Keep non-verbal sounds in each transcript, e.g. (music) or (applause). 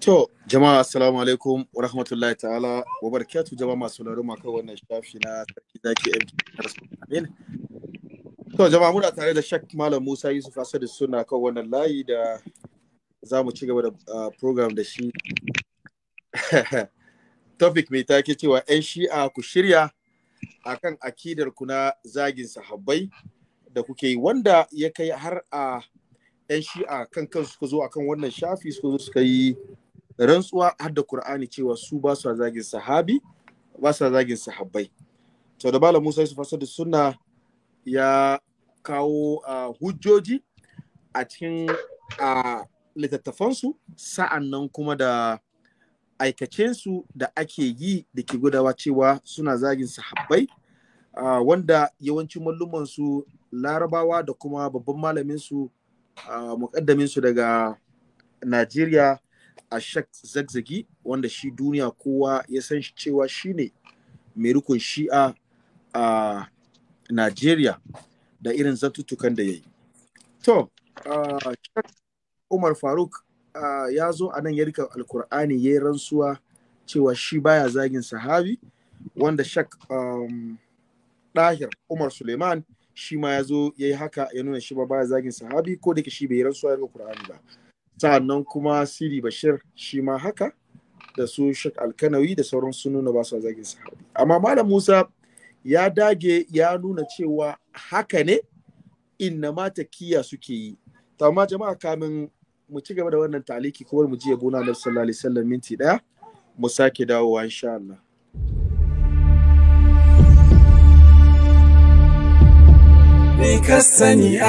To, jama'a assalamu alaikum wa rahmatullahi ta'ala wa barakatu jama'a masu laruma maka wannan shafi na sarki zaki MT Amin. To, jama'a muna tare da Shak Malam Musa Yusuf Asadu suna kan wannan layi da za mu ci gaba da program da shi. (laughs) Topic mai take cewa 'yan shi'a ku shirya akan akidar ku na zagin sahabbai da kuke yi wanda ya kai har a 'yan shi'a kan kansu suka zo a kan wannan shafi suka zo suka yi rantsuwa har da Qur'ani cewa su ba su zagin sahabi ba su zagin sahabbai to da bala Musa Yusuf Asadu suna ya kawo hujjoji a cikin littattafansu sa'an nan kuma da aikacensu da ake yi da ke gudawa cewa suna zagin sahabbai wanda yawancin mallumansu larabawa da kuma babban malaminsu su daga najeriya a shak zagzagi wanda shi duniya kowa ya san shi cewa shi ne mai rukun shi'a a Najeriya da irin zatuttukan da ya yi. To, Umar Faruk ya zo a nan ya rika alkur'ani ya yi rantsuwa cewa shi baya zagin sahabi wanda shak ɗahir um, Umar Suleiman shi ma ya zo ya yi haka ya nuna shi ba baya zagin sahabi ko da shi bai yi rantsuwa ya rika Kur'ani ba. sa'annan kuma siri bashir shi ma haka da su shek alkanawi da sauran su nuna ba su zagin sahabi amma malam musa ya dage ya nuna cewa haka ne inna ma takiya suke yi Ta ma jama'a kamin mu ci gaba da wannan taliki kuma mu ji gona na sallallahu alaihi wasallam minti daya mu sake dawowa insha Allah me ka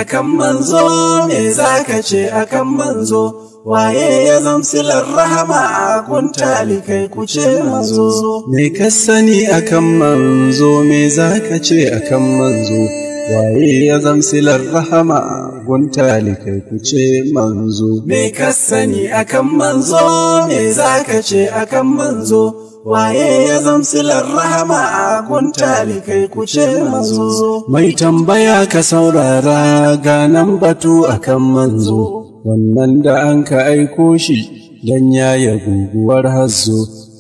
akan manzo me za ce akan manzo waye ya zamsilar rahama a kuntali kai kuce manzo me ka sani akan manzo me za ce akan manzo waye ya zamsilar rahama gunta likai ku ce manzo me ka sani akan manzo me zaka ce akan manzo waye ya zamsilar rahama gunta likai ku ce manzo mai tambaya ka saurara ga nan batu akan manzo wannan da an ka aiko shi dan yaya guguwar hazo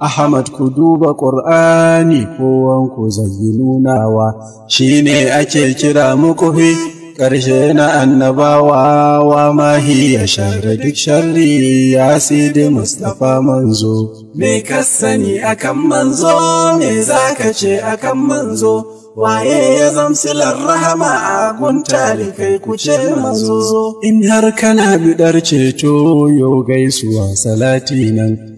Ahmad ku duba ƙur'ani kowanku zayyinunawa shi ne ake kira fi ƙarshe na annabawa wa mahi ya share duk sharri ya sidi Mustapha manzo. Me ka sani akan manzo, me za ka ce akan manzo, waye ya zamsilar rahama a guntali kai kuce manzo. In har kana biɗar ceto yo gaisuwa salati nan.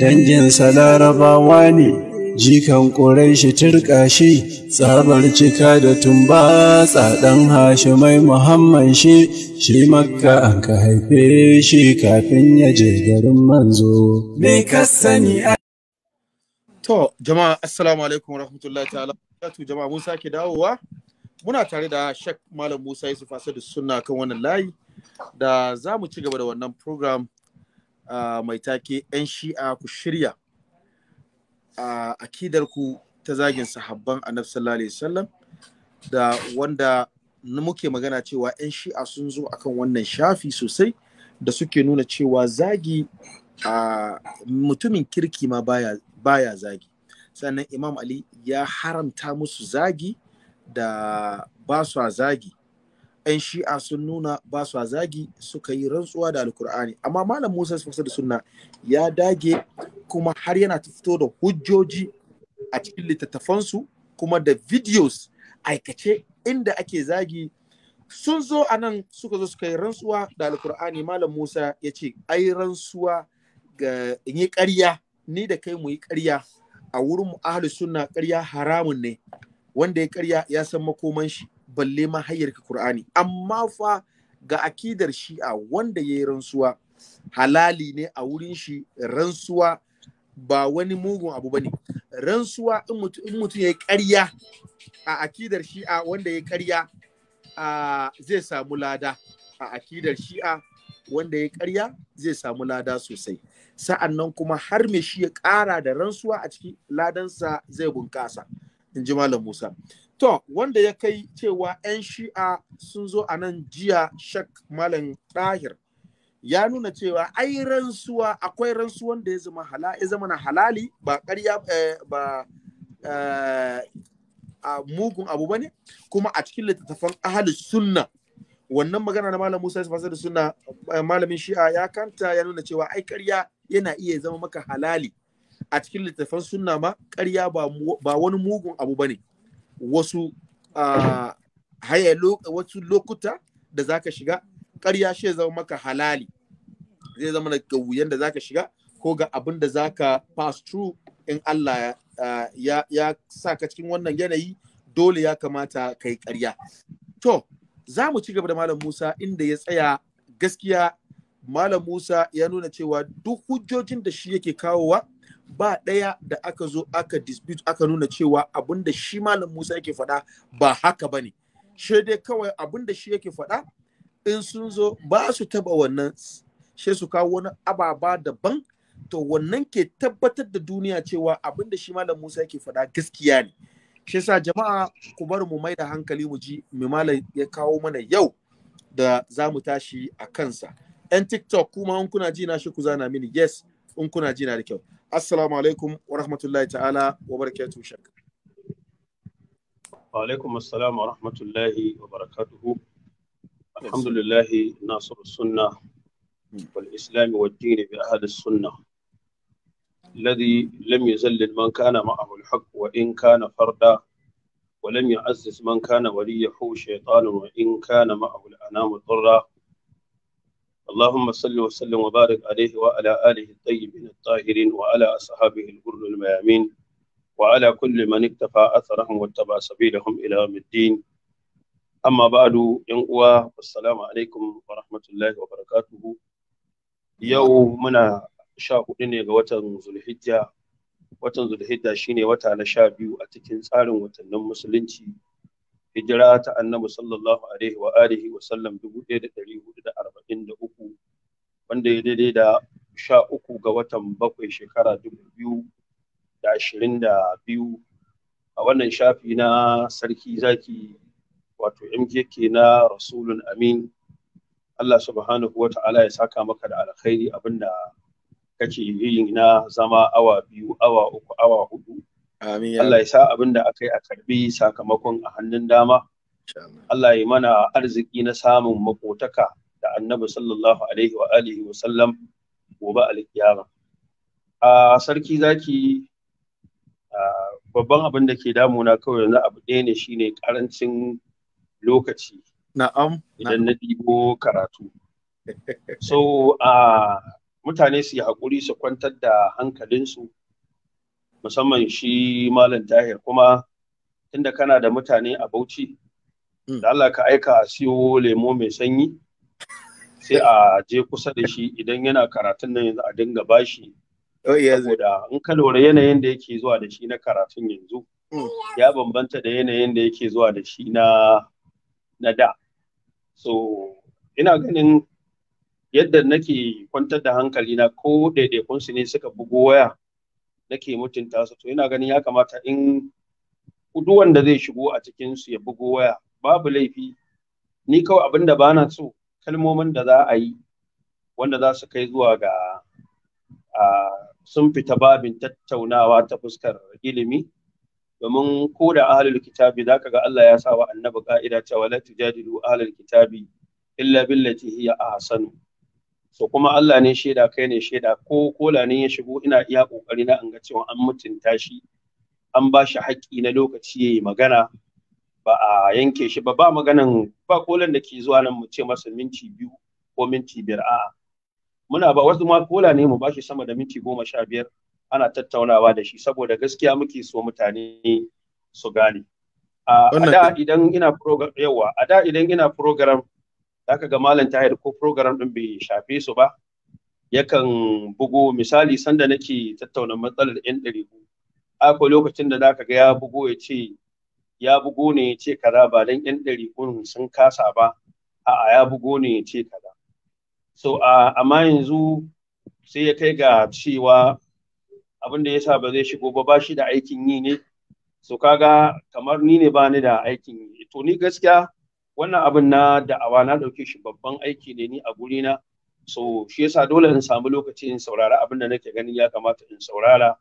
danginsa larabawa ne jikan ƙuraishi turƙashi tsabar cika da tumba tsadan mai muhamman shi shi makka an ka haife shi kafin ya je garin manzo me ka sani to jama'a assalamu alaikum rahmatullahi ta'ala wato jama'a mun sake dawowa muna tare da shek malam musa yusuf asadu sunna kan wannan layi da za mu ci gaba da wannan program mai take 'yan shi'a ku shirya a akidar ku ta zagin sahabban a sallallahu alaihi da wanda muke magana cewa 'yan shi'a sun zo akan wannan shafi sosai da suke nuna cewa zagi a mutumin kirki ma baya, zagi sannan imam ali ya haramta musu zagi da ba su zagi 'yan shi'a sun nuna ba su zagi suka yi rantsuwa da alkur'ani amma malam musa fasa da sunna ya dage kuma har yana fito da hujjoji a cikin littattafansu kuma da videos aikace inda ake zagi sun zo a nan suka zo suka yi rantsuwa da alkur'ani malam musa ya ce ai rantsuwa ga in yi ƙarya ni da kai mu yi ƙarya a wurin mu ahli karya haramun ne wanda ya karya ya san makoman shi balle ma hayyar ka amma fa ga akidar shi'a wanda ya yi rantsuwa halali ne a wurin shi rantsuwa ba wani mugun abu bane rantsuwa in mutum ya yi ƙarya a akidar shi'a wanda ya karya zai samu lada a akidar shi'a wanda ya ƙarya zai samu lada sosai sa'an nan kuma har me shi ya ƙara da rantsuwa a cikin ladansa zai bunƙasa in ji malam musa To, wanda ya kai cewa 'yan shi'a sun zo a nan jiya shak malam ɗahir ya nuna cewa ai ransuwa akwai ransuwan da ya zama na halali ba ƙarya eh, ba eh, a mugun abu bane kuma a cikin littattafan ahalin sunna wannan magana na malam Musa Isa da sunna eh, malamin Shi'a ya kanta ya nuna cewa ai karya yana iya zama maka halali a cikin littattafan sunna ma ƙarya ba wani mugun abu bane wasu haya wasu lokuta da zaka shiga ƙarya shi zama maka halali zai zama ga wuyan da zaka shiga ko ga abin da zaka pass through in Allah ya sa ka cikin wannan yanayi dole ya kamata kai ƙarya to za mu ci gaba da malam Musa inda ya tsaya gaskiya malam Musa ya nuna cewa duk hujjojin da shi yake kawowa ba ɗaya da aka zo aka dispute aka nuna cewa abinda shi malam Musa yake faɗa ba haka ba ne. Shi dai kawai abinda shi yake faɗa in sun zo ba su taɓa wannan shi su kawo wani ababa daban to wannan ke tabbatar da duniya cewa abinda shi malam Musa yake faɗa gaskiya ne. Shi sa jama'a ku bar mu mai da hankali mu ji me malam ya kawo mana yau da za mu tashi a kansa. 'Yan TikTok kuma in kuna ji na shi ku zana mini yes in kuna ji na da kyau. assalamu alaikum wa rahmatullahi ta'ala wa barakatuhu shak wa alaikum assalam wa rahmatullahi wa barakatuhu alhamdulillahi nasiru sunna wal islam wa dini bi ahli sunna الذي لم يذلل من كان معه الحق وإن كان فردا ولم يعزز من كان وليه شيطان وإن كان معه الأنام ضرا اللهم صل وسلم وبارك عليه وعلى آله الطيبين الطاهرين وعلى أصحابه الغر الميامين وعلى كل من اكتفى أثرهم واتبع سبيلهم إلى يوم الدين أما بعد ينقوى والسلام عليكم ورحمة الله وبركاته يومنا شاهدين وتن ذو الحجة watan zulhijja shine wata na sha biyu a cikin tsarin watannin musulunci hijira ta annabi sallallahu alaihi wa alihi wa sallam 1443 wanda ya daidai da sha uku ga watan bakwai shekara da biyu, a wannan shafi na sarki zaki wato mjk na rasulun amin Allah subhanahu wa ta'ala ya saka maka da alkhairi abinda kace yi na zama awa biyu awa uku awa hudu Allah ya sa abin da aka yi a karbi sakamakon a hannun dama. Allah ya mana arziki na samun makotaka da annabi sallallahu alaihi wa alihi wa sallam gobe alkiyama. A sarki zaki babban abin da ke damuna kawai yanzu abu ɗaya ne shine karancin lokaci. Na'am. Idan na ɗibo karatu. (laughs) So mutane su yi haƙuri su kwantar da hankalinsu. musamman shi malam tahir kuma tunda kana da mutane a bauchi mm. da Allah ka aika a siyo lemo mai sanyi sai a je kusa da shi idan yana karatun nan yanzu a dinga bashi oh, saboda in ka lura yanayin da yake zuwa da shi na karatun yanzu mm. ya bambanta da yanayin da yake zuwa da shi na na da so ina ganin yadda nake kwantar da hankali na ko kun su ne suka bugo waya nake mutunta su to ina ganin ya kamata in duk wanda zai shigo a cikin su ya bugo waya babu laifi ni kawai abin da bana so kalmomin da za a yi wanda za su kai zuwa ga sun fita babin tattaunawa ta fuskar ilimi domin ko da ahlul kitabi ka ga Allah ya sa wa annabi ka'ida cewa la tujadilu ahlul kitabi illa billati hiya ahsanu so kuma Allah ne shaida kai ne shaida ko kola ne ya shigo ina iya kokari na in ga cewa an mutunta shi an ba shi haƙƙi na lokaci yayi magana ba a yanke shi ba ba maganan ba kolan da ke zuwa nan mu ce masa minti biyu ko minti biyar a'a muna ba wasu ma kola ne mu ba shi sama da minti goma sha biyar ana tattaunawa da shi saboda gaskiya muke so mutane su gane a da idan ina program yawa a da idan ina program zaka ga malam tahir ko program ɗin bai shafe su ba yakan bugo misali sanda nake tattauna matsalar yan ɗariku akwai lokacin da zaka ga ya bugo ya ce ya bugo ne ya ce kaza ba dan yan ɗarikun sun kasa ba a'a ya bugo ne ya ce kaza so amma yanzu sai ya kai ga cewa abin da yasa ba zai shigo ba ba shi da aikin yi ne so kaga kamar ni ne ba ni da aikin yi to ni gaskiya wannan abin na da'awa na ɗauke shi babban aiki ne ni a gurina so shi yasa dole in samu lokaci in saurara abin da nake ganin ya kamata in saurara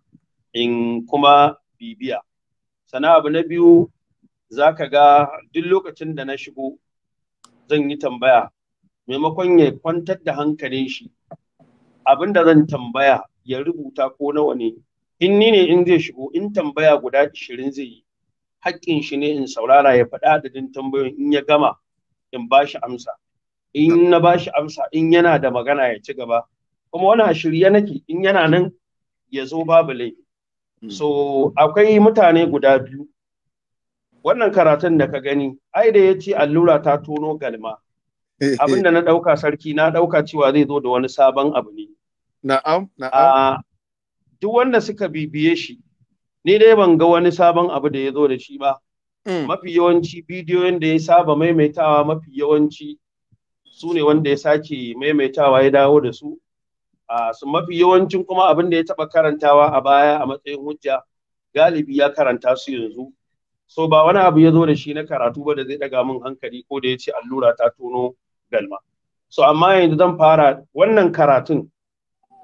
in kuma bibiya sana abu na biyu za ka ga duk lokacin da na shigo zan yi tambaya maimakon ya kwantar da hankalin shi abin da zan tambaya ya rubuta ko nawa ne in ni ne in zai shigo in tambaya guda ishirin zai yi haƙƙin shi ne in saurara ya faɗi adadin tambayoyin in ya gama in ba shi amsa in na ba shi amsa in yana da magana ya ci gaba kuma wani a shirye nake in yana nan ya zo babu laifi hmm. so akwai mutane guda biyu wannan karatun da ka gani ai da ya ce allura ta tono galma eh, eh. abin da na ɗauka sarki na ɗauka cewa zai zo da wani sabon abu ne na'am na'am ah, duk wanda suka bibiye shi ni dai ban ga wani sabon abu da ya zo da shi ba mm. mafi yawanci bidiyoyin da ya saba maimaitawa mafi yawanci su ne wanda ya sake maimaitawa ya dawo da su su mafi yawancin kuma abin da ya taba karantawa a baya a matsayin hujja galibi ya karanta su yanzu so ba wani abu ya zo da shi na karatu ba da zai daga min hankali ko da ya ce allura ta tono galma so amma yanzu zan fara wannan karatun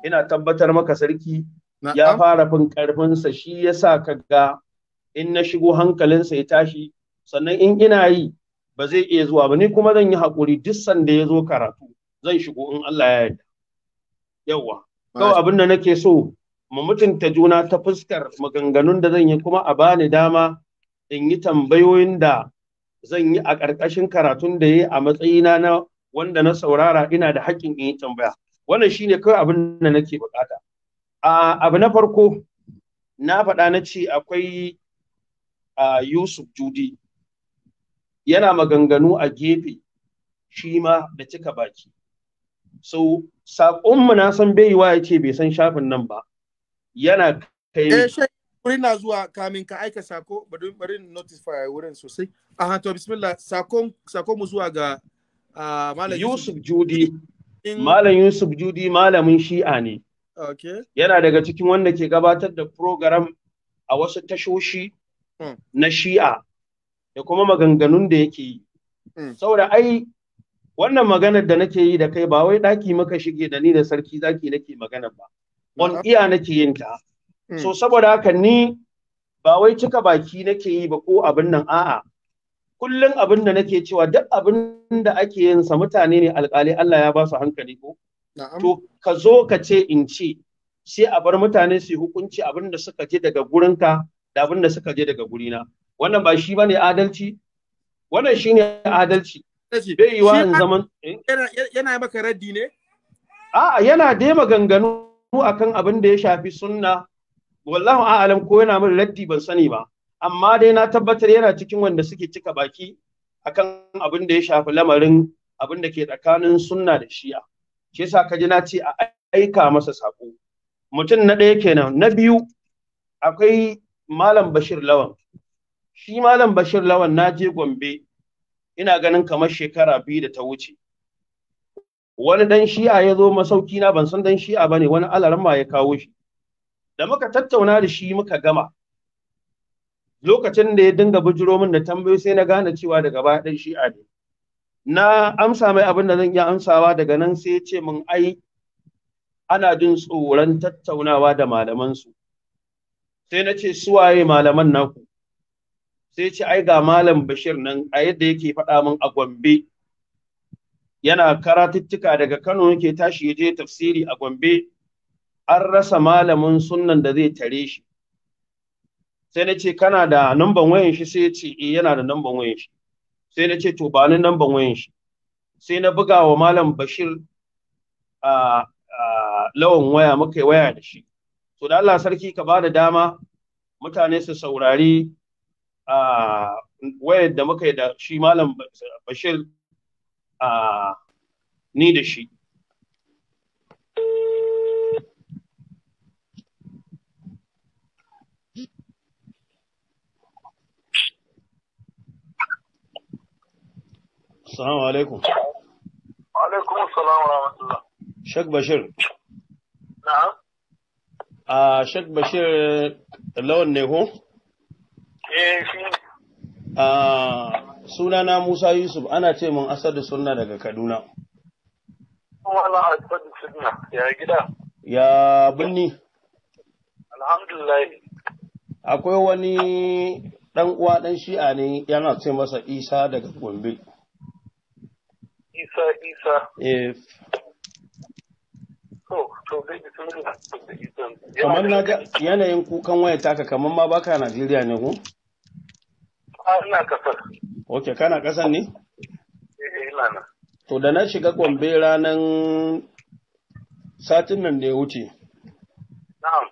ina tabbatar maka sarki ya fara fin sa shi yasa ka ga in na shigo hankalin sa ya tashi sannan in ina yi ba zai iya zuwa ba ni kuma zan yi hakuri duk sanda ya zo karatu zan shigo in Allah ya yarda yawa kawai abin da nake so mu mutunta juna ta fuskar maganganun da zan yi kuma a bani dama in yi tambayoyin da zan yi a ƙarƙashin karatun da ya yi a matsayina na wanda na saurara ina da haƙƙin in yi tambaya wannan shine kawai abin da nake buƙata abu na farko na faɗa na ce akwai Yusuf Judi yana maganganu a gefe shi ma da cika baki. So, saƙonmu na san baiwa ya ce bai san shafin nan ba, yana kai. Eh, wuri na zuwa kamin ka aika sako, bari bari notify wurin sosai. Aha, to bismillah, sakon mu zuwa ga Malam Yusuf Judi. Malam Yusuf Judi malamin Shi'a ne. Yana daga cikin wanda ke gabatar da program a wasu tashoshi hmm. na shi'a da kuma maganganun da yake yi. Hmm. Saboda ai wannan maganar da nake yi da kai ba wai daki maka shige da ni da sarki zaki nake magana ba. On iya nake yin ta. Hmm. So saboda haka ni ba wai cika baki nake yi ba ko abin nan a'a. Kullum abin da nake cewa duk abin da ake yin sa mutane ne alƙali Allah ya ba su hankali ko. To ka zo ka ce in ce sai a bar mutane su hukunci abin da suka je daga gurinka da abin da suka je daga gurina. Wannan ba shi bane adalci? Wannan shine adalci. Bai yi wa zaman eh? yana maka raddi ne? A'a yana dai maganganu akan abin da ya shafi sunna wallahu a'lam ko yana min raddi ban sani ba amma dai na tabbatar yana cikin wanda suke cika baki akan abin da ya shafi lamarin abin da ke tsakanin sunna da shi'a. shi yasa ka ji na ce a aika masa sako mutum na ɗaya kenan na biyu akwai malam bashir lawan shi malam bashir lawan na je gombe ina ganin kamar shekara biyu da ta wuce wani dan shi'a ya zo masauki na ban san dan shi'a ba ne, wani alarma ya kawo shi da muka tattauna da shi muka gama lokacin da ya dinga bujiro min da tambayo sai na gane cewa daga baya dan shi'a ne na amsa mai abin da zan iya amsawa daga nan sai ya ce min ai ana jin tsoron tattaunawa da malamansu sai na ce waye malaman naku sai ce ai ga malam bashir nan a yadda yake faɗa min a gombe yana karatuttuka daga kano yake tashi ya je tafsiri a gombe an rasa malamin sunnan da zai tare shi sai na ce kana da numban wayan shi sai ya ce eh, yana da numban wayan shi sai na ce to ba ni nan ban wayan shi sai na buga wa malam bashir a lawan waya muka waya da shi to da Allah sarki ka ba da dama mutane su saurari a wayar da muka yi da shi malam bashir a ni da shi Assalamu alaikum. Wa alaikum assalam wa rahmatullah. Shek Bashir. Na'am. A ah, Shek Bashir lawan ne ko? Eh shi. Ah, Suna na Musa Yusuf ana ce mun da Sunna daga Kaduna. Wala Asadu Sunna ya gida. Ya binni. Alhamdulillah. Akwai wani ɗan uwa ɗan shi'a ne yana ce masa Isa daga Gombe. isa isa yes kamar na ga yanayin kukan waya taka kamar ma baka a Najeriya ne ko? ina kasar. Ok, kana kasar ne? Eh, eh, ina na. To da na shiga Gombe ranar satin nan da ya wuce. Na'am.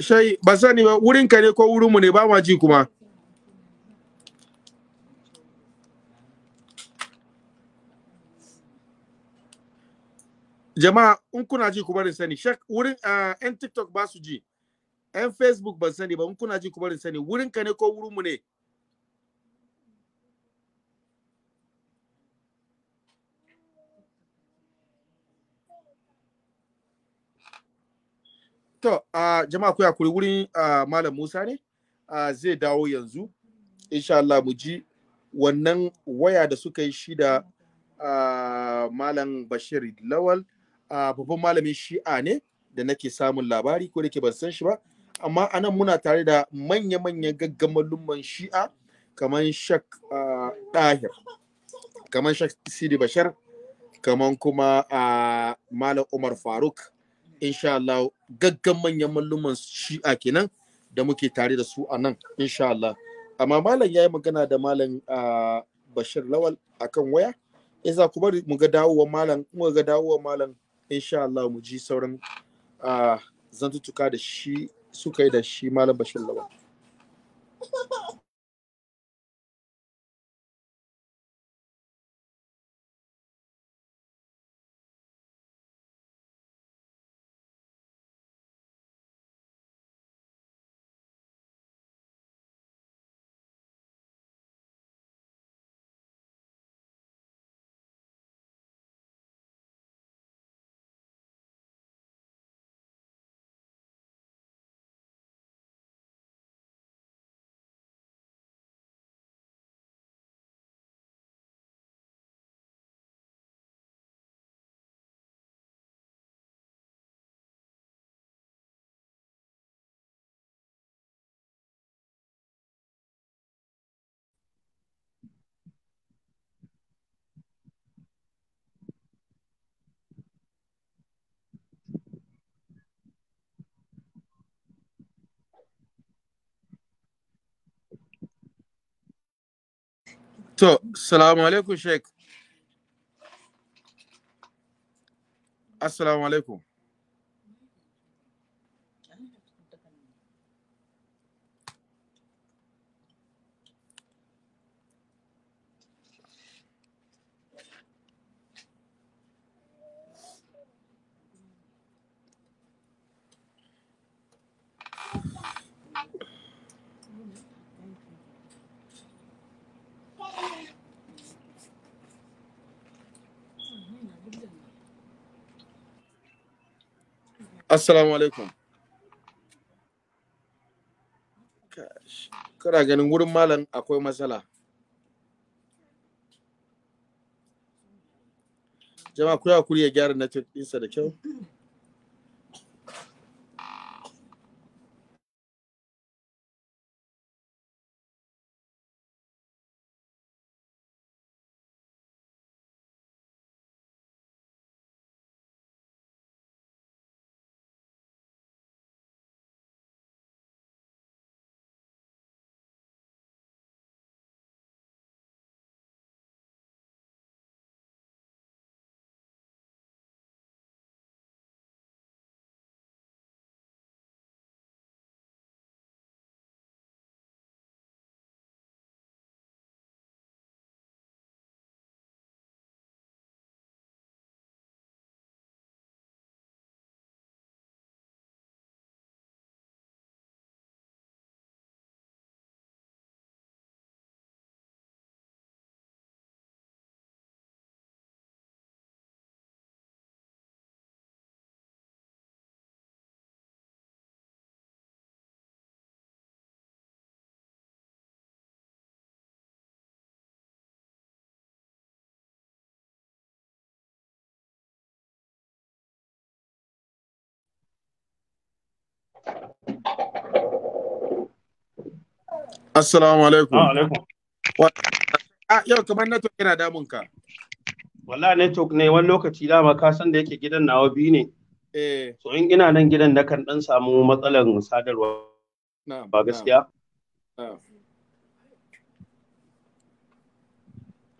shai ba sani ba wurinka ne ko wurinmu ne ba ma ji kuma jama'a in kuna ji ku barin sani shak wurin yan ah, tiktok ba su ji yan facebook ban sani ba in kuna ji ku barin sani wurinka ne ko wurinmu ne To, uh, jama'a kuya kuri wurin uh, Malam Musa ne, uh, zai dawo yanzu, insha Allah mu ji wannan waya da suka yi shi da Malam Bashir Lawal, uh, babban malamin shi'a ne da nake samun labari ko da ke ban san shi ba, amma anan muna tare da manya-manyan gaggamar lumman shi'a kamar Shak uh, kamar Shak Sidi Bashir, kamar kuma uh, Malam Umar Faruk. insha Allah gaggan manyan malluman shi'a kenan da muke tare da su a nan insha Allah amma malam ya yi magana da malam Bashir Lawal akan waya in za ku bari mu ga dawowar malam mu ga dawowar malam insha Allah mu ji sauran zantutuka da shi suka yi da shi malam Bashir Lawal To, salamu alaikum Sheikh. Assalamu alaikum. Assalamu alaikum. Kana ganin wurin malam akwai matsala. Jama'a kuri ya gyara na ɗinsa da kyau. Assalamu alaikum. Wa alaikum. Ah, yau kamar network yana damun ka. Wallahi network ne wani lokaci dama ka san da yake gidan nawa biyu ne. Eh. So in ina nan gidan na kan dan samu matsalar sadarwa. Na'am. Ba gaskiya? Na'am.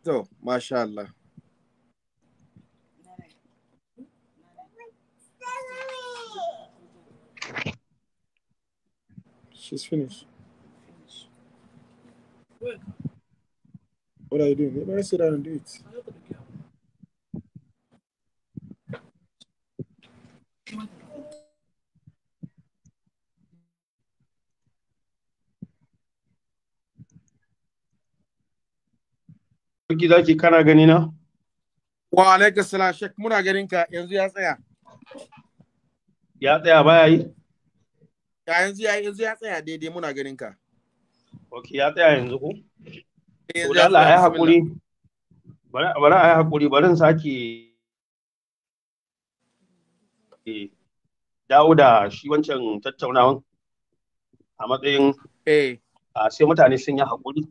To, masha Allah. She's finished. What are you doing? Let me sit down and do it. Wa alaikar salam muna ganin yanzu ya tsaya. Ya tsaya yi? Ya yanzu ya ya tsaya daidai muna ganin ka. ok ya tsaya yanzu ko da Allah ya hakuri bari a yi hakuri barin sake eh, dawo da shi wancan tattaunawan a matsayin eh. a sai mutane sun yi hakuri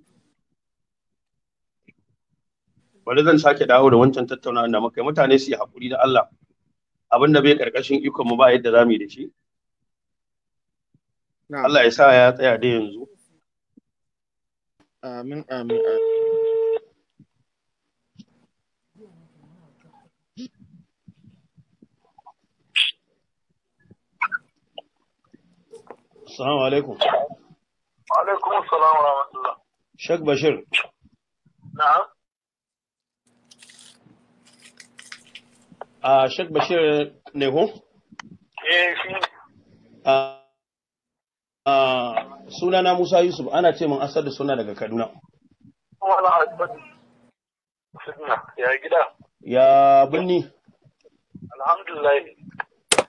bari zan sake dawo da wancan tattaunawan da muka yi mutane su yi hakuri da Allah abin da bai karkashin ikon mu ba yadda za mu yi da shi Allah ya sa ya tsaya da yanzu آمين آمين آمين السلام عليكم وعليكم السلام ورحمة الله شك بشير نعم آه شك بشير نهو ايه فين آه Ah, suna na Musa Yusuf ana ce min asar da suna daga Kaduna. Ya gida. Ya binni. Alhamdulillah.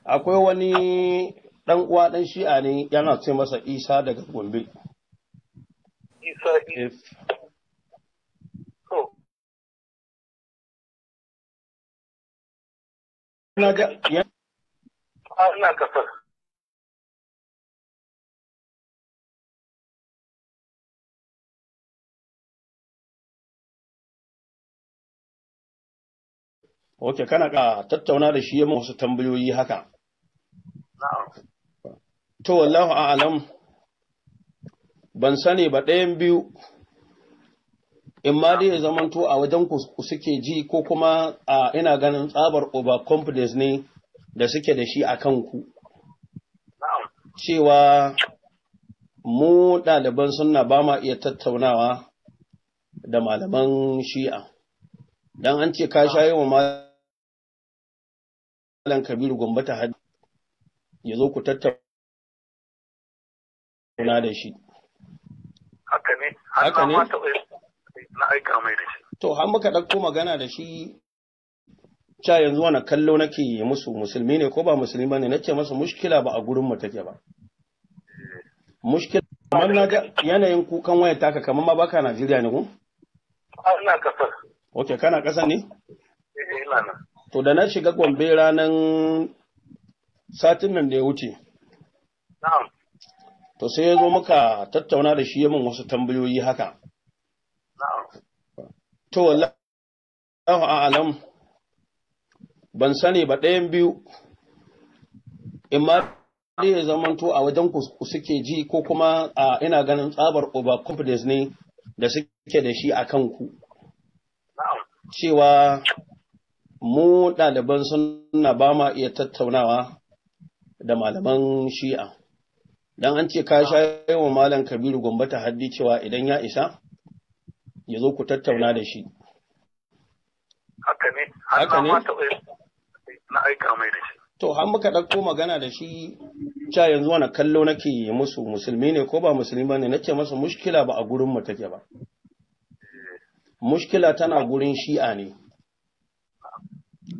Akwai wani ɗan uwa ɗan shi'a ne yana ce masa Isa daga Gombe. Isa ah, Ina kasar. Oke, kana ka tattauna da shi yamma wasu tambayoyi haka. To, wallahu a'alam ban sani ba ɗayan biyu, in ma dai zaman to a wajen ku suke ji ko kuma a ina ganin tsabar confidence ne da suke da shi a kanku. Cewa mu ɗaliban sunna ba ma iya tattaunawa da malaman shi'a. don an ce ka sha yi wa Malam Kabiru Gombe ta hadu ya zo ku tattauna da shi. Haka ne, haka ne. Na aika mai da shi. To, har muka ɗauko magana da shi ca yanzu wani kallo nake yi musu musulmi ne ko ba musulmi ba ne nace masa mushkila ba a gurin mu take ba. Mushkila kamar na yanayin kukan wayar taka kamar ma baka Najeriya ne ko? Ah, ina kasar. Ok, kana kasar ne? Eh, ina nan. To da na shiga Gombe ranar satin nan da ya wuce. Na'am. To sai ya zo muka tattauna da shi ya min wasu tambayoyi haka. Na'am. To wallahi alam ban sani ba ɗayan biyu in ma ya zamanto a wajen ku suke ji ko kuma a ina ganin tsabar confidence ne da suke da shi a kanku. Cewa mu ɗaliban suna ba ma iya tattaunawa da malaman shi'a don an ce ka sha wa malam kabiru gwambata haddi cewa idan ya isa ya zo ku tattauna da shi haka ne to har muka ɗauko magana da shi ca yanzu wani kallo nake musu musulmi ne ko ba musulmi ba ne nake masa mushkila ba a gurin mu take ba eh. mushkila tana gurin shi'a ne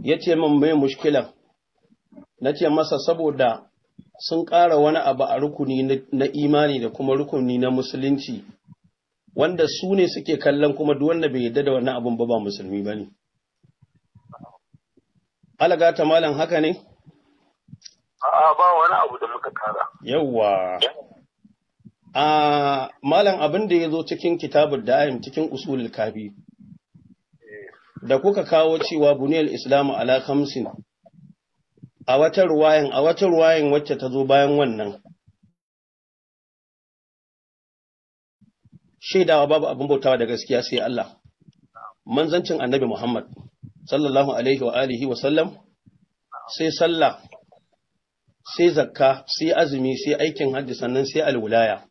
ya ce min mai mushkilan na ce masa saboda sun ƙara wani abu a rukuni na imani da kuma rukuni na musulunci wanda su ne suke kallon kuma duk wanda bai yarda da wani abin ba ba musulmi ba ne. Alaga ta malam haka ne? a ba wani abu da muka kara. Yawwa. A ah, malam abin da ya zo cikin kitabul da'im cikin usulul kafi. da kuka kawo cewa buniyar islamu ala kamsin a wata ruwayan a wata ruwayan wacce ta zo bayan wannan shaidawa babu abin bautawa da gaskiya sai Allah manzancin annabi Muhammad sallallahu alaihi wa alihi wa sallam sai sallah sai zakka sai azumi sai aikin hajji sannan sai alwilaya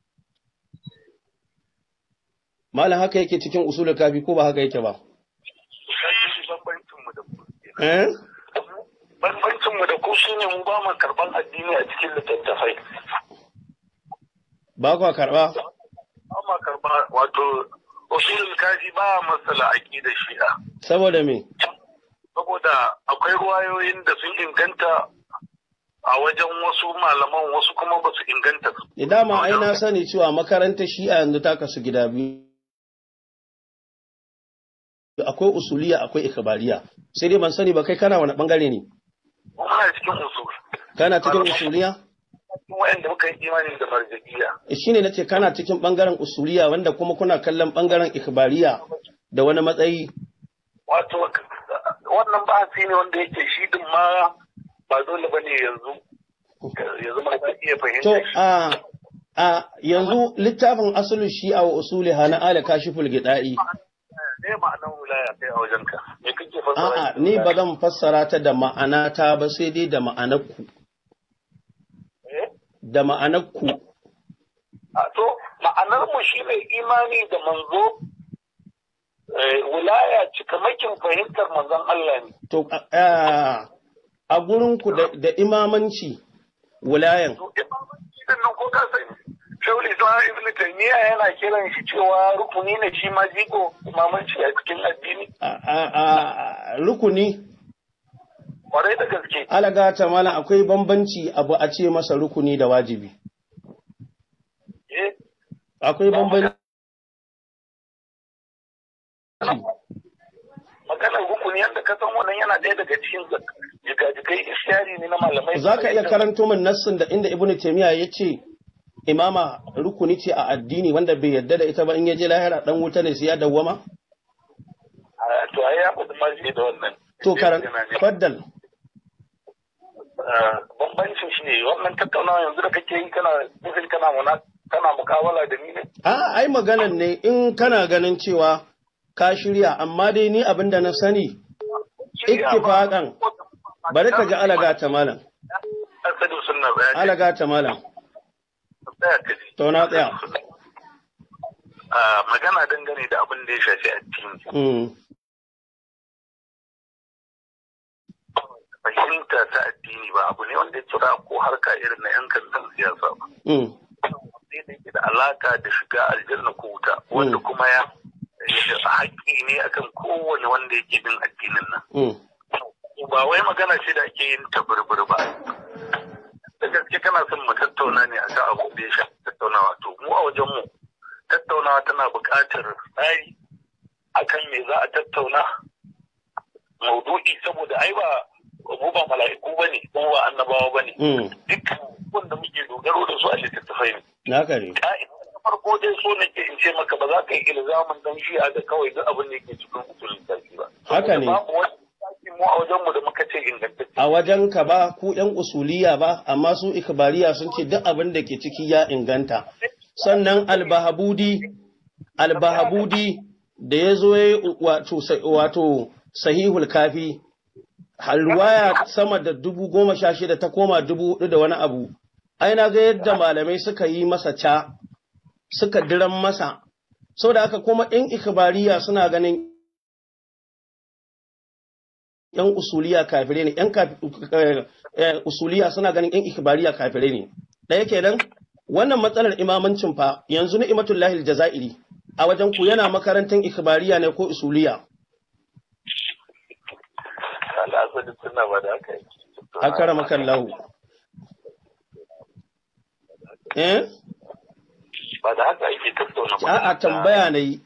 malam haka yake cikin usulul kafi ko ba haka yake ba Eh? Banbancinmu mu da ku ne mu ba mu karɓar addini a cikin littattafai. Ba kwa karɓa? Ba ma karɓa wato usulul kaji ba a masala da shi'a. Saboda me? Saboda akwai ruwayoyin da sun inganta a wajen wasu malaman wasu kuma ba su inganta. Idan eh, ma ai na sani cewa makarantar shi'a yanzu ta kasu gida biyu. akwai usuliya akwai ikhbariya sai dai ban sani ba kai kana wani bangare ne kana cikin usuliya wanda muka yi imani da eh, shine nace kana cikin bangaren usuliya wanda kuma kuna kallon bangaren ikhbariya da wani matsayi wato wannan bahasi ne wanda yake shi din ma ba dole bane yanzu yanzu ma ka iya fahimta a a yanzu littafin asulun shi'a wa usuli hana ala kashiful gida'i me ma'anar wilaya kai a wajenka me kake fassara a'a ni ba zan fassara ta da ma'ana ta ba sai dai da ma'anar ku eh? da ma'anar ku a to ma'anar mu shine imani da manzo eh, wilaya cikamakin fahimtar manzon Allah ne to a gurin ku da imamanci wilayan to imamanci din nan ko ka sani shawul islam ibn taymiya yana kiran shi cewa rukuni ne shi ma jigo mamanci a cikin addini rukuni kwarai da gaske alaga ta mala akwai bambanci abu a ce masa rukuni da wajibi Eh, akwai bambanci maganar rukuni yadda ka san wannan yana ɗaya daga cikin jigajigai isyari ne na malamai za ka iya karanto min nassin da inda Ibn taymiya ya ce imama rukuni ce a addini wanda bai yadda da ita ba in yaje lahira dan wuta ne sai ya dawwama to ai ya kudu maji da wannan to karan faddal bambanci shi ne wannan tattaunawa yanzu da kake yi kana nufin kana muna kana mukawala da ni ne a ai maganan ne in kana ganin cewa ka shirya amma dai ni abinda na sani ittifaqan bari ka ji alaga ta malam alaga ta malam Tauna tsaya. Magana dangane da abin da ya shafi addini. Mm. Fahimta ta addini ba abu ne wanda ya kira ko harka irin na yankan kantan siyasa ba. Sai mm. da ke da alaka da shiga aljanna ko wuta wanda mm. kuma ya haƙƙi ne akan kowane wanda yake bin addinin nan. Ba wai magana ce da ake yin ta birbir ba. da gaske kana son mu tattauna ne akan abu da ya shafi tattaunawa to mu a wajen mu tattaunawa tana buƙatar tsari akan me za a tattauna maudu'i saboda ai ba mu ba mala'iku ba ne ba annabawa ba ne hmm. dukkan wanda muke dogaro da su a littattafai ne na ne farko dai so na ke in ce maka ba za ka yi ilzamin dan shi'a da kawai duk abin da yake cikin usulin sarki ba haka ne a wajen ka ba ku ɗan usuliya ba amma su ikbariya sun ce duk abin da ke ciki ya inganta sannan albahabudi albahabudi da ya zo ya wato wato sahihul kafi halwaya sama da dubu goma sha shida ta koma dubu hudu da wani abu ai na ga yadda malamai suka yi masa ca suka diran masa Sau da haka kuma in ikibariya suna ganin yan usuliya kafirai ne yan eh, eh, usuliya suna ganin yan ikibariya kafirai ne ɗaya dan wannan matsalar imamancin fa yanzu ni imatullahi aljazairi a wajen ku yana makarantar ikibariya ne ko usuliya akara makan lahu eh ba da haka yake tattauna ba a'a tambaya ne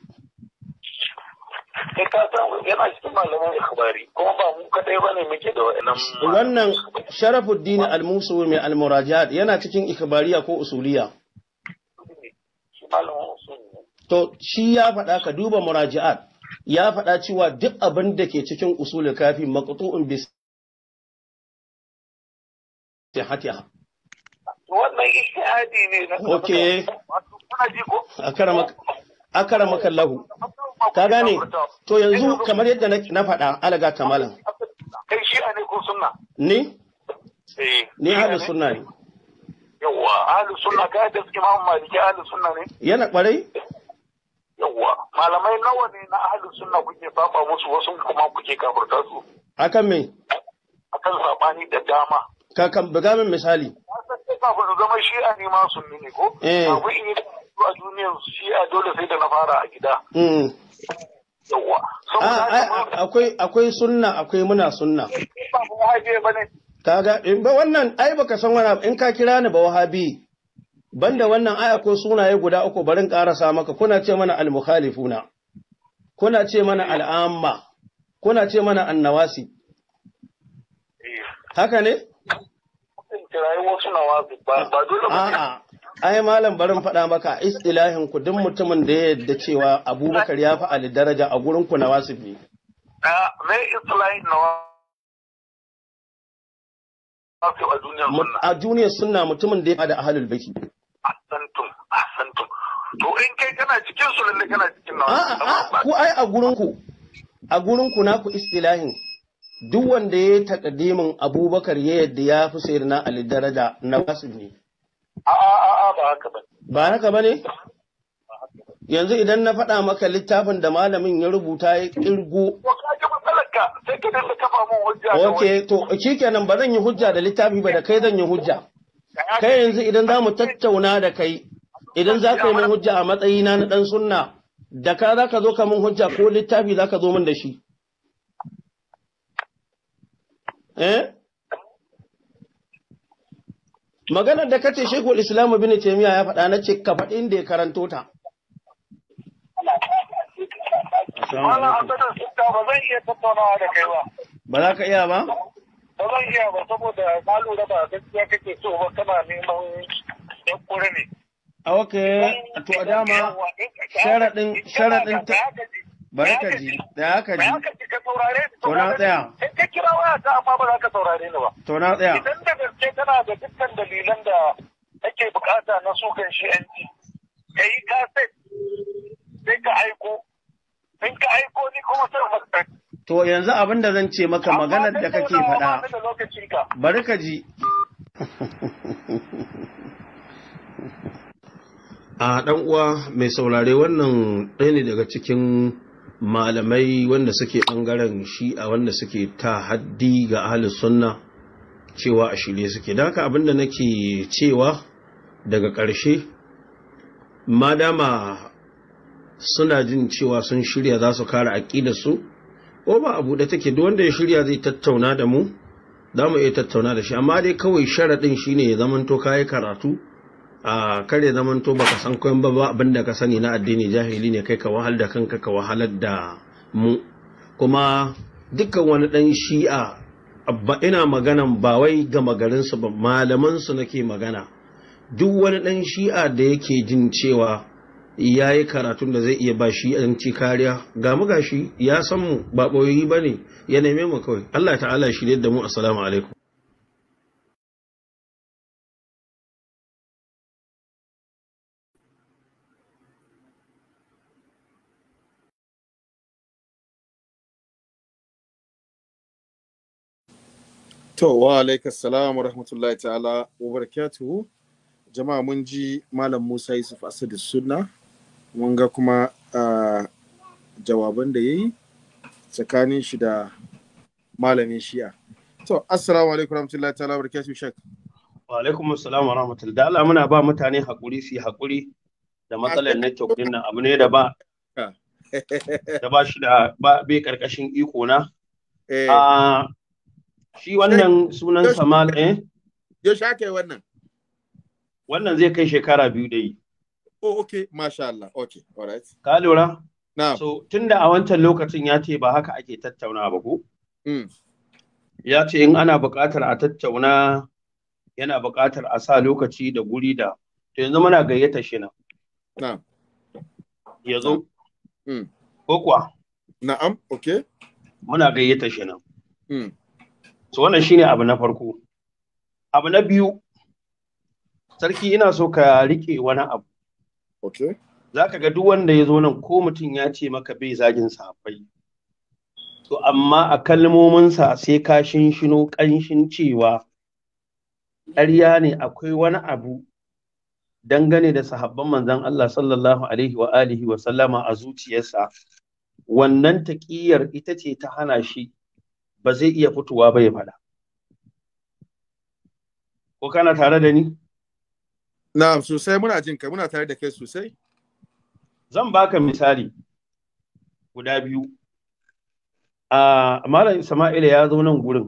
sai ka samu yana cikin malaman ikhbari kuma ba mu kadai bane muke da wannan wannan Sharafuddin Al-Musu mai al-Murajat yana cikin ikhbariya ko usuliya to shi ya faɗa ka duba muraji'at ya faɗa cewa duk abin da ke cikin usul kafi maqtu'un bi sihatiha wannan ijtihadi ne na okay akara maka akara maka lahu ka gane to yanzu kamar yadda na faɗa alaga kamalan kai shi'a ne ko sunna ni eh. ni halin sunna ne yawwa halin sunna ka suke imam maliki halin sunna ne yana kwarai yawwa malamai nawa ne na halin sunna kuke saba musu wasu kuma kuke kafurta su akan me akan sabani da dama Kakan bugamin buga min misali ka san kafin zama shi'a ne masu sunni ne ko eh su a duniyar shi a dole sai da na fara a gida. Mm. Yawwa. Ah, ah, akwai akwai sunna akwai muna sunna. Eh, ba ga in eh, ba wannan ai baka san wani in ka kira ni ba wahabi. Banda wannan aya ko sunaye guda uku barin karasa maka kuna ce mana al-mukhalifuna. Kuna ce mana al'amma. Kuna ce mana annawasi. Eh. Haka ne? Kirayen wasu nawazi ba dole ba. ai malam barin faɗa maka istilahin ku duk mutumin da ya yadda cewa abubakar ya fi ali daraja a gurin ku na wasifi zai istilahin na a duniyar sunna mutumin da ya fada ahalul baki to in kai kana cikin su lalle kana cikin na ku ai a gurin ku a gurin ku na ku istilahin duk wanda ya yi takadimin abubakar ya yadda ya fi na ali daraja na wasu ne ba haka ba. ne? Yanzu idan na faɗa maka littafin da malamin ya rubuta ya ƙirgo. Ok, to kenan ba zan yi hujja da littafi ba da kai zan yi hujja. Kai yanzu idan za mu tattauna da kai, idan za ka yi min hujja a matsayina na ɗan sunna, da ka za ka zo ka mun hujja ko littafi za ka zo min da shi. Eh? maganar da kace shekul islam ibn taymiya ya faɗa na ce ka faɗi inda ya karanto ta ba za ka iya ba ba za iya ba saboda na lura ba gaskiya kake so ba kana neman yankuri ne a ah, ok to a dama sharaɗin sharaɗin ta Barka ji, da haka ji. ka saurare ni. Tona tsaya. In ka kira waya ta amma ba za ka saurare ni ba. Tona tsaya. Idan da gaske tana da dukkan dalilan da ake bukata na su kan shi yanci. Ka yi kaset sai ka aiko. In ka aiko ni kuma sai fasar. To yanzu abin da zan ce maka maganar da kake faɗa. Bari ka ji. A ɗan uwa mai saurare wannan ɗaya ne daga cikin malamai wanda suke ɓangaren shi'a wanda suke ta haddi ga ahalus sunna cewa a shirye suke da haka da nake cewa daga ƙarshe madama suna jin cewa sun shirya za su kare su, ko ba abu da take duk wanda ya shirya zai tattauna da mu za mu iya tattauna da shi amma dai kawai sharaɗin shine ya zamanto kayi karatu a kare zaman to baka san koyon ba abinda ka sani na addini jahili ne kai ka wahal da kanka ka wahalar da mu kuma dukkan wani dan shi'a abba ina maganan ba wai ga magarinsu ba malaman su nake magana duk wani dan shi'a da yake jin cewa ya yi karatun da zai iya ba shi ci kariya ga mu gashi ya san mu ba ɓoyi ba ne ya neme mu kawai Allah ta'ala shi da mu assalamu alaikum To, wa alaika salam wa rahmatullahi ta'ala wa barakatuhu. Jama'a mun ji Malam Musa Yusuf Asadu Sunna, mun ga kuma jawaban da ya yi tsakanin shi da malamin shi'a. To, assalamu alaikum rahmatullahi ta'ala wa barakatuhu shek. Wa alaikum assalamu wa rahmatullahi ta'ala muna ba mutane haƙuri su yi haƙuri da matsalar network din nan abu ne da ba (laughs) da ba shi da ba bai karkashin iko na. Eh. Ah, Shi wannan sunan Samal eh? Yo shake wannan. Wannan zai kai shekara biyu dai. Oh, okay, masha Allah, okay, all right. Ka lura? Na'am. So, tunda a wancan lokacin ya ce ba haka ake tattauna ba ko? Mm. Ya ce in ana buƙatar a tattauna yana buƙatar a sa lokaci da guri da to yanzu muna gayyata shi na Na'am. yazo Mm. Ko kuwa? Na'am, okay. Muna gayyata shi na Mm. so wannan shine abu na farko abu na biyu sarki ina so ka riƙe wani abu okay za ka ga duk wanda ya zo nan ko mutum ya ce maka bai zagin safai to amma a kalmominsa sai ka shinshino ƙanshin cewa ƙarya ne akwai wani abu dangane da sahabban manzon Allah sallallahu alaihi wa alihi wa sallama a zuciyarsa wannan taƙiyar ita ce ta hana shi ba zai iya fitowa ba ya faɗa ko kana tare da ni na sosai muna jin kai muna tare da kai sosai zan baka misali guda biyu a malam Isma'ila ya zo nan gurin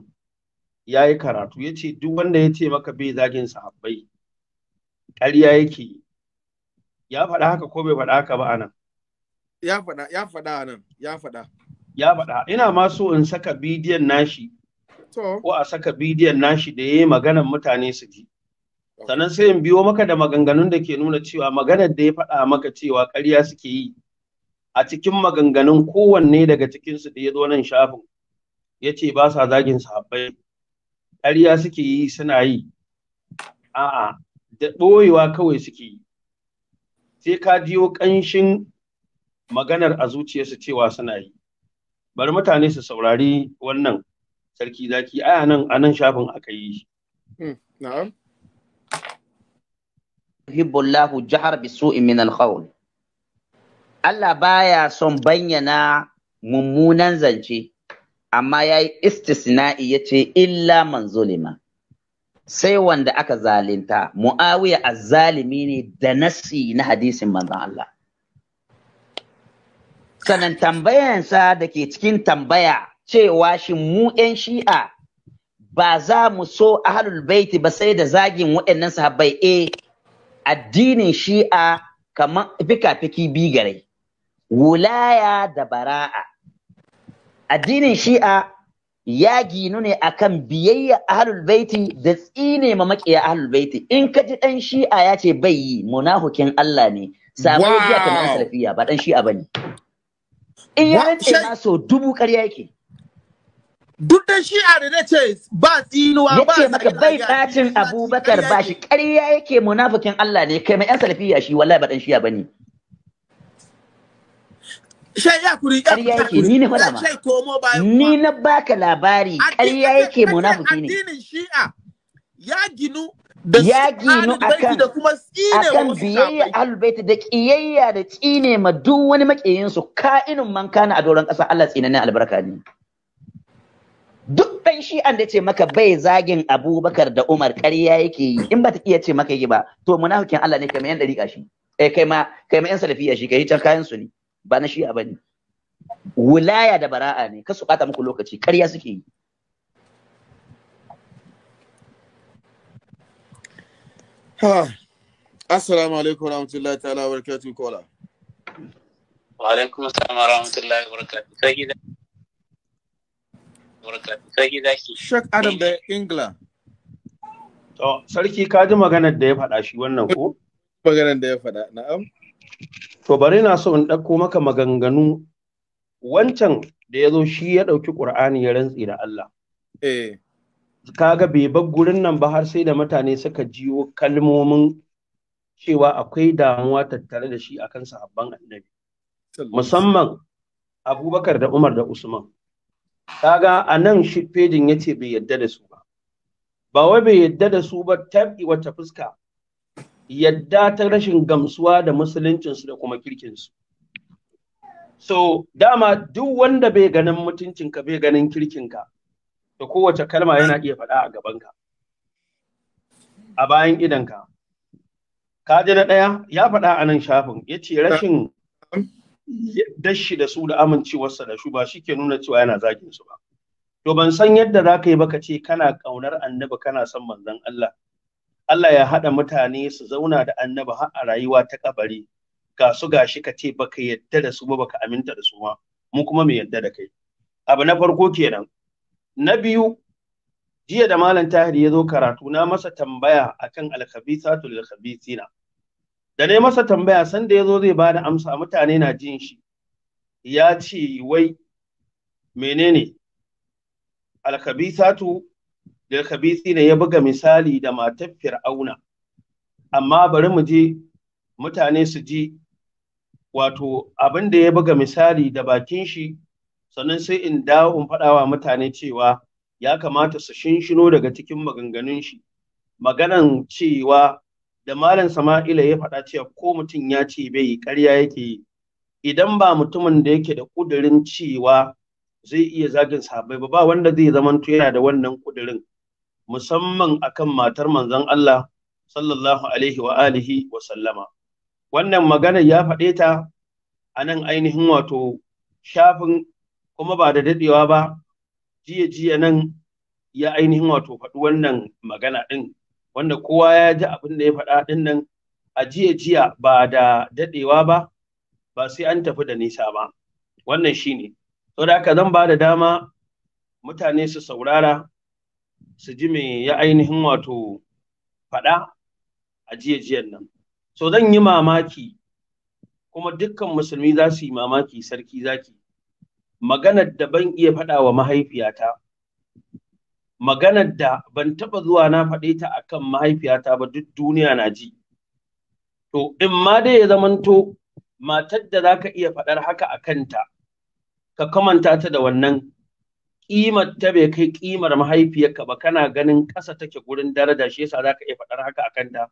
ya yi karatu ya ce duk wanda ya ce maka bai zagin sahabbai ƙarya yake ya faɗa haka ko bai faɗa haka ba anan ya faɗa ya faɗa anan ya faɗa ya faɗa ina ma so in saka bidiyon nashi ko a saka bidiyon nashi da ya yi maganar mutane su ji sannan sai in biyo maka da maganganun da ke nuna cewa maganar da ya faɗa maka cewa ƙarya suke yi a cikin maganganun kowanne daga cikinsu da ya zo nan shafin ya ce ba sa zagin sahabbai ƙarya suke yi suna yi a'a da ɓoyewa kawai suke yi sai ka jiyo ƙanshin maganar a zuciyarsu cewa suna yi bari mutane su saurari wannan sarki zaki a nan a nan shafin aka yi shi hmm, na'am Hibbullahu jahar bisu'in min al khawl Allah baya son bayyana mummunan zance amma yayi istisna'i ce illa man zulima sai wanda aka zalinta muawiya zalimi ne da nasi na hadisin manzon Allah sannan tambayansa da ke cikin tambaya cewa shi mu 'yan shi'a ba za mu so ahalul baiti ba sai da zagin waɗannan sahabbai e addinin shi'a kamar fika-fiki bigare wulaya da bara'a addinin shi'a ya ginu ne akan biyayya ahalul baiti da tsine ma makiya ahalul baiti in ka ji ɗan shi'a ya ce bai yi munahukin Allah ne sabo kamar ba dan shi'a bane in ya rantse ma so dubu ƙarya yake duk da shi a da ce ba tsinuwa ba maka bai ɗacin abubakar ba shi ƙarya yake munafikin Allah ne kai mai yan salafiya shi wallahi ba dan shiya bane Shai ya kuri ya yake ni ne fada ma ni na baka labari ƙarya yake munafiki ne addinin shi'a ya ginu ya no akan akan biyayya ahlul da ƙiyayya da tsine ma duk wani makiyin su ka'inun man kana a doron ƙasa Allah tsinanin albarka ne duk ɗan shi'an da ce maka bai zagin abubakar da umar ƙarya yake yi in ba ta iya ce maka yi ba to munafikin Allah ne kamar yan ɗariƙa shi eh kai ma kai ma yan salafiya shi kai can kayan su ne ba na shi'a bane wilaya da bara'a ne kasu bata muku lokaci ƙarya suke yi Assalamu alaikum warahmatullahi ta'ala wa barakatuh kola. Wa alaikum assalam warahmatullahi Wa Sai gida. Barakatuh. Sai gida ki. Shek Adam da Ingila. To sarki ka ji maganar da ya faɗa shi wannan ko? Maganar da ya faɗa na'am. To bari na so in ɗauko maka maganganu wancan da ya zo shi ya ɗauki Ƙur'ani ya rantsi da Allah. Eh. kaga bai bar gurin nan ba har sai da mutane suka jiwo kalmomin cewa akwai damuwa tattare da shi akan sahabban annabi musamman abubakar da umar da usman kaga a nan shi fejin ya ce bai yadda da su ba ba wai bai yadda da su ba tabi wata fuska yadda ta rashin gamsuwa da musuluncinsu da kuma kirkinsu so dama duk wanda bai ganin mutuncinka bai ganin kirkinka da kowace kalma yana iya faɗa a gabanka a bayan idanka ka ji na ɗaya ya faɗa a nan shafin ya ce rashin dashi da su da amincewarsa da ba shi ke nuna cewa yana zagin su ba to ban san yadda za ka yi ba ka ce kana ƙaunar annabi kana son manzon Allah Allah ya haɗa mutane su zauna da annabi har a rayuwa ta kabari ga su gashi ka ce baka yadda da su ba baka aminta da su ma mu kuma mu yadda da kai abu na farko kenan na biyu jiya da malam tahir ya zo karatu na masa tambaya akan alkhabisatu lil da ne masa tambaya sanda ya zo zai bada amsa mutane na jin shi ya ce wai menene alkhabisatu lil ya buga misali da matar fir'auna amma bari mu je mutane su ji wato abin da ya buga misali da bakin shi sannan sai in dawo in faɗa wa mutane cewa ya kamata su shinshino daga cikin maganganun shi maganan cewa da malam sama'ila ya faɗa cewa ko mutum ya ce bai ƙarya yake yi idan ba mutumin da yake da ƙudurin cewa zai iya zagin sahabbai ba ba wanda zai zamanto yana da wannan ƙudurin musamman akan matar manzon Allah sallallahu alaihi wa alihi wa sallama wannan magana ya faɗe ta a ainihin wato shafin kuma ba da daɗewa ba jiya jiya nan ya ainihin wato faɗi wannan magana ɗin wanda kowa ya ji abin da ya faɗa ɗin nan a jiya jiya ba da daɗewa ba ba sai an tafi da nisa ba wannan shine saboda haka zan ba da dama mutane su saurara su ji me ya ainihin wato faɗa a jiya jiyan nan. So zan yi mamaki kuma dukkan musulmi za su yi mamaki sarki zaki maganar da ban iya faɗa wa mahaifiyata maganar da ban taɓa zuwa na faɗe ta akan mahaifiyata ba duk duniya na ji to in ma dai ya zamanto matar da zaka iya faɗar haka a kanta ka kamanta ta da wannan ƙimar ta bai kai ƙimar mahaifiyarka ba kana ganin ƙasa take gurin daraja shi yasa zaka iya faɗar haka a kanta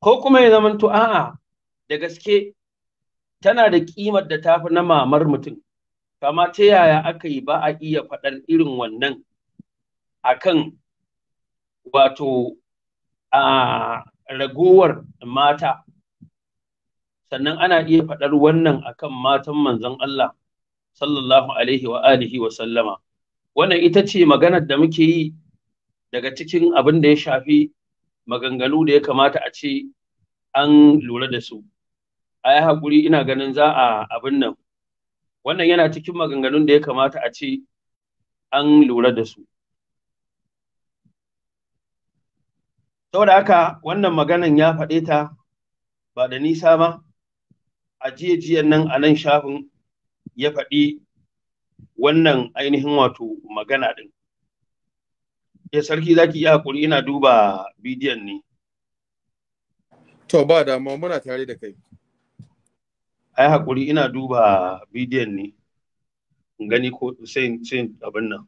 ko kuma ya zamanto a'a da gaske tana da ƙimar da tafi na mamar mutum kama ta yaya aka yi ba a iya faɗar irin wannan akan wato a ragowar mata sannan ana iya faɗar wannan akan matan manzon Allah sallallahu alaihi wa alihi wa sallama wannan ita ce maganar da muke yi daga cikin abin da ya shafi maganganu da ya kamata a ce an lura da su a yi haƙuri ina ganin za a abin nan wannan yana cikin maganganun da ya kamata a ce an lura da su saboda haka wannan maganan ya faɗe ta ba da nisa ba a jiyan nan a nan shafin ya faɗi wannan ainihin wato magana ɗin ya eh, sarki za ki yi haƙuri ina duba bidiyon ne to ba ma muna tare da kai ai hakuri ina duba bidiyon ne gani ko sai abin nan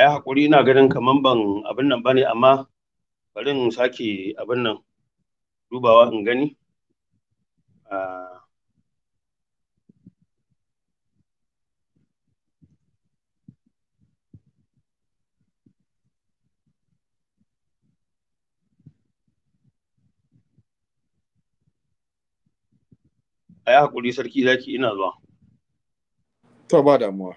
ai hakuri haƙuri ina ganin kaman ban abin nan ba ne amma bari in sake abin nan dubawa in gani a ah, yi haƙuri sarki zaki ina zuwa to ba damuwa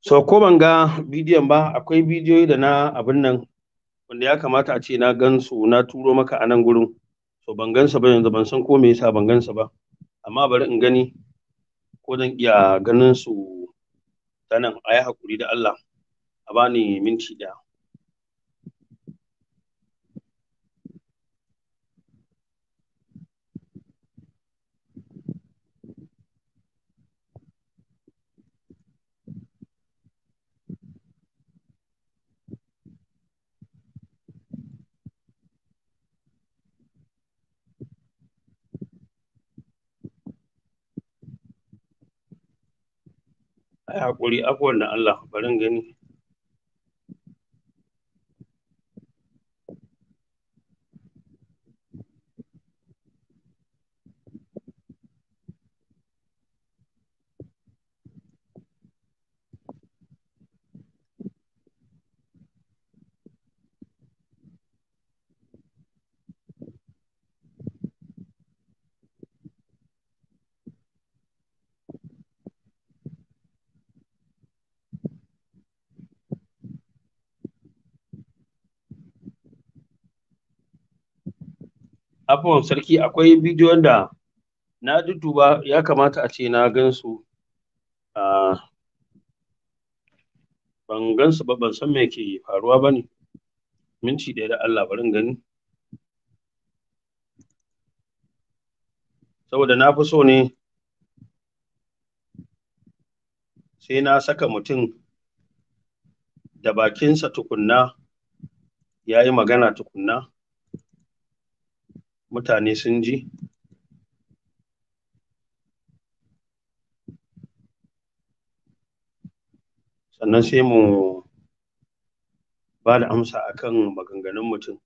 so ko ban ga bidiyon ba akwai bidiyoyi da na abin nan wanda ya kamata a ce na gansu na turo maka a nan gurin so ban gansa ba yanzu ban san ko me yasa ban gansa ba amma bari in gani ko zan iya ganin su ta nan a yi haƙuri da Allah a bani minti ɗaya ai haƙuri abubuwan da Allah barin gani abubuwan sarki akwai bidiyon da na duduba ya kamata a ce na gansu a ban gansu ba ban san me ke faruwa ba ne minci ɗaya da Allah barin gani saboda na fi so ne sai na saka mutum da bakinsa tukunna ya yi magana tukunna mutane sun ji sannan sai mu ba da amsa kan maganganun mutum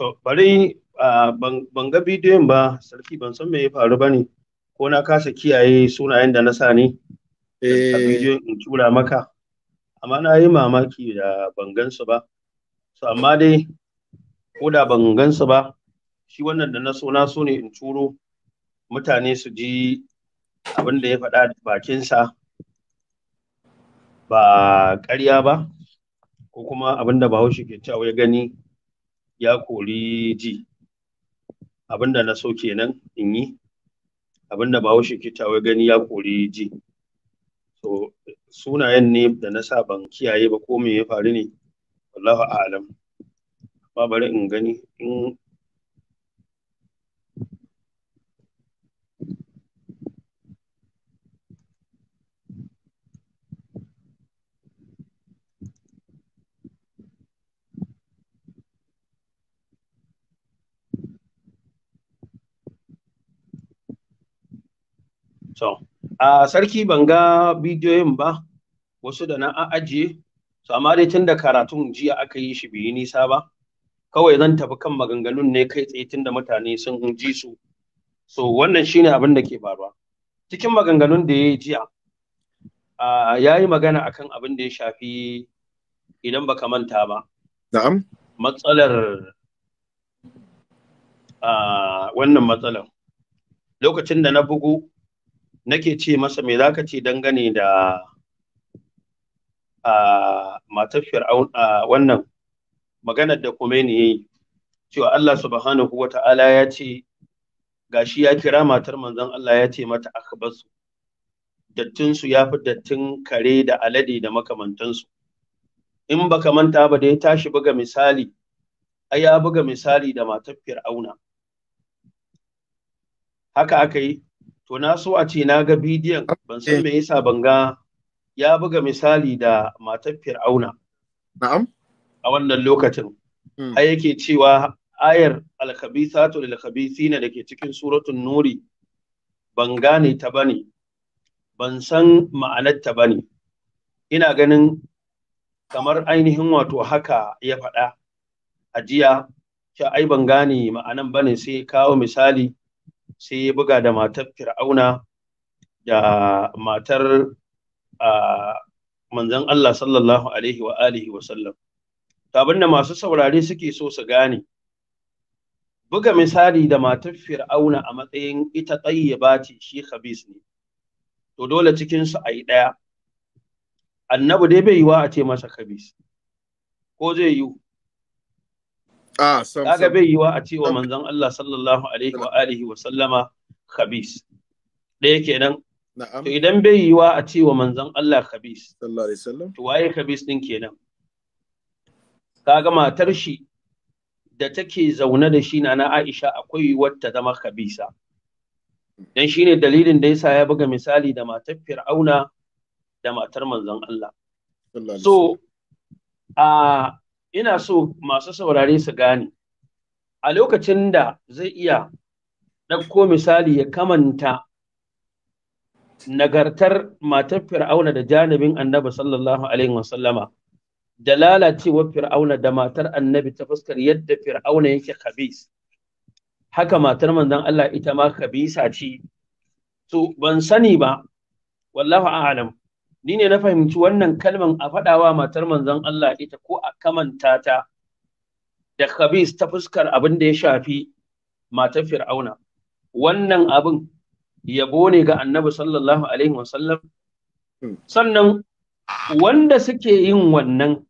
To bari ban ga bidiyon ba sarki ban san me ya faru ba ne ko na kasa kiyaye sunayen da na sa ne a eh. bidiyon in tura maka amma na yi mamaki da ban gansu ba so amma dai ko da ban gansu ba shi wannan da na so na so ne in turo mutane su ji abin da ya faɗa bakinsa ba ƙarya ba ko kuma abin da bahaushe ke cewa ya gani ya kori ji abinda na so kenan in yi abinda bahaushe ke tawa gani ya kori ji so sunayen ne da na sa ban kiyaye ba ko me ya faru ne wallahu a'lam amma bari in gani in To, a sarki ban ga bidiyoyin ba, wasu da na ajiye, to amma dai tun da karatun jiya aka yi shi biyu nisa ba, kawai zan tafi kan maganganun ne kai tsaye tun da mutane sun ji su. So, wannan shi ne abin da ke faruwa. Cikin maganganun da ya yi jiya, ya yi magana akan abin da ya shafi idan baka manta ba. Na'am. Matsalar wannan matsalar. Lokacin da na bugu nake ce masa me zaka ce dangane da a matar fir'aun a wannan maganar da Khomeini yayi cewa Allah subhanahu wata'ala ya ce gashi ya kira matar manzon Allah ya ce mata akbasu dattin su yafi dattin kare da alade da makamantansu in baka manta ba da ya tashi buga misali ai ya buga misali da matar fir'auna haka aka yi to na so a ce na ga bidiyon ban san eh. me yasa ban ga ya buga misali da matar fir'auna na'am a wannan lokacin hmm. ai yake cewa ayar al-khabisatu lil khabisina dake cikin suratul nuri ban gane ta bane ban san ma'anar ta bane ina ganin kamar ainihin wato haka ya faɗa a jiya ai ban gane ma'anan bane sai kawo misali sai ya buga da matar fir'auna da matar manzon Allah sallallahu alaihi wa alihi wa sallam abin da masu saurare suke so su gane buga misali da matar fir'auna a matsayin ita tsayyaba ce shi khabis ne to dole cikin su ayi ɗaya annabi dai bai yiwa a ce masa khabis ko zai yi Ah, kaga bai yiwa a cewa manzon Allah sallallahu alaihi wa alihi wa sallama khabis ɗaya kenan to idan bai yiwa a cewa manzon Allah khabis sallallahu alaihi wasallam to waye khabis din kenan kaga matar shi da take zaune da shi na Aisha akwai yiwuwar ta zama khabisa dan ne dalilin da yasa ya buga misali da matar Fir'auna da matar manzon Allah so a ina so masu saurare su gane a lokacin da zai iya ɗauko misali ya kamanta nagartar matar fir'auna da janibin annabi sallallahu alaihi wasallama da lalacewar fir'auna da matar annabi ta fuskar yadda fir'auna yake khabis haka matar manzon Allah ita ma khabisa ce to ban sani ba wallahu a'lam ni ne na fahimci wannan kalman a faɗawa matar manzon Allah ita ko a kamanta ta da khabis ta fuskar abin da ya shafi matar fir'auna wannan abin yabo ne ga annabi sallallahu alaihi wasallam hmm. sannan wanda suke yin wannan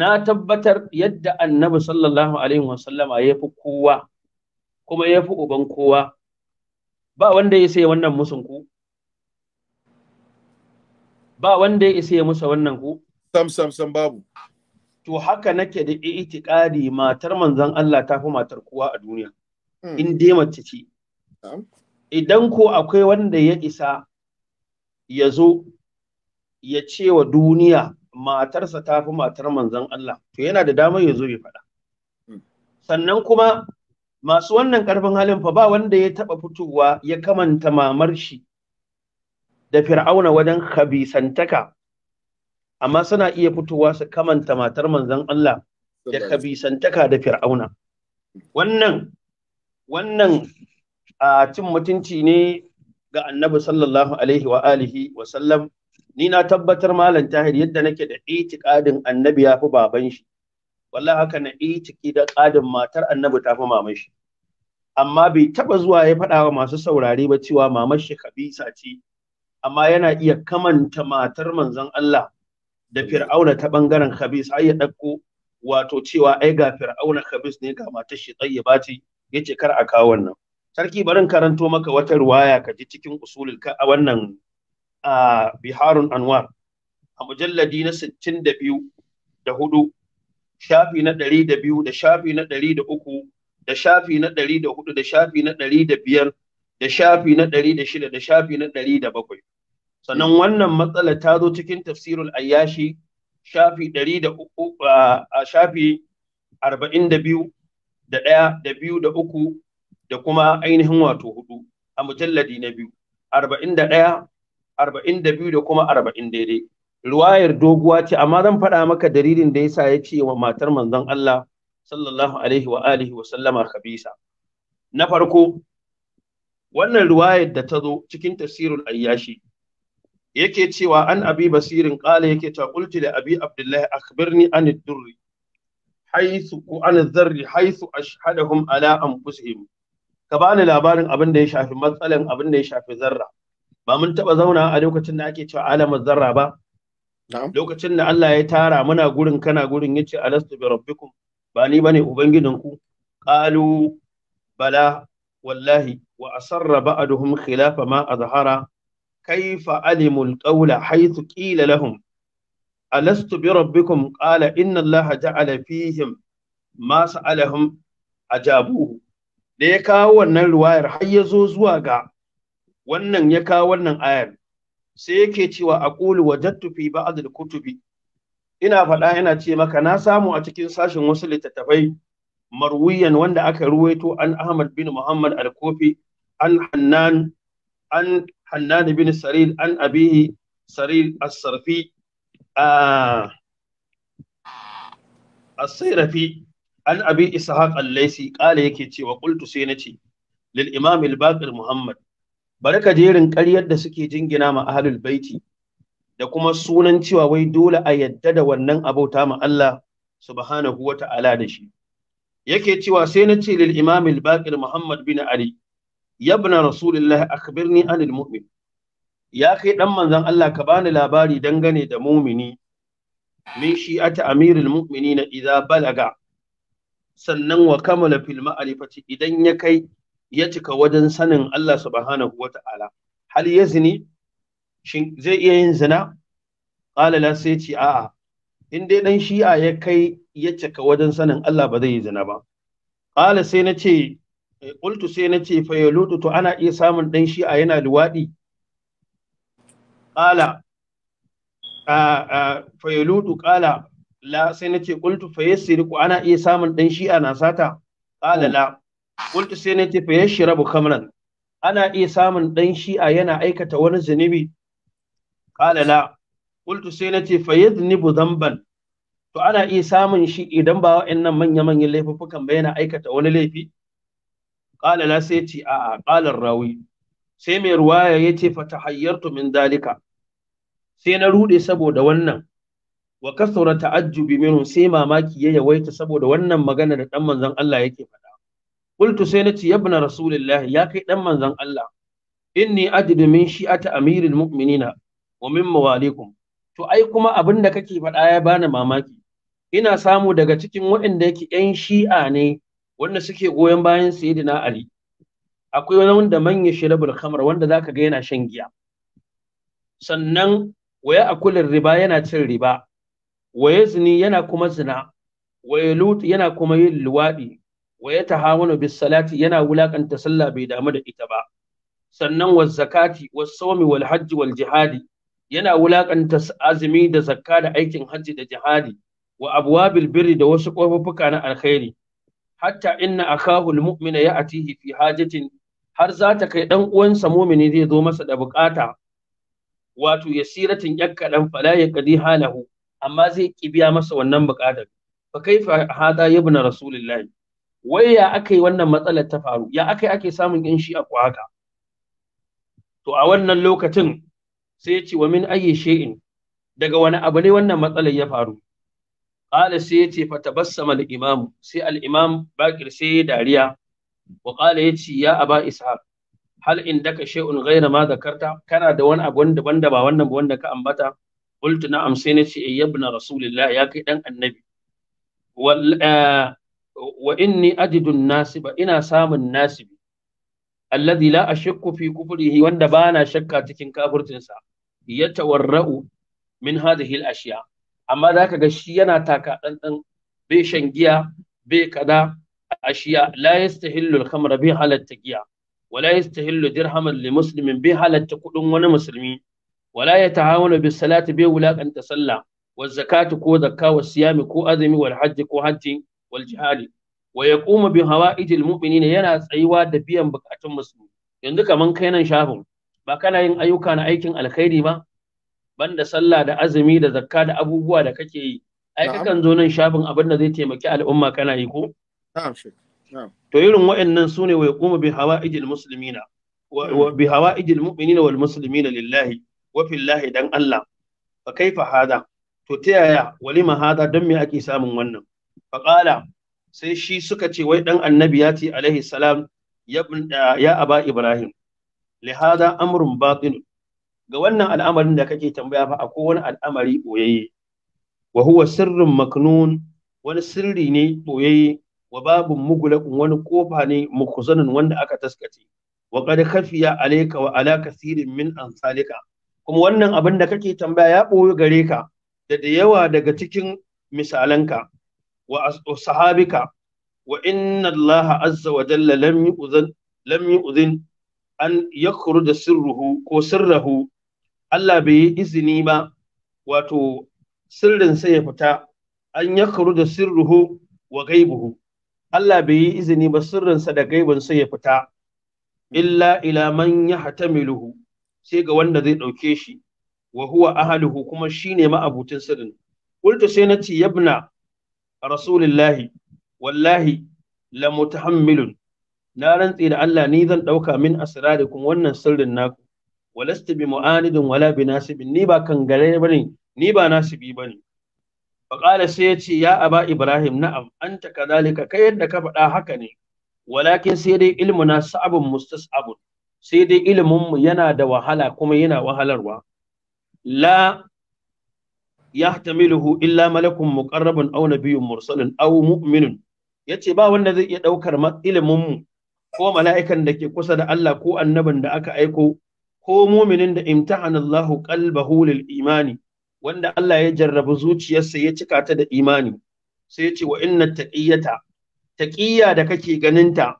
na tabbatar yadda annabi sallallahu alaihi wasallam ya fi kowa kuma ya fi uban kowa ba wanda ya sai wannan musun ku ba wanda ya isa ya musa wannan ku sam sam sam babu to haka nake da itikadi matar manzon Allah ta fi matar kowa a duniya hmm. in dai mace ce idan ko akwai wanda ya isa ya zo ya ce wa duniya matarsa ta fi matar manzon Allah to yana da damar ya zo ya faɗa hmm. sannan kuma masu wannan ƙarfin halin fa ba wanda ya taɓa fitowa ya kamanta mamar shi da fir'auna wajen khabisantaka amma suna iya fitowa su kamanta matar manzon Allah da khabisantaka da fir'auna wannan wannan a cin mutunci ne ga annabi sallallahu alaihi wa alihi wa sallam ni na tabbatar malam tahir yadda nake da itiqadin annabi ya fi baban shi wallahi haka na itiqi da qadin matar annabi ta fi maman shi amma bai taba zuwa ya faɗa wa masu saurare ba cewa maman shi kabisa ce amma yana iya kamanta matar manzon Allah da fir'auna ta bangaren khabis ai ya dauko wato cewa ai ga fir'auna khabis ne ga matar shi tsayyaba ce yace kar a kawo wannan sarki barin karanto maka wata ruwaya ka ji cikin usulul ka a wannan a biharun anwar a mujalladi na 62 da hudu shafi na 202 da shafi na 103 da shafi na 104 da shafi na 105 da shafi na 106 da shafi na 107 sannan wannan matsala ta zo cikin tafsirul ayyashi shafi ɗari da uku a shafi arba'in da biyu da ɗaya da biyu da uku da kuma ainihin wato hudu a mujalladi na biyu arba'in da ɗaya arba'in da biyu da kuma arba'in daidai ruwayar doguwa ce amma zan faɗa maka dalilin da yasa ya ce wa matar manzon Allah sallallahu alaihi wa alihi wa sallama khabisa na farko wannan ruwayar da ta zo cikin tafsirul ayyashi yake cewa an abi basirin kala yake cewa qulti da abi abdullahi akhbirni an durri haythu ku an ad haythu ashhadahum ala anfusihim ka bani labarin abin da ya shafi matsalan abin da ya shafi zarra ba mun taba zauna a lokacin da ake cewa alamar zarra ba lokacin da Allah ya tara muna gurin kana gurin yace alastu bi rabbikum ba ni bane ku. qalu bala wallahi wa asarra ba'duhum khilafa ma azhara kaifa alimul qawla haythu qila lahum alastu bi rabbikum qala inna allaha ja'ala fihim ma sa'alahum da ya kawo wannan ruwayar har ya zo zuwa ga wannan ya kawo wannan ayar sai yake cewa aqulu wajadtu fi ba'd al-kutubi ina faɗa yana ce maka na samu a cikin sashin wasu littattafai marwiyan wanda aka ruwaito an Ahmad bin Muhammad al-Kofi an Hannan Hannani hannan bin sarid an abihi sarid as-sarfi as-sayrafi an abi ishaq al-laisi kala yake cewa qultu sai nace lil imam al muhammad baraka jerin ƙaryar da suke jingina ma ahlul baiti da kuma sunan cewa wai dole a yadda da wannan abauta ma Allah subhanahu wa ta'ala da shi yake cewa sai nace lil imamil al-baqir muhammad bin ali yabna rasulillah akhbirni anil mu'min ya kai dan manzon Allah ka bani labari dangane da mumini min shi'ata amirul na idza balaga sannan wa kamala fil ma'rifati idan ya kai ya cika wajen sanin Allah subhanahu wata'ala hal yazni shin zai iya yin zina qala la sai ce a'a in dai dan shi'a ya kai ya cika wajen sanin Allah ba zai yi zina ba qala sai na ce Ƙultu sai na ce fa yalutu to ana iya samun ɗan a yana luwaɗi. Ƙala, fa yalutu ƙala, la sai na ce ƙultu fa yassiriku ana iya samun ɗan shi na sata. Ƙala la, ƙultu sai na ce fa yashrabu kamran. Ana iya samun ɗan a yana aikata wani zunubi. Ƙala la, ƙultu sai na ce fa yadnibu zamban. To ana iya samun shi idan ba wa'annan manya-manyan laifuffukan ba yana aikata wani laifi. qala la sai ce a qala rawi sai mai ruwaya ta fatahayyartu min dalika sai na rude saboda wannan wa kasura ta'ajjubi minhu sai mamaki ya yawaita saboda wannan magana da dan manzon Allah yake faɗa qultu sai na ya ibn rasulillah ya kai dan manzon Allah inni ajidu min shi'ati amiril mu'minina wa min mawalikum to ai kuma abin da kake faɗa ya bani mamaki ina samu daga cikin waɗanda yake 'yan shi'a ne wanda suke goyon bayan sayyidina ali akwai wani wanda manya shirabul khamr wanda zaka ga yana shan giya sannan waya akulin riba yana cin riba waya zini yana kuma zina waya lut yana kuma yin luwadi waya tahawunu bis salati yana wulakanta sallah bai damu da ita ba sannan was zakati was sawmi wal hajj wal jihadi yana wulakanta azumi da zakka da aikin hajji da jihadi wa abwabil birri da wasu kofuffuka na alkhairi hatta inna akahu almu'mina ya'tihi fi hajatin har za ta kai dan uwansa mu'mini zai zo masa da bukata wato yasiratin yakkadan fala kadi halahu amma zai kibiya masa wannan bukatar fa kaifa hada ibn rasulillah wai ya akai wannan matsalar ta faru ya akai ake samun yan shi a haka to a wannan lokacin sai ya ce wa min ayi shay'in daga wani abu ne wannan matsalar ya faru qala sai yace fa tabassama al-imam sai al-imam bakir sai dariya wa qala yace ya aba ishaq hal indaka shay'un ghayra ma dhakarta kana da wani abu daban da ba wannan ba wanda ka ambata qultu na'am sai nace eh, ibn rasulillah ya kai dan annabi wal eh, wa inni ajidu nasiba ina samun nasibi alladhi la ashakku fi kufrihi wanda bana shakka cikin kafirtinsa yatawarra'u min hadhihi al-ashya amma za ka ga shi yana taka ɗanɗan bai shan giya bai kada ashiya la yastahillu al-khamra bai halatta giya wala yastahillu dirhaman li muslimin bai halatta kuɗin wani musulmi wala yatahawanu bis salati bai wulakanta sallah wa zakatu ko zakka wa siyami ko azumi wal hajji ko hajji wal jihadi wa yaqumu bi hawaijil mu'minina yana tsayuwa da biyan bukatun musulmi yanzu kaman kai nan shafin ba kana yin ayyuka na aikin alkhairi ba banda sallah da azumi da zakka da abubuwa da kake yi ai kakan zo nan shafin abin da zai taimaki al'umma kana yi ko to irin wa'annan su ne wa yaqumu bi hawa'ijil muslimina wa hmm. bi hawa'ijil mu'minina wal muslimina lillahi wa fillahi dan Allah fa kaifa hada to ta yaya walima hada dan me ake samun wannan fa qala sai shi suka ce wai dan annabi ya ce alaihi salam ya aba ibrahim lihada amrun batin ga wannan al'amarin da kake tambaya fa a wani al'amari boyayye wa huwa sirrin maknun wani sirri ne boyayye wa babu mugulakun wani kofa ne mukuzanin wanda aka taskace wa qad khafiya alayka wa ala kasirin min ansalika kuma wannan abin da kake tambaya ya ɓoye gare ka da da yawa daga cikin misalanka wa sahabika wa inna Allah azza wa jalla lam yu'zin lam an yakhruja sirruhu ko sirrahu Allah bai yi izini ba wato sirrin sai ya fita an ya da sirruhu wa gaibuhu Allah bai yi izini ba sirrinsa da gaibin sai ya fita illa ila man ya hatamiluhu sai ga wanda zai ɗauke shi wa huwa ahaluhu kuma shine ma'abutin sirrin Kulta sai na ce yabna Rasulullahi, wallahi la mutahammilun na rantse da Allah ni zan ɗauka min asrarikum wannan sirrin naku walasta bi mu'anidin wala bi nasibin ni ba kangare bane ni ba nasibi bane fa qala sai yace ya aba ibrahim na'am anta kadhalika kai yadda ka faɗa haka ne walakin sai dai ilmuna sa'abun mustas'abun sai dai iliminmu yana da wahala kuma yana wahalarwa la yahtamiluhu illa malakun muqarrabun aw nabiyyun mursalun aw mu'minun yace ba wanda zai iya ɗaukar iliminmu, ko mala'ikan da ke kusa da Allah ko annabin da aka aiko ko muminin da imtahana Allah qalbahu lil imani wanda Allah ya jarrabu zuciyarsa ya cika ta da imani sai ya ce wa inna taqiyata taqiya da kake ganinta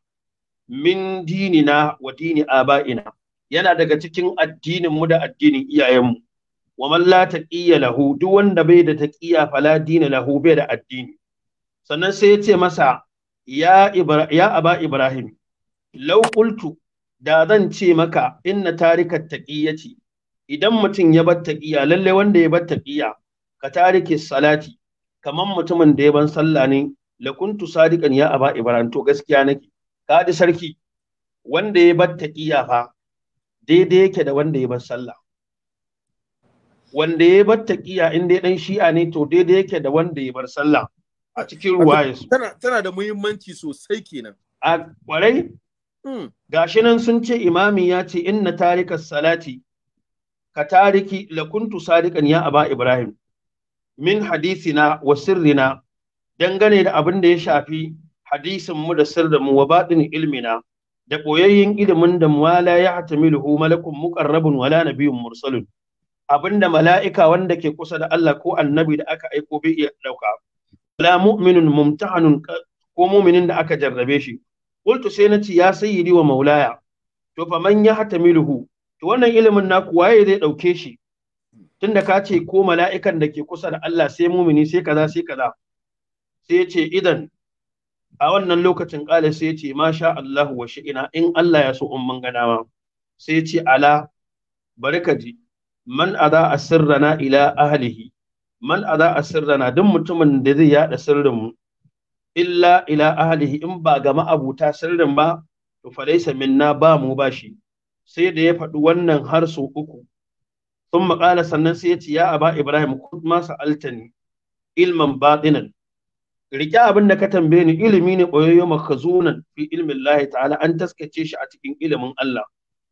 min dinina wa dini aba'ina yana daga cikin addinin mu da addinin iyayenmu wa man la taqiya lahu duk wanda bai da taqiya fala dina lahu bai da addini sannan sai ya ce masa ya ibra ya aba ibrahim law qultu da zan ce maka inna tarikat taqiyati idan mutum ya bar taqiya lalle wanda ya bar taqiya ka tarike salati kaman mutumin da ya ban sallah ne lakuntu sadiqan ya aba ibrahim to gaskiya nake ka sarki wanda ya bar taqiya fa daidai yake da wanda ya bar sallah wanda ya bar taqiya in dai dan shi'a ne to daidai yake da wanda ya bar sallah a cikin ruwaya tana tana da muhimmanci sosai kenan a kwarai hmm. gashi nan sun ce imami ya ce inna tarikas salati ka tariki lakuntu sadiqan ya aba ibrahim min hadisina wa sirrina dangane da abin da ya shafi hadisin mu da sirrin mu wa badin ilmina da ɓoyayyen ilimin da wala ya hu malakun muqarrabun wala nabiyyun mursalun abinda mala'ika wanda ke kusa da Allah ko annabi da aka aiko bai iya dauka la mu'minun mumtahanun ko mu'minin da aka jarrabe shi Kultu sai na ce ya sayyidi wa maulaya to fa man hatamiluhu to wannan ilimin naku waye zai dauke shi tunda ka ce ko mala'ikan da ke kusa da Allah sai mumini sai kaza sai kaza sai ya ce idan a wannan lokacin kala sai ya ce masha Allah wa shi'ina in Allah ya so in mun gana ma sai ya ce ala bari ji man adha asirrana ila ahlihi man adha asirrana duk mutumin da zai yada sirrin mu illa ila ahlihi in ba ga ma'abuta sirrin ba to falaisa minna ba mu ba shi sai da ya faɗi wannan har sau uku sun maƙala sannan sai ya ce ya aba ibrahim kud ma sa'altani ilman batinan riƙe abin da ka tambaye ni ilimi ne ɓoyayyo makazunan fi ilmin lahi ta'ala an taskace shi a cikin ilimin Allah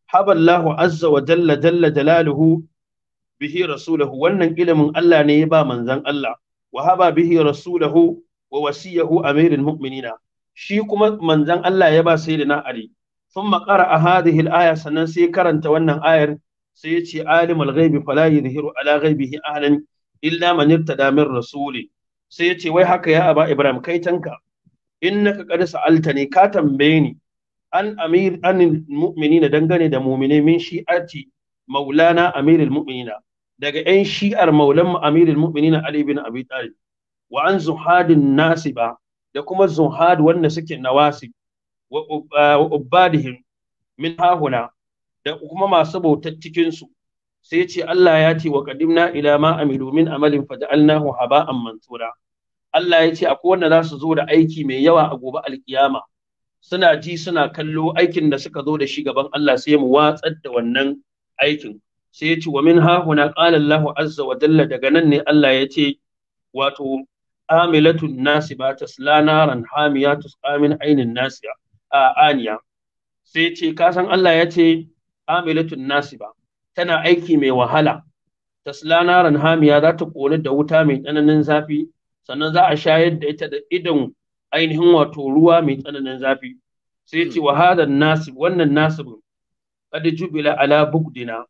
haballahu azza wa jalla jalla jalaluhu bihi rasulahu wannan ilimin Allah ne ya ba manzon Allah wa haba bihi rasulahu wa wasiyahu amirul mu'minina shi kuma manzon Allah ya ba sai sayyidina Sun makara qara'a hadhihi al-aya sannan sai karanta wannan ayar sai ya ce alimul ghaibi fala yuzhiru ala ghaibihi ahlan illa man irtada min rasuli sai ya ce wai haka ya aba ibrahim kai tanka innaka qad sa'alta ne ka tambaye ni an amir an mu'minina dangane da mu'mine min shi'ati maulana amirul mu'minina daga yan shi'ar maulan amirul mu'minina ali bin abi talib wa an zuhadin nasiba da kuma zuhad wanda suke nawasi wa ubadihim min hahuna da kuma masu bautar cikin su sai ce Allah ya ce wa qadimna ila ma amilu min amalin faj'alnahu haba'an mansura Allah ya ce akwai wanda za su zo da aiki mai yawa a gobe alkiyama suna ji suna kallo aikin da suka zo da shi gaban Allah sai mu watsar da wannan aikin sai ya ce wa min hahuna qala Allahu azza wa jalla daga nan ne Allah ya ce wato amilatun nasiba ta naran hamiya ta tsamin ainin nasiya a aniya sai ce kasan Allah ya ce amilatun nasiba tana aiki mai wahala Ta naran hamiya za ta kone da wuta mai tsananin zafi sannan za a shayar da ita da idan ainihin wato ruwa mai tsananin zafi sai ce hmm. wa nasib wannan nasibin Kada jubila ala bugdina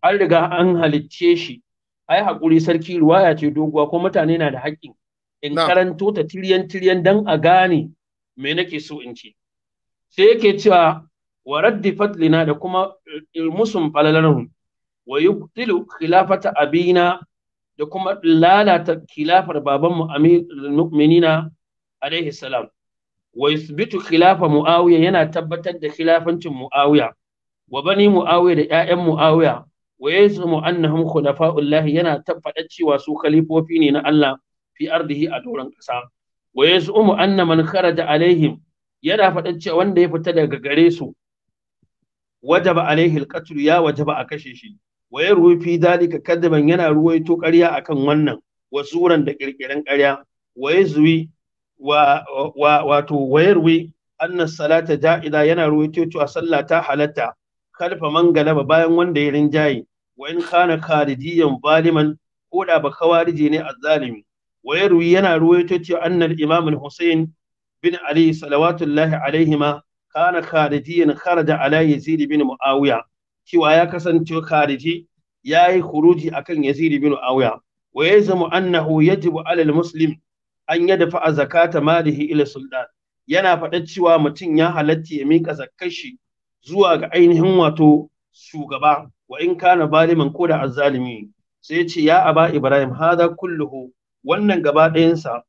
an riga an halicce shi ai haƙuri sarki ya ce doguwa ko mutane na da haƙƙin in karanto ta tiriyan tiriyan dan a gane me nake so in ce sai yake cewa wa raddi fatlina da kuma eh, musun falalarun wa yubtilu khilafata abina da kuma lalata khilafar babanmu amir mu'minina alaihi salam wa yusbitu khilafa muawiya yana tabbatar da khilafancin muawiya wa bani muawiya da ƴaƴan muawiya wa yazmu annahum khulafa'ullahi yana tabbatar cewa su khalifofi ne na Allah fi ardihi a doron ƙasa wa yaz'umu anna man kharaja alaihim yana faɗan cewa wanda ya fita daga gare su wajaba alaihi alqatl ya wajaba a kashe shi wa yarwi fi dalika kadaban yana ruwaito ƙarya akan wannan wa suran da kirkiran ƙarya wa yazwi wa wato wa yarwi anna salata ja'ida yana ruwaito cewa sallah ta halatta kalfa man galaba bayan wanda ya rinjaye wa in kana baliman zaliman ko da ba kawarije ne azzalimi wa yarwi yana ruwaito cewa annal imam al-husayn bin ali salawatullahi ma. kana kharijiyan kharaja ala yazid bin muawiya cewa ya kasance khariji yayi kuruji akan yazid bin muawiya wa yazamu annahu yajibu ala al-muslim an a zakata malihi ila sultan yana faɗa cewa mutum ya halarci ya mika zakkar shi zuwa ga ainihin wato shugaba wa in kana balimin ko da azzalimi sai ya ce ya aba ibrahim hada kulluhu wannan gaba ɗayansa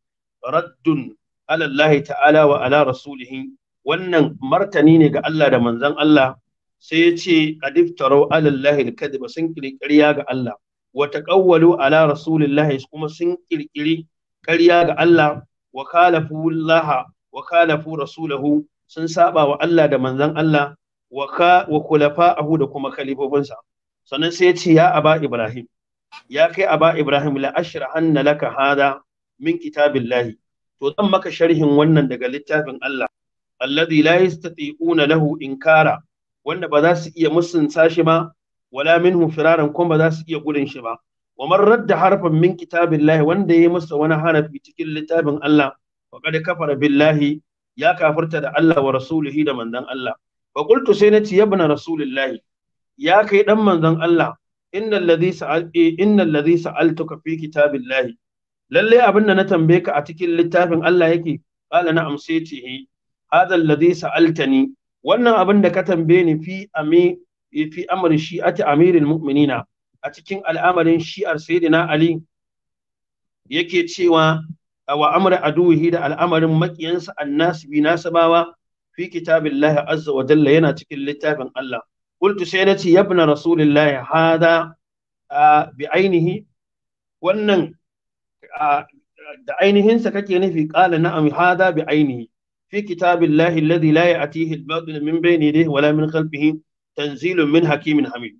raddun alallahi ta'ala wa ala rasulihi wannan martani ne ga Allah da manzon Allah sai ya ce qadiftaru alallahi alkadiba sun kirkiriya ga Allah wa taqawwalu ala rasulillahi kuma sun kirkiri ƙarya ga Allah wa kalafu Allah wa kalafu rasulahu sun saba wa Allah da manzon Allah wa ka wa da kuma khalifofinsa sannan sai ya ce ya aba ibrahim ya kai aba ibrahim la anna laka hada min kitabillahi to zan maka sharhin wannan daga littafin Allah alladhi la yastati'una lahu inkara wanda ba za su iya musun sashi ba wala minhu firaran kuma ba za su iya gudun shi ba wa man radda harfan min kitabillahi wanda yayi masa wani harafi cikin littafin Allah faqad kafara billahi ya kafirta da Allah wa rasulihi da manzon Allah fa qultu sai na ci ibn rasulillahi ya kai dan manzon Allah innal ladhi sa'al eh, innal sa'altuka fi kitabillahi lalle abin da na tambaye ka a cikin littafin Allah yake qala na amsaytihi eh, hadha alladhi sa'altani wannan abin da ka tambaye ni fi ami eh, fi amri shi'ati amiril mu'minina a cikin al'amarin shi'ar sayyidina ali yake cewa wa amra aduhi da al'amarin makiyansa annasibi nasabawa fi kitabillahi azza wa jalla yana cikin littafin Allah qultu sai nace ya ibn rasulillahi hada bi ainihi wannan da ainihinsa kake nufi qala na'am hada bi ainihi في كتاب الله الذي لا يأتيه الباطل من بين يديه min من خلفه تنزيل من حكيم حميد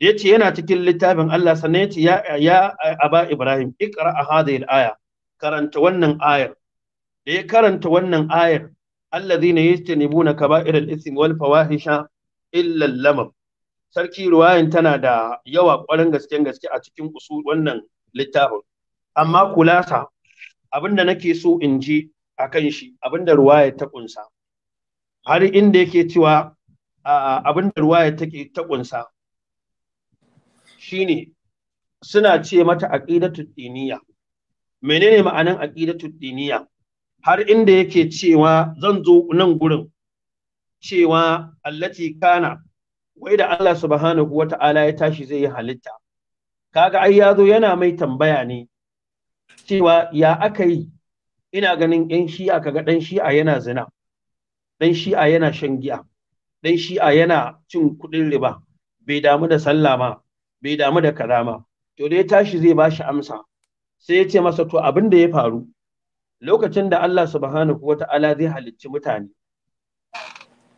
yace yana cikin littafin Allah sannan yace ya ya aba Ibrahim ikra a al-aya karanta wannan ayar da ya karanta wannan ayar alladhina yastanibuna kaba'ir al-ithm wal fawahisha illa lamab sarki ruwayin tana da yawa ƙwarin gasken gaske a cikin usul wannan littafin amma kulasa abinda nake so in ji akan shi abinda ruwaya ta kunsa har inda yake cewa abinda ruwaya take ta kunsa shine suna ce mata aqidatu diniya menene ma'anan aqidatu diniya har inda yake cewa zan zo nan gurin cewa allati kana wai da Allah subhanahu wata'ala ya tashi zai yi halitta kaga ai ya yana mai tambaya ne cewa ya aka yi ina ganin 'yan shi'a kaga ɗan shi'a yana zina ɗan shi'a yana shan giya ɗan shi'a yana cin kuɗin riba bai damu da sallah ma bai damu da kaza ma to dai tashi zai bashi amsa sai ya ce masa to abin da ya faru lokacin da Allah subhanahu wata'ala zai halicci mutane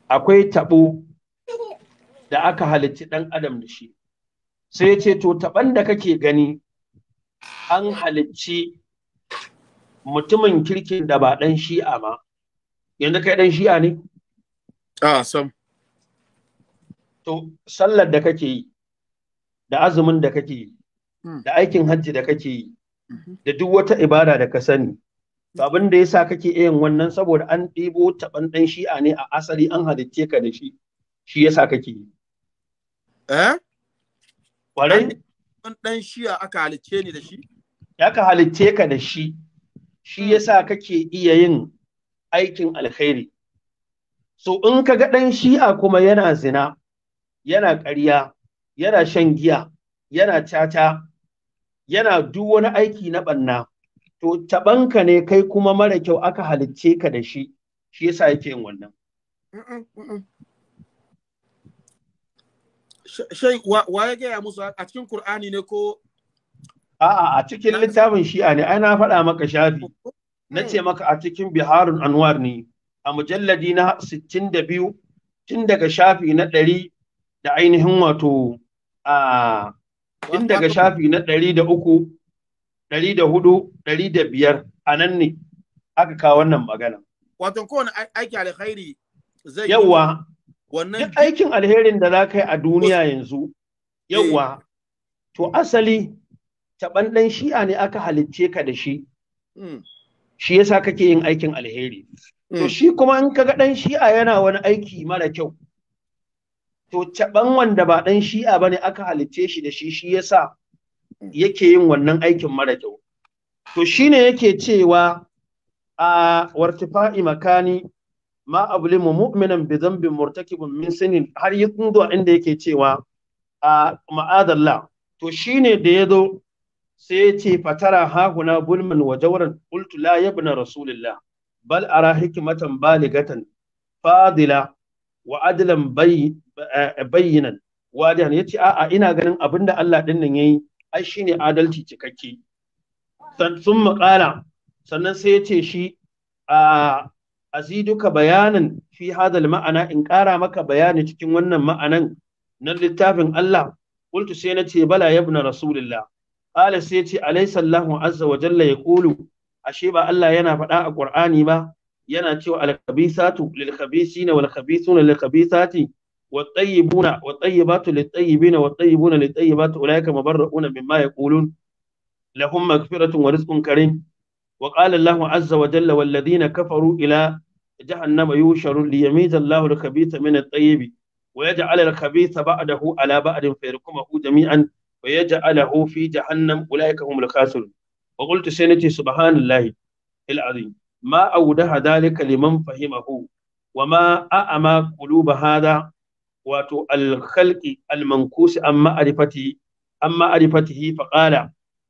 akwai taɓo da aka halicci ɗan adam da shi sai ce to taɓan da kake gani an halicci mutumin kirkin da ba ɗan shi'a ma yanzu kai ɗan shi'a ne? a sam to sallar da kake yi da azumin da kake yi hmm. da aikin hajji da kake yi mhm. da duk wata ibada da ka sani to abin da yasa kake yin wannan saboda an ɗebo taban ɗan shi'a ne a asali an halicce ka da shi shi yasa kake yi eh kwarai ɗan shi'a aka halicce ni da shi ya ka halicce ka da shi shi yasa kake iya yin aikin alkhairi so in ka ga ɗan shi'a kuma yana zina yana ƙarya yana shan giya yana tata, yana duk wani aiki na ɓanna to taɓanka ne kai kuma mara kyau aka halicce ka da shi shi yasa yake yin wannan shai wa ya gaya musu a cikin qur'ani ne ko a'a a cikin littafin shi'a ne ai na faɗa maka shafi na ce maka a cikin biharun anwar ne a mujalladi na 62 tun daga shafi na ɗari da ainihin wato a tun daga shafi na ɗari da uku ɗari da hudu ɗari da biyar a nan ne aka kawo wannan magana. Wato kowane aiki alkhairi zai yawa wannan aikin alherin da za ka yi a duniya yanzu yawa eh. to asali taɓan ɗan shi'a ne aka halicce ka da shi hmm. shi yasa kake yin aikin alheri to hmm. shi kuma in ka ga ɗan shi'a yana wani aiki mara kyau to taɓan wanda ba ɗan shi'a bane aka halicce shi da shi shi yasa Mm. yake yin wannan aikin mara kyau to shine yake cewa a wartifa'i makani ma mu mu'minan bi dhanbin murtakibun min sinin har yi zuwa inda yake cewa a ma'adalla to shine da ya zo sai ya ce fatara hahuna bulman wa jawran qultu la yabna rasulillah bal ara hikmatan baligatan fadila wa adlan eh, bayyinan ya yace a'a ina ganin abinda Allah din nan yayi ai shine adalci cikakke sun maƙala sannan sai ya ce shi a duka bayanan fi hadal ma'ana in ƙara maka bayani cikin wannan ma'anan na littafin Allah qultu sai na ce bala ya buna rasulillah ƙala sai ce alaysa Allahu azza wa jalla yaqulu ashe ba Allah yana faɗa a ƙur'ani ba yana cewa al-khabisatu lil khabisina wal khabisuna lil khabisati والطيبون والطيبات للطيبين والطيبون للطيبات أولئك مبرؤون مما يقولون لهم مغفرة ورزق كريم وقال الله عز وجل والذين كفروا إلى جهنم يوشرون ليميز الله الخبيث من الطيب ويجعل الخبيث بعده على بعد فيركمه جميعا ويجعله في جهنم أولئك هم الخاسرون وقلت سنتي سبحان الله العظيم ما أوده ذلك لمن فهمه وما أأمى قلوب هذا wato al-khalqi al-mankusi amma arifati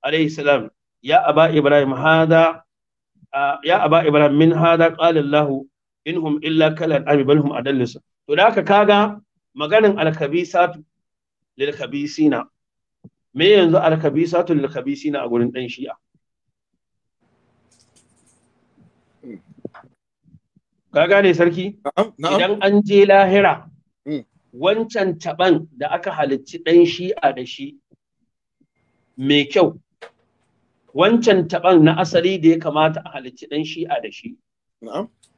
alayhi salam ya aba ibrahim hada ya aba ibrahim min hada qala allah inhum illa kalal ami bal hum adallus to da haka kaga maganin al-khabisatu lil khabisina me yanzu al-khabisatu lil khabisina a gurin dan shi'a ka gane sarki idan an je lahira wancan taban da aka halicci ɗan shi'a da shi mai kyau wancan taban na asali da ya kamata a halicci ɗan shi'a da shi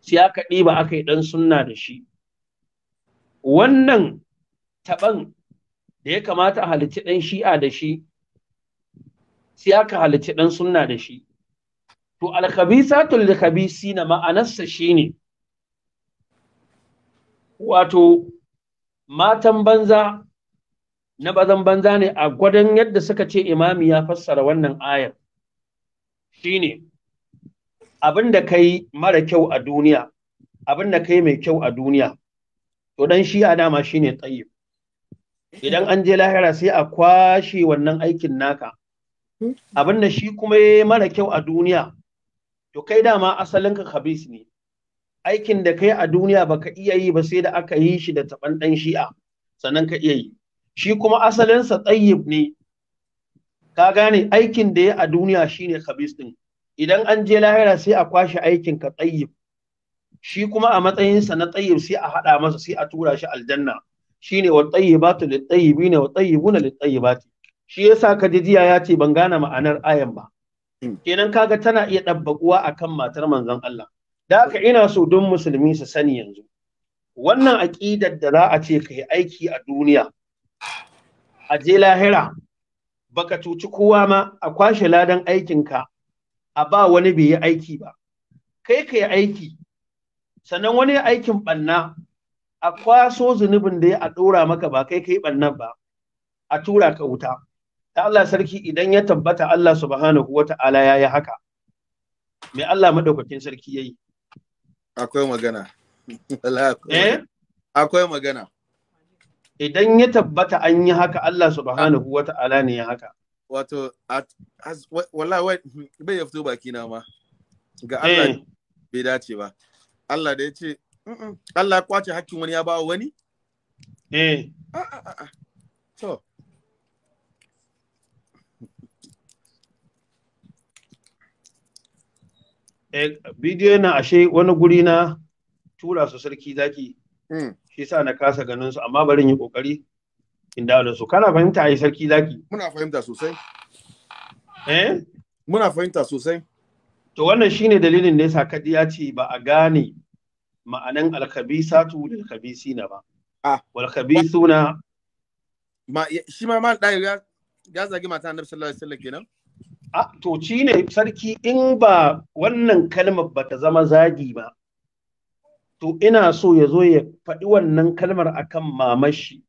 sai aka ɗiba aka yi ɗan sunna da shi wannan taban da ya kamata a halicci ɗan shi'a da shi sai aka halicci ɗan sunna da shi to alkhabisatul na ma'anarsa shine wato matan banza na bazan banza ne a gwadon yadda suka ce imami ya fassara wannan ayar shine abin da kai mara kyau a duniya abin da kai mai kyau a duniya to dan shi a dama shine tsayi idan an je lahira sai a kwashe wannan aikin naka abin da shi kuma mara kyau a duniya to kai dama asalinka habis ne aikin da kai a duniya baka iya yi ba sai da aka yi shi da taban dan shi'a sannan ka iya yi shi kuma asalinsa tsayib ne ka gane aikin da ya a duniya shine khabis din idan an je lahira sai a kwashe aikin ka shi kuma a matsayinsa na tsayib sai a haɗa masa sai a tura shi aljanna shine wa tsayibatu lit tayyibina wa tayyibuna lit tayyibati shi yasa jiya ya ce ban gane ma'anar ayan ba hmm. kenan kaga tana iya dabbakuwa akan matar manzon Allah da ina so don musulmi su sani yanzu wannan aƙidar da za a ce ka yi aiki a duniya a je lahira baka cuci kowa ma a kwashe ladan aikinka a ba wani bai yi aiki ba kai ka yi aiki sannan wani aikin ɓanna a kwaso zunubin da ya a ɗora maka ba kai yi bannan ba a tura ka wuta ta Allah sarki idan ya tabbata Allah subhanahu wa ta'ala ya yi haka mai Allah maɗaukakin sarki ya yi akwai eh? magana akwai magana idan ya tabbata an yi haka Allah subhanahu wa ta'ala ne ya haka wato wallahi hmm, bai yafto baki na ma ga Allah eh. bai dace ba Allah da ya ce Allah ya kwace hakkin wani ya ba wani eh ah, ah, ah, to Eh, bidiyo na ashe wani guri na tura su sarki zaki hmm. shi sa na kasa ganin su amma bari yi kokari in dawo da su kana fahimta ai sarki zaki muna fahimta sosai eh muna fahimta sosai to wannan shine dalilin da yasa kadi ya ce ba a gane ma'anan alkhabisatu lil khabisina ba ah wal khabisuna ma shi ma man dai ya zagi mata annabi sallallahu alaihi wasallam kenan Ah, to shi ne sarki in ba wannan kalmar ba ta zama zagi ba to ina so ya zo ya faɗi wannan kalmar akan mamashi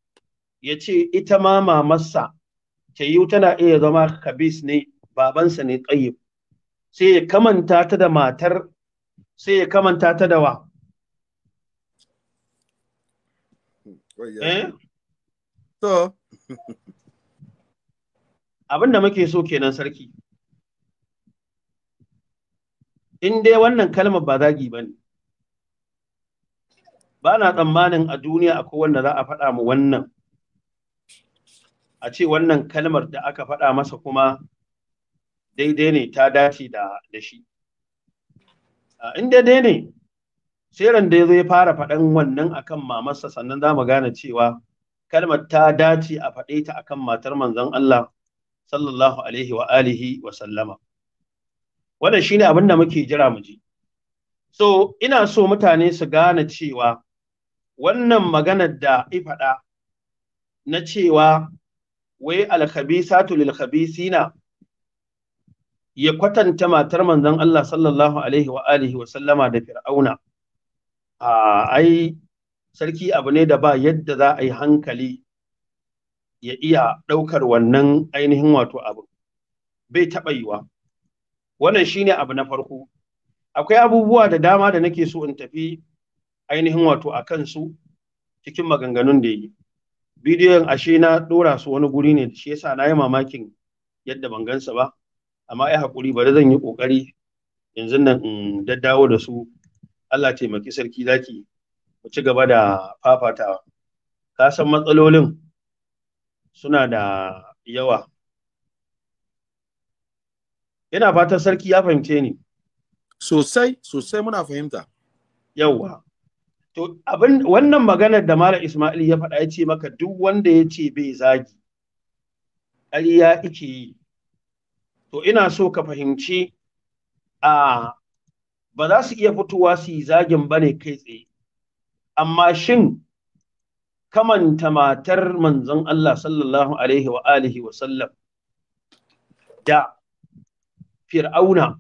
ya ce ita ma mamarsa ta yi tana iya zama kabis ne babansa ne tsaye. sai ya kamanta ta da matar sai ya kamanta ta da wa eh? abin da muke so kenan sarki in dai wannan kalmar ba zagi ba ne ba na tsammanin a duniya akwai wanda za a faɗa mu wannan a ce wannan kalmar da aka faɗa masa kuma daidai ne ta dace da shi in daidai ne sai ran da ya fara faɗan wannan akan mamarsa sannan za mu gane cewa kalmar ta dace a faɗe ta akan matar manzon Allah sallallahu alaihi wa alihi wa sallama shi shine abin da muke jira mu ji so ina so mutane su gane cewa wannan maganar da ifaɗa na cewa wai alkhabisatu lil khabisina ya kwatanta matar manzon Allah sallallahu alaihi wa alihi wa sallama da fir'auna a ai sarki abu ne da ba yadda za a yi hankali ya iya ɗaukar wannan ainihin wato abu bai taɓa yiwa wannan shine abu na farko akwai abubuwa da dama da nake so in tafi ainihin wato a kansu cikin maganganun da yi bidiyon ashe na dora su wani guri ne shi yasa na yi mamakin yadda ban gansa ba amma ai hakuri bari zan yi ƙoƙari yanzu nan in daddawo da su Allah taimaki sarki zaki ku ci gaba da fafatawa ka san matsalolin suna da yawa ina fatan sarki ya fahimce ni sosai sosai muna fahimta yawwa to abin wannan maganar da malam Ismail ya faɗa ya ce maka duk wanda ya ce bai zagi ƙarya ike yi to ina so ka fahimci a ba za su iya fitowa su yi zagin ba ne kai tsaye amma shin kamanta matar manzon Allah sallallahu alaihi wa alihi wa sallam da fir'auna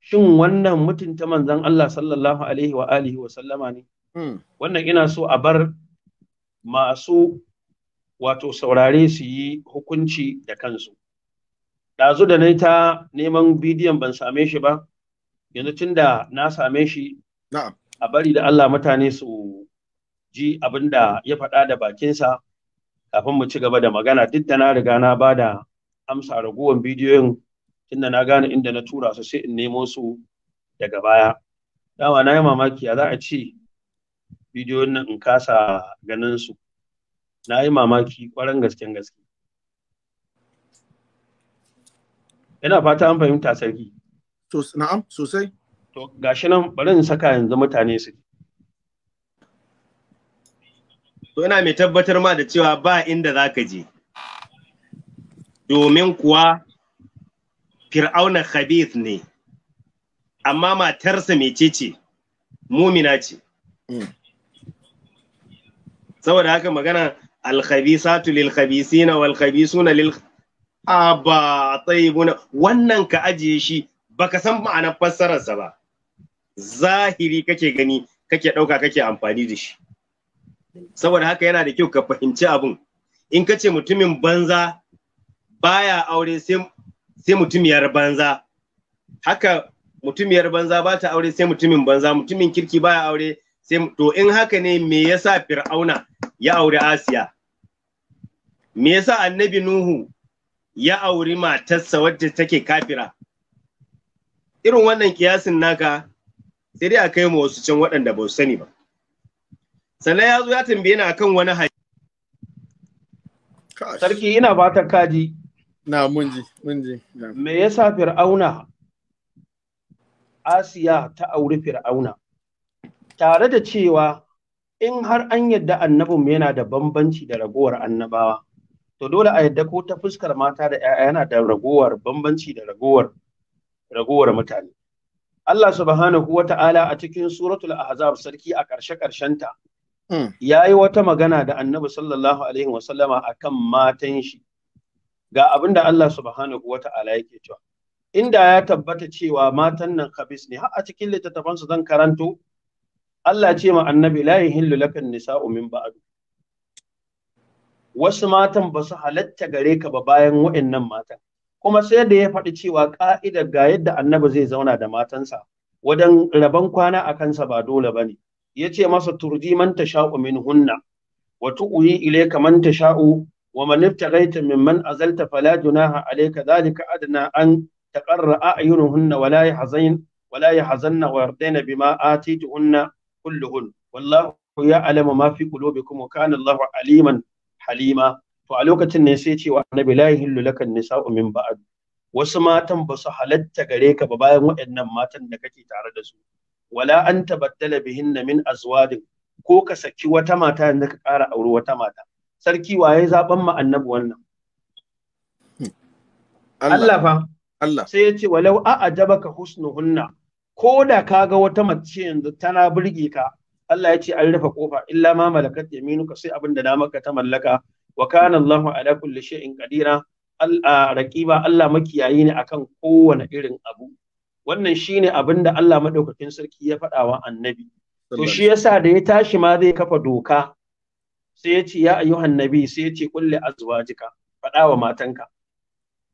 shin wannan mutunta manzon Allah sallallahu alaihi wa alihi wa sallama ne hmm. wannan ina so a bar masu wato saurare su yi hukunci da kansu ɗazu da nai ta neman bidiyon ban same shi ba yanzu tun da na same shi a bari da Allah mutane su ji abin da ya faɗa da bakinsa kafin mu ci gaba da magana duk da na riga na ba da amsa ragowar bidiyoyin tunda na gane inda na tura su sai in nemo su daga baya dama na yi mamaki a za a ce bidiyon nan in kasa ganin su na yi mamaki kwaran gasken gaske yana fata an fahimta sarki na'am sosai to gashi nan bari in saka yanzu mutane su to ina mai tabbatar ma da cewa ba inda za ka je domin kuwa fir'auna khabith ne amma matarsa mecece mumina ce hmm. saboda haka magana alkhabisatu lil khabisina wal khabisuna lil aba tayyibuna wannan ka ajiye shi baka san ma'anar fassararsa ba zahiri kake gani kake ɗauka kake amfani da shi saboda haka yana da kyau ka fahimci abun in ka ce mutumin banza baya aure sai sai mutumiyar banza haka mutumiyar banza ba ta aure sai mutumin banza mutumin kirki baya aure sai to in haka ne me yasa fir'auna ya aure asiya me yasa annabi nuhu ya auri matarsa wadda take kafira irin wannan kiyasin naka sai dai a kai mu wasu can waɗanda ba su sani ba sannan ya zo ya tambaye ni akan wani sarki ina ta kaji na munji, munji. me yasa fir'auna asiya ta auri fir'auna tare da cewa in har an yadda annabinmu yana da bambanci da ragowar annabawa to dole a yadda ko ta fuskar mata da 'ya'ya yana da ragowar bambanci da ragowar ragowar mutane Allah subhanahu wa ta'ala a cikin suratul ahzab sarki a ƙarshe ƙarshenta hmm. ya yi wata magana da annabi sallallahu alaihi wasallama a matan shi ga abin da Allah subhanahu wata'ala yake cewa inda ya tabbata cewa matan nan khabis ne har a cikin littattafan su zan karanto Allah ce ma annabi la yahillu lakan nisa'u min ba'd wasu matan ba su halatta gare ka ba bayan wa'annan matan kuma sai da ya faɗi cewa ka'idar ga yadda annabi zai zauna da matansa wajen rabon kwana a kansa ba dole bane yace masa turji man tasha'u min hunna wa tu'yi ilayka man sha'u? ومن ابتغيت ممن أزلت فلا جناح عليك ذلك أدنى أن تقر أعينهن ولا يحزين ولا يحزن ويرضين بما آتيتهن كلهن والله يعلم ما في قلوبكم وكان الله عليما حليما فعلوكة لوكacin ne sai cewa wa annabi la yahillu laka an min ba'd wasu matan ba su halatta gare ka ba bayan waɗannan matan da kake tare da su wala an tabaddala bihinna min azwadin ko ka saki wata mata da ka ƙara auri wata mata sarki waye zaben mu annabi wannan Allah fa Allah sai ya ce walau a ajabaka husnuhunna ko da kaga wata mace yanzu tana burge ka Allah ya ce an rufe kofa illa ma malakat yaminuka sai abin da maka ta mallaka wa kana Allahu ala kulli shay'in qadira raqiba Allah makiyayi ne akan kowane irin abu wannan shine abinda Allah madaukakin sarki ya faɗa wa annabi to shi yasa da ya tashi ma zai kafa doka sai ya ce ya ayyuhan nabi sai ya ce kulli azwajika faɗa wa matanka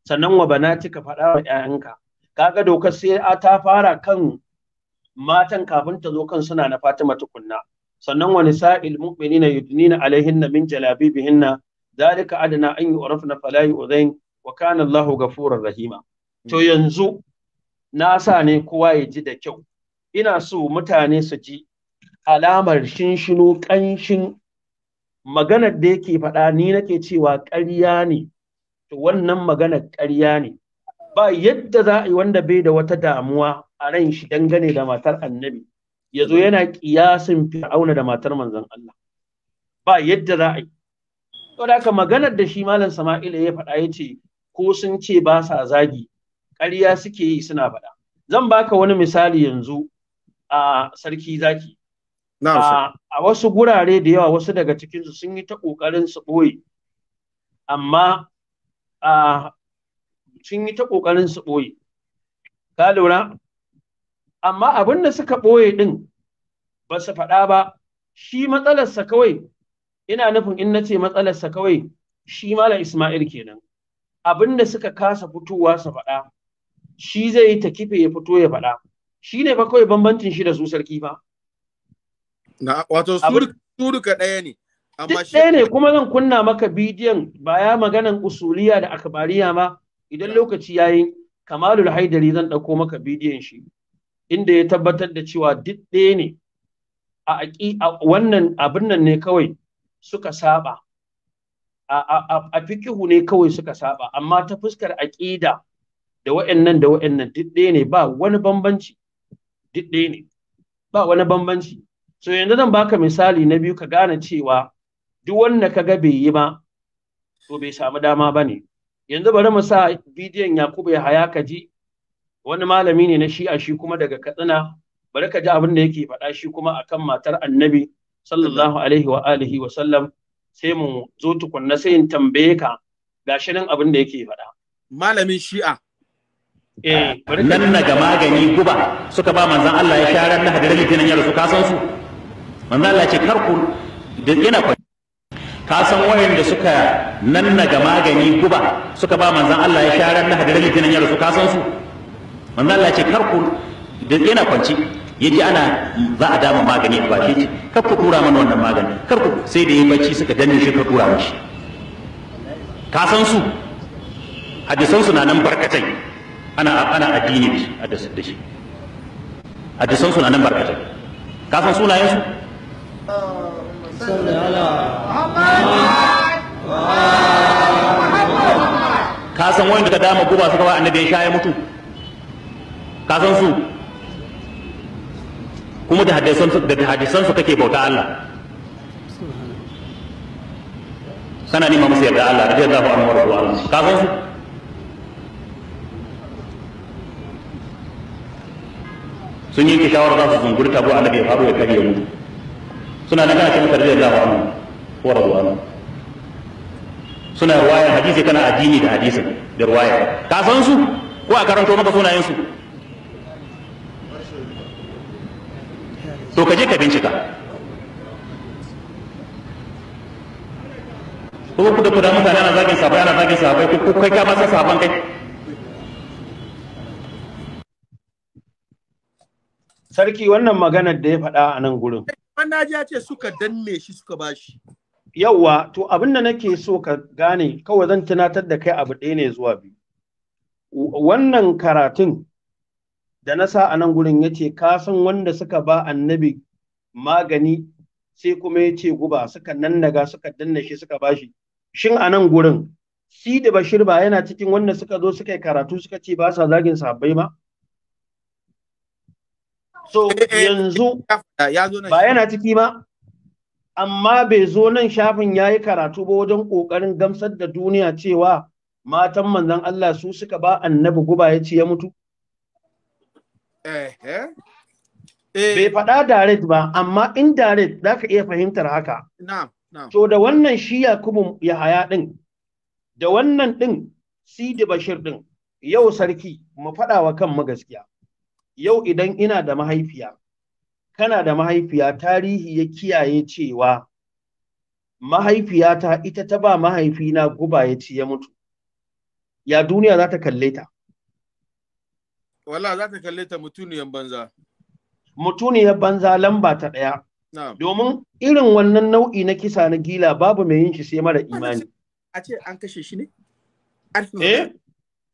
sannan wa banatika faɗa wa ƴaƴanka kaga dokar sai ta fara kan matan kafin ta zo kan suna na Fatima tukunna sannan wa nisa'il mu'minina yudnina alaihin min jalabibihinna dalika adana an yu'rafna fala yu'zain wa kana Allahu ghafurur rahima to yanzu na sa ne kowa ya ji da kyau ina so mutane su ji alamar shinshinu ƙanshin maganar da yake faɗa ni nake cewa ƙarya ne to wannan maganar ƙarya ne ba yadda za a yi wanda bai da wata damuwa a ran shi dangane da matar annabi ya zo yana ƙiyasin fir'auna da matar manzon Allah ba yadda za a yi to da maganar da shi malam Sama'ila ya faɗa ya ce ko sun ce ba sa zagi ƙarya suke yi suna faɗa zan baka wani misali yanzu a sarki zaki a wasu gurare da yawa wasu daga cikinsu sun yi ta ƙoƙarin su ɓoye amma sun yi ta ƙoƙarin su ɓoye ka lura amma abin da suka ɓoye ɗin ba su faɗa ba shi matsalarsa kawai ina nufin in nace matsalarsa kawai shi mala Ismail kenan abin da suka kasa fitowa su faɗa shi zai yi ta kife ya fito ya faɗa shi ne fa kawai bambancin shi da su sarki fa Na wato su duka ɗaya ne. Amma ɗaya ne kuma zan kunna maka bidiyon baya maganan usuliya da akabariya ma idan lokaci yi Kamalul Haidari zan ɗauko maka bidiyon shi inda ya tabbatar da cewa duk ɗaya ne a wannan abin nan ne kawai suka saba a fikihu ne kawai suka saba amma ta fuskar aƙida da wa'annan da wa'annan duk ɗaya ne ba wani bambanci duk ɗaya ne ba wani bambanci so yanzu zan baka misali na biyu ka gane cewa duk wanda ka ga bai yi ba to bai samu dama ba ne yanzu bari mu sa bidiyon yakubu ya haya ka ji wani malami ne na shi'a shi kuma daga katsina bari ka ji abin da yake faɗa shi kuma akan matar annabi sallallahu alaihi wa alihi wa sallam sai mu zo tukunna sai in tambaye ka gashi nan abin da yake faɗa malamin shi'a eh bari nan ga magani guba suka ba manzan Allah ya sharar da hadarin litinin ya rasu kasan su manzo Allah ce karku ku yana ka san da suka nanna ga magani guba suka ba manzon Allah ya sha na hadirin litinin ya rasu ka san su manzo Allah ce karku ku yana kwanci yaji ana za a dama magani a baki ce kar ku tura mana wannan magani kar ku sai da yi bacci suka danne shi ka tura mishi ka san su hadisan su na nan barkatai ana ana addini da shi hadisan su na nan barkatai ka san sunayen su kasan على daga san wanda ka dama guba suka ba annabi ya sha ya mutu ka san su kuma da hadisan su da hadisan su kake bauta Allah kana nima musu yarda Allah radiyallahu amma wa radiyallahu anhu ka san su sun yi kishawar za su zungurta bu annabi ya faru ya kare mutu suna na kana ce masa radiyallahu anhu ko radiyallahu suna ruwaya hadisi kana addini da hadisi da ruwaya ka san su ko a karanto maka sunayen su to ka je ka bincika ko ku da ku da mutane ana zagin sabai ana zagin sabai ko kai ka masa saban kai sarki wannan maganar da ya faɗa a nan gurin an na ya ce suka danne shi suka bashi yawwa to abin da nake so ka gane kawai zan tunatar da kai abu ɗaya ne zuwa biyu wannan karatun da na sa a nan gurin ya ce ka wanda suka ba annabi magani sai kuma ya ce guba suka nannaga suka danna shi suka bashi shin a nan gurin si da bashir ba yana cikin wanda suka zo suka yi karatu suka ce ba sa zagin sahabbai ba so eh, eh, yanzu ba yana ciki ba amma bai zo nan shafin ya yi karatu ba wajen ƙoƙarin gamsar da duniya cewa matan manzan Allah su suka ba annabi guba ya ce ya mutu? Eh, bai faɗa direct ba, amma indirect za ka iya fahimtar haka. To da wannan shi Yakubu Yahaya ɗin, da wannan ɗin Sidi Bashir ɗin, yau sarki mu faɗa wa kanmu gaskiya. yau idan ina da mahaifiya kana da mahaifiya tarihi ya kiyaye cewa mahaifiyata ita ta ba mahaifina guba ya ci ya mutu ya duniya za ta kalle ta wala za ta kalle ta mutuniyar banza mutuniyar banza lamba ta ɗaya domin irin wannan nau'i na kisa na gila babu mai yin shi sai mara imani a ce an kashe shi ne eh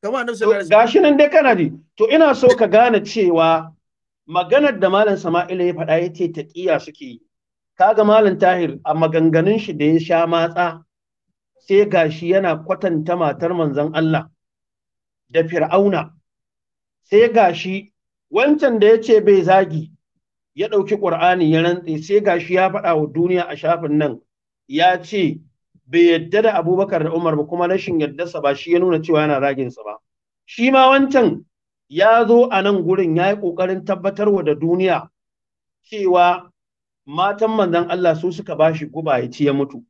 kamar annabi gashi nan dai kana ji to ina so ka gane cewa maganar da malam Sama'ila ya faɗa yace ta kiya suke yi kaga malam Tahir a maganganun shi da ya sha matsa sai gashi yana kwatanta matar manzon Allah da Fir'auna sai gashi wancan da yace bai zagi ya ɗauki ƙur'ani ya rantse sai gashi ya faɗa wa duniya a shafin nan ya ce bai yadda da abubakar da umar ba kuma rashin yardarsa ba shi ya nuna cewa yana raginsa ba shi ma wancan ya zo a nan gurin ya yi ƙoƙarin tabbatarwa da duniya cewa matan manzan Allah su suka ba shi guba ya ci ya mutu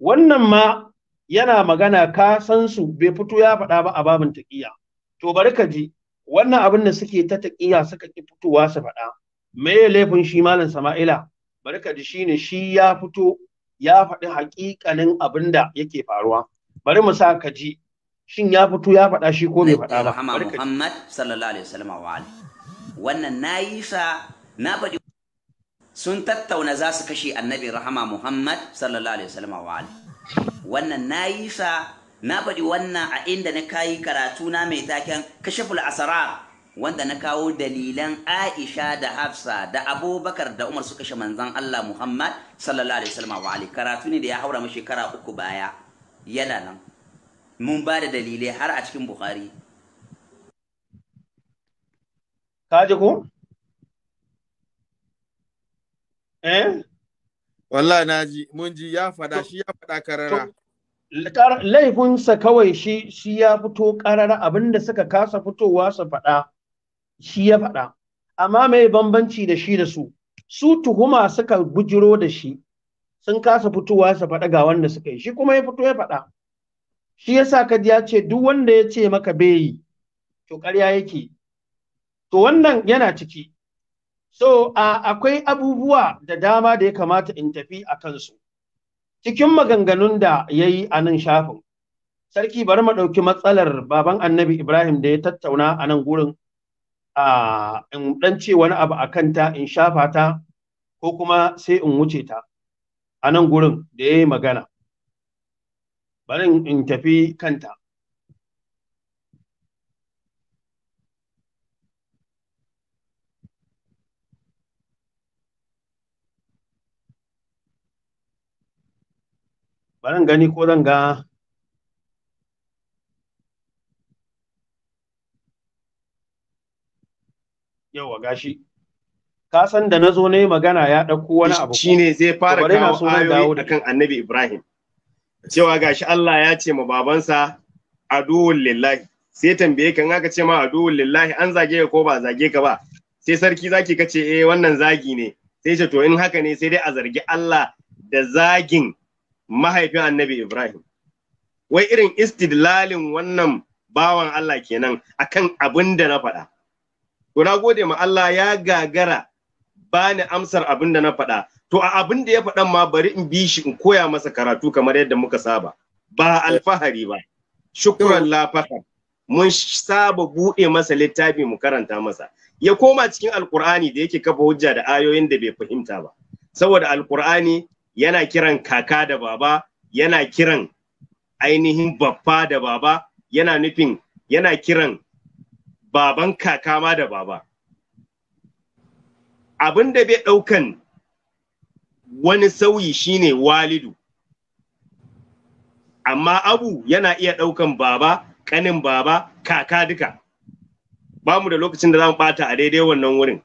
wannan ma yana magana ka san su bai fito ya faɗa ba a babin taƙiya to bari ka ji wannan abin da suke ta taƙiya suka ki fitowa su faɗa me laifin shi malam Sama'ila bari ka ji shine shi ya fito ya faɗi haƙiƙanin abin da yake faruwa bari mu sa ka ji shin ya fito ya faɗa shi ko bai faɗa ba Muhammad sallallahu alaihi wasallam wa ali wannan nayi sa na faɗi sun tattauna za su kashe annabi rahama Muhammad sallallahu alaihi wasallam wa ali wannan nayi sa na faɗi wannan a inda na kayi karatu na mai taken kashaful asrar wanda na kawo dalilan Aisha da Hafsa da Abubakar da Umar suka shiga manzon Allah Muhammad sallallahu alaihi wasallam wa ali karatu ne da ya haura mu shekara uku baya yana nan mun ba da dalilai har a cikin Bukhari ka ji ko eh wallahi na ji mun ji ya faɗa shi ya faɗa karara laifinsa kawai shi shi ya fito karara abinda suka kasa fitowa su faɗa shi ya faɗa amma mai bambanci da shi da su su tuhuma suka bujiro da shi sun kasa fitowa su faɗa ga wanda suka yi shi kuma ya fito ya faɗa shi yasa ka ya ce duk wanda ya ce maka beyi to ƙarya yake to wannan yana ciki so a akwai abubuwa da dama da ya kamata in tafi a kansu cikin maganganun da ya yi a nan shafin sarki bari mu ɗauki matsalar baban annabi ibrahim da ya tattauna a nan gurin in ɗan ce wani abu a kanta in shafa ta ko kuma sai in wuce ta a nan gurin da ya yi magana bari in tafi kanta bari gani ko zan ga yawa gashi ka san da na zo na magana ya ɗauko wani abu shi ne zai fara kawo ayoyi akan annabi ibrahim cewa gashi allah ya ce ma babansa aduwul lillahi sai tambaye kan aka ce ma aduwul lillahi an zage ka ko ba zage ka ba sai sarki zaki ka ce eh wannan zagi ne sai ce to in haka ne sai dai a zargi allah da zagin mahaifin annabi ibrahim wai irin istidlalin wannan bawan allah kenan akan abin da na faɗa to na gode ma Allah ya gagara bani amsar abin da na faɗa to a abin da ya faɗan ma bari in bi shi in koya masa karatu kamar yadda muka saba ba alfahari ba shukran la mun saba buɗe masa littafi mu karanta masa ya koma cikin alkur'ani da yake kafa hujja da ayoyin da bai fahimta ba saboda alkur'ani yana kiran kaka da baba yana kiran ainihin baffa da baba yana nufin yana kiran baban kaka ma da baba abin da bai ɗaukan wani sauyi shine walidu amma abu yana iya ɗaukan baba ƙanin baba kaka duka ba mu da lokacin da zamu mu ɓata a daidai wannan wurin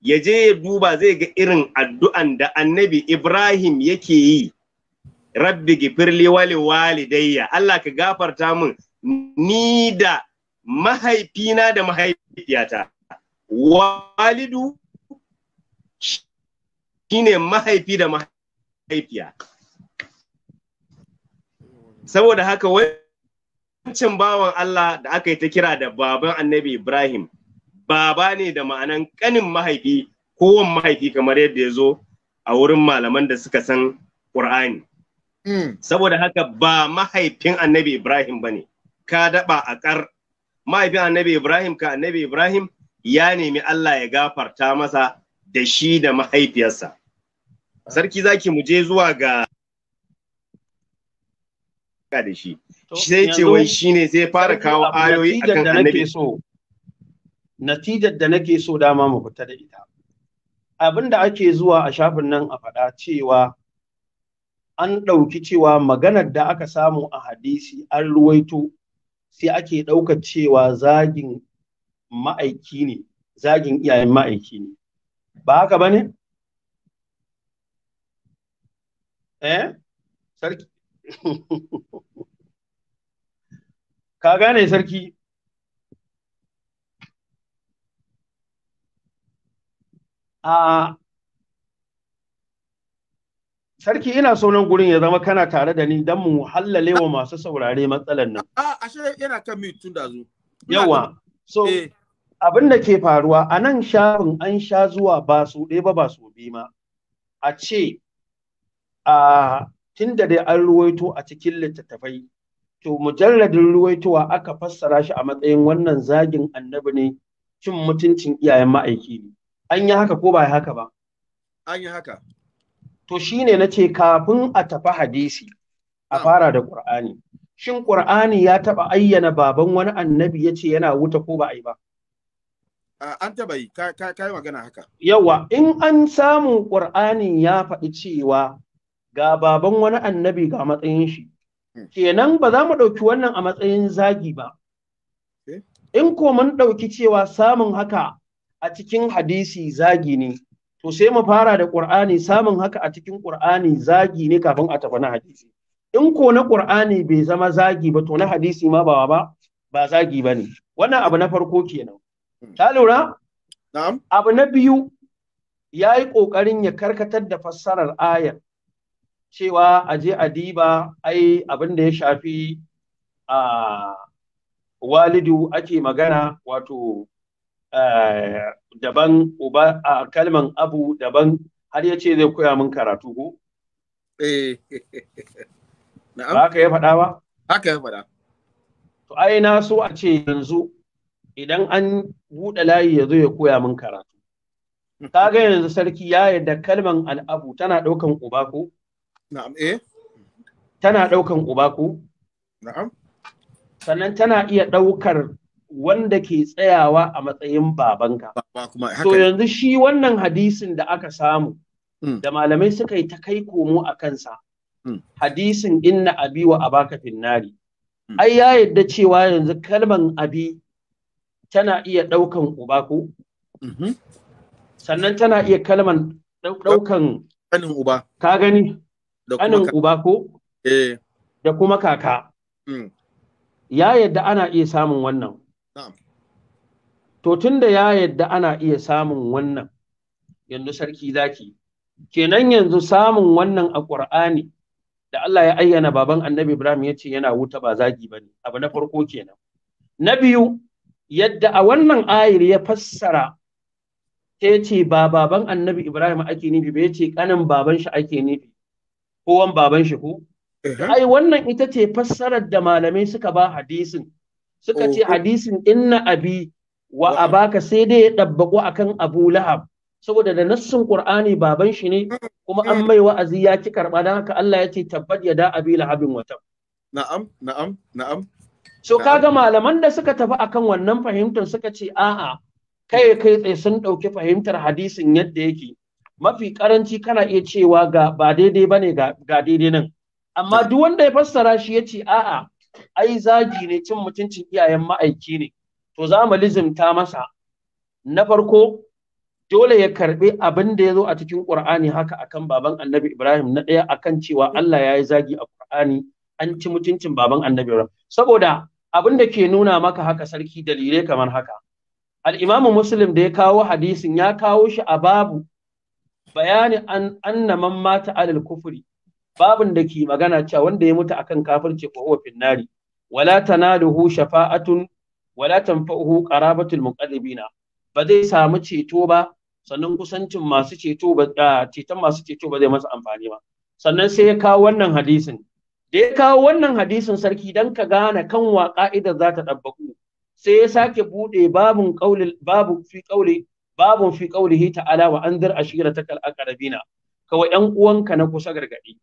ya je ya duba zai ga irin addu'an da annabi ibrahim yake yi rabbi gifirli wali walidayya Allah ka gafarta min ni da mahaifina da mahaifiyata walidu shine mahaifi da mahaifiya saboda haka wancan bawan Allah da aka yi ta kira da baban annabi Ibrahim baba ne da ma'anan kanin mahaifi kowan mahaifi kamar yadda ya zo a wurin malaman da suka san Qur'ani. Hmm. saboda haka ba mahaifin annabi Ibrahim ba ne ka daɓa a ƙar mahaifin annabi Ibrahim ka annabi Ibrahim ya nemi Allah ya gafarta masa da shi da mahaifiyarsa. Sarki zaki mu je zuwa ga da shi. Sai ce wai shi ne zai fara kawo ayoyi a kan annabi. Natijar da nake so dama mu fita da ita. Abin da ake zuwa a shafin nan a faɗa cewa an ɗauki cewa maganar da aka samu a hadisi an ruwaito sai ake ɗaukar cewa zagin ma'aiki ne zagin iyayen ma'aiki ne ba haka ba ne? eh sarki (laughs) ka gane sarki a ah, Sarki ina so nan gurin ya zama kana tare da ni don mu hallale wa masu saurare matsalar nan. A ah, ashe yana kan mute tun zo. Yawa. So eh. abin da ke faruwa a nan shafin an sha zuwa ba su ɗaya ba ba su bi ma. A ce a tun da dai an ruwaito a cikin littattafai to mujalladin ruwaitowa aka fassara shi a matsayin wannan zagin annabi ne cin mutuncin iyayen ma'aiki ne. An yi haka ko ba haka ba? An yi haka. to shine na ce kafin a tafi hadisi a ah. fara da Qur'ani shin ƙur'ani ya taba ayyana baban wani annabi ya yana wuta ko ba a yi ba ah, an taba yi ka yi magana haka yawa in an samu ƙur'ani ya faɗi cewa ga baban wani annabi ga matsayin shi hmm. kenan ba za mu ɗauki wannan a matsayin zagi ba eh? in ko mun ɗauki cewa samun haka a cikin hadisi zagi ne to sai mu fara da Qur'ani samun haka a cikin Qur'ani zagi ne kafin a tafi na hadisi in ko na Qur'ani bai zama zagi ba to na hadisi ma ba ba ba zagi bane wannan abu na farko kenan ta lura abu na biyu ya yi ƙoƙarin ya karkatar da fassarar ayar cewa a je a diba ai abin da ya shafi a ah, walidu ake magana wato Eh, daban uba a kalman abu daban har ya ce zai koya min karatu ko? Eh. (laughs) Ba haka ya faɗa ba? Haka ya faɗa. To ai na so a ce yanzu idan an buɗe layi ya zo ya koya min karatu. (laughs) Ka ga yanzu sarki ya yadda kalman al'abu tana ɗaukan uba ko? Na'am eh. Tana ɗaukan uba ko? Na'am. Sannan tana iya ɗaukar wanda ke tsayawa a matsayin babanka. So yanzu shi wannan hadisin da aka samu, hmm. da malamai suka yi ta kai komo a kansa, hmm. hadisin inna abi wa abaka finnari. Hmm. Ai ya yadda cewa yanzu kalman abi tana iya ɗaukan uba ko? Mm-hmm. Sannan tana iya kalman ɗaukan ƙanin uba. Ka gani? Ƙanin uba ko? Eh. Da kuma kaka. Ya yadda ana iya samun wannan. To tun da ya yadda ana iya samun wannan yanzu sarki zaki kenan yanzu samun wannan a Ƙur'ani da Allah ya ayyana baban Annabi Ibrahim ya ce yana wuta ba zagi ba bane abu na farko kenan na biyu yadda a wannan ayar ya fassara ta ce ba baban Annabi Ibrahim ake nufi ba ya ce kanin baban shi ake nufi kowan baban shi ko ai wannan ita ce fassarar da malamai suka ba hadisin suka ce hadisin inna abi wa abaka sai dai ya ɗabbaƙo akan Abu Lahab saboda da nassin Qur'ani baban shi ne kuma an mm. mai wa'azi ya ki karɓa dan haka Allah ya ce tabbat ya da abi lahabin watan na'am na'am na'am so kaga malaman da suka tafi akan wannan fahimtar suka ce a'a kai kai tsaye sun ɗauki fahimtar hadisin yadda yake mafi karanci kana iya cewa ga ba daidai bane ga daidai nan amma duk wanda ya fassara shi ya ce a'a ai zagi ne cin mutuncin iyayen ma'aiki ne to za mu lizimta masa na farko dole ya karɓi abin da ya zo a cikin Qur'ani haka akan baban Annabi Ibrahim na ɗaya akan cewa Allah ya yi zagi a Qur'ani an ci mutuncin baban Annabi Ibrahim saboda abin da ke nuna maka haka sarki dalilai kamar haka al-Imam Muslim da ya kawo hadisin ya kawo shi a babu bayani an anna mata alal kufri babin da ke magana cewa wanda ya mutu akan kafirci ko huwa finnari wala tanaduhu shafa'atun wala tanfa'uhu qarabatul muqallibina ba zai samu ceto ba sannan kusancin masu ceto ba ceton masu ceto ba zai masa amfani ba sannan sai ya kawo wannan hadisin da ya kawo wannan hadisin sarki dan ka gane kan wa ka'idar za ta dabbaku sai ya sake bude babun qauli babu fi qauli babun fi qaulihi ta'ala wa anzir ashirataka al-aqrabina kawai yan uwanka na kusa gargadi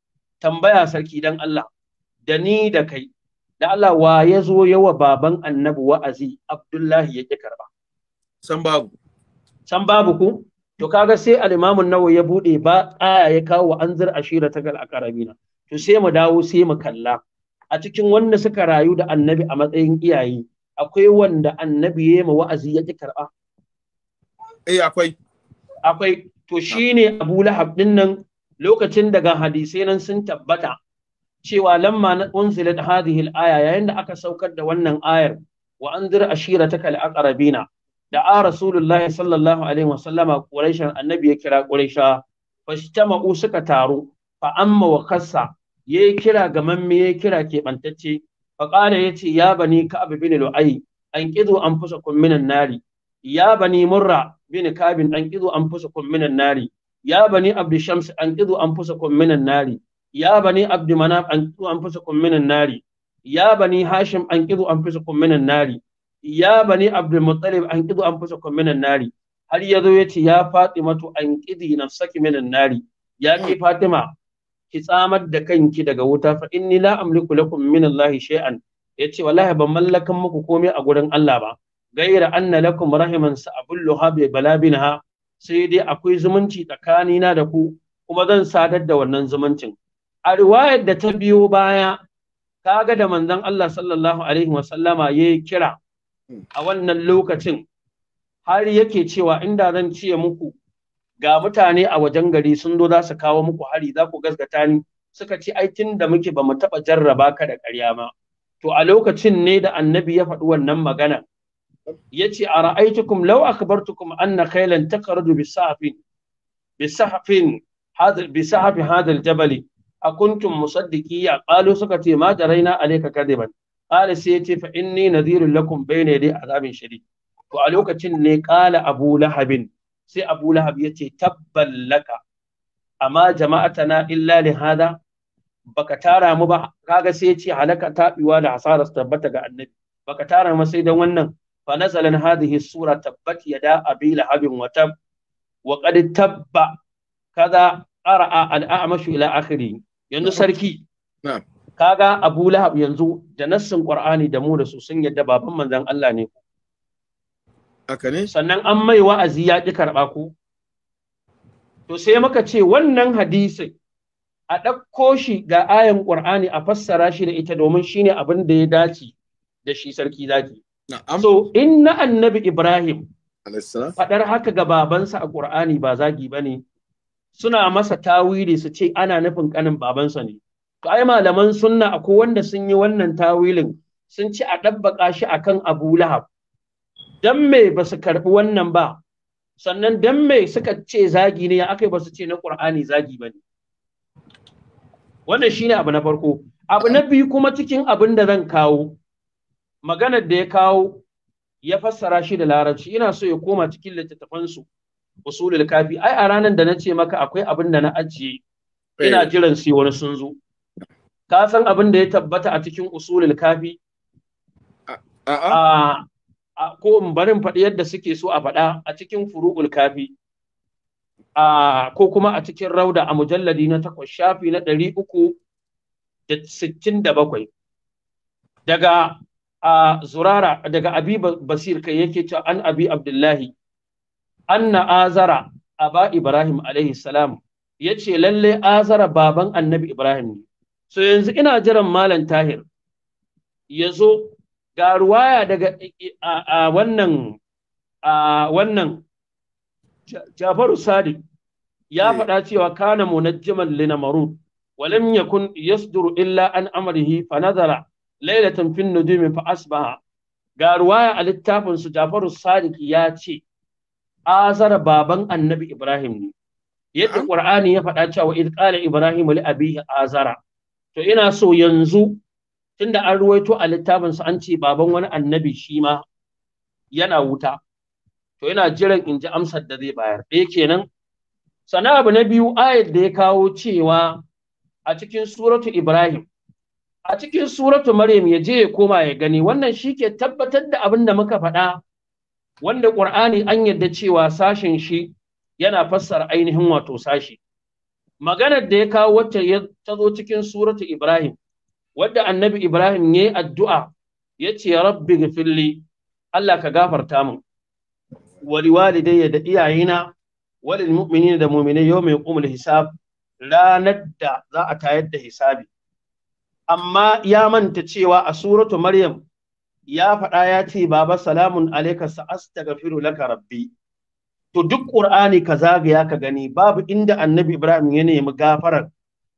tambaya sarki dan Allah da ni da kai da Allah wa ya zo yawa baban annabi wa'azi Abdullahi ya ƙi karba. San babu. San babu ku? To kaga sai al'imamun nawa ya bude ba aya ya kawo wa zir ashira ta gal akarabina. To sai mu dawo sai mu kalla. A cikin wanda suka rayu da annabi a matsayin iyaye akwai wanda annabi ya ma wa'azi ya ƙi karba. Eh akwai. Akwai. To shine Abu Lahab ɗin nan lokacin daga hadisai nan sun tabbata cewa lamma na unzilat hadhihi al-aya yayin da aka saukar da wannan ayar wa anzir ashirataka al-aqrabina da a rasulullahi sallallahu alaihi wa sallama quraishan annabi ya kira quraisha fastama'u suka taru fa amma wa kassa yayi kira ga mamme yayi kira keɓantacce fa qala yace ya bani ka'ab bin lu'ay an qidu anfusakum minan nari ya bani murra bin kabin an qidu anfusakum minan nari ya bani Abdi shams an idu an fusa minan nari ya bani Abdi manaf an idu an fusa minan nari ya bani hashim an idu an fusa minan nari ya bani Abdi muttalib an idu an fusa minan nari har yazo yace ya fatimatu an idi nafsaki minan nari ya ki fatima ki tsamar da kanki daga wuta fa inni la amliku lakum min allahi shay'an yace wallahi ban mallakan muku komai a gurin Allah ba gaira anna lakum rahiman sa'abulluha bi balabinha sai dai akwai zumunci tsakanina da ku kuma zan sadar da wannan zumuncin a riwayar da ta biyo baya kaga da manzon Allah sallallahu alaihi wasallama ya kira a wannan lokacin har yake cewa inda zan ce muku ga mutane a wajen gari sun zo za su kawo muku hari za ku gasgata ni suka ce ai tun da muke ba mu taɓa jarraba ka da ƙarya ba. to a lokacin ne da annabi ya faɗi wannan magana yace ara'aytukum law akhbartukum anna khaylan taqrudu bisahafin bisahafin hadha bisahaf hadha aljabal akuntum musaddiqiya qalu suka ce ma raina alayka kadiban qala sai yace fa inni nadhirun lakum bayna dai azabin shadid to a lokacin ne qala abu lahabin sai abu lahab yace tabban laka amma jama'atana illa li hada baka tara mu ba kaga sai ya ce halaka tabiwa da hasarar tabbata ga annabi baka tara mu sai dan wannan fa nazalan hadhihi sura tabbat yada abi lahabin wa tab tabba kaza qara'a al-a'mashu ila yanzu sarki kaga Abu yanzu da nassin ƙur'ani da mu da su sun yadda baban manzon Allah ne sannan an mai wa'azi ya ƙi karɓa ku to sai muka ce wannan hadisin a ɗauko shi ga ayan ƙur'ani a fassara shi da ita domin shine abin da ya dace da shi sarki zaki So in annabi Ibrahim faɗar haka ga babansa a Ƙur'ani ba zagi ba ne, suna masa tawili su ce ana nufin ƙanin babansa ne. ai malaman sunna a wanda sun yi wannan tawilin sun ci a ɗabbaƙa shi akan Abu Lahab. Dan me ba su karɓi wannan ba, sannan dan me suka ce zagi ne yi ba su ce na Ƙur'ani zagi ba ne. Wannan shine abu na farko. Abu na biyu kuma cikin abin da zan kawo. maganar da ya kawo ya fassara shi da larabci ina so ya koma cikin littattafansu usulul kafi ai a ranar da na ce maka akwai abin da na ajiye eh. ina jiran sai wani sun zo ka san abin da ya tabbata a cikin usulul kafi a ko in barin faɗi yadda suke so a faɗa a cikin furu'ul kafi a ko kuma a cikin rauda a mujalladi na takwas shafi na ɗari uku da sittin da bakwai daga a zurara daga abi basir kai yake cewa an abi abdullahi anna azara aba ibrahim alaihi salam yace lalle azara baban annabi ibrahim ne so yanzu ina jiran malam tahir ya zo ga ruwaya daga a wannan wannan jafaru sadiq ya eh. faɗa cewa kana munajjiman linamarud ولم يكن يصدر إلا عن أمره فنظر lailatan fin nujumi fa asbaha ga ruwaya a littafin su Jafaru Sadiq ya ce azara baban Annabi Ibrahim ne yadda Qur'ani ya faɗa cewa id qala Ibrahim li abihi azara to ina so yanzu tunda an ruwaito a littafin su an ce baban wani annabi shi ma yana wuta to ina jiran in ji amsar da zai bayar ɗaya eh, kenan sana'ar na biyu ayat da ya kawo cewa a cikin suratu Ibrahim a cikin suratu Maryam ya je ya koma ya gani wannan shi ke tabbatar da abin da muka faɗa wanda Ƙur'ani an yadda cewa sashen shi yana fassara ainihin wato sashi. Maganar da ya kawo wacce ta zo cikin suratu Ibrahim, wadda annabi Ibrahim ya yi addu'a ya ce rabbi gafilli Allah ka gafarta min. Wali walidayya da iyayena walil mu'minina da mu'minai yau mai hisab ranar da za a tayar da hisabi. amma ya manta cewa a suratu maryam ya faɗa ya ce baba salamun alaika sa'astaghfiru laka rabbi to duk qur'ani ka zagaya ka gani babu inda annabi ibrahim ya nemi gafarar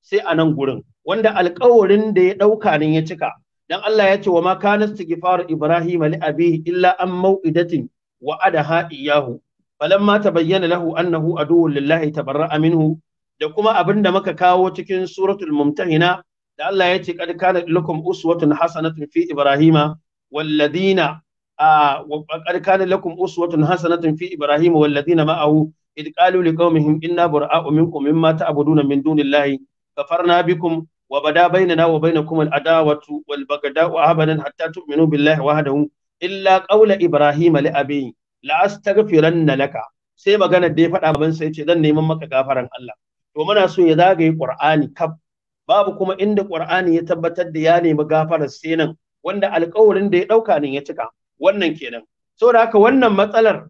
sai a nan gurin wanda alƙawarin da ya ɗauka ne ya cika dan Allah ya ce wa ma kana istighfaru ibrahim li abihi illa an mau'idatin wa adaha iyahu falamma tabayyana lahu annahu aduwwun lillahi tabarra'a minhu da kuma abinda da muka kawo cikin suratul mumtahina da Allah ya ce kad kana lakum uswatun hasanatun fi ibrahima walladina a kad kana lakum uswatun hasanatun fi ibrahima walladina ma'ahu id qalu liqaumihim inna bura'u minkum mimma ta'buduna min dunillahi kafarna bikum wa bada bainana wa bainakum al'adawatu wal bagda'u abadan hatta tu'minu billahi wahdahu illa qawla ibrahima li abi la astaghfiranna laka sai magana da ya faɗa ban ya ce zan neman maka gafaran Allah to muna so ya zagaye ƙur'ani kaf babu kuma inda ƙur'ani ya tabbatar da ya nemi gafarar sainan wanda alƙawarin da ya ɗauka ne ya cika wannan kenan saboda haka wannan matsalar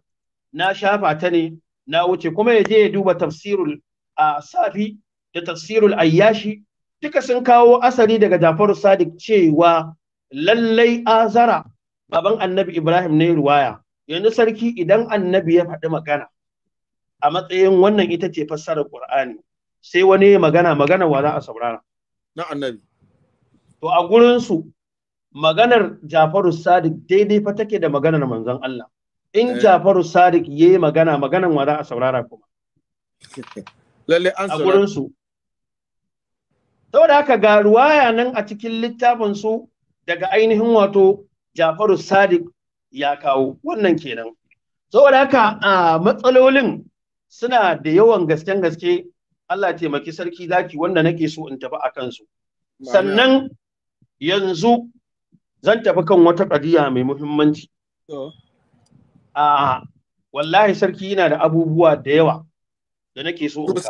na shafa ta ne na wuce kuma ya je ya duba tafsirul a safi da tafsirul ayyashi duka sun kawo asali daga Jafaru Sadiq cewa lallai azara baban annabi Ibrahim ne ruwaya yanzu sarki idan annabi ya faɗi magana a matsayin wannan ita ce fassarar Qur'ani sai wani magana magana wa za a saurara na annabi to a gurin su maganar Jafaru Sadiq daidai fa take da maganar manzon Allah in eh. Jafaru Sadiq yayi magana maganan wa za a saurara kuma (laughs) lalle an a gurin su saboda haka ga ruwaya nan a cikin littafin su daga ainihin wato Jafaru Sadiq ya kawo wannan kenan saboda haka a matsalolin suna da yawan gasken gaske Allah taimaki sarki zaki wanda nake so in tafi a kansu sannan yanzu zan tafi kan wata ƙadiya mai muhimmanci a wallahi sarki yana da abubuwa da yawa da nake so in kawo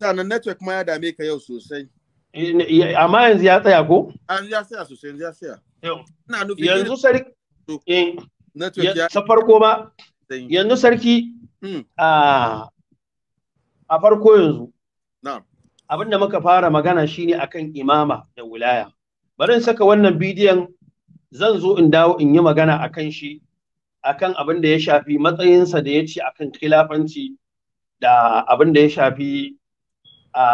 sannan network ma ya dame ka yau sosai eh, eh, amma yanzu ya tsaya ko ah, ya tsaya sosai yanzu ya tsaya eh, yanzu sarki ta farko ba. yanzu sarki a farko yanzu abin da muka fara magana shine akan imama da wilaya bari in saka wannan bidiyon zan zo in dawo in yi magana akan shi akan abin da ya shafi matsayinsa da ya ce akan khilafanci da abin da ya shafi a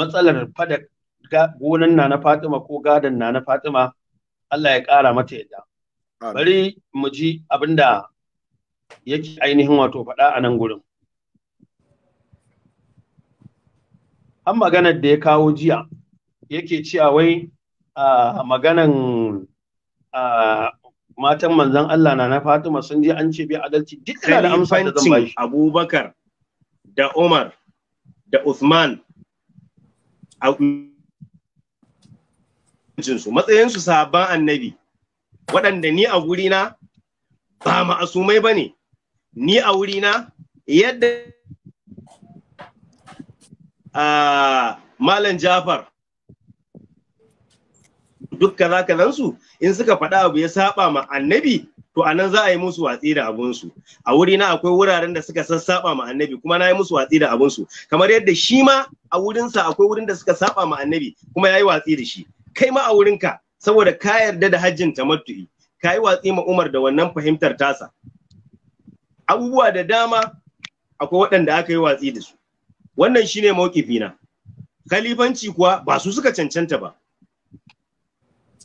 matsalar fada gonan na na Fatima ko gadon na na Fatima Allah ya ƙara mata yadda bari mu ji abin da yake ainihin wato faɗa a nan gurin an maganar da ya kawo jiya yake cewa wai a maganan matan manzan Allah na na Fatima sun je an ce bi adalci duk da amsa da zan bashi Abubakar da Umar da Uthman a su matsayin su sabon annabi waɗanda ni a na ba ma asumai bane ni a wuri na yadda Malam Jafar duk kaza kazansu in suka faɗa abu ya saba ma annabi to anan za a yi musu watsi da abunsu a wuri na akwai wuraren da suka sassaba ma annabi kuma na yi musu watsi da abunsu kamar yadda shi ma a wurinsa akwai wurin da suka saba ma annabi kuma ya yi watsi da shi kai ma a wurinka saboda ka yarda da hajjin tamattu'i ka yi watsi ma umar da wannan fahimtar tasa abubuwa da dama akwai waɗanda aka yi watsi da su wannan shine mawkifi na khalifanci kuwa ba su suka cancanta ba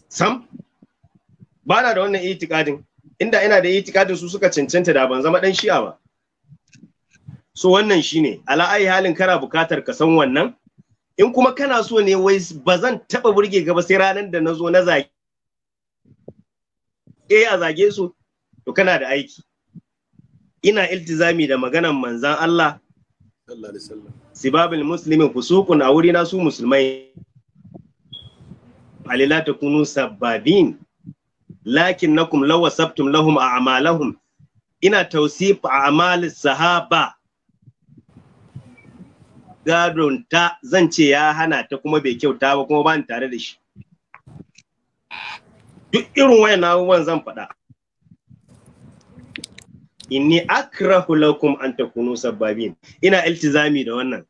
sam ba na da wannan itikadin inda ina da itikadin su suka cancanta da ban zama dan shi'a ba so wannan shine ala ai halin kana bukatar ka san wannan in kuma kana so ne wai ba zan taba burge gaba sai ranar da na zo na zage eh a zage su to kana da aiki ina iltizami da maganan manzan Allah sallallahu alaihi wasallam sibabul muslimin fusukun a wuri na su musulmai alila ta kunu sababin lakin nakum lawa sabtum lahum a amalahum ina tausif a amalin sahaba gadon ta zan ce ya hana ta kuma bai kyauta ba kuma ba tare da shi duk irin wayan na zan faɗa inni akrahu lakum an takunu sabbabin ina iltizami da wannan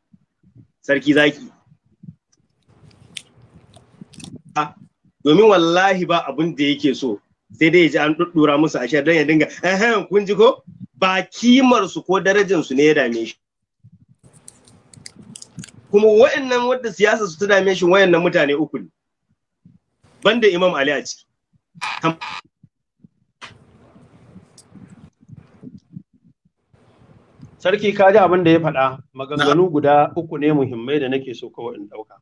sarki zaki domin wallahi ba abin da yake so sai dai ya ji an duddura musu a don ya dinga ehem kun ji ko ba kimar su ko darajar su ne ya dame shi kuma wayannan wadda siyasa su ta dame shi wayannan mutane uku ne banda imam ali a ciki sarki ka ji abin da ya faɗa maganganu guda uku ne muhimmai da nake so kawai in ɗauka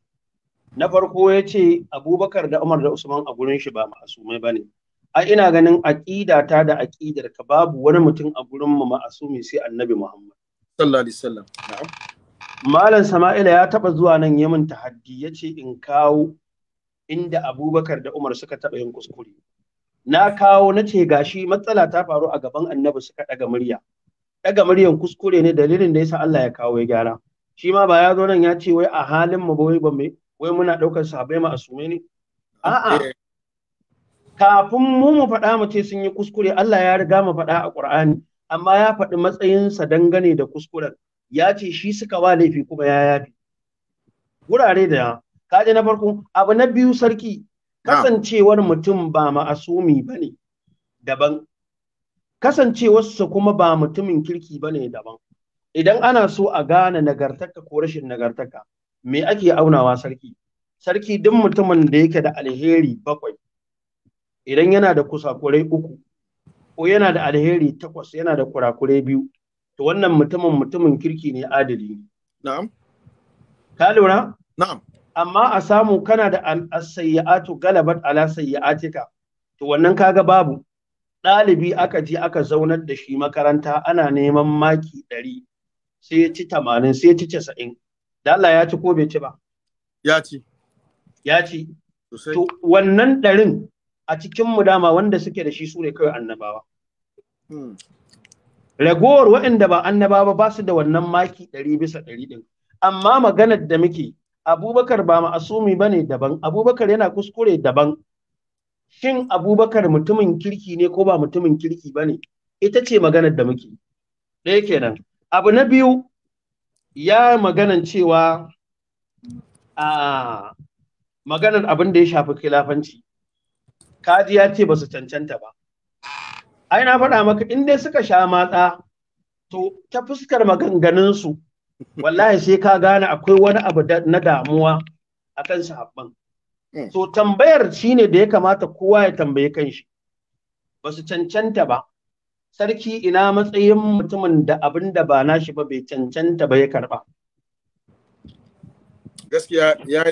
na farko ya ce abubakar da umar da usman a gurin shi ba ma'asumai ba ne ai ina ganin aƙida ta da aƙidar ka babu wani mutum a gurin mu ma'asumi sai annabi muhammad sallallahu alaihi wasallam malam sama'ila ya taɓa zuwa nan ya min tahaddi ya ce in kawo inda abubakar da umar suka taɓa yin kuskure na kawo na ce gashi matsala ta faru a gaban annabi suka ɗaga murya daga muryan kuskure ne dalilin da yasa Allah ya kawo ya gyara shi ma ba ya zo nan ya ce wai a halin mu ba wai ba wai muna daukar sahabbai ma asume ne a'a eh. kafin mu mu faɗa mu ce sun yi kuskure Allah ya riga mu faɗa a Qur'ani amma ya faɗi matsayinsa dangane da kuskuren ya ce shi suka ba laifi kuma ya yafi wurare da kaji na farko abu na biyu sarki kasancewar mutum ba ma'asumi bane daban kasancewarsa kuma ba mutumin kirki ba ne daban idan ana so a gane nagartaka ko rashin nagartaka me ake aunawa sarki sarki duk mutumin da yake da alheri bakwai idan yana da kusakurai uku ko yana da alheri takwas yana da kurakurai biyu to wannan mutumin mutumin kirki ne adali na'am ka lura na'am amma a samu kana da asayyi'atu galabat ala sayyi'atika to wannan kaga babu ɗalibi aka je aka zaunar da shi makaranta ana neman maki ɗari sai ya ci tamanin sai ya ci casa'in da Allah ya ci ko bai ci ba ya ci ya ci to wannan ɗarin a cikin mu dama wanda suke da shi su ne kawai annabawa hmm. ragowar waɗanda ba annabawa ba su da wannan maki ɗari bisa ɗari ɗin amma maganar da muke abubakar ba ma'asumi ba ne daban abubakar yana kuskure daban shin abubakar mutumin kirki ne ko ba mutumin kirki ba ne ita ce maganar da muke ɗaya kenan abu na biyu ya maganan cewa a maganar abin da ya shafi kilafanci. kaji ya ce ba su cancanta ba ai na faɗa maka in dai suka sha matsa to ta fuskar maganganunsu wallahi sai ka gane akwai wani abu na damuwa akan shafan. Mm. So tambayar shi ne da ya kamata kowa ya tambaye kanshi. Ba su cancanta ba. Sarki ina matsayin mutumin da abin da ba nashi ba bai cancanta ba ya karba. Gaskiya ya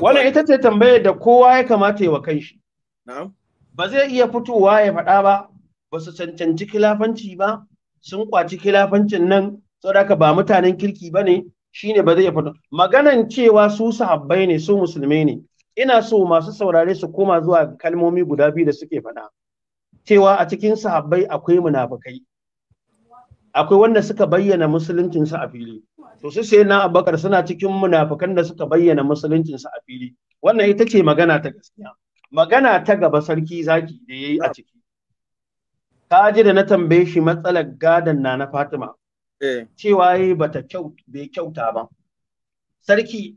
Wannan ita ce tambayar da kowa ya kamata yi wa kanshi. Ba zai iya fitowa ya faɗa ba, ba su cancanci kilafanci ba, sun kwaci kilafancin nan, saboda ba mutanen kirki ba ne, shine ba zai iya fito maganan cewa su sahabbai ne su musulmai ne ina so masu saurare su koma zuwa kalmomi guda biyu da suke faɗa cewa a cikin sahabbai akwai munafukai akwai wanda suka bayyana musuluncin su a fili to su sai na abakar suna cikin munafukan da suka bayyana musuluncin su a fili wannan ita ce magana ta gaskiya magana ta gaba sarki zaki da yayi a ciki ka ji da na tambaye shi matsalar gadan na na Fatima Eh. cewa yi bata bai kyauta ba sarki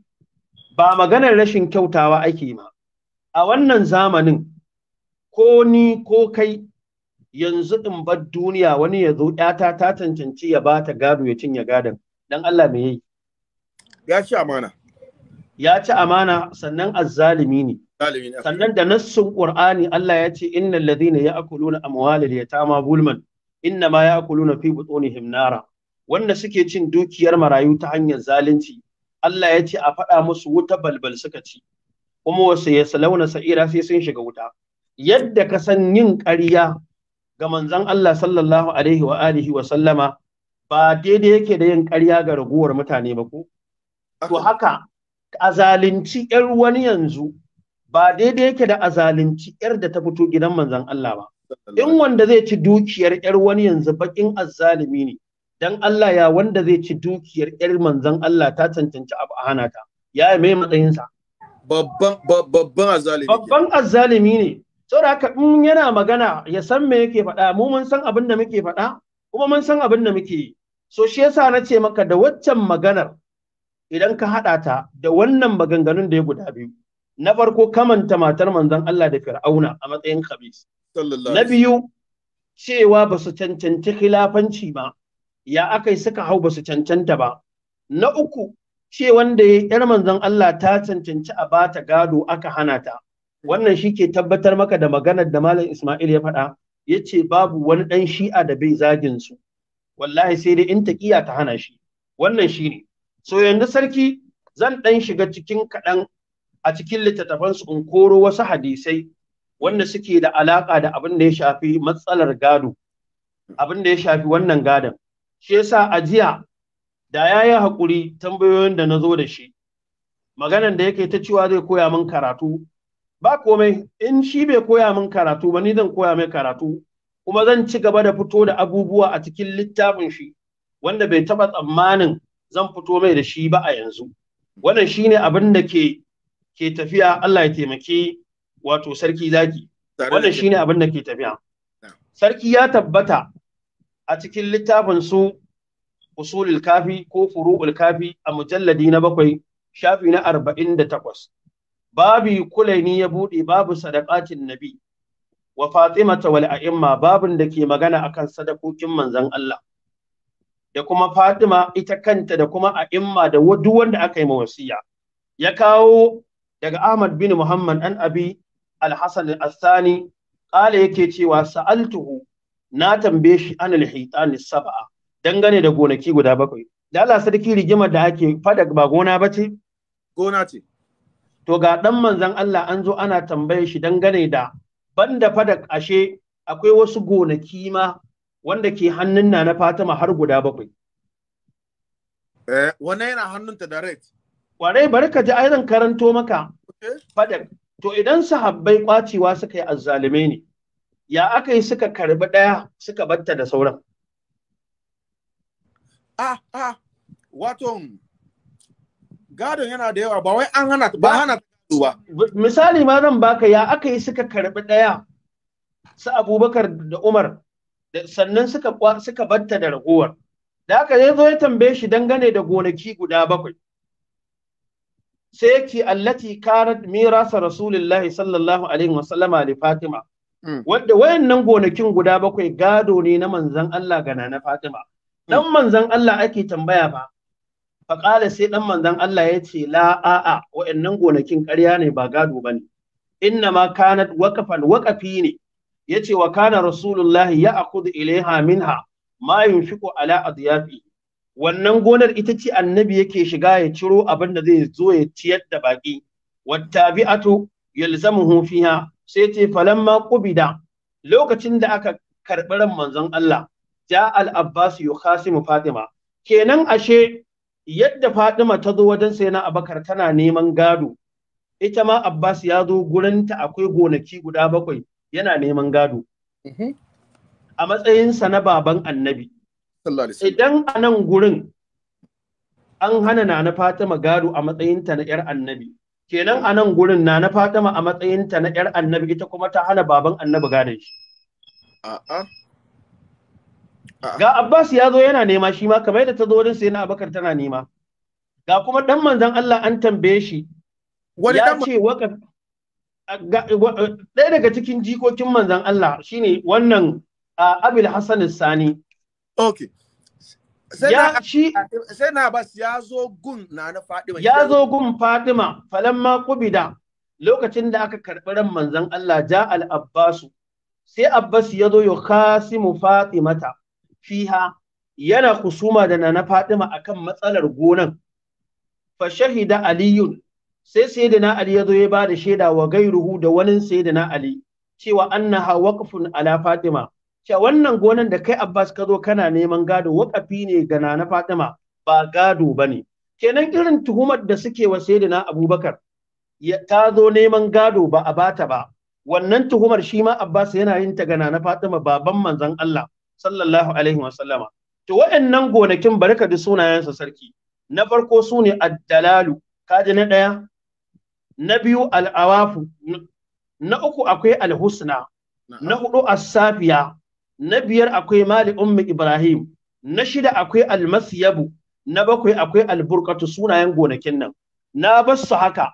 ba maganar rashin kyautawa ake ma a wannan zamanin ko ni ko kai yanzu in bar duniya wani ya zo ƴata ta cancanci ya bata gado ya cinye gadon dan Allah mai yi. ya ci amana ya ci amana sannan azzalimi ne sannan da nassun qur'ani Allah ya ce innal ladhina ya'kuluna amwalal yatama bulman inna ma ya ya'kuluna fi butunihim himnara. wanda suke cin dukiyar marayu ta hanyar zalunci Allah ya ce a faɗa musu wuta balbal suka ci kuma wasu ya salauna sa'ira sai sun shiga wuta yadda ka san yin ƙarya ga manzon Allah sallallahu alaihi wa alihi wa sallama ba daidai yake da yin ƙarya ga raguwar mutane ba ko to haka a zalunci yar wani yanzu ba daidai yake da a zalunci yar da ta fito gidan manzon Allah ba in wanda zai ci dukiyar yar wani yanzu baƙin azzalimi ne dan Allah ya wanda zai ci dukiyar ƴar manzon Allah ta cancanci abu a hana ta ya mai matsayinsa babban babban azalimi babban azalimi ne saboda haka in yana magana ya san me yake faɗa mu mun san abin da muke faɗa kuma mun san abin da muke yi so shi yasa na ce maka da waccan maganar idan ka haɗa ta da wannan maganganun da ya guda biyu na farko kamanta matar manzon Allah da Fir'auna a matsayin khabis na biyu cewa ba su cancanci khilafanci ba ya aka yi suka hau basu cancanta ba na uku ce wanda ya yar manzon Allah ta cancanci a bata gado aka hana ta wannan shi ke tabbatar maka da maganar da malam Ismail ya faɗa ya ce babu wani ɗan shi'a da bai zagin su wallahi sai dai in ta ƙiya ta hana shi wannan shi ne so yanzu sarki zan ɗan shiga cikin kaɗan a cikin littattafansu in koro wasu hadisai wanda suke da alaƙa da abin da ya shafi matsalar gado abin da ya shafi wannan gadon shi yasa a jiya da yayi hakuri tambayoyin da na zo da shi maganan da yake ta cewa zai koya min karatu ba komai in shi bai koya min karatu ba ni zan koya mai karatu kuma zan ci gaba da fito da abubuwa a cikin littafin shi wanda bai taba tsammanin zan fito mai da shi ba a yanzu wannan shine abin da ke ke tafiya Allah ya taimaki wato sarki zaki wannan shine abin da ke tafiya sarki ya tabbata a cikin littafin su usulul kafi ko furu'ul kafi a mujalladi na bakwai shafi na arba'in da takwas babi kulaini ya buɗe babu sadaqatin nabi wa fatimata wal a'imma babin da ke magana akan sadakokin manzon Allah da kuma Fatima ita kanta da kuma a'imma da duk wanda aka yi mawasiya. ya kawo daga Ahmad bin Muhammad ɗan abi al-Hasan al-Asani qala yake cewa sa'altuhu na tambaye shi anil hitani saba'a. dangane da gonaki guda bakwai da Allah sarki rigimar da ake fada ba gona ba ce gona ce to ga dan manzon Allah an zo ana tambaye shi dangane da banda fadak ashe akwai wasu gonaki ma wanda ke hannun na na Fatima har guda bakwai eh wannan yana hannunta direct kwarai bari ka ji aizan karanto maka fadak to idan sahabbai kwacewa suka yi azzalume ne ya aka yi suka karbi ɗaya suka batta da sauran ah ah wato gadon yana da yawa ba wai an hana ba hana ba misali ma zan baka ya aka yi suka karbi ɗaya su abubakar da umar sannan suka suka batta da ragowar da aka zai zo ya tambaye shi dangane da gonaki guda bakwai sai yake allati karat mirasa rasulullahi sallallahu alaihi wasallama li fatima Mm. wanda wayannan gonakin guda bakwai gado ne na manzan Allah ga na Fatima mm. dan manzan Allah ake tambaya ba faƙala sai dan manzan Allah ya ce la a'a wayannan gonakin ƙarya ne ba gado bane inna ma kanat waqafan waqafi ne Ya ce wa kana rasulullah akudu ilaiha minha ma yunfiqu ala adyafi wannan gonar ita ce annabi yake shiga ya ciro abin da zai zo ya ciyar da baki wattabi'atu yalzamuhu fiha sai ce falamma kubida lokacin da aka karɓi ran manzon Allah ja al-Abbas yukhasimu Fatima kenan ashe yadda Fatima ta zo wajen Sayyidina Abakar tana neman gado ita ma Abbas ya zo gurinta akwai gonaki guda bakwai yana neman gado mhm. a matsayinsa na baban annabi idan a gurin an hana na na Fatima gado a matsayinta na 'yar annabi kenan a nan gurin na na fatima a matsayinta na yar annabi ita kuma ta hana baban annabi gadon shi ga abbas ya zo yana nema shi ma kamar yadda ta zo wurin na abakar tana nema ga kuma dan manzon Allah an tambaye shi wani ya ce waka ɗaya daga cikin jikokin manzon Allah shine wannan Abil Hassan Sani okay ya sai na bas ya zo gun na na Fadima kubida lokacin da aka karɓi ran manzon Allah ja al Abbasu sai Abbas ya zo ya yukhasimu Fatimata fiha yana kusuma da na Fadima akan matsalar gonan fa shahida aliyun sai sayyidina Ali ya zo ya ba da shaida wa gairuhu da wani sayyidina Ali cewa annaha waqfun ala Fatima cewa wannan gonan da kai Abbas ka zo kana neman gado wakafi ne ga Nana Fatima ba gado bane kenan irin tuhumar da suke wa Sayyidina Abubakar ta zo neman gado ba a bata ba wannan tuhumar shi ma Abbas yana yin ta ga Nana Fatima baban manzon Allah sallallahu alaihi wa sallama to wa'annan gonakin barka da sunayensa sarki na farko sune ad-dalalu kaji na ɗaya na biyu al na uku akwai al-husna na hudu as-safiya na biyar akwai mali ummi ibrahim na shida akwai almasyabu na bakwai akwai alburkatu sunayen gonakin nan na basu haka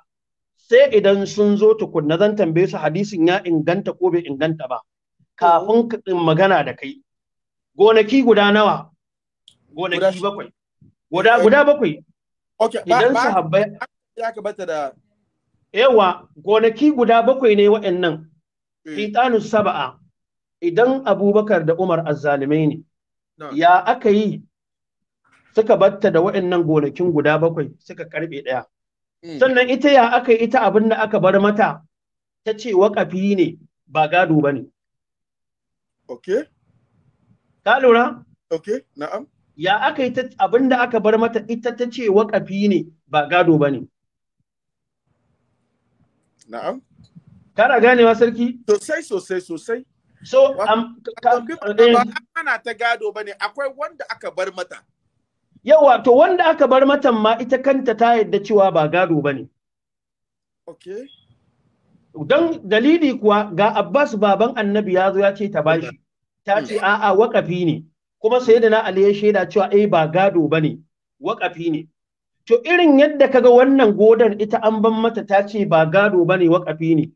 sai idan sun zo tukunna zan tambaye su hadisin ya inganta ko bai inganta ba kafin magana da kai gonaki guda nawa gonaki bakwai guda guda bakwai idan su ya da yawa gonaki guda bakwai ne waɗannan fitanu eh. saba'a idan abubakar da umar azzalimai ne ya aka yi suka batta da waɗannan gonakin guda bakwai suka karbe ɗaya hmm. sannan ita ya aka yi ita abin da aka bar mata ta ce waƙafi ne ba gado ba ne ka lura na'am ya aka yi abin da aka bar mata ita ta ce waƙafi ne ba gado ba ne na'am kana ganewa sarki sosai sosai sosai So, wato um, eh, ana ta gado ba ne, akwai wanda aka bar matan ma ita kanta ta yadda cewa ba gado ba ne. Okay. Don dalili kuwa ga Abbas baban annabi ya zo ya ce ta bashi, ta mm. ce a'a wakafi ne, kuma sai da na Ali ya shaida cewa eh ba gado ba ne, wakafi ne. To irin yadda kaga wannan godan ita an ban mata ta ce ba gado ba ne wakafi ne,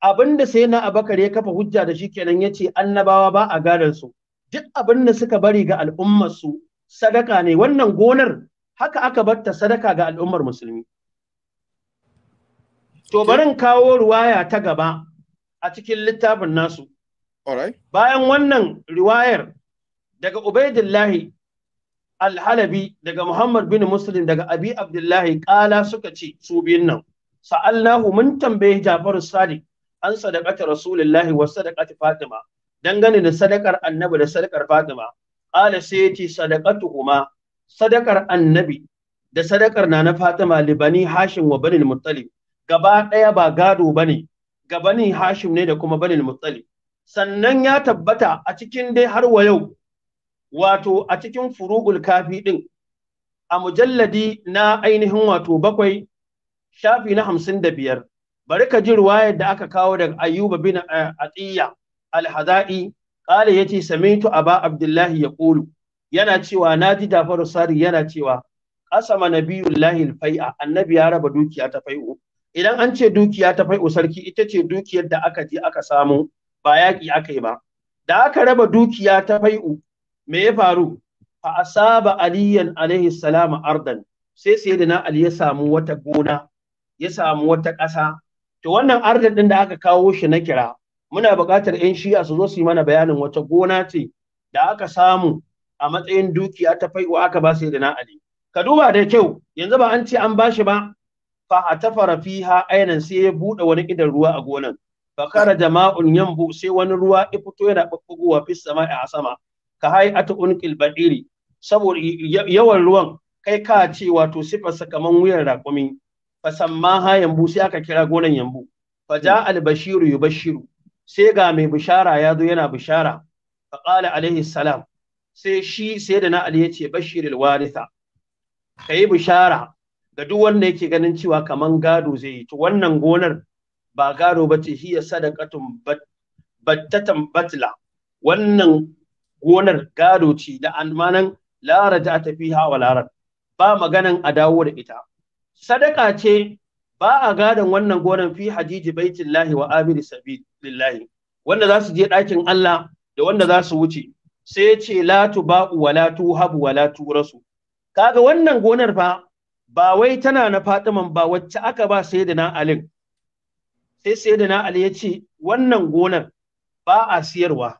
abinda sai na abakar ya kafa hujja da shi kenan ya ce annabawa ba a gadar su duk abin da suka bari ga al'ummar su sadaka ne wannan gonar haka aka batta sadaka ga al'ummar musulmi to barin kawo ruwaya ta gaba a cikin littafin nasu bayan wannan riwayar daga ubaidillahi alhalabi daga muhammad bin muslim daga abi abdullahi kala suka ce su biyun nan sa'allahu mun tambaye jafaru sadiq an sadaqati rasulillahi wa sadaqati fatima dangane da sadakar annabi da sadakar fatima ƙala sai yace sadaqatuhuma sadakar annabi da sadakar nana na fatima libani hashim wa bani muttalib gaba daya ba gado bane ni hashim ne da kuma bani muttalib sannan ya tabbata a cikin dai har wa yau wato a cikin furugul kafi din a mujalladi na ainihin wato bakwai shafi na hamsin da biyar bari ka ji ruwayar da aka kawo daga ayyuba bin eh, atiya al-hada'i qala yace samitu aba abdullahi yaqulu yana cewa na ji dafaru sari yana cewa qasama nabiyullahi al-fai'a annabi ya raba dukiya ta fai'u idan an ce dukiya ta fai'u sarki ita ce dukiyar da aka je aka samu ba yaƙi aka yi ba da aka raba dukiya ta fai'u me ya faru fa asaba aliyan alaihi salam ardan sai da na ali ya samu wata gona ya samu wata ƙasa to wannan ardin din da aka kawo shi na kira muna buƙatar yan shi'a su zo su yi mana bayanin wata gona ce da aka samu a matsayin dukiya ta wa aka ba sai da na ali ka duba da kyau yanzu ba an ce an bashi ba fa a tafara fiha ainan sai ya buɗe wani idan ruwa a gonan fa kara jama'un yambo sai wani ruwa ya fito yana babbugowa fi sama a sama ka hai ata unqil badiri saboda yawan ruwan kai ka ce wato sifar sakaman wuyan raƙumi fasammaha yambu sai aka kira gonan yambu faja hmm. albashiru yubashiru sai ga mai bishara ya zo yana bishara qala alaihi salam sai shi sai da na ali yace bashiril warisa kai bishara ga duk wanda yake ganin cewa kaman gado zai yi to wannan gonar ba gado bace hiya sadaqatun battatan batla wannan gonar gado ce da almanan la rajata fiha wa la ba maganan a da ita sadaka ce ba a gadon wannan gonan fi hajiji baitillahi wa sabi lillahi wanda za su je ɗakin Allah da wanda za su wuce sai ce la ba wa la habu wa la rasu kaga wannan gonar fa ba wai tana na Fatiman ba wacce aka ba sai na Ali sai sai na Ali ya ce wannan gonar ba a siyarwa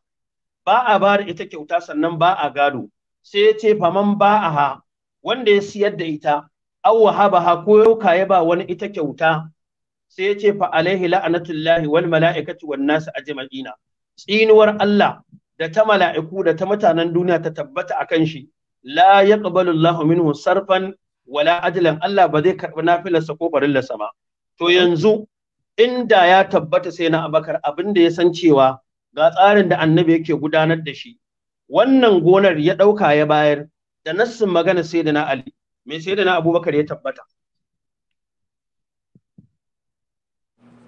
ba a ba da ita kyauta sannan ba a gado sai ce faman ba a ha wanda ya siyar da ita aw wahabaha ko yauka ya ba wani ita kyauta sai ya ce fa alaihi la'anatullahi wal mala'ikati wan nas ajma'ina tsinuwar Allah da ta mala'iku da ta mutanen duniya ta tabbata akan shi la yaqbalu Allahu minhu sarfan wala ajlan Allah ba zai karbi sa ko barillarsa ba to yanzu inda ya tabbata sai na abakar abin da ya san cewa ga tsarin da annabi yake gudanar da shi wannan gonar ya ɗauka ya bayar da nassin magana sai da na Ali me sai da na abubakar ya tabbata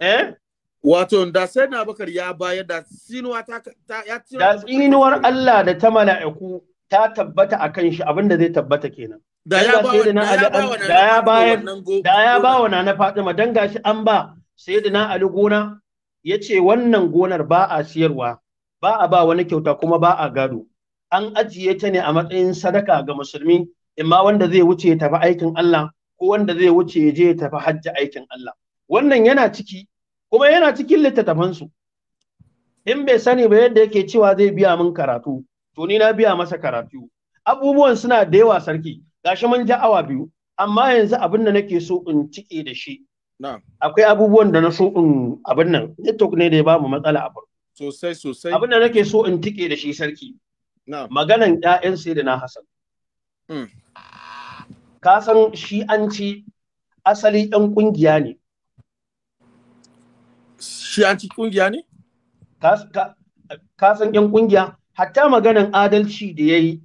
eh wato da sai na abubakar ya bayar da tsinuwa ta, ta ya da tsinuwar Allah da ta mala'iku ta tabbata akan shi abinda zai tabbata kenan da ya ba da ya bayar da ya ba wa na Fatima dan gashi an ba sayyidina Ali gona yace wannan gonar ba a siyarwa ba a ba wani kyauta kuma ba a gado an ajiye ta ne a matsayin sadaka ga musulmi imma wanda zai wuce ya tafi aikin Allah ko wanda zai wuce ya je ya tafi hajji aikin Allah wannan yana ciki kuma yana cikin littattafansu in bai sani ba yadda yake cewa zai biya min karatu to ni na biya masa karatu abubuwan suna da yawa sarki gashi mun ja awa biyu amma yanzu abin da nake so in cike da shi akwai abubuwan da na so in abin nan network ne da ya bamu matsala a farko sosai sosai abin da nake so in cike da shi sarki maganan ƴaƴan sai da na hasan Mm. ka san shi an ci asali ɗan ƙungiya ne shi an ci ƙungiya ne ka san ɗan ƙungiya hatta maganan adalci da ya yi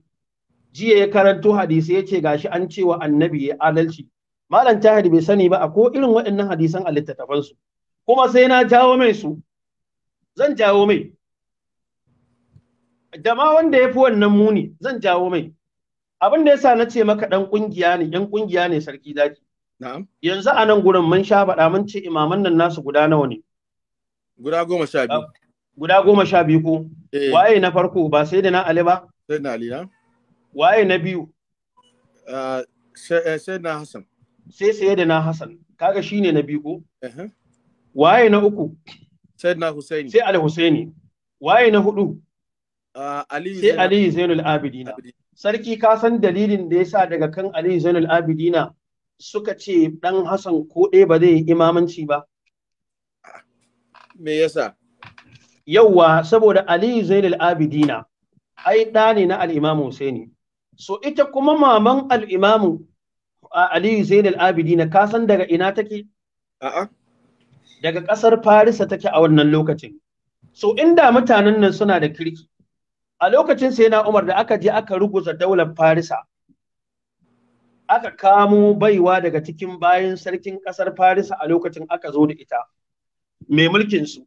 jiya ya karanto hadisi ya ce gashi an cewa annabi ya adalci malam tahir bai sani ba a ko irin waɗannan hadisan a littattafansu kuma sai na jawo mai su zan jawo mai da ma wanda ya fi wannan muni zan jawo mai abin da yasa na ce maka dan kungiya ne yan kungiya ne sarki zaki na'am yanzu a nan gurin mun sha faɗa mun ce imaman nan nasu guda nawa ne guda goma sha biyu guda goma sha biyu ko eh. waye na farko ba sai da na ali ba sai na ali na waye na biyu ah, sai na eh, hasan sai sai da na hasan kaga shine na biyu ko waye na uku sai na husaini sai Ali husaini waye na hudu ah, ali sai ali zainul abidin sarki ka san dalilin da yasa daga kan Ali Zainul Abidina suka ce dan Hassan ko ɗaya ba zai imamanci ba me yasa yauwa saboda Ali Zainul Abidina ai ɗa ne na al-Imam Husaini so ita kuma maman al-Imam Ali Zainul Abidina ka san daga ina take a'a daga ƙasar Farisa take a wannan lokacin so inda mutanen nan suna da kirki a lokacin sai na Umar da aka je aka ruguza daular Farisa aka kamo baiwa daga cikin bayan sarkin ƙasar Farisa a lokacin aka zo da ita mai mulkin su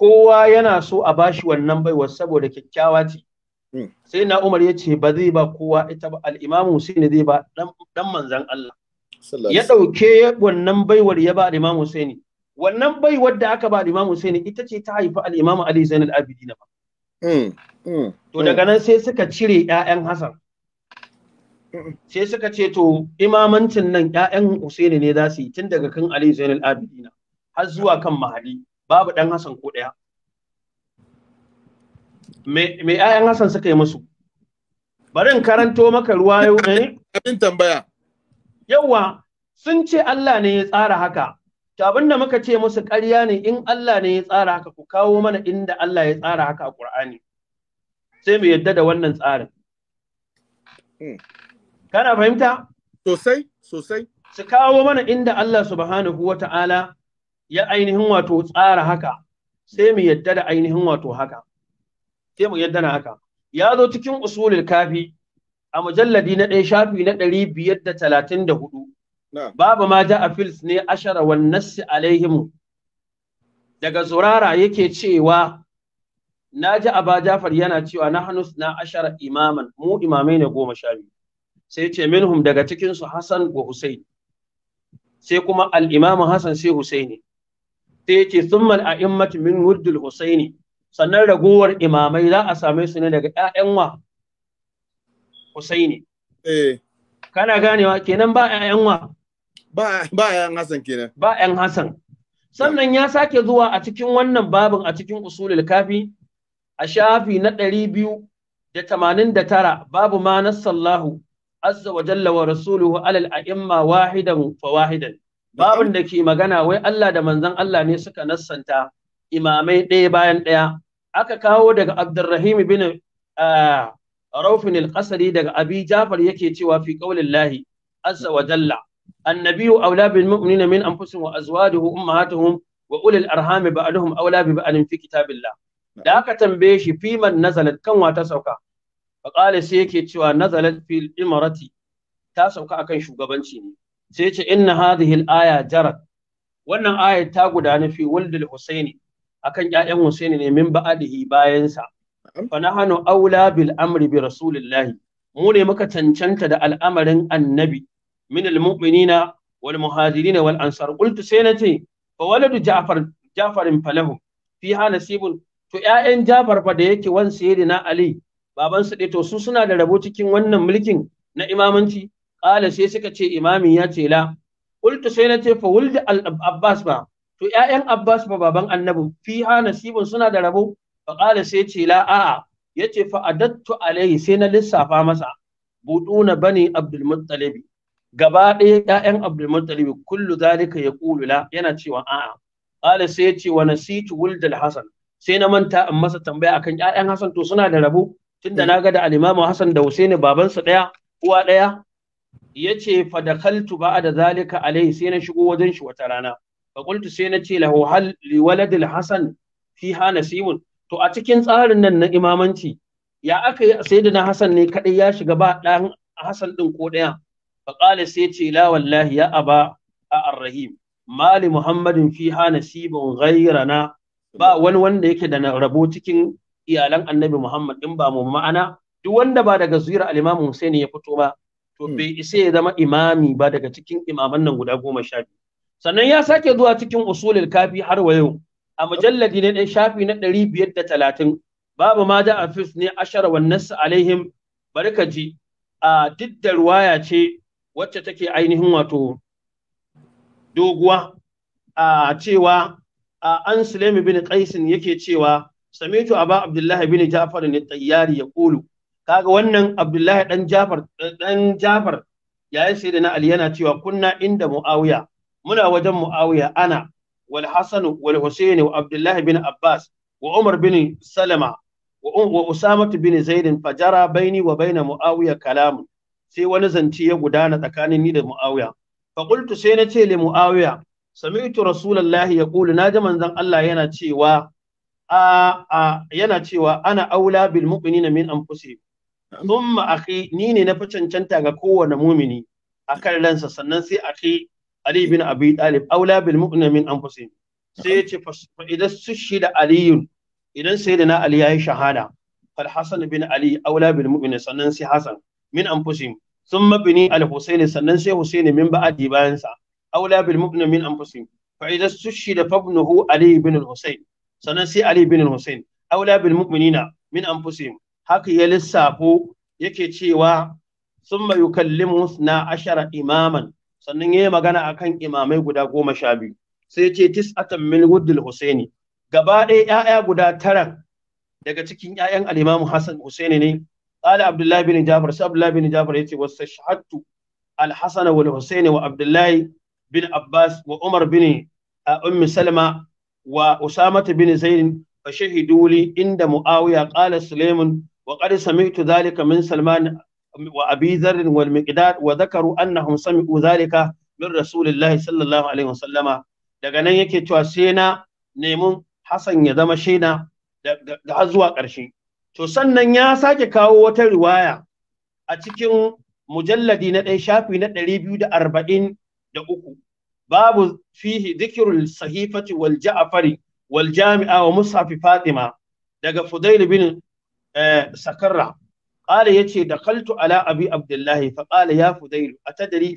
kowa yana so a bashi wannan baiwar saboda kyakkyawa ce hmm. sai na Umar ya ce ba zai ba kowa ita ba al-Imam Husaini zai ba dan manzon Allah ya dauke wannan baiwar ya ba al-Imam Husaini wannan baiwar da aka ba al-Imam Husaini ita ce ta haifi al-Imam Ali Zainal Abidin ba Mm, mm, to daga mm. nan sai suka cire ‘ya'yan Hassan. Sai suka ce to imamancin nan ‘ya'yan Hussein ne za su yi tun daga kan Ali Zainul Abidina har zuwa kan Mahadi babu ɗan Hassan ko ɗaya. Me ‘ya'yan Hassan suka yi musu? Bari in karanto maka ruwa yau eh? ne? Abin tambaya. Yawwa sun ce Allah ne ya tsara haka to abin da muka ce musu ƙarya ne in Allah ne ya tsara haka ku kawo mana inda Allah ya tsara haka a Qur'ani sai mu yadda da wannan tsarin hmm. kana fahimta sosai sosai su kawo mana inda Allah subhanahu wata'ala ya ainihin wato tsara haka sai mu yadda da ainihin wato haka sai mu yadda na haka ya zo cikin usulul kafi a mujalladi na ɗaya shafi na ɗari biyar da talatin da hudu babu ma ja a fils ne ashara wan nassi alaihim daga zurara yake cewa na ji aba jafar yana cewa na hanus na ashara imaman mu imamai ne goma sha biyu sai ce minhum daga cikin su hasan wa husain sai kuma al-imamu hasan sai husaini sai yace summal a'immat min wuddul husaini sannan raguwar imamai za a same su ne daga ƴaƴan wa husaini eh kana ganewa kenan ba ƴaƴan wa ba yan Hassan kenan ba yan Hassan sannan ya sake zuwa a cikin wannan babin a cikin usulul kafi a shafi na ɗari biyu da tamanin da tara babu ma nassallahu azza wa jalla wa rasuluhu alal a'imma wahidan fa wahidan babin da ke magana wai Allah da manzon Allah ne suka nassanta imamai ɗaya bayan ɗaya aka kawo daga Abdurrahim bin Rawfin al-Qasri daga Abi Jafar yake cewa fi qaulillahi azza wa jalla annabiyyu aula bil mu'minina min anfusihim wa azwajuhu ummahatuhum wa ulil arhami ba'duhum aula bi ba'din fi kitabillah da aka tambaye shi fiman nazalat kanwa ta sauka faqala sai yake cewa nazalat fil imarati ta sauka akan shugabanci ne sai ce inna hadhihi al aya jarat wannan ayar ta gudana fi waldul husaini akan ƴaƴan husaini ne min ba'adihi bayansa fa nahanu aula bil amri bi rasulillahi mu ne muka cancanta da al'amarin annabi min almu'minina wal muhajirin wal ansar qultu sai nace fa waladu ja'far ja'farin falahu fiha nasibun to ƴaƴan Ja'far fa da yake wan sayyidina Ali baban su to suna da rabo cikin wannan mulkin na imamanci qala sai suka ce imamin ya ce la qultu sai nace fa wulda al abbas ba to ƴaƴan abbas ba baban annabi fiha nasibun suna da rabo fa qala sai ce la a'a yace fa adattu alaihi sai na lissafa masa buduna bani abdul muttalibi gaba ɗaya ƴaƴan Abdul kullu zalika yaqulu la yana cewa a'a qala sai yace wa nasitu wuldal Hasan sai na manta in masa tambaya akan ƴaƴan Hasan to suna da rabo tunda eh. na ga da al-Imam Hasan da babansa ɗaya uwa ɗaya yace fa dakhaltu ba'da zalika alaihi sai na shigo wajen shi wata rana fa qultu sai na ce lahu hal li waladil Hasan fiha nasibun to a cikin tsarin nan na imamanci ya aka yi sayyidina Hasan ne kadai ya shiga ba ɗan Hasan din ko ɗaya faƙala sai ce la wallahi ya ba a arrahim mali muhammadin fi hana sibin ghairana ba wani wanda yake da rabo cikin iyalan annabi muhammad din ba mu ma'ana duk wanda ba daga zuriyar al-imam ya fito ba to bai isa ya zama imami ba daga cikin imaman nan guda goma sha biyu sannan ya sake zuwa cikin usulul kafi har wa yau a mujalladi na ɗan shafi na ɗari biyar da talatin babu ma da afis ne ashara wannan alaihim barkaji a duk da ruwaya ce wacce take ainihin wato doguwa a cewa an sulaimi bin qaisin yake cewa samitu aba abdullahi bin jafar ne tayyari ya kulu kaga wannan abdullahi dan jafar dan jafar yayin sai da na ali yana cewa kunna inda muawiya muna wajen muawiya ana wal hasan wal husayn wa abdullahi bin abbas wa umar bin salama wa usama bin zaid fajara baini wa baina muawiya kalamun sai wani zance ya gudana tsakanin ni da muawiya fa qultu sai na ce li muawiya sami'tu rasulullahi yaqulu naji manzon Allah yana cewa a yana cewa ana aula bil mu'minina min anfusihim thumma akhi ni ne na fi cancanta ga kowane mumini akan ransa sannan sai akhi Ali bin Abi Talib aula bil mu'minina min anfusihim sai yace fa idan da aliyun idan sai da na Ali yayi shahada fal Hasan bin Ali aula bil mu'minina sannan sai Hasan min anfusihim sun mabini al-husaini sannan sai husaini min ba'adi bayansa aula bil mubna min anfusihim fa idza sushida fabnuhu ali ibn al sannan sai ali ibn al-husayn aula haka ya lissafo yake cewa sun summa yukallimu na ashara imaman sannan yayi magana akan imamai guda goma sha biyu sai ce tis'atan min wuddil husaini gaba ɗaya 'ya'ya guda tara daga cikin 'ya'yan al-imamu hasan husaini ne Sale abdullah bin Jafar. sai abdullah bin jabir yace wastashhadtu al-hasan wal husayn wa abdullah bin abbas wa umar bin ummi salma wa usama bin zaid fa shahidu li inda muawiya qala sulaiman wa qad sami'tu dhalika min salman wa abi dharr wal miqdad wa dhakaru annahum sami'u zalika min rasulillahi sallallahu alaihi daga nan yake cewa sai na nemin Hassan ya zama shaida da har zuwa ƙarshe to sannan ya sake kawo wata riwaya a cikin mujalladi na ɗaya shafi na ɗari biyu da arba'in da uku babu fihi zikirul sahifati wal ja'afari wal jami'a wa musafi fatima daga fudail bin eh, sakarra ala يتي دخلت على أبي عبد الله A ta فديل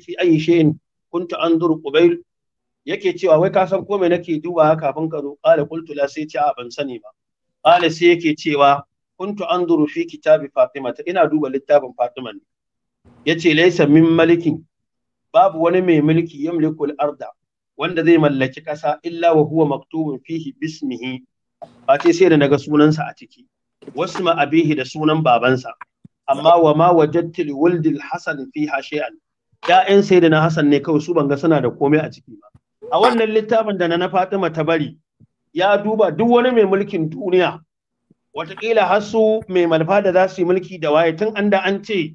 fi في أي kuntu كنت أنظر قبيل yake cewa wai ka san ko me nake duba kafin ka zo ƙala qultu la sai ce a ban sani ba qala sai yake cewa kuntu anzuru fi kitabi fatima ina duba littafin fatima ne yace laysa min malikin babu wani mai mulki yamliku al-arda wanda zai mallaki ƙasa illa wa huwa maktubun fihi bismihi ba ce sai da naga sunansa a ciki wasu ma abihi da sunan babansa amma wa ma wajadtu li waldil hasan fiha shay'an ya'yan sai na hasan ne kawai su banga suna da komai a ciki ba a wannan littafin da na na fatima ta bari ya duba duk wani mai mulkin duniya watakila har su mai malfa da za su yi mulki da waye tun an da an ce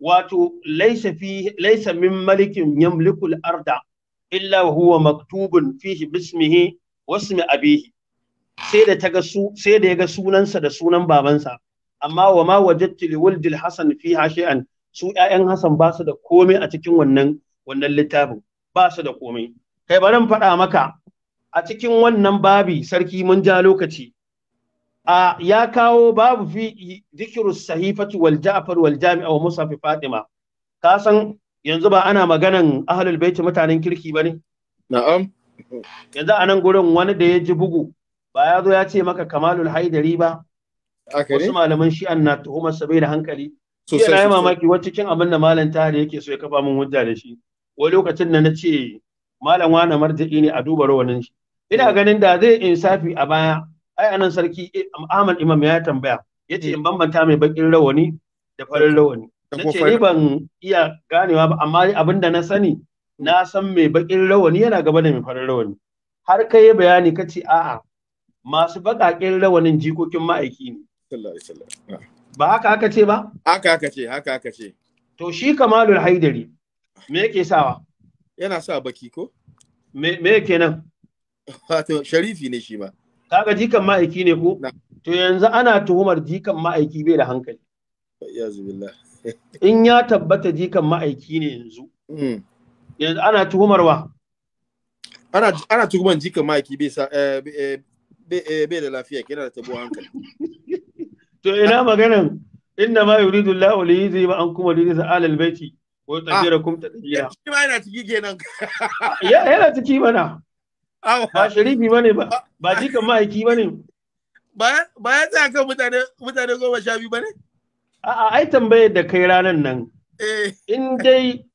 wato laisa fi laisa min malikin yamlikul arda illa huwa maktubun fihi bismihi wasmi abihi sai da ta ga su sai da ya ga sunansa da sunan babansa amma wa ma wajadtu li wuldil hasan fiha shay'an su ƴaƴan hasan ba su da komai a cikin wannan wannan littafin ba su da komai kai bari faɗa maka a cikin wannan babi sarki mun ja lokaci a ya kawo babu fi zikiru sahifati wal ja'far wal jami'a wa musaf fatima ka san yanzu ba ana maganan ahlul baiti mutanen kirki bane na'am yanzu a nan gurin wani da ya ji bugu ba ya zo ya ce maka kamalul haidari ba wasu malaman shi'an na tuhumar sabai da hankali sosai na yi mamaki wacce cikin abin da malam tahari yake so ya kafa mun hujja da shi wani lokacin da na ce malam wani marja'i ne a duba rawanin shi ina mm. ganin da zai insafi a baya ai anan sarki eh, Ahmad Imam ya tambaya yace eh. in bambanta mai bakin rawani da farin rawani nace ni ban iya ganewa ba amma abinda na sani na san mai bakin rawani yana gaba da mai farin rawani har kai bayani kace a'a masu bakakin rawanin jikokin ma'aiki ne ah. ba haka aka ce ba haka aka ce haka aka ce to shi kamalul haidari me yake sawa yana sa baki ko me me nan? wato sharifi ne shi ma kaga jikan ma'aiki ne ko to yanzu ana tuhumar jikan ma'aiki bai da hankali (laughs) in ya tabbata jikan ma'aiki ne yanzu hmm. yanzu ana tuhumar wa ana ana tuhumar jikan ma'aiki bai sa eh, eh, eh, bai da lafiya kina da tabo hankali (laughs) to ina maganan inna ma yuridu Allahu li yuzhiba ankum wa yuridu alal baiti wa yutahhirakum ah, tadhira shi ma yana ciki kenan (laughs) yana ciki mana ba sharifi ne ba ba (laughs) jikan ma'aiki bane ba ba ya tsaya kan mutane mutane goma sha biyu ba ne? a'a ai tambayar da kai ranar nan eh. in dai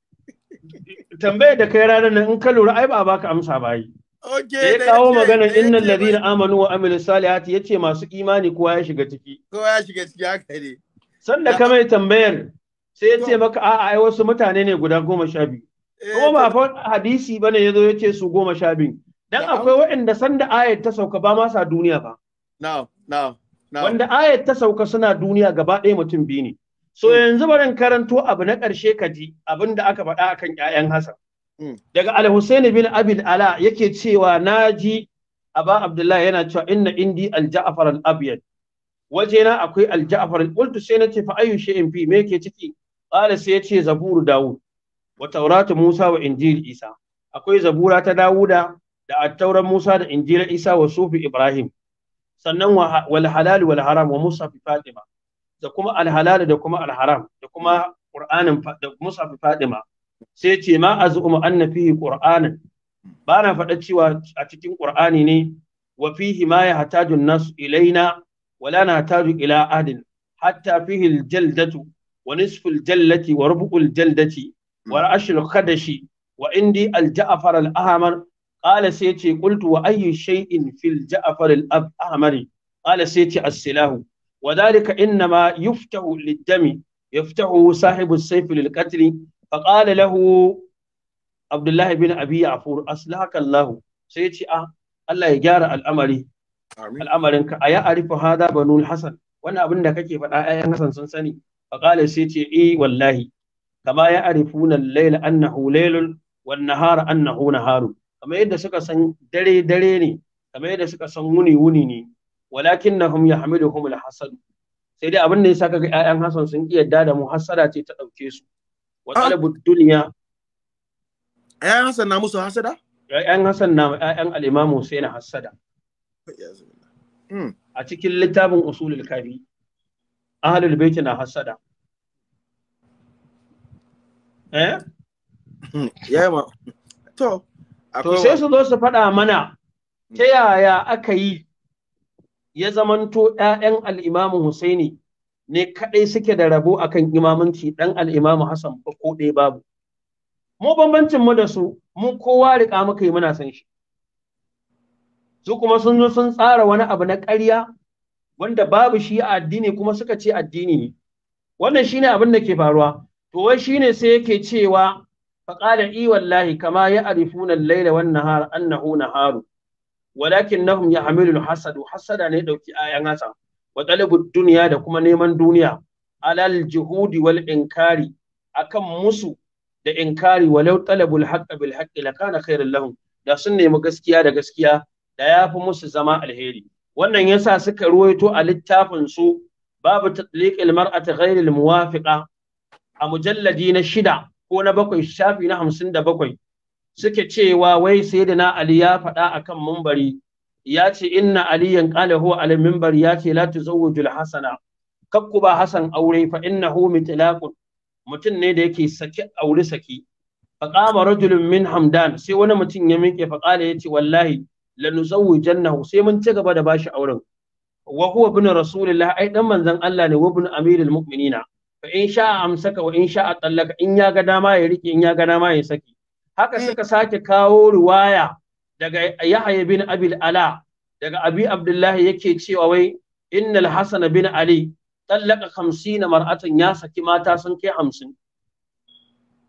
tambayar da kai ranar nan in ka lura ai ba a baka amsa ba yi Okay, ya kawo maganar innal ladina amanu wa amilu salihati yace masu imani kowa ya shiga ciki. Kowa ya shiga ciki haka ne. Sanda ka mai tambayar sai ya ce maka a'a ai wasu mutane ne guda goma sha biyu. Eh, Kuma ba fa hadisi bane yazo yace su goma sha biyu. Dan akwai waɗanda sanda ayat ta sauka ba ma sa duniya ba. Na'am, na'am. Wanda ayat ta sauka suna duniya gaba ɗaya mutum biyu ne. So hmm. yanzu barin karanto abu na ƙarshe ka ji abin da aka faɗa akan ƴaƴan Hassan. Hmm. Daga Al-Husaini bin Abil Ala yake cewa na ji Aba Abdullahi yana cewa inna indi al-Ja'far al-Abyad. Wajena akwai al-Ja'far qultu sai na ce fa ayyu shay'in fi me yake ciki? Qala sai yace Zaburu Dawud wa Tauratu Musa wa Injil Isa. Akwai Zabura ta Dawuda da attauran Musa da injira Isa wa sufi Ibrahim sannan wal halal wal haram wa mushaf Fatima da kuma al halal da kuma al haram da kuma Qur'anin da mushaf Fatima sai ce ma azum anna fihi Qur'anan ba na faɗa cewa a cikin Qur'ani ne wa fihi ma yahtaju an-nas ilaina wala nahtaju ila ahadin hatta fihi al-jaldatu wa nisfu al-jallati wa rubu al-jaldati wa ra'ash al-khadashi wa indi al-ja'far al-ahmar qala sai yace qultu wa ayyu shay'in fil ja'far al ahmari qala sai yace as wa dhalika inma yuftahu lid-dami yaftahu sahibu as-sayf lil-qatl fa qala lahu bin Abi Ya'fur sai yace a ah, Allah ya gyara al'amari al'amarinka a ya abin da kake faɗa ayan hasan sun sani فقال سيتي إي والله كما يعرفون الليل أنه ليل والنهار أنه نهار kamar yadda suka san dare dare ne kamar yadda suka san wuni wuni ne walakin na hum hum alhasad sai dai abin da ya saka ga hasan Hassan sun iya dada da mu hasada ce ta dauke su wa talabu dunya ƴaƴan Hassan na musu hasada ƴaƴan Hassan na ƴaƴan al sai na hasada hmm. a cikin littafin usulul kafi ahlul bait na hasada eh (laughs) yayi ma to To sai su zo su faɗa mana ta mm. yaya aka yi ya zamanto ‘ya'yan al'imamu Husaini ne kaɗai suke da rabo akan imamanci ɗan al'imamu Hassan ba ko ɗaya babu. Mu bambancin mu da su, mu kowa rika muka yi muna san shi. Su kuma sun zo sun tsara wani abu na ƙarya wanda babu shi a addini kuma suka ce addini ne. Wannan shine abin da ke faruwa. To wai shine sai yake cewa kama فقال اي والله كما يعرفون الليل والنهار Walakin نهار ya يحملون الحسد وحسد ne ɗauki ayan hasa wa talabud duniya da kuma neman duniya alal juhudi wal inkari akan musu da inkari walau talabul haqq bil haqq lakana khairan da sun nemi gaskiya da gaskiya da yafi musu zama alheri wannan yasa suka ruwaito a littafin su babu tatliqil mar'ati ghairil muwafiqa a mujalladi na shida ko na bakwai shafi na hamsin da bakwai suke cewa wai sai da na ali ya faɗa akan mumbari ya ce inna aliyan qala huwa al mimbar ya ce la tuzawwijul hasana kakku ba hasan aure fa innahu mitlaqun mutum ne da yake saki aure saki fa qama rajulun min hamdan sai wani mutum ya miƙe fa qala yace wallahi lanuzawwijannahu sai mun ci gaba da bashi auren wa huwa ibn rasulillah ai dan manzon Allah ne wa ibn amirul mu'minina in sha amsaka wa in sha a tsallaka in ya ga dama ya rike in ya ga dama ya saki haka hmm. suka sake kawo ruwaya daga Yahya bin Abil Ala daga Abi Abdullahi yake cewa wai innal Hasan bin Ali tsallaka 50 mar'atan ya saki mata sun kai 50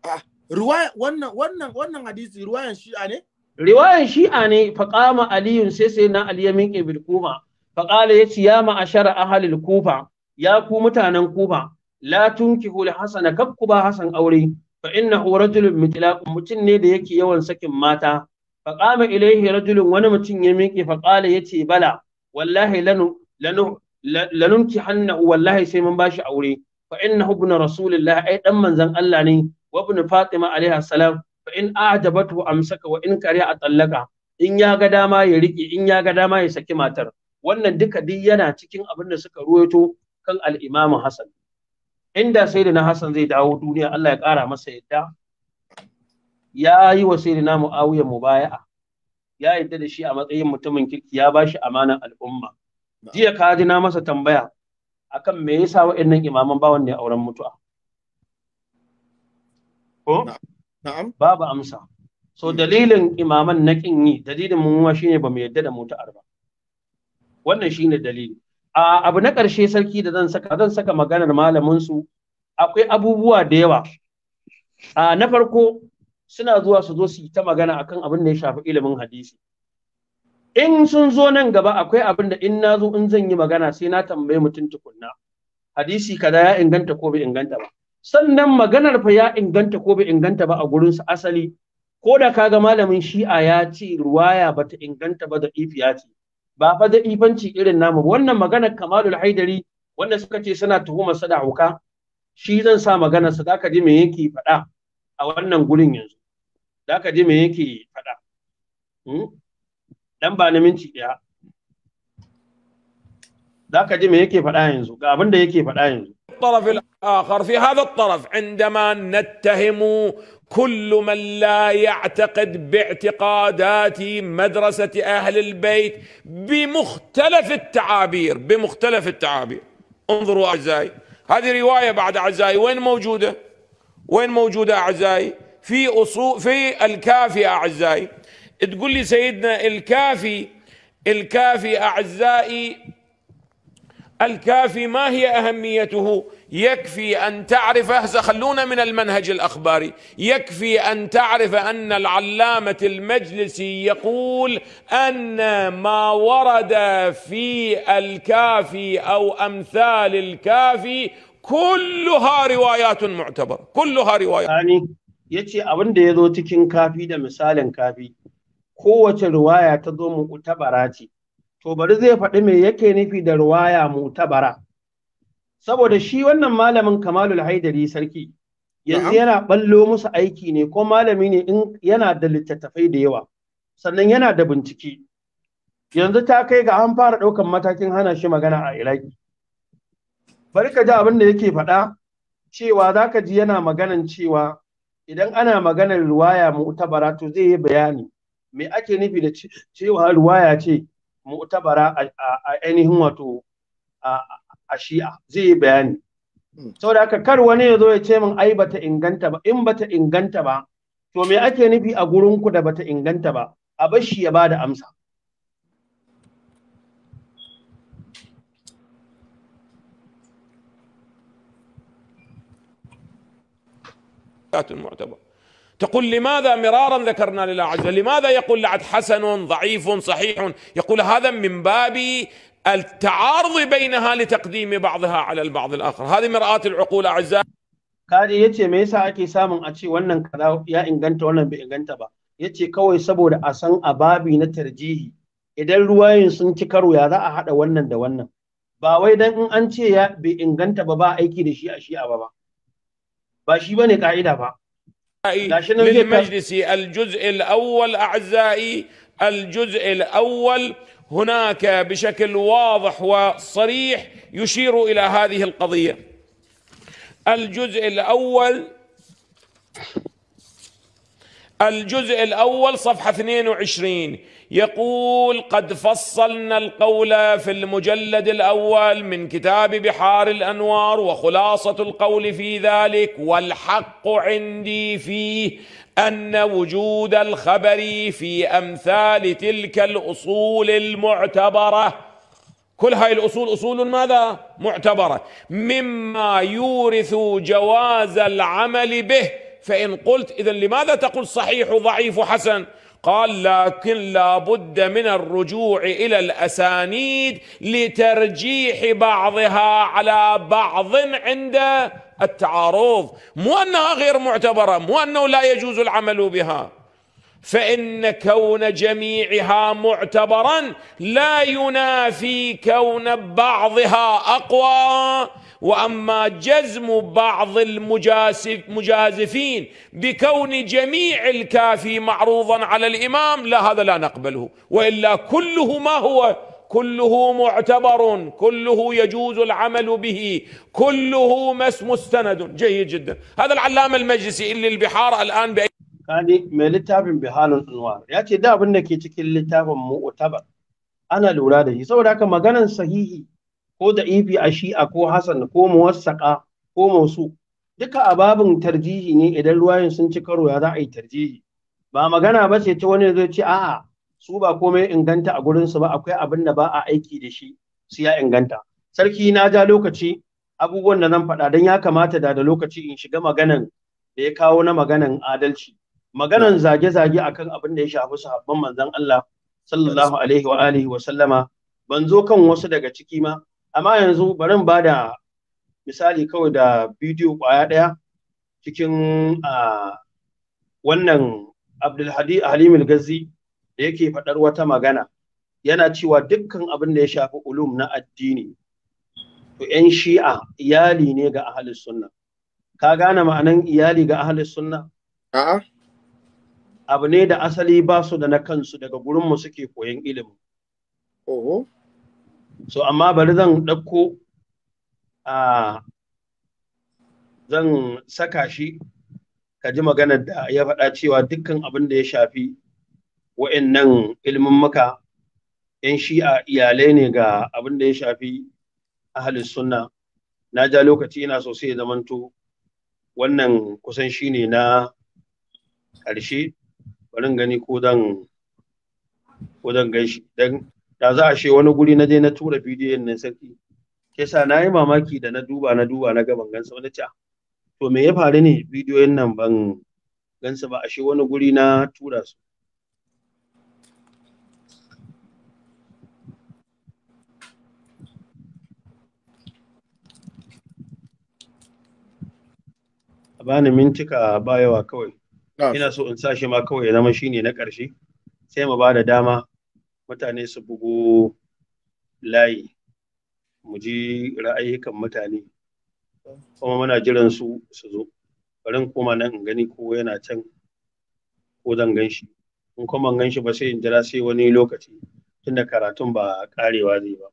ah, ruwaya wannan wannan wannan hadisi ruwayan shi'a ne riwayan shi'a ne faqama aliyun sai sai na aliyamin ibil kuma faqala yace ya ma'ashara ahlil kufa ya ku mutanen kufa la tunkihu hasana kab ku ba hasan aure fa innahu rajulun mitlaqun mutum ne da yake yawan sakin mata fa qama ilayhi rajulun wani mutum ya miƙe fa qala yace bala wallahi lanu lanu lanunki hanna wallahi sai mun bashi aure fa innahu ibn rasulillah ai dan manzon Allah ne wa ibn fatima alaiha salam fa in a'jabatu amsaka wa in kariha atallaka in ya ga dama ya riƙe in ya ga dama ya saki matar wannan duka duk yana cikin abin da suka ruwaito kan al-Imam Hassan inda sai na Hassan zai dawo duniya Allah ya ƙara masa yadda ya yi wa sai na mu baya ya yadda da shi a matsayin mutumin kirki ya bashi amanan al'umma jiya ka ji na masa tambaya akan me yasa wa'annan imaman ba ne auren mutu'a ko na'am babu amsa so dalilin imaman na kin yi dalilin mu shine ba mu yadda da mutu'ar ba wannan shine dalili abu na ƙarshe sarki da zan saka zan saka maganar malaminsu akwai abubuwa da yawa na farko suna zuwa su zo su yi ta magana akan abin da ya shafi ilimin hadisi in sun zo nan gaba akwai abin da in na zo in zan yi magana sai na tambaye mutum tukunna hadisi kaza ya inganta ko bai inganta ba sannan maganar fa ya inganta ko bai inganta ba a gurin asali ko da kaga malamin shi'a ya ce ruwaya bata inganta ba da ifi ba fa da ifanci irin namu wannan magana kamalul haidari wanda suka ce suna tuhumar sa da hauka shi zan sa magana sa zaka ji me yake faɗa a wannan gurin yanzu zaka ji me yake faɗa hmm? dan ba na minti ɗaya zaka ji me yake faɗa yanzu ga abin da yake faɗa yanzu الطرف الآخر في هذا الطرف عندما نتهم كل من لا يعتقد باعتقادات مدرسة أهل البيت بمختلف التعابير بمختلف التعابير انظروا أعزائي هذه رواية بعد أعزائي وين موجودة وين موجودة أعزائي في أصول في الكافي أعزائي تقول لي سيدنا الكافي الكافي أعزائي الكافي ما هي أهميته يكفي أن تعرف خلونا من المنهج الأخباري يكفي أن تعرف أن العلامة المجلسي يقول أن ما ورد في الكافي أو أمثال الكافي كلها روايات معتبرة كلها روايات يعني يتي أبن da تكين كافي cikin kafi كافي قوة رواية تضم ruwaya to bari zai faɗi me yake nufi da ruwaya mutabara saboda shi wannan malamin kamalul haidari sarki yanzu yana ɓallo musu aiki ne ko malami ne in yana da littattafai da yawa sannan yana da bincike yanzu ta kai ga an fara ɗaukan matakin hana shi magana a iraki bari ka ji abin da yake faɗa cewa za ka ji yana maganan cewa idan ana maganar ruwaya mu'tabara to zai yi bayani me ake nufi da cewa ruwaya ce mu'tabara a ainihin wato a shi'a zai yi bayani hmm. saboda haka kar wani ya zo ya ce min ai bata inganta ba in bata inganta ba to me ake nufi a gurinku da bata inganta ba a bar shi ya da amsa mu'tabar تقول لماذا مرارا ذكرنا لله عز وجل لماذا يقول لعد حسن ضعيف صحيح يقول هذا من باب التعارض بينها لتقديم بعضها على البعض الآخر هذه مرآة العقول أعزائي kaje ya ce me yasa ake samun a ce wannan kaza ya inganta wannan bai inganta ba ya ce kawai saboda a san ababi na tarjihi idan ruwayin sun ci karo ya za a haɗa wannan da wannan ba wai dan in an ce ya bai inganta ba ba aiki da shi a shi'a ba ba ba shi bane ka'ida ba للمجلس الجزء الأول أعزائي الجزء الأول هناك بشكل واضح وصريح يشير إلى هذه القضية الجزء الأول الجزء الأول صفحة 22 يقول قد فصلنا القول في المجلد الاول من كتاب بحار الانوار وخلاصه القول في ذلك والحق عندي فيه ان وجود الخبر في امثال تلك الاصول المعتبره كل هاي الاصول اصول ماذا؟ معتبره مما يورث جواز العمل به فان قلت اذا لماذا تقول صحيح ضعيف حسن؟ قال لكن لا بد من الرجوع إلى الأسانيد لترجيح بعضها على بعض عند التعارض مو أنها غير معتبرة مو أنه لا يجوز العمل بها فإن كون جميعها معتبرا لا ينافي كون بعضها أقوى وأما جزم بعض المجازفين بكون جميع الكافي معروضا على الإمام لا هذا لا نقبله وإلا كله ما هو كله معتبر كله يجوز العمل به كله مس مستند جيد جدا هذا العلامة المجلسي اللي البحار الآن بأي يعني ما littafin بهال anwar ya ce انك abin أنا ke cikin littafin mu'tabar ana lura ko da ifi a shi'a ko hasan ko muwassaka ko mausu duka a babin tarjihi ne idan ruwayin sun ci karo ya za a yi tarjihi ba magana ba ce ta wani zai ce a'a su ba komai inganta a gurin su ba akwai abin da ba a aiki da shi su ya inganta sarki na ja lokaci abubuwan da zan faɗa don ya kamata da da lokaci in shiga maganan da ya kawo na maganan adalci maganan zage-zage akan abin da ya shafi sahabban manzon Allah sallallahu alaihi wa alihi wa sallama ban zo kan wasu daga ciki ma amma yanzu barin ba da misali kawai da bidiyo kwaya ɗaya cikin wannan abdulhadi halimul gazi da yake faɗar wata magana yana cewa dukkan abin da ya shafi ulum na addini to 'yan shi'a iyali ne ga Ahalis sunna ka gane ma'anan iyali ga Ahalis sunna abu ne da asali ba su da na kansu daga gurinmu suke koyan ilimi. so amma bari zan ɗauko a zan saka shi ka ji maganar da ya faɗa cewa dukkan abin da ya shafi wa'annan ilmummuka yan shi'a iyalai ne ga abin da ya shafi ahalin sunna na ja lokaci ina sosai sai ya zamanto wannan kusan shi ne na ƙarshe bari gani ko zan ko gan da za a she wani guri na je na tura bidiyon nan sarki ke sa na yi mamaki da na duba na duba na ga ban gansa wani ca ah, to me ya faru ne bidiyoyin nan ban gansa ba a she wani guri na tura su bani mintika bayawa yawa kawai ina so in sa shi ma kawai ya zama ne na ƙarshe sai mu ba da dama mutane su bugu layi mu ji ra'ayikan mutane kuma muna jiran su su zo bari koma nan in gani ko yana can ko zan gan shi in kuma gan shi ba sai in jira sai wani lokaci tunda karatun ba karewa zai ba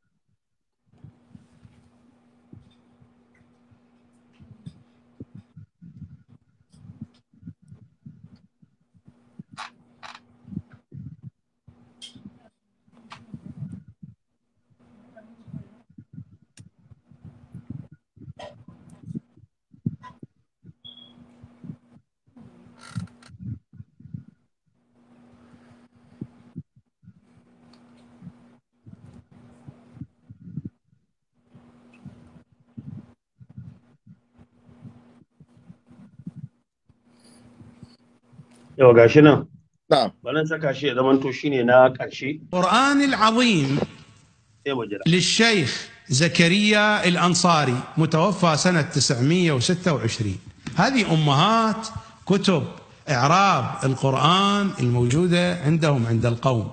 وقاشنا نعم nan na'am إذا ما أنتو شيني ناك أشي na العظيم للشيخ زكريا الأنصاري متوفى سنة 926 هذه أمهات كتب إعراب القرآن الموجودة عندهم عند القوم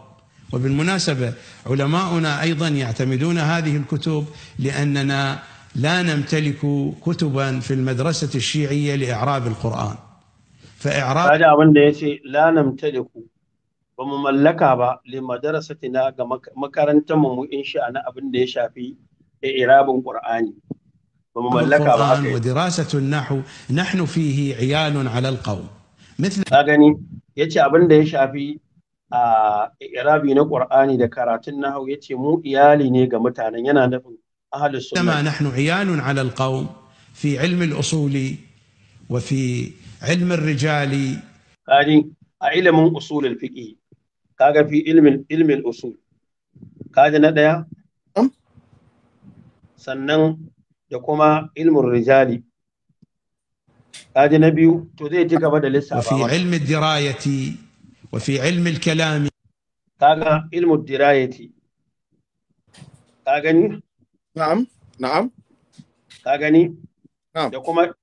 وبالمناسبة علماؤنا أيضا يعتمدون هذه الكتب لأننا لا نمتلك كتبا في المدرسة الشيعية لإعراب القرآن فإعراب هذا من ليسي لا نمتلك بمملكة با لمدرستنا مكارن تمامو إنشاء أنا أبن ليشا في إعراب القرآن بمملكة با ودراسة النحو نحن فيه عيال على القوم مثل أغني يتي أبن ليشا في آه، كما نحن عيال على القوم في علم الأصول وفي ilmin rijali kaji a ilimin usulul fiqh kaga fi ilmin ilmin usul kaji na daya sannan da kuma ilmin rijali kaji na biyu to zai ci gaba da lissafa fi ilmin dirayati wa fi ilmin kalami kaga ilmin dirayati ka gani na'am na'am ka gani da kuma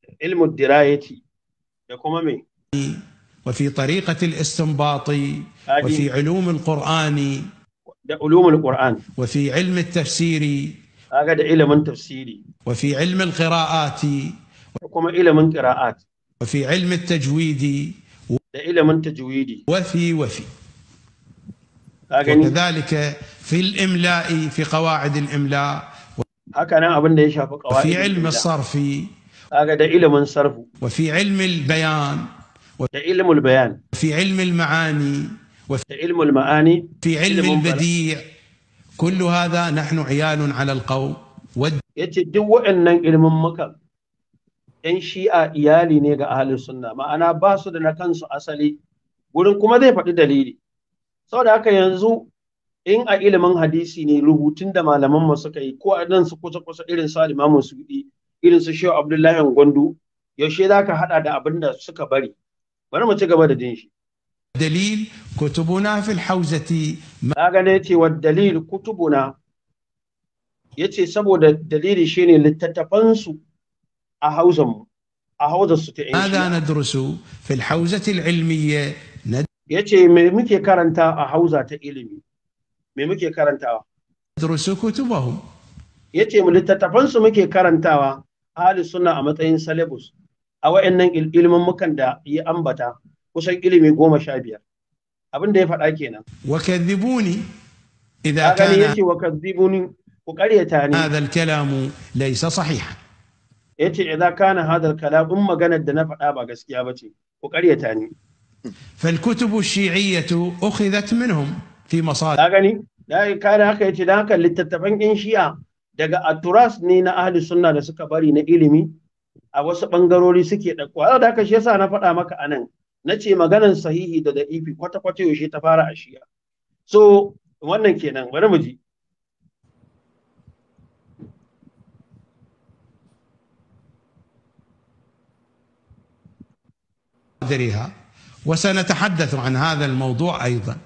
dirayati يقوم وفي طريقة الاستنباط وفي علوم القرآن علوم القرآن وفي علم التفسير علم التفسير وفي علم القراءات يقوم علم القراءات وفي علم التجويد علم التجويد وفي وفي وكذلك في الإملاء في قواعد الإملاء هكذا أبن في علم الصرف وفي علم البيان علم البيان في علم المعاني وفي علم المعاني في علم البديع كل هذا نحن عيال على القوم يتدوى أن علم مكان إن شيء إيالي نيغا أهل السنة ما أنا باسد نكنس أسلي ولن كما دي فقد دليلي سوى داك ينزو إن أئل حديثي ني لغو تندما لمن مسكي كوى أدن سكوتا قصة إلن سالي ما مسكي irin su shehu abdullahi gwandu yaushe za ka hada da abin da suka bari bari mu ci gaba da jin shi dalil kutubuna fil hauzati kaga ne wa dalil kutubuna yace saboda dalili shine littattafan su a hauzan mu a hauzar su ta yin shi. nadrusu fil hauzati al ilmiyya yace me muke karanta a hauza ta ilimi me muke karantawa nadrusu kutubahum yace mu littattafan su muke karantawa ahli sunna a matsayin salabus a wayannan ilimin mukan da ya ambata kusan ilimi goma sha biyar abin da ya faɗa kenan wa kadhibuni idza kana yace wa kadhibuni ku qaryata ni hadha al laysa yace kana hadha al-kalam in maganar da na faɗa ba gaskiya bace ku qaryata ni فالكتب الشيعية أخذت منهم في مصادر. لا haka لا كان هكا يتداك للتتفنجن شيعة daga aturas ne na ahli sunna da suka bari na ilimi a wasu bangarori suke ɗauko da haka shi yasa na faɗa maka anan na ce maganan sahihi da da'ifi kwata-kwata yaushe ta fara a shiya so wannan kenan bari mu ji قدرها وسنتحدث عن هذا الموضوع ايضا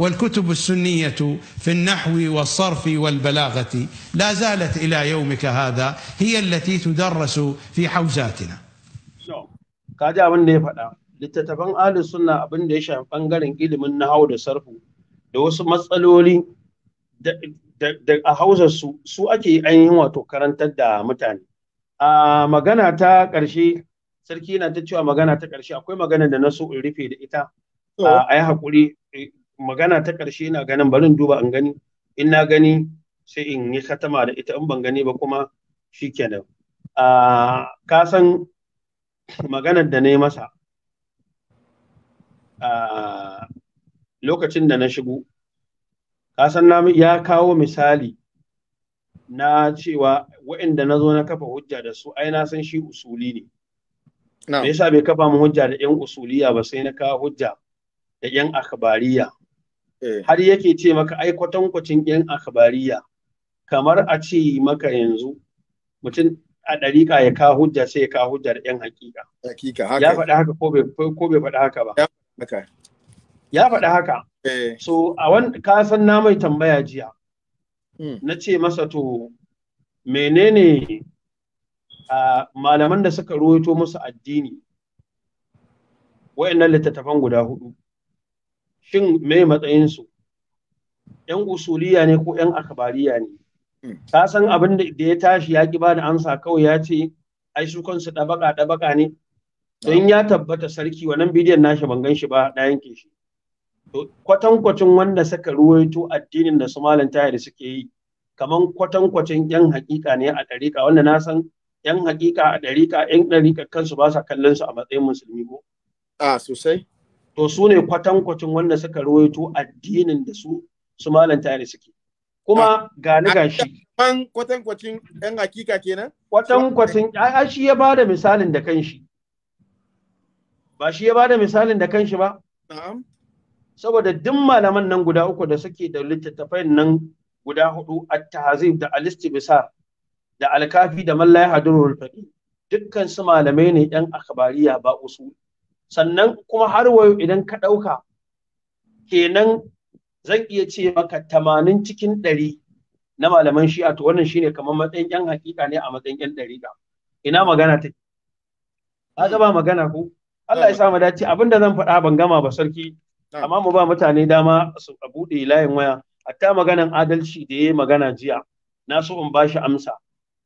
والكتب السنية في النحو والصرف والبلاغة لا زالت إلى يومك هذا هي التي تدرس في حوزاتنا kaji abin da ya faɗa littattafan ahlus sunna abin da ya shafi bangaren ilimin nahau da sarfu da wasu matsaloli da a hausar su su ake ainihin wato karantar da mutane a magana ta ƙarshe sarki yana ta cewa magana ta ƙarshe akwai magana da na so in rufe da ita a yi haƙuri magana ta ƙarshe ina ganin barin duba in gani in na gani sai in yi katama da ita in ban gani ba kuma shikenan a ka san maganar da na yi masa a lokacin da na shigo ka san na ya kawo misali na cewa waɗanda na zo na kafa hujja da su ai na san shi usuli ne me yasa bai kafa mu hujja da yan usuliya ba sai na kawo hujja da yan akabariya Eh. har yake ce maka ai kwatankwacin yan akabariya kamar a ce maka yanzu mutum a ɗariƙa ya ka hujja sai ya ka hujja da yan hakika ya faɗi haka ko bai faɗi haka ba ya faɗi haka eh. so a wan ka san na mai tambaya jiya hmm. na ce masa to menene malaman da suka ruwaito musu addini wayannan littattafan guda hudu shin me matsayinsu ‘yan usuliya ne ko ‘yan akabariya ne hmm. ka san abin da ya tashi ya ki ba da amsa kawai ya ce ai su kansu ɗabaka ɗabaka ne don ah. ya tabbata sarki wannan bidiyon nashi ban gan shi ba na yanke shi kwatankwacin wanda suka ruwaito addinin da su malam da suke yi kamar kwatankwacin yan hakika ne a ɗariƙa wanda na san yan hakika a ɗariƙa yan ɗarika kansu ba sa kallon su a matsayin musulmi ko a ah, sosai to su ne kwatankwacin wanda suka rawaito addinin da su su malanta ne suke kuma ah, ga ni gashi an kwatankwacin yan hakika kenan kwatankwacin a shi ya bada misalin da kanshi ba shi ya bada misalin da kanshi ba na'am saboda duk malaman nan guda uku da suke da littattafai nan guda hudu at-tahzib da al-istibsar da al-kafi da mallai hadrul yahdurul dukkan su malamai ne yan akhbariya ba usul sannan kuma har wayo idan ka ɗauka kenan zan iya ce maka tamanin cikin ɗari na malaman shi'a to wannan shine kamar matsayin yan hakika ne a matsayin yan ɗariƙa ina magana take ka gaba magana ku? Allah ya sa mu dace abinda zan faɗa ban gama ba sarki amma mu ba mutane dama su buɗe layin waya hatta maganan adalci da yayi magana jiya na so in bashi amsa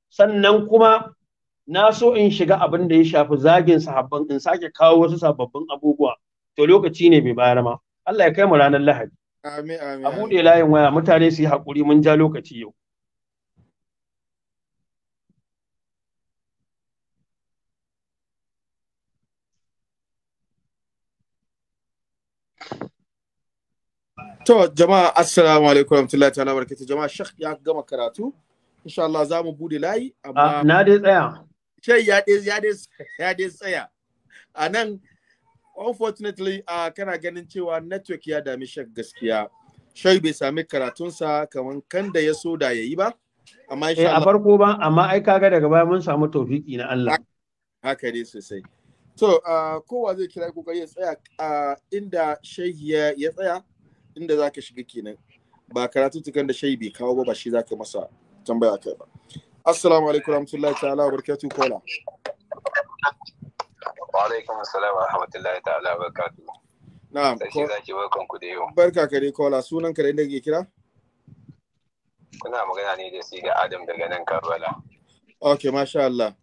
sannan kuma na so in shiga abin da ya shafi zagin sahabban in sake kawo wasu sababbin abubuwa to lokaci ne bai bayar ma Allah ya kai mu ranar Lahadi amin amin abu da layin waya mutane su yi hakuri mun ja lokaci yau To jama'a assalamu alaikum warahmatullahi ta'ala barkatu jama'a shekh ya gama karatu insha Allah za mu bude layi amma ah, na dai tsaya shai ya dai tsaya a nan unfortunately uh, kana ganin cewa network ya dami shek gaskiya shai bai sami karatunsa kamar kan da ya so da ya yi ba amma eh, a farko ba amma ai kaga daga baya mun samu tofiki na Allah haka dai sosai to kowa zai kira ku ya tsaya inda shehi ya tsaya inda zaka shiga kenan ba karatu tukan da shehi bai kawo ba ba shi zaka masa tambaya kai ba assalamu alaikum warahmatullahi ta'ala wabarakatuh kola wa alaikum assalam warahmatullahi ta'ala wabarakatuh na'am sai zaki barkan ku da yau barka ka dai kola sunan ka da inda kake kira kuna magana ne da siga adam daga nan Kabbala okay masha Allah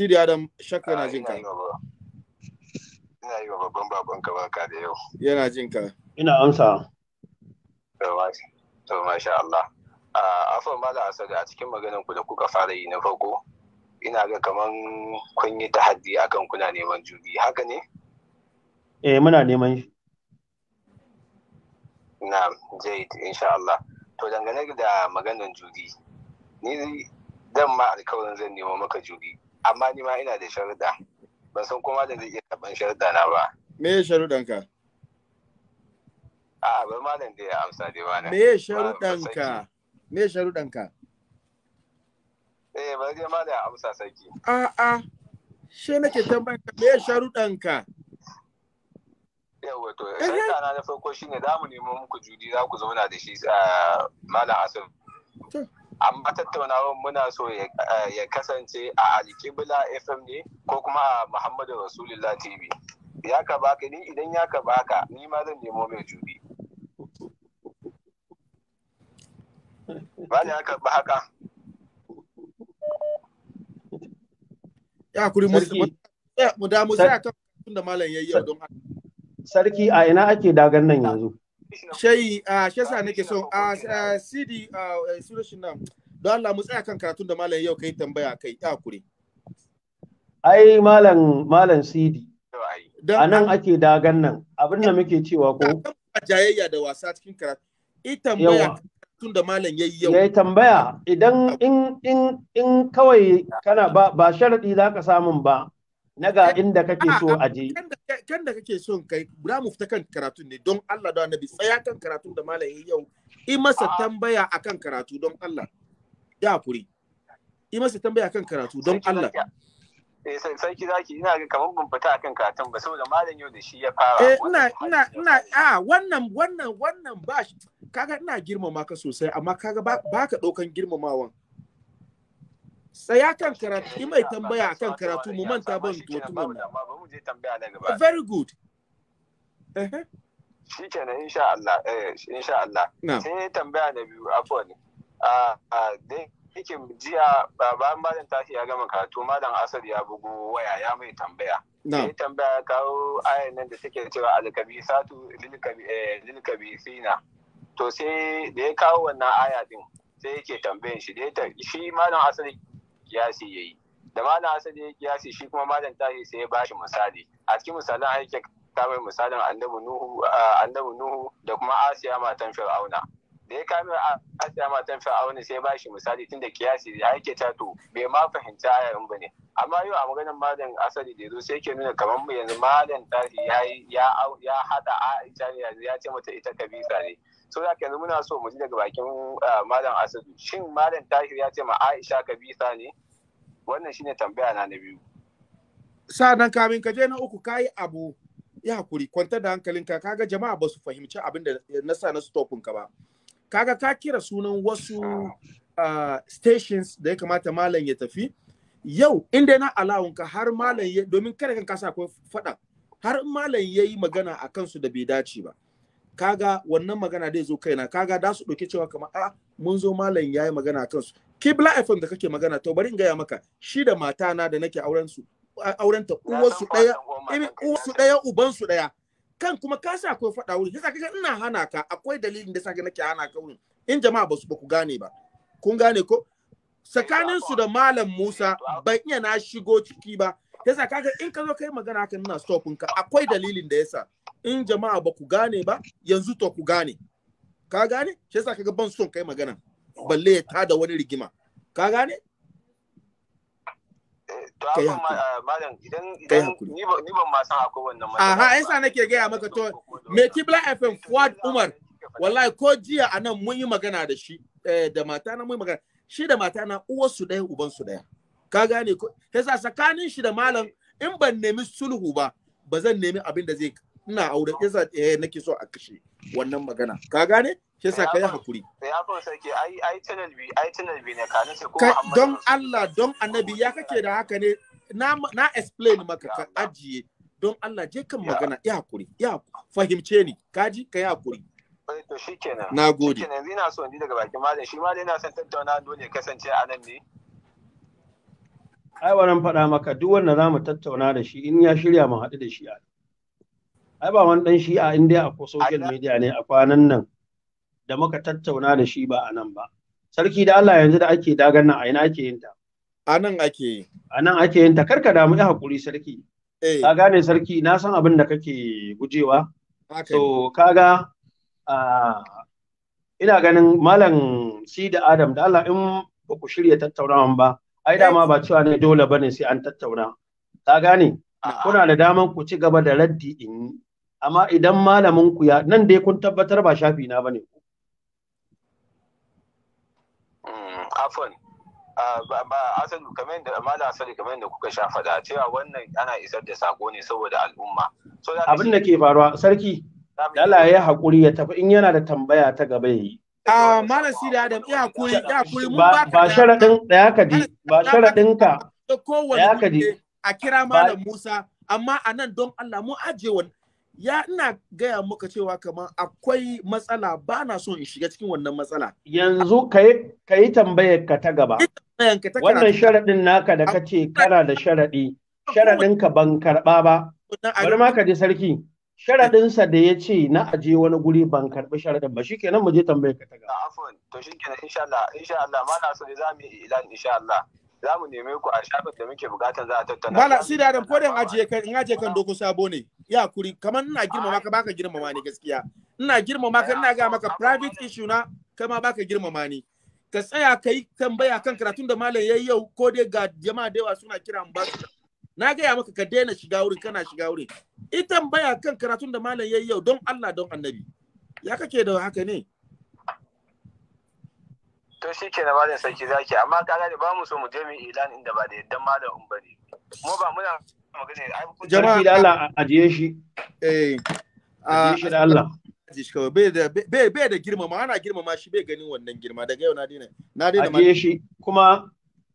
Sidi Adam shakka na ah, jinka. Ina yi wa babban babanka barka da yau. Yana jinka. Ina amsa. To masha Allah. A afon mala asali a cikin maganin ku da kuka fara yi na farko ina ga kaman kun yi tahaddi akan kuna neman juri, haka ne eh muna neman shi na jade insha Allah to dangane da maganin juri, ni dan ma alkawarin zan nemo maka juri. amma ni ma ina da sharuda ban san kuma da zai iya karɓan sharuda na ba me sharudan ka a'a ba malam da ya amsa dai ba me sharudan ka me sharuɗan ka eh ba zai ma da amsa sarki A'a, a she nake tambayarka. ka me sharuɗan ka yawa to eh, eh. sharuɗa na farko shine za mu nemo muku judi za ku zauna da shi malam asim amma tattaunawar muna so ya kasance a alikibla fm ne ko kuma a muhammadu rasulullah tv ya ka baka ni idan ya ka baka ni ma zan nemo mai judi ba ne ya kuri mu da mu sai tun da malam yayi yau don sarki a ina ake dagan nan yanzu shayi a shesa nake so a a nan don Allah mu tsaya kan karatun da malam yau kai tambaya kai ya kuri ai malam malam a nan ake dagan nan abin da muke cewa ko jayayya da wasa cikin karatu ita tun da malam yi yau yayi tambaya idan in in in kawai kana ba ba za ka samun ba na ga inda kake so a je kan da kake so kai za mu fita kan karatun ne don Allah da Annabi tsaya kan karatun da malam yi yau i masa tambaya a kan karatu don Allah ya kuri. i masa tambaya a kan karatu don Allah Eh, sarki zaki ina ga kamar ban fita akan katon ba saboda malam yau da shi ya fara eh, ina ina ina a ah, wannan wannan wannan ba shi kaga ina girmama ka sosai amma kaga ba ka daukan girmamawan tsaya kan karatu in mai tambaya akan karatu mu manta ban to tunan eh, very good eh eh insha Allah eh insha Allah sai tambaya na biyu afwan a ah, a ah, dai yake jiya baban malam tashi ya gama karatu malam asad ya bugu waya ya mai tambaya ya tambaya kawo ayan nan da take cewa eh, kabi sina to sai da ya kawo wannan aya din sai yake tambayan shi da ya shi malam asad kiyasi yayi da malam asad ya kiyasi shi kuma malam tashi sai ya ba shi misali a cikin misalan aiki ta mai misalin annabi nuhu da kuma asiya matan fir'auna da ya kame a asiya matan fir'auna sai ba shi misali tunda kiyasi da yake ta to bai ma fahimci ayarin ba ne amma yau a maganar malam asali da zo sai ke nuna kamar mu yanzu malam tashi ya ya hada aisha ne yanzu ya ce mata ita kabisa ne so da yanzu muna so mu ji daga bakin eh, malam asali shin malam tashi ya ce ma aisha kabisa ne wannan shine tambaya na na biyu sa'an kamin ka je na uku kayi abu ya hakuri kwanta da hankalinka kaga jama'a ba su fahimci abin da na sa na stopin ka ba kaga ka kira sunan wasu uh, stations da ya kamata malam ya tafi yau inda na alawunka har malam ya domin kada kan kasa akwai faɗa har malam ya yi magana a kansu da bai dace ba kaga wannan magana dai zo kaina kaga da su ɗauki cewa kamar a ah, mun zo malam ya yi magana a kansu kibla fm da kake magana to bari in gaya maka shi da mata na da nake auren su aurenta uwarsu ɗaya eh, uwarsu uban ubansu ɗaya kan kuma ka sa akwai faɗa wuri yasa kaga ina hana ka akwai dalilin da saka nake hana ka wurin in jama'a ba su ba ku gane ba kun gane ko tsakanin su da malam Musa ban iya na shigo ciki ba yasa kaga in ka zo kai magana haka ina stop ka akwai dalilin da yasa in jama'a ba ku gane ba yanzu to ku gane ka gane yasa kaga ban son kai magana balle ya tada wani rigima ka gane kai hakuri eh, ni ban ma san akwai wannan matsala aha yasa nake gaya maka to me kibla fm fuad umar wallahi ko jiya anan mun yi magana da shi eh, da mata na mun yi magana shi da mata na uwarsu ɗaya su ɗaya ka gane ko yasa tsakanin shi da malam eh. in ban nemi sulhu ba ba zan nemi abin da zai ina aure yasa nake so a kashe wannan magana ka gane shi sa kai hakuri ka nace ko don Allah don annabi ya kake da haka ne na explain maka ka ajiye don Allah je kan magana ya hakuri ya fahimce ni kaji ka yi hakuri eh, to shikenan nagode shikenan yanzu ina so in daga bakin malam shi malam yana son tattauna dole kasance a nan ne ai wannan faɗa maka duk wanda zamu tattauna da shi in ya shirya mu haɗu da shi a ai ba wani dan shi'a in a akwai social media ne a kwanan nan da muka tattauna da shi ba a nan ba sarki da Allah yanzu da ake dagan nan a ina ake yin ta a nan ake yi a nan ake yin ta karka damu ya hakuri sarki eh. ka gane sarki na san abin da kake gujewa to kaga ina ganin malam si da adam da Allah in ba ku shirya tattaunawan ba ai dama ba eh. cewa ne dole bane sai an tattauna ka gane kuna da daman ku ci gaba da raddi in amma idan malamin ku ya nan dai kun tabbatar ba shafi na bane ku afon ba asali kamar da mala asali kamar da kuka sha faɗa cewa wannan ana isar da sako ne saboda al'umma abin da ke faruwa sarki lala ya haƙuri ya tafi in yana da tambaya ta gaba ya yi malam sidi adam ya hakuri ya hakuri mun ba ba da ya kaji ba sharaɗin ka da ya a kira malam musa amma a nan don Allah mu wani ya ina gaya muka cewa kamar akwai matsala ba na son in shiga cikin wannan matsala. Yanzu ka yi tambayar ka ta gaba. Wannan sharaɗin naka da kace kana da sharaɗi, sharaɗin ka ban karɓa ba. Bari ma ka je sarki. Sharaɗinsa da ya ce na aje wani guri ban karɓi sharaɗin ba shikenan mu je tambayar ka ta gaba. to shikenan insha Allah insha Allah ma za mu yi ilan insha Allah. za mu neme ku a shafin da muke bukata za a tattauna. Bala si da dan kodan ajiye kan in ajiye kan doko sabo ne. Ya kuri kamar ina girmama ka baka girmama ni gaskiya. Ina girmama ka ina ga maka private issue na kama baka girmama ni. Ka tsaya ka yi tambaya kan karatun da malam yayi yau ko dai ga jama'a da yawa suna kira mu ba Na gaya maka ka daina shiga wurin kana shiga wurin. Ita tambaya kan karatun da malam yayi yau don Allah don Annabi. Ya kake da haka ne? to shi ke na malam sarki zaki amma kaga ne ba mu so mu je mu ilan inda ba da yadda malam un bane mu ba muna magana ai kun jama'a da Allah ajiye shi eh ajiye shi da Allah ji shi kawai bai da bai da ma ana girmama shi bai ganin wannan girma daga yau na dina na ma ajiye shi kuma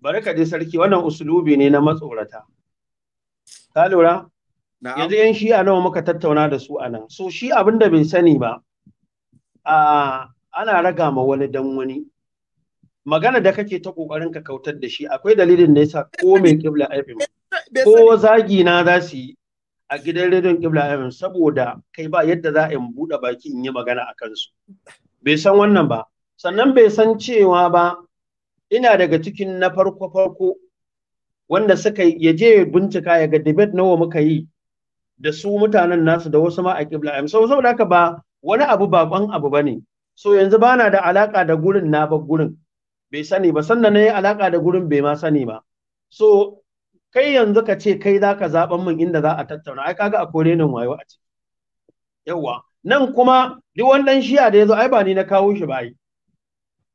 barka dai sarki wannan usulubi ne na matsorata ka lura yanzu yan a nawa muka tattauna da su anan so shi abin da bai sani ba a ana raga ma wani dan wani magana da kake ta kokarin ka kautar da shi akwai dalilin da yasa ko mai kibla aifin ko zagi na za su yi a gidan rediyon kibla aifin saboda kai ba yadda za in buɗe baki in yi magana a kansu bai san wannan ba sannan bai san cewa ba ina daga cikin na farko farko wanda suka ya je bincika ya ga debate nawa muka yi da su mutanen nasu da wasu ma a kibla so, saboda haka ba wani abu baban abu bane so yanzu bana da alaka da gurin na ba gurin bai sani ba sannan na yi alaƙa da gurin bai ma sani ba so kai yanzu ka ce kai za ka zaɓan min inda za a tattauna ai kaga a kore nan wayo a ce yawwa nan kuma duk wani ɗan shiya da ya zo ai ba ni na kawo shi ba yi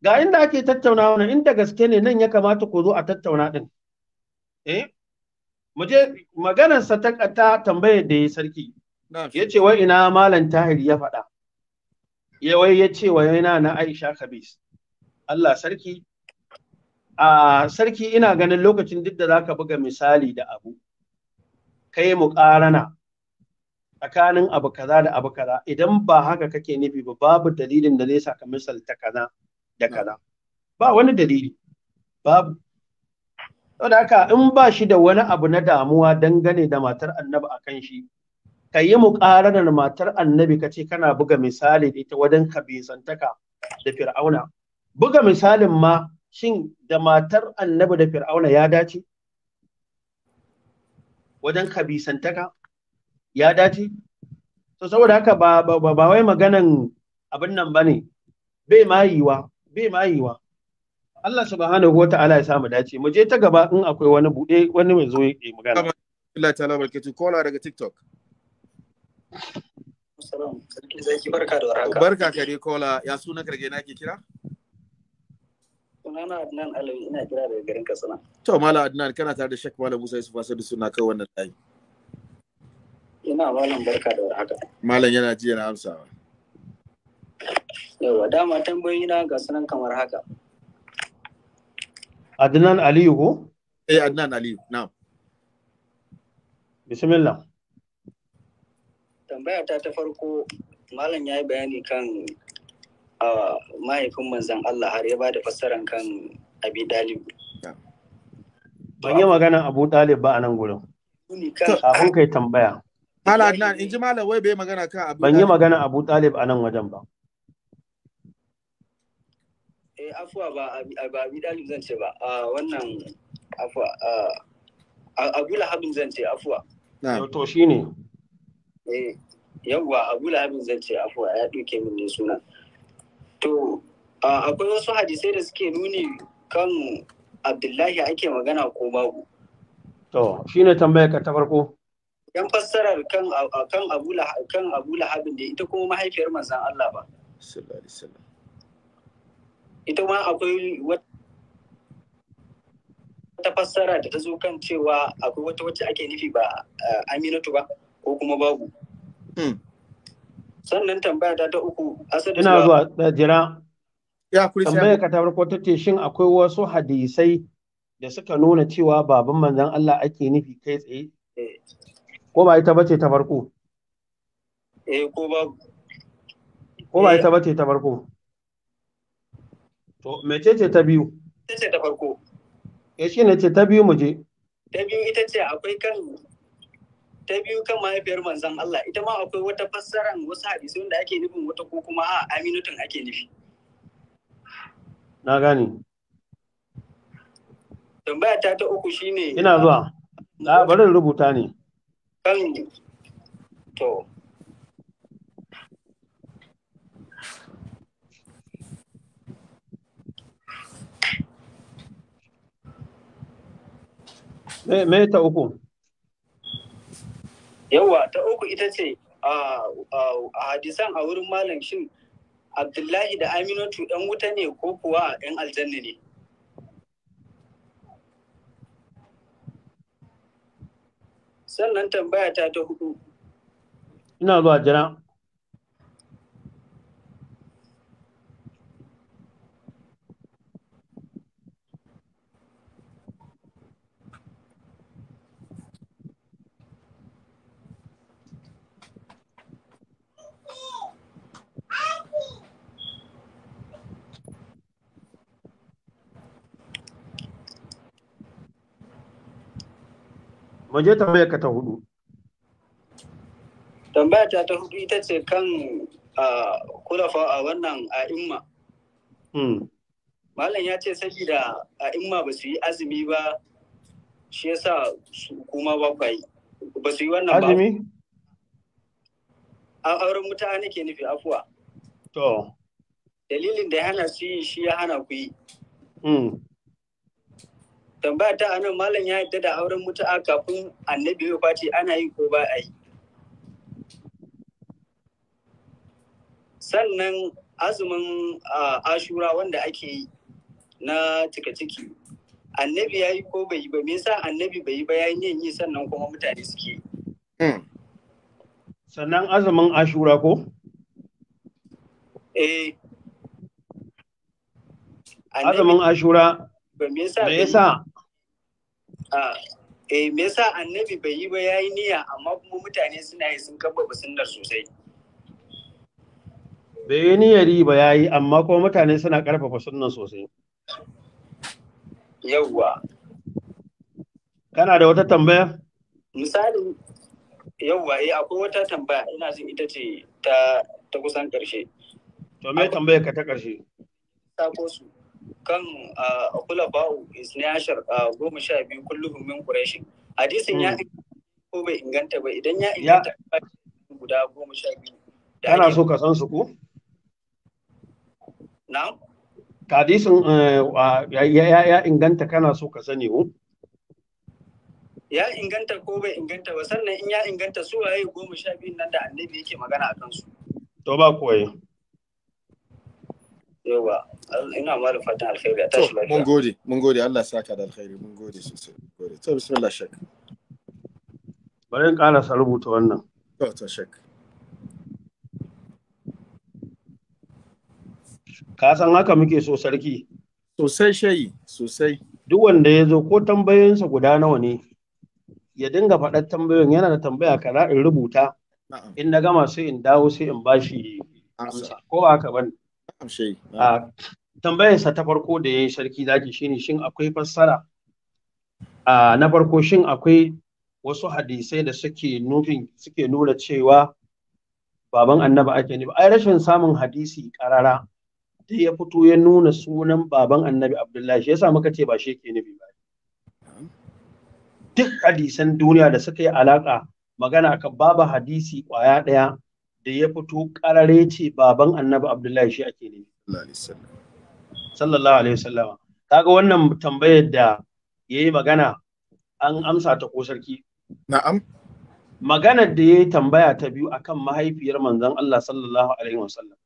ga inda ake tattauna wannan inda gaske ne nan ya kamata ku zo a tattauna ɗin eh Muje maganarsa ta ta tambayar da ya sarki ya ce wai ina malam tahir ya faɗa ya wai ya ce wa yana na aisha kabis Allah sarki a sarki ina ganin lokacin duk da zaka buga misali da abu kai mu ƙarana tsakanin abu kaza da abu kaza idan ba haka kake nufi ba babu dalilin da zai saka misalta kaza da kaza ba wani dalili babu saboda haka in ba shi da wani abu na damuwa dangane da matar annabi a kan shi ka yi muƙaranar matar annabi ka ce kana buga misali da ita wajen ka da fir'auna buga misalin ma shin da matar annabi da fir'auna ya dace wajen kabisantaka ya dace to saboda haka ba ba ba wai maganan abin nan bane bai ma yiwa bai ma yiwa Allah subhanahu wa ta'ala ya samu dace mu je ta gaba in akwai wani bude wani mai zo ya magana Allah ta'ala barkatu kola daga TikTok Barka da Barka, kare kola ya suna karge na ke kira? sunana Adnan Alawi ina kira daga garin Katsina. To Malam Adnan kana tare da Sheikh Malam Musa Yusuf Asadu suna kan wannan layi. Ina malam barka da warhaka. Malam yana ji yana amsawa. Yawa dama tambayoyi na ga sunan kamar haka. Adnan Aliyu ko? Eh Adnan Aliyu, na'am. Bismillah. Tambaya ta ta farko Malam ya yi bayani kan mahaifin manzan Allah har ya ba da fassaran kan abi dalib ban yi magana abu dalib ba a nan gurin Abun kai tambaya Mala Adnan, in ji Mala wai bai magana kan Abu Ban yi magana Abu Talib a nan wajen ba. Eh afuwa ba Abi Dalibu zan ce ba. wannan afuwa Abu Lahabin zan ce afuwa. Na to shi Eh yawwa Abu Lahabin zan ce afuwa ya duke min ne suna. to akwai wasu hadisai da suke nuni kan abdullahi ake magana ko babu to ne tambayar ka ta farko yan fassarar kan abu lahabin da ita kuma mahaifiyar manzan Allah ba ita ma akwai wata fassara da ta zo kan cewa akwai wata wacce ake nufi ba aminatu ba ko kuma babu hmm. sannan tambaya ta ta uku asadu ina zuwa da eh, jira ya kuri tambaya ka ta farko ta ce shin akwai wasu hadisai da suka nuna cewa baban manzon Allah ake nufi kai tsaye eh. ko ba ita bace ta farko eh ko ba ko ba ita eh. bace ta farko to mecece ta biyu ita ce ta farko eh shine ce ta biyu mu je ta biyu ita ce akwai kan ta biyu kan mahaifiyar manzon Allah ita ma akwai wata fassara wasu hadisi wanda ake nufin wata ko kuma a aminutun ake nufi na gane tambaya ta ta uku shine ina zuwa na bari rubuta ne kan to me ta uku? yawa ta uku ita ce a hadisan a wurin malam shin abdullahi da aminatu ɗan wuta ne ko kuwa ɗan aljanna ne sannan tambaya ta ta hudu ina zuwa jira Maje je tambayarka ta hudu. Tambaya ta ta hudu ita ce kan kulafa a wannan a'imma. Hmm. Malam ya ce saboda a'imma ba su yi azumi ba shi yasa kuma ba kuma bakwai Ba su yi wannan ba. Azumi? A auren mutane ke nufi afuwa. To. Dalilin da ya hana su yi shi ya hana ku yi. Hmm. tambaya ta anan malam ya yadda da auren mutu'a kafin annabi ya kwace ana yi ko ba a yi sannan azumin ashura wanda ake yi na cika ciki annabi ya yi ko bai yi ba me yasa annabi bai yi ba ya yin yi sannan kuma mutane suke hmm. sannan azumin ashura ko eh azumin ashura me yasa me yasa ah, eh me yasa annabi bai yi ba ya yi niyya amma kuma mutane suna yi sun kabba sunnar sosai bai yi niyyar yi ba yi amma kuma mutane suna karfafa sunnan sosai yawwa kana da wata tambaya misali yawwa eh akwai wata tambaya ina jin ita ce ta ta kusan karshe to me tambayar ka ta karshe ta su kan kula ba'u isniyashar goma sha biyu kullum min ƙureshi hadisin ya hmm. ko bai inganta ba idan ya inganta guda goma sha biyu kana so ka san su ko na hadisin eh, ya inganta kana so ka sani ko ya inganta ko bai inganta ba sannan in ya inganta su waye goma sha biyu nan da annabi yake magana a kansu to ba koyi yawa ina ma da fatan alkhairi a tashi lafiya mun gode mun gode Allah sa ka da alkhairi mun gode sosai gode to bismillah shek bari in ƙara sa rubuta wannan to to shek ka san haka muke so sarki sosai shayi sosai duk wanda ya zo ko tambayoyinsa guda nawa ne ya dinga faɗar tambayoyin yana da tambaya kaza in rubuta in na gama sai in dawo sai in bashi amsa ko ba haka bane Ah, tambayarsa ta farko da ya yi sarki zaki shine shin akwai fassara ah, na farko shin akwai wasu hadisai da suke nufin suke nuna cewa baban Annabi ake nufi ai rashin samun hadisi karara da ya fito ya nuna sunan baban annabi abdullahi shi yasa muka ce ba shi ke nufi ba duk hadisan duniya da suka yi alaka magana kan babu hadisi kwaya ɗaya da ya fito karare ce baban annabi abdullahi shi ake ne sallallahu alaihi wasallam kaga wannan tambayar da yayi magana an amsa ta ko sarki na'am maganar da yayi tambaya ta biyu akan mahaifiyar manzon Allah sallallahu alaihi wasallam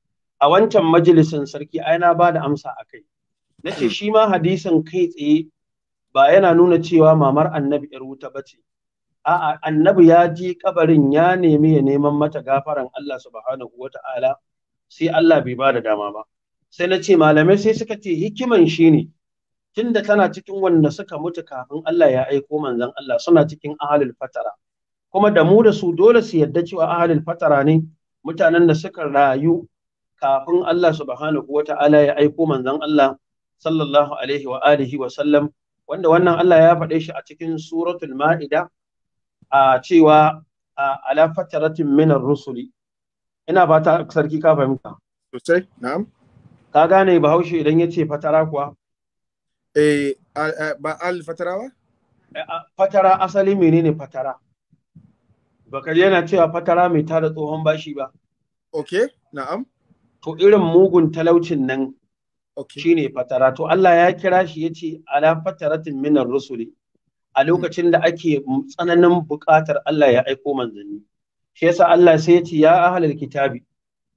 a wancan majalisin sarki ai na bada amsa akai nace shi ma hadisin kai tsaye ba yana nuna cewa mamar annabi yar wuta bace a'a annabi ya ji kabarin ya nemi ya neman mata gafaran Allah subhanahu Ta'ala, sai Allah bai ba da dama ba sai na ce malamai sai suka ce hikiman shine tunda tana cikin wanda suka mutu kafin Allah ya aiko manzon Allah suna cikin ahalul fatara kuma da mu da su dole su yadda cewa ahalul fatara ne mutanen da suka rayu kafin Allah subhanahu Ta'ala ya aiko manzon Allah sallallahu alaihi wa alihi wa sallam wanda wannan Allah ya faɗe shi a cikin suratul ma'ida a cewa ala fataratin minar rusuli ina ba ta sarki ka fahimta sosai na'am ka gane bahaushe idan ya ce fatara kuwa eh ba al fatara ba fatara asali menene fatara bakar yana cewa fatara mai tada tsohon bashi ba ok na'am to irin mugun talaucin nan okay. shine fatara to Allah ya kira shi ya ce ala fataratin minar rusuli a lokacin da ake tsananin buƙatar Allah ya aiko manzanni shi yasa Allah sai ya ce ya ahlal kitabi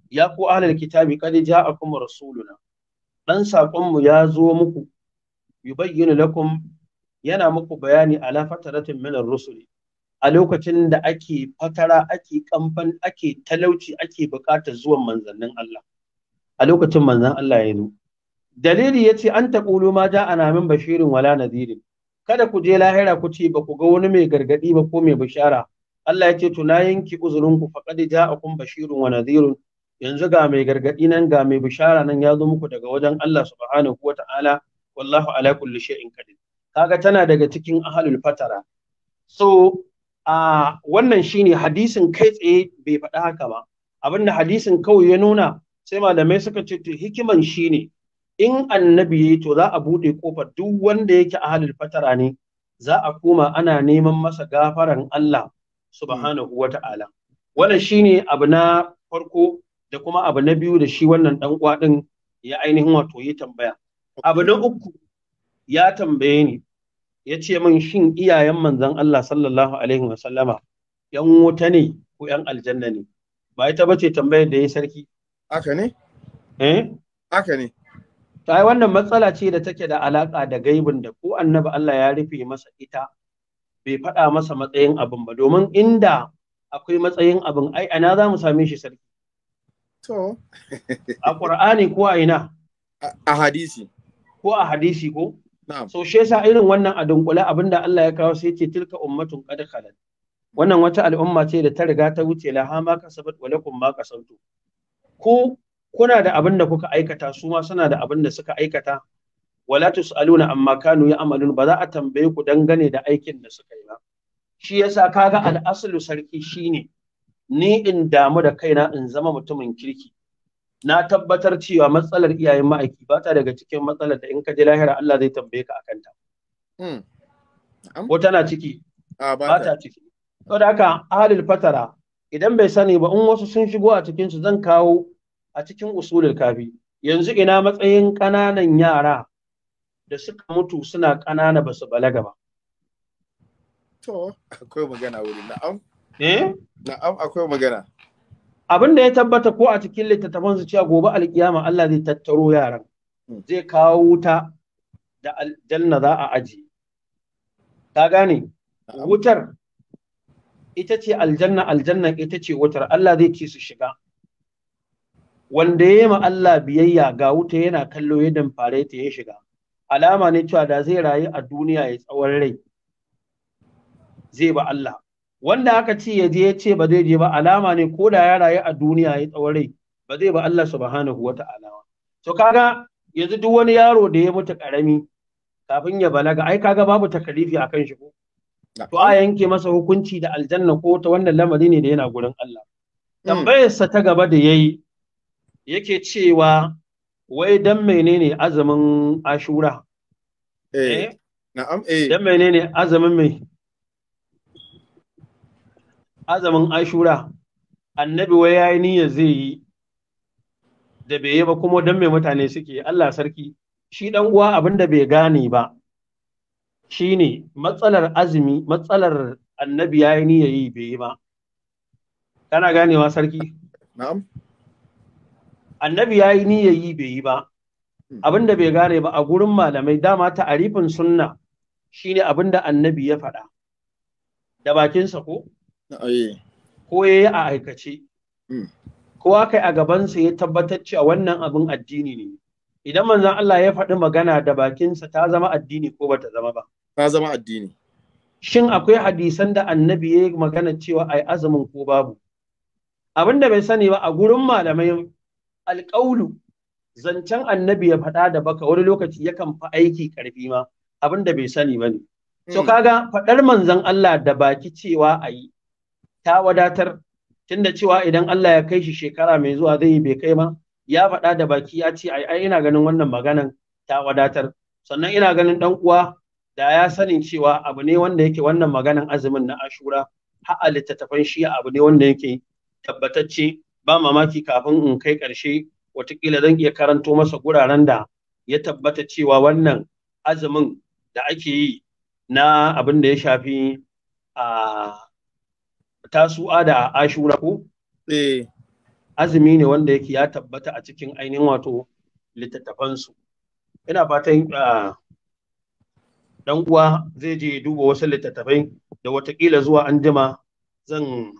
ya ku ahlal kitabi qad ja'akum rasuluna dan sakon mu ya zo muku yubayyinu lakum yana muku bayani ala fataratin min rusuli a lokacin da ake fatara ake kamfan ake talauci ake buƙatar zuwan manzannin Allah a lokacin manzan Allah ya zo dalili ya ce an taƙulu ma ja ana min bashirin wala nadirin kada ku je lahira ku ce ba ku ga wani mai gargadi ba ko mai bishara Allah ya ce to na yanki uzurin ku faqad ja'akum bashirun wa nadhirun yanzu ga mai gargadi nan ga mai bishara nan ya zo muku daga wajen Allah subhanahu wa ta'ala wallahu ala kulli shay'in qadir kaga tana daga cikin ahlul fatara so a wannan shine hadisin kai tsaye bai faɗa haka ba abinda hadisin kawai ya nuna sai malamai suka ce to hikiman shine in annabi yayi to za a buɗe kofar duk wanda yake a halin fatara ne za a koma ana neman masa gafaran Allah subhanahu wata'ala wannan shine abu na farko da kuma abu na biyu da shi wannan dan uwa din ya ainihin wato ya tambaya abu na uku ya tambaye ni ya ce min shin iyayen manzon Allah sallallahu alaihi wasallama yan wuta ne ko yan aljanna ne ba ita bace tambayar da ya sarki haka ne eh haka ne ta wannan matsala ce da take da alaƙa da gaibin da ko annabi Allah ya rufe masa ita bai faɗa masa matsayin abin ba domin inda akwai matsayin abin ai ana za mu same shi sarki to a qur'ani ko a ina a hadisi ko a hadisi ko so she yasa irin wannan a dunkule abinda Allah ya kawo sai ce tilka ummatun qad khalat wannan wata al'umma ce da ta riga ta wuce laha ma kasabat wa lakum ma kasabtu ko kuna da abin da kuka aikata su ma suna da abin da suka aikata wala tusaluna amma kanu ya'malun ba za a tambaye ku dangane da aikin da suka yi ba shi yasa kaga al'aslu sarki shine ni in damu da kaina in zama mutumin kirki na tabbatar cewa matsalar iyayen ma'aiki ba ta daga cikin matsalar da in ka je lahira Allah zai tambaye ka akan ta hmm. ko tana ciki ba ta ciki saboda haka ahlul fatara idan bai sani ba in wasu sun shigo a cikin su zan kawo a cikin usulul kafi yanzu ina matsayin ƙananan yara da suka mutu suna ƙanana ba su balaga ba to akwai magana wuri na'am eh na'am akwai magana abin da ya tabbata ko a cikin littattafan su cewa gobe alkiyama Allah zai tattaro yaran hmm. zai kawo wuta da aljanna za a aji ka gane wutar ita ce aljanna aljanna ita ce wutar Allah zai ci su shiga wanda ya ma Allah biyayya ga wuta yana kallo ya damfare ta ya shiga alama ne cewa da zai rayu a duniya ya tsawon rai zai ba Allah wanda aka ce ya je ya ce ba zai je ba alama ne ko da ya rayu a duniya ya tsawon rai ba zai ba Allah subhanahu wa ta'ala to kaga yanzu duk wani yaro da ya mutu karami kafin ya balaga ai kaga babu takalifi akan shi ko to a yanke masa hukunci da aljanna ko ta wannan lamari ne da yana gurin Allah hmm. tambayarsa ta gaba da yayi yake cewa wai dan menene azumin ashura eh, eh? na'am eh dan menene azumin mai azumin ashura annabi wai yayi niyya zai yi da bai yi ba kuma dan mai mutane suke Allah sarki shi dan uwa abinda bai gane ba shine matsalar azumi matsalar annabi yayi niyya yi bai yi ba kana ganewa sarki na'am annabi ya yi niyyar yi bai yi ba hmm. abin da bai gane ba a gurin malamai dama ta'arifin sunna shine abin da annabi ya faɗa da bakinsa ko eh. ko ya yi a aikace hmm. kowa kai a gabansa ya tabbatar cewa wannan abin addini ne idan manzon Allah ya faɗi magana da bakinsa ta zama addini ko bata zama ba ta zama addini shin akwai hadisan da annabi ya yi magana cewa ai azumin ko babu abin da bai sani ba a gurin malamai alƙaulu zancen annabi ya faɗa da baka wani lokaci yakan fi aiki ƙarfi ma abin da bai sani ba ne. So hmm. kaga faɗar manzon Allah da baki cewa a yi ta wadatar tunda cewa idan Allah ya kai shi shekara mai zuwa zai yi bai kai ma ya faɗa da baki ya ce ai ai ina ganin wannan maganan ta wadatar sannan ina ganin ɗan uwa da ya sani cewa abu ne wanda yake wannan maganan azumin na Ashura ha'a littattafan shi abu ne wanda yake tabbatacce ba mamaki kafin in kai ƙarshe watakila zan iya karanto masa guraren da ya tabbata cewa wannan azumin da ake yi na abin da ya shafi a tasu'a da ashura ko eh. azumi ne wanda yake ya tabbata a cikin ainihin wato littattafansu ina fatan dan uwa zai je duba wasu littattafai da watakila zuwa anjima zan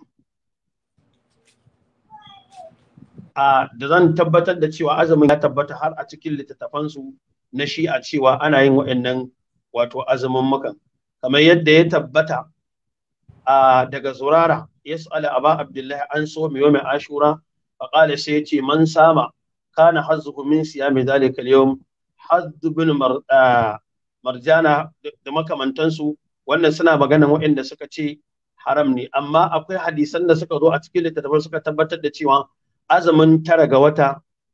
da zan tabbatar da cewa azumin ya tabbata har a cikin littattafansu na shi a cewa ana yin wa'annan wato azumin makan kamar yadda ya tabbata daga zurara yas'ala aba abdullahi an so mai ashura fa qala sai ce man sama kana hazzuhu min siyami dhalika al-yawm hadd bin marjana da makamantansu wannan suna maganan waɗanda suka ce haram ne amma akwai hadisan da suka zo a cikin littattafan suka tabbatar da cewa azumin tara ga wata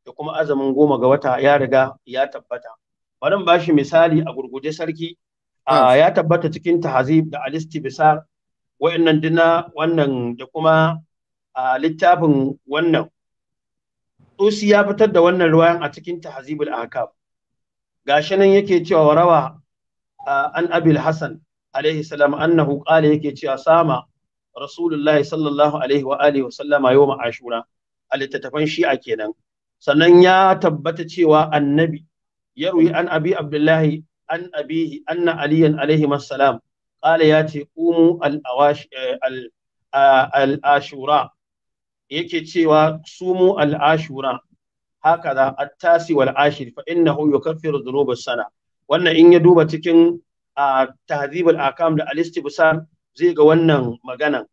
da kuma azumin goma ga wata ya riga ya tabbata bari ba shi misali a gurguje sarki ya tabbata cikin tahazib da alisti bisar wa'annan dina wannan da kuma a littafin wannan Tusi ya fitar da wannan ruwayan a cikin tahazibul ahkam gashi nan yake cewa rawa an abil hasan alaihi salam annahu qala yake cewa sama rasulullahi sallallahu alaihi wa alihi wa sallama yawm ashura a littattafan shi'a kenan sannan ya tabbata cewa annabi ya ruyi an abi abdullahi an abihi anna aliyan alaihi salam qala ya ce umu eh, al'ashura. yake cewa sumu al-ashura hakaza at-tasi wal ashir fa innahu yukaffiru dhunubas sana wannan in ya duba cikin tahdhibul akam da al zai ga wannan maganan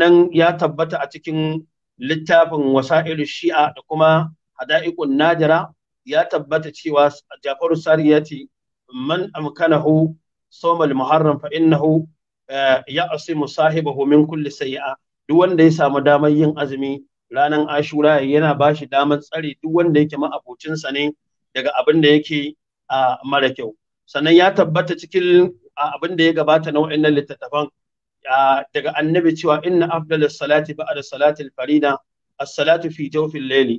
nan ya tabbata a cikin littafin wasa'ilu shi'a da kuma hada'ikun najira ya tabbata cewa Jafaru Sari ya ce man amkanahu muharram fa innahu eh, mu sahiba min kulle sayi'a duk wanda ya samu damar yin azumi ranar Ashura yana shi damar tsare duk wanda yake ma'abocinsa ne daga abin da yake a ah, mara kyau sannan ya tabbata cikin ah, abin da ya gabata na wa'annan littattafan daga annabi cewa inna afdalus salati ba'da salatil farida as-salatu fi jawfil layli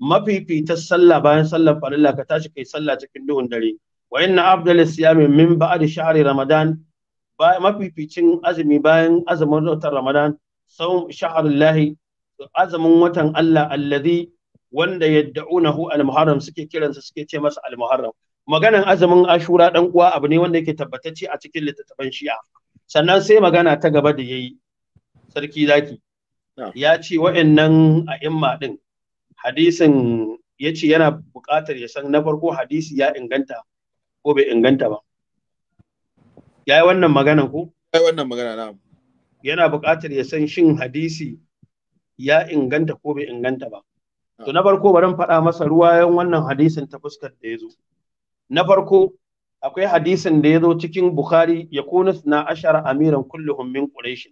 sallah bayan sallar farilla ka tashi kai sallah cikin duhun dare wa inna afdalus siyami min ba'di shahri ramadan mafificin azumi bayan azumin watan ramadan sawm shahrullahi azumin watan Allah alladhi wanda yad'unahu al-muharram suke kiransa suke ce masa al-muharram maganan azumin ashura dan uwa abu ne wanda yake tabbatacce a cikin littattafan shi'a sannan sai magana ta gaba da yayi sarki zaki ya ce wa'annan imma din hadisin ya ce yana buƙatar ya san na farko hadisi ya inganta ko bai inganta ba ya yi wannan magana ko ya yi wannan magana na yana buƙatar ya san shin hadisi ya inganta ko bai inganta ba to na farko bari faɗa masa ruwayan wannan hadisin ta fuskar da ya zo na farko akwai hadisin da ya zo cikin Bukhari ya kuna na ashara amiran kulluhum min Quraysh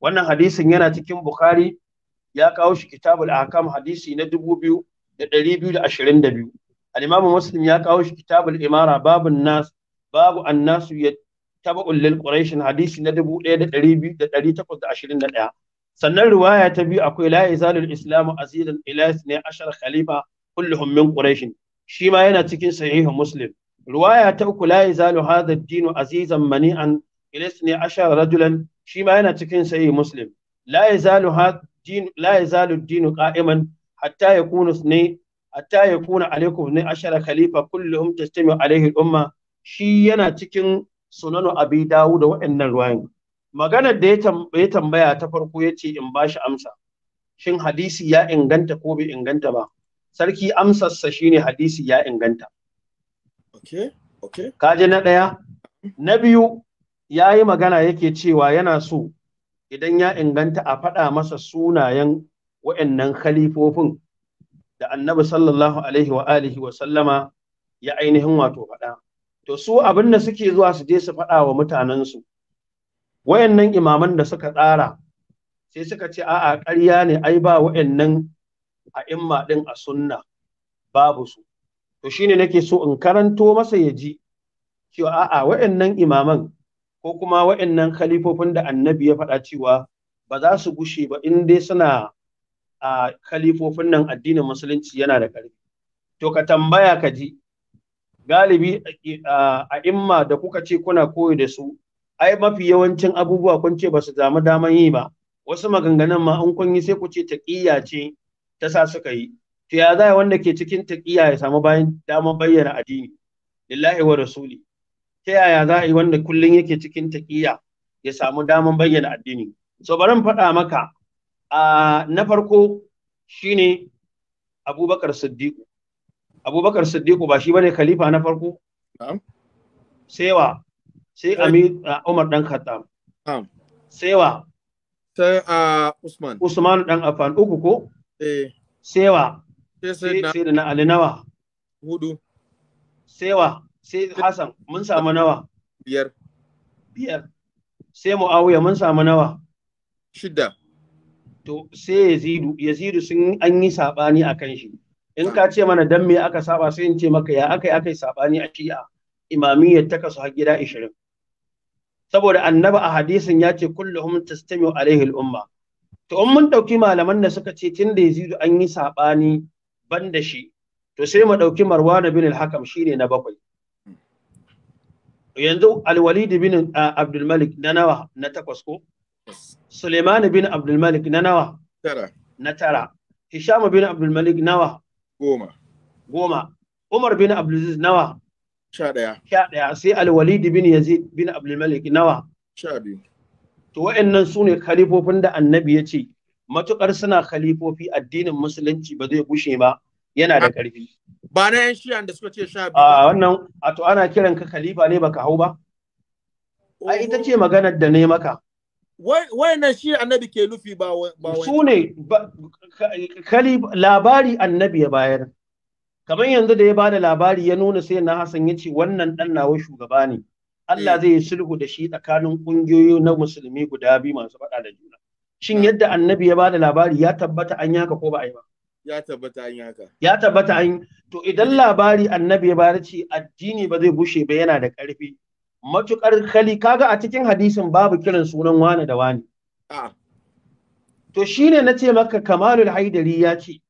wannan hadisin yana cikin Bukhari ya kawo shi kitabul ahkam hadisi na 2222 al-Imam Muslim ya kawo shi kitabul imara babun nas babu annasu ya tabu'un lil Quraysh hadisi na 1821 sannan riwaya ta biyu akwai la yazalul aziran azizan ila 12 khalifa kulluhum min Quraysh shi ma yana cikin sahihu Muslim ruwaya ta uku la yazalu hadha ad-din azizan mani'an ilisni ashar rajulan shi ma yana cikin sahih muslim la yazalu hadin la yazalu ad-din qa'iman hatta yakunu ne hatta yakuna alaikum ne ashara khalifa kullum tastami'u alaihi al-umma shi yana cikin sunanu abi dawud da waɗannan ruwayan maganar da ya tambaya ta farko ya ce in ba shi amsa shin hadisi ya inganta ko bai inganta ba sarki amsarsa shine hadisi ya inganta Kaji na ɗaya, na biyu ya yi magana yake cewa yana so idan ya inganta a faɗa masa sunayen wa'annan khalifofin da annabi sallallahu alaihi wa alihi wa sallama ya ainihin wato faɗa. To su abin da suke zuwa su je su faɗa wa mutanensu. Wayannan imaman da suka tsara sai suka ce a'a ƙarya ne ai ba wayannan a imma ɗin a sunna babu su. to shine nake so in karanto masa ya ji cewa a'a wa'annan imaman ko kuma wa'annan khalifofin da annabi ya faɗa cewa ba za su gushe ba in dai suna a khalifofin nan addinin musulunci yana da ƙarfi to ka tambaya ka ji galibi a imma da kuka ce kuna koyi da su ai mafi yawancin abubuwa kun ce ba su damu daman yi ba wasu maganganun ma an kun yi sai ku ce ce ta sa suka yi to ya za wanda ke cikin taƙiya ya samu bayan damar bayyana addini lillahi wa rasuli ta yaya za a yi wanda kullum yake cikin taƙiya ya samu damar bayyana addini so bari faɗa maka na farko shine Abubakar Sadiku. Abubakar Sadiku ba shi bane khalifa na farko sai wa sai Amir Umar dan Khattab sai wa sai Usman Usman dan Affan uku ko eh sai wa sai da na Ali nawa hudu sai wa sai Hassan mun samu nawa biyar biyar sai Muawiya mun samu nawa shida to sai Yazidu Yazidu sun an yi saɓani a kan shi in ka ce mana dan me aka saba sai in ce maka ya akai akai saɓani a shi'a imamiyyar ta kasu har gida 20 saboda Annaba a hadisin ya ce kulluhum tastamiu alaihi al-umma to in mun ɗauki malaman da suka ce tun da yazidu an yi saɓani. ban da shi to sai mu ɗauki marwan bin al-hakam shine na bakwai yanzu al-walid bin abdul malik na nawa na takwas ko suleiman bin abdul malik na nawa tara na tara hisham bin abdul malik nawa goma goma umar bin abdulaziz nawa sha ɗaya sha ɗaya sai al-walid bin yazid bin abdul malik nawa sha biyu to wa'annan su ne kalifofin da annabi ya ce matukar suna khalifofi addinin musulunci ba zai gushe ba yana da ƙarfi. Ba na yan shiyan da suka ce sha biyu. A wannan a to ana kiran ka khalifa ne baka hau ba? A ita ce maganar da ne maka. na shi annabi ke nufi ba wai. Su ne labari annabi ya bayar. Kamar yanzu da ya bada labari ya nuna sai na Hassan ya ce wannan ɗan nawa shugaba ne. Allah eh. zai sulhu da shi tsakanin ƙungiyoyi na musulmi guda biyu masu faɗa da juna. shin yadda annabi ya bada labari ya tabbata an yaka ko ba a yi ba ya tabbata an yaka ya tabbata an to idan labari annabi ya bada ce addini ba zai bushe ba yana da ƙarfi matukar kali kaga a cikin hadisin babu kiran sunan wane da wane to shine na ce maka kamalul haidari ya ce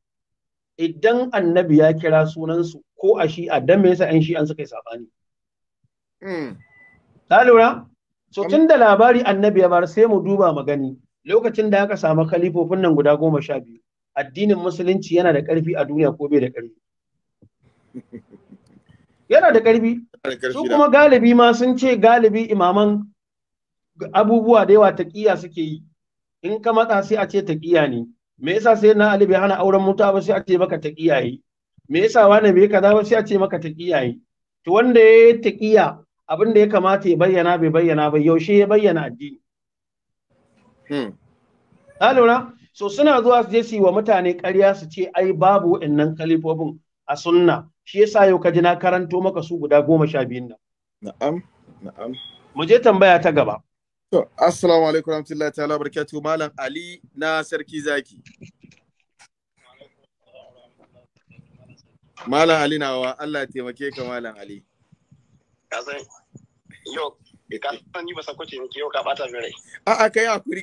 idan annabi ya kira sunansu ko a a dan me yasa shi an suka yi sabani ta hmm. lura so tun da labari annabi ya bar sai mu duba magani. gani lokacin da aka samu kalifofin nan guda goma sha biyu addinin musulunci yana da karfi a duniya ko bai da ƙarfi yana da ƙarfi su kuma galibi ma sun ce galibi imaman abubuwa da yawa taƙiya suke yi in ka matsa sai a ce taƙiya ne me yasa sai na Ali hana auren mutuwa ba sai a ce maka taƙiya yi me yasa wani bai kaza ba sai a ce maka taƙiya yi to wanda ya yi taƙiya abin da ya kamata ya bayyana bai bayyana ba yaushe ya bayyana addini Hmm. ka lura so suna zuwa su je su yi wa mutane ƙarya su ce ai babu waɗannan kalifofin a sunna shi yasa yau ka ji na karanto maka su guda goma sha biyun nan na'am na'am mu je tambaya ta gaba to assalamu alaikum warahmatullahi ta'ala barkatu malam ali na sarki zaki malam ali nawa Allah ya taimake ka malam ali yau E ka san ni ba sakwace ne yau ka bata rai a a kai hakuri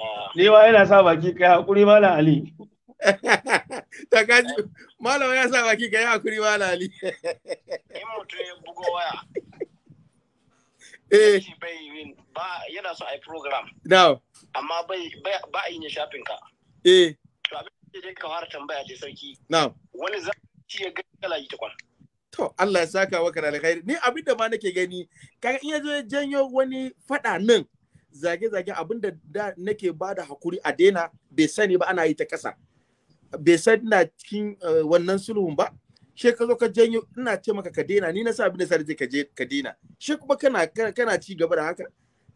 ah. ni ma yana sa baki kai hakuri mala ali (laughs) ta kaji malama ya sa baki kai hakuri mala ali in mutum ya bugo waya eh ba yana so a yi program now amma bai ba a yi ne shafin ka eh to abin da ka fara tambaya ce sarki now wani za ya ga kala yi ta kwan to Allah ya saka maka da alkhairi ni abin da ma nake gani kaga in yazo janyo wani fada nan zage-zage abin da nake bada hakuri a daina bai sani ba ana yi ta kasa bai san na cikin eh, wannan sulhun ba she ka zo ka janyo ina ce maka ka daina ni na sa abin da sai ka je ka daina she kuma kana kana ci gaba da haka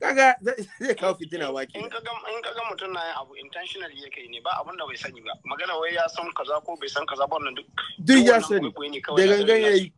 kaga zai kawo fitina ba ke in kaga mutum na yin abu intentionally yake ne ba abin da bai sani ba magana wai ya san kaza ko bai san kaza ba wannan duk duk ya sani da gangan yayi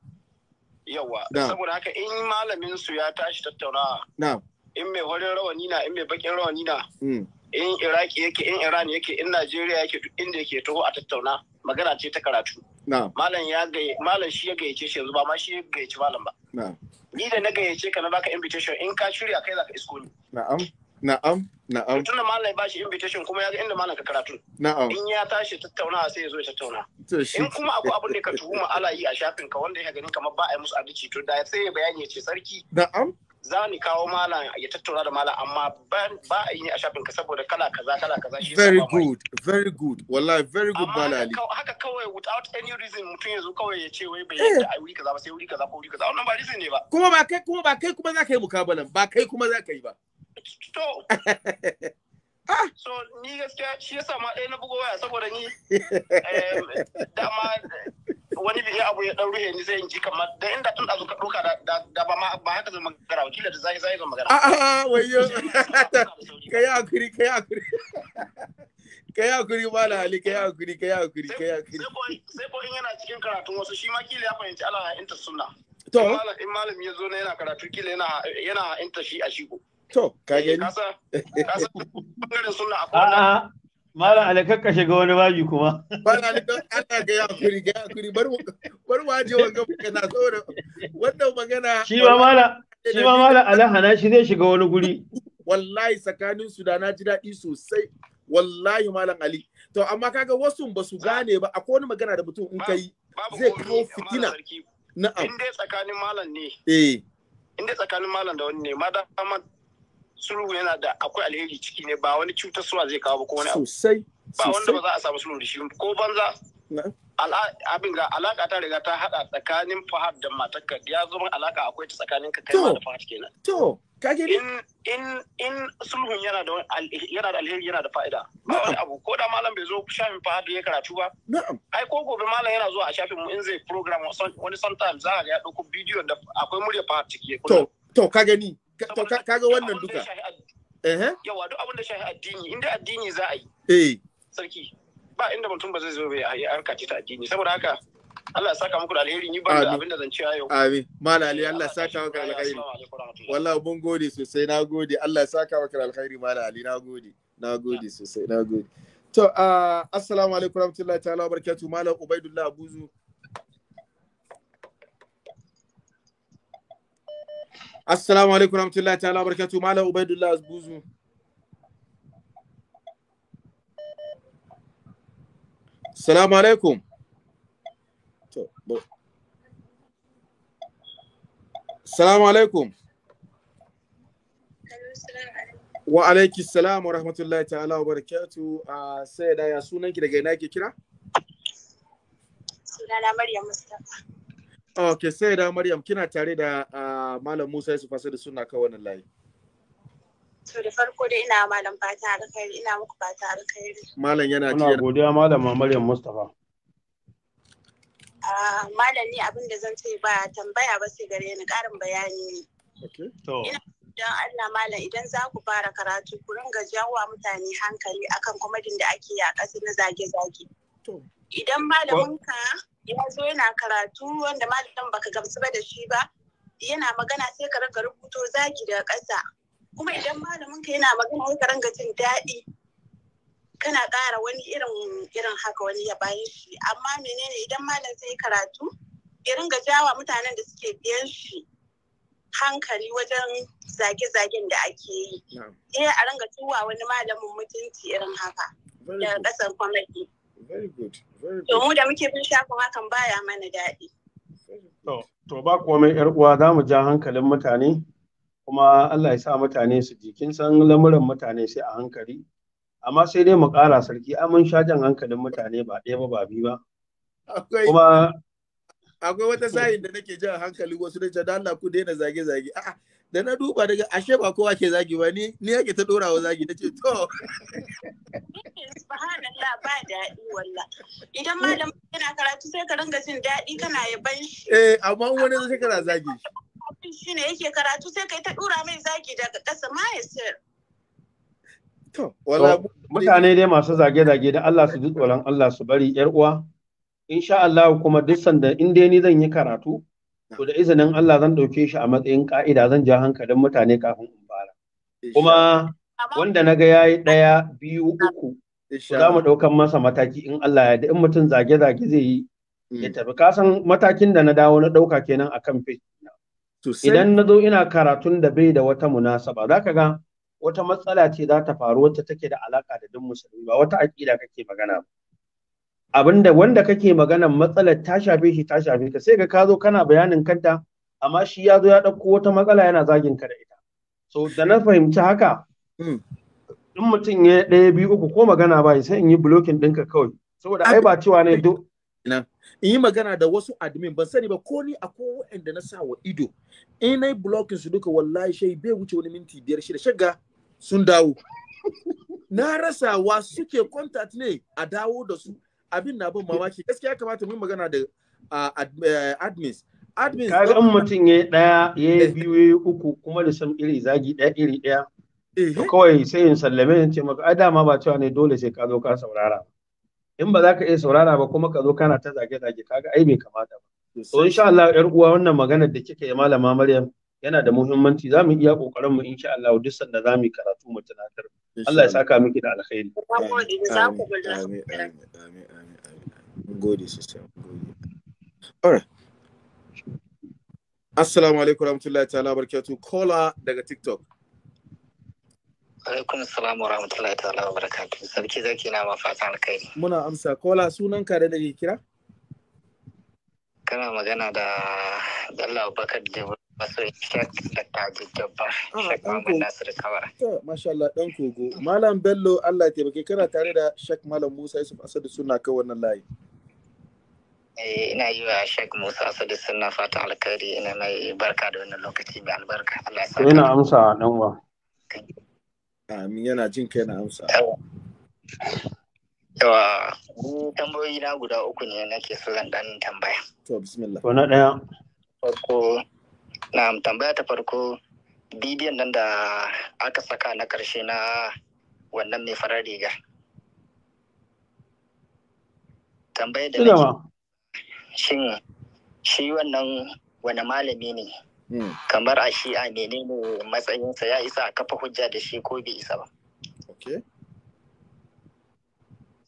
yawa saboda haka in malamin su ya tashi tattaunawa na'am in mai horin rawani na in mai bakin rawani na hmm. in iraki yake in iran yake in najeriya yake duk inda yake taho a tattauna magana ce ta karatu malam ya gaye malam shi ya gayyace shi yanzu ba ma shi ya gayyace malam ba ni da na gayyace ka na baka invitation in ka shirya kai zaka isko ni na'am na'am na'am da malam ya bashi invitation kuma ya ga inda malam ka karatu na'am in ya tashi tattaunawa sai ya zo ya tattauna in kuma akwai abu da ka (laughs) tuhuma yi a shafin ka wanda ya gani kamar ba a yi musu adalci to da sai ya bayani ya ce sarki na'am za ni kawo malam ya tattauna da malam amma ba a yi a shafin ka saboda kala kaza kala kaza shi very good very good wallahi very good amma haka kawai without any reason mutum yanzu kawai ya ce wai bai eh. yi a wuri kaza ba sai wuri kaza ko wuri kaza wannan ba reason ne ba kuma ba kai kuma ba kai kuma za ka yi mukabalan ba kai kuma za ka yi ba to (laughs) ah! so ni gaskiya shi yasa ma ɗaya na bugo waya saboda ni (laughs) eh, dama wani bi abu ya dauru ruhe ni sai ji kamar da inda tun da ka duka da ba ma ba haka zama magana wakila da zai zai zama magana a wayo kai hakuri kai hakuri kai hakuri ba na hali kai hakuri kai hakuri kai hakuri sai ko in yana cikin karatun wasu shi ma kila ya fahimci ala inta sunna to in malam ya zo na yana karatu kila yana yana inta shi a shigo to ka eh, gani kasa kasa bangaren sunna akwai Malam ali ka shiga wani baji kuma. Malam don ana ga ya kuri ga ya kuri bar bar waje wanga na saboda wannan magana. Shi ma malam shi ma malam hana shi zai shiga wani guri. Wallahi tsakanin su da na ji daɗi sosai. Wallahi malam Ali. To amma kaga wasu ba su gane ba akwai wani magana da mutum in kai zai kawo fitina. Na'am. In tsakanin malam ne. Eh. In tsakanin malam da wani ne ma da sulhu yana da akwai alheri ciki ne ba wani cutar suwa zai kawo ba ko wani abu sosai ba wanda ba za a samu sulhu da shi ko banza abin ga alaka ta riga ta hada tsakanin fahad da matakka ya zama alaka akwai ta tsakanin ka kai da fahad kenan to kage in in in sulhun yana da yana da alheri yana da fa'ida ba wani abu ko da malam bai zo shafin fahad ya karatu ba na'am ai ko gobe malam yana zuwa a shafin mu in zai program wani sometimes za ga ya dauko bidiyon da akwai murya fahad ciki to to ka gani kaga wannan duka yawa duk abin da shahi addini inda addini za a yi eh. sarki ba inda mutum ba zai zo bai yi harka ce ta addini saboda haka Allah ya saka muku da alheri ni ban da abin da zan ci yau amin malali Allah ya saka maka da alheri wallahi mun gode sosai na gode Allah ya saka maka da alheri malali na gode na gode sosai na gode to ah, assalamu alaikum warahmatullahi ta'ala wabarakatuh malam ubaidullah abuzu Assalamu alaikum rahmatullahi ta'ala barakatuh Malam Ubaidullah Azbuzu. Assalamu alaikum. To, Assalamu alaikum. Wa alaiki salam wa rahmatullahi ta'ala wa barakatuh. Uh, ah, sai da ya sunan daga ina ke kira? Sunana Maryam Mustafa. Ok, sai da Maryam kina tare da ah, Malam Musa Yusuf Asadu suna kan wannan layi. To da farko dai ina malam fata alkhairi ina muku fata alkhairi. Malam yana Ina godiya malama Maryam Mustafa. Ah, malam ni abin da zan ce ba tambaya ba sai gare ni karin bayani ne. Ina don Allah malam idan za ku fara karatu ku ringa jawo mutane hankali akan kwamadin da ake yi a ƙasa na zage-zage. Idan malamin ka ya zo yana karatu wanda malam baka gamsu ba da shi ba yana magana sai ka ranga rubuto zagi daga ƙasa kuma idan malamin yana magana sai ka ranga jin daɗi kana ƙara wani irin irin haka wani ya bayan shi amma menene idan malam zai karatu ya ringa jawa mutanen da suke biyan shi hankali wajen zage-zagen da ake yi. Eh a ringa tuwa wani malamin mutunci irin haka daga ƙasar kwamaki. very good very da muke bin shafin hakan baya mana daɗi to ba komai yar uwa za mu ja hankalin mutane kuma Allah ya sa mutane su jikin san lamuran mutane sai a hankali amma sai dai mu ƙara sarki ai mun sha jan hankalin mutane ba ɗaya ba ba biyu ba kuma akwai wata sa'in da nake jan hankali wasu da Allah ku daina zage-zage a'a da na duba daga ashe ba kowa ke zagi ba ni ni yake ta dora wa zagi nace to subhanallah ba daɗi walla idan malam yana karatu sai ka ringa jin daɗi kana yaban shi eh amma wani zai kana zagi shi ne yake karatu sai kai ta dora mai zagi daga ƙasa ma ya sir to mutane dai masu zage-zage da Allah su ji tsoron Allah su bari yar uwa insha Allah kuma duk sanda in dai ni zan yi karatu to da izinin Allah zan ɗauke shi a matsayin ƙa'ida zan ja hankalin mutane kafin in fara kuma wanda na ga yayi ɗaya biyu uku za mu ɗaukan masa mataki in Allah ya da in mutum zage-zage zai yi mm. ya tafi kasan matakin da na dawo na ɗauka kenan akan fes? idan na zo ina karatun da bai da wata munasaba za ka ga wata matsala ce za ta faru wacce take da alaƙa da duk musulmi ba wata aƙida kake magana ba abinda wanda kake maganan matsalar ta shafe shi ta shafe ka sai ga ka zo kana bayanin kanta amma shi ya zo ya ɗauko wata matsala yana zagin ka da ita so da na fahimci haka hmm. in mutum ya ɗaya biyu uku ko magana ba sai in yi blocking ɗinka kawai saboda ai ba cewa ne do in yi magana da wasu admin ban sani ba ko ni a akwai waɗanda na sa wa ido in na blocking su duka wallahi shai bai wuce wani minti biyar shida shagga sun dawo na rasa wa suke contact ne a dawo da su abin na bin mamaki gaskiya kamata mu magana da eh, admins admins ka ga mutum ya daya ya eh. biyu ya uku kuma da san iri zagi daya iri daya eh. kawai sai in sallame in ce maka a dama ba cewa ne dole sai ka zo ka saurara in ba za ka iya saurara ba kuma ka zo kana ta zage zage kaga ai bai kamata ba to insha Allah yar uwa wannan maganar da kika yi malama Maryam yana da muhimmanci za mu iya ƙoƙarin mu insha Allah duk sanda za mu karatu mu tunatar Allah ya saka miki da alkhairi assalamu alaikum warahmatullahi ta'ala barkatu kola daga tiktok alaikum salam wa rahmatullahi ta'ala wa barakatuh sarki zaki na mafatan kai. muna amsa kola sunanka da dake kira kana magana da Bello Abubakar da masoyi Sheikh ta Jabbar ah, Sheikh Muhammad Nasir Kawara. Masha Allah dan kogo. Malam Bello Allah ya taimake kana tare da Sheikh Malam Musa Yusuf Asadu suna kai wannan layi. Eh, ina yi wa Sheikh Musa Asadu suna fata alkhairi ina mai barka da wannan lokaci mai albarka. Allah ya saka. Ina amsa dan wa. Amin yana jin kai na amsa. Yawa, tambayoyi na guda uku ne nake so zan dan tambaya. To, bismillah. na ɗaya. Farko, na tambaya ta farko, bidiyon nan da aka saka na ƙarshe na wannan mai farar riga. Tambaya da nake. Shin, shi wannan wani malami ne? Hmm. Kamar a shi shi'a menene matsayinsa ya isa a kafa hujja da shi ko bai isa ba.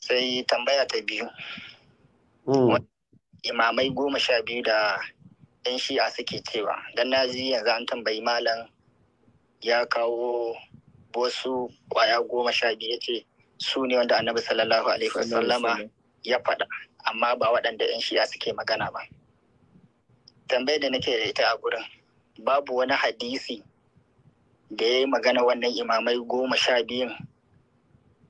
sai tambaya ta biyu hmm. imamai goma sha biyu da yan shi'a suke cewa don na ji yanzu an tambayi malam ya kawo wasu kwaya goma sha biyu ya ce su ne wanda annabi sallallahu alaihi wasallama ya faɗa amma ba waɗanda yan shi'a suke magana ba tambayar da nake da ita a gurin babu wani hadisi da ya yi magana wannan imamai goma sha biyun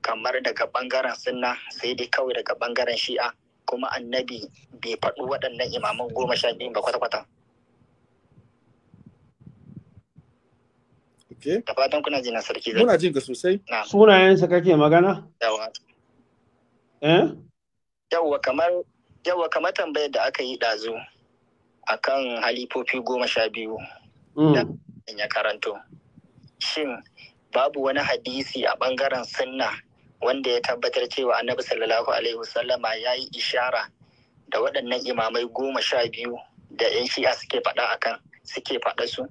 kamar daga bangaren sunna sai dai kawai daga bangaren shi'a kuma annabi bai faɗi waɗannan imaman goma sha biyun ba kwata-kwata. Da fatan kuna jina sarki zai. Muna jin ka sosai. Sunayensa kake magana? Yawa. Eh? Yawa kamar yawa kamar tambayar da aka yi ɗazu akan halifofi goma sha biyu. Mm. Da ya karanto. Shin babu wani hadisi a ɓangaren sunna wanda ya tabbatar cewa annabi sallallahu alaihi wasallama ya yi ishara da waɗannan imamai goma sha biyu da 'yan shi'a suke faɗa akan suke faɗa su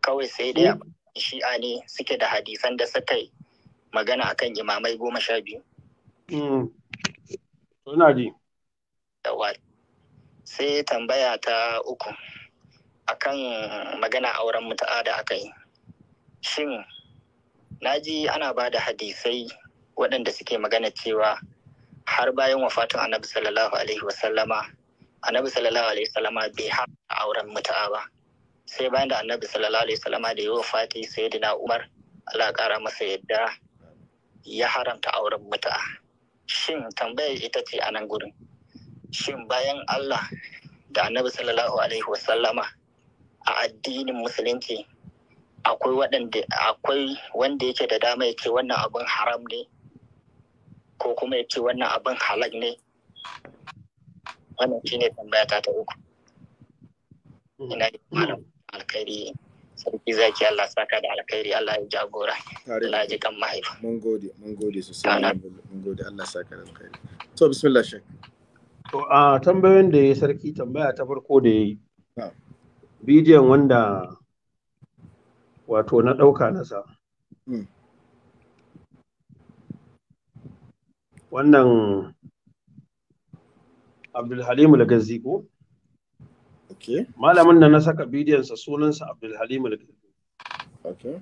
kawai sai da mm. shi'a ne suke da hadisan da suka yi magana akan imamai goma sha biyu. Suna mm. ji. Sai tambaya ta uku akan magana auren mutu'a da aka yi. Shin, na ji ana ba da hadisai waɗanda suke magana cewa har bayan wafatun annabi sallallahu alaihi wasallama annabi sallallahu alaihi wasallama bai haɗa auren mutu'a ba sai bayan da annabi sallallahu alaihi wasallama da yi wafati sayyidina umar Allah ƙara masa yadda ya haramta auren mutu'a shin tambayar ita ce a nan gurin shin bayan Allah da annabi sallallahu alaihi wasallama a addinin musulunci akwai wanda yake da dama ya ce wannan abin haram ne ko kuma ya ce wannan abin halak ne wannan shi ne tambaya ta ta uku hmm. ina da malam alkhairi sarki zaki Allah saka da alkhairi Allah ya jagora Allah ya ji kan mahaifa mun gode mun gode sosai mun gode Allah saka da alkhairi to bismillah shek to a tambayoyin da ya sarki tambaya ta farko da ya yi bidiyon wanda wato na ɗauka nasa hmm. wannan Abdulhalimu Lagazi ko? Okay. Malamin da na saka bidiyonsa sunansa Abdulhalimu Lagazi. Okay.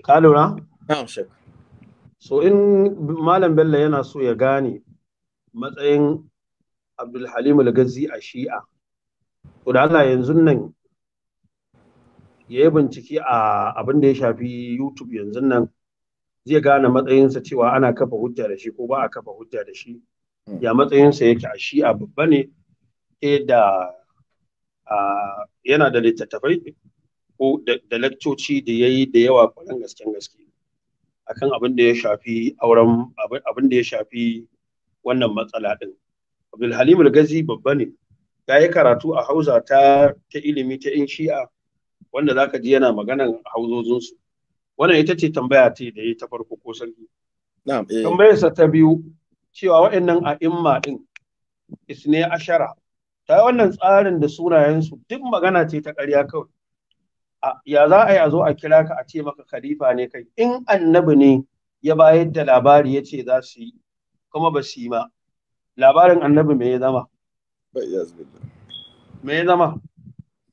Ka lura? Na'am So in Malam Bello yana so ya gane matsayin Abdulhalimu Lagazi a Shi'a. To da Allah yanzu nan ya yi bincike a abin da ya shafi YouTube yanzu nan zai gane matsayinsa cewa ana kafa hujja da shi ko ba a kafa hujja da shi ya matsayinsa yake a shi a babba ne da yana da littattafai ko da lakcoci da ya yi da yawa kwanan gasken gaske akan abin da ya shafi auren abin da ya shafi wannan matsala din abdulhalim gazi babba ne ya yi karatu a hausa ta ta ilimi ta in shi'a wanda zaka ji yana maganan hauzozinsu wannan ita ce tambaya ce da ya ta farko ko sarki eh. tambayarsa ta biyu cewa waɗannan a'imma din isne ashara ta wannan tsarin da sunayensu duk magana ce ta ƙarya kawai ya za a yi a zo a kira ka a ce maka khalifa ne kai in annabi ne ya bayar da labari ya ce za su yi kuma ba su yi ba labarin annabi me ya zama me ya zama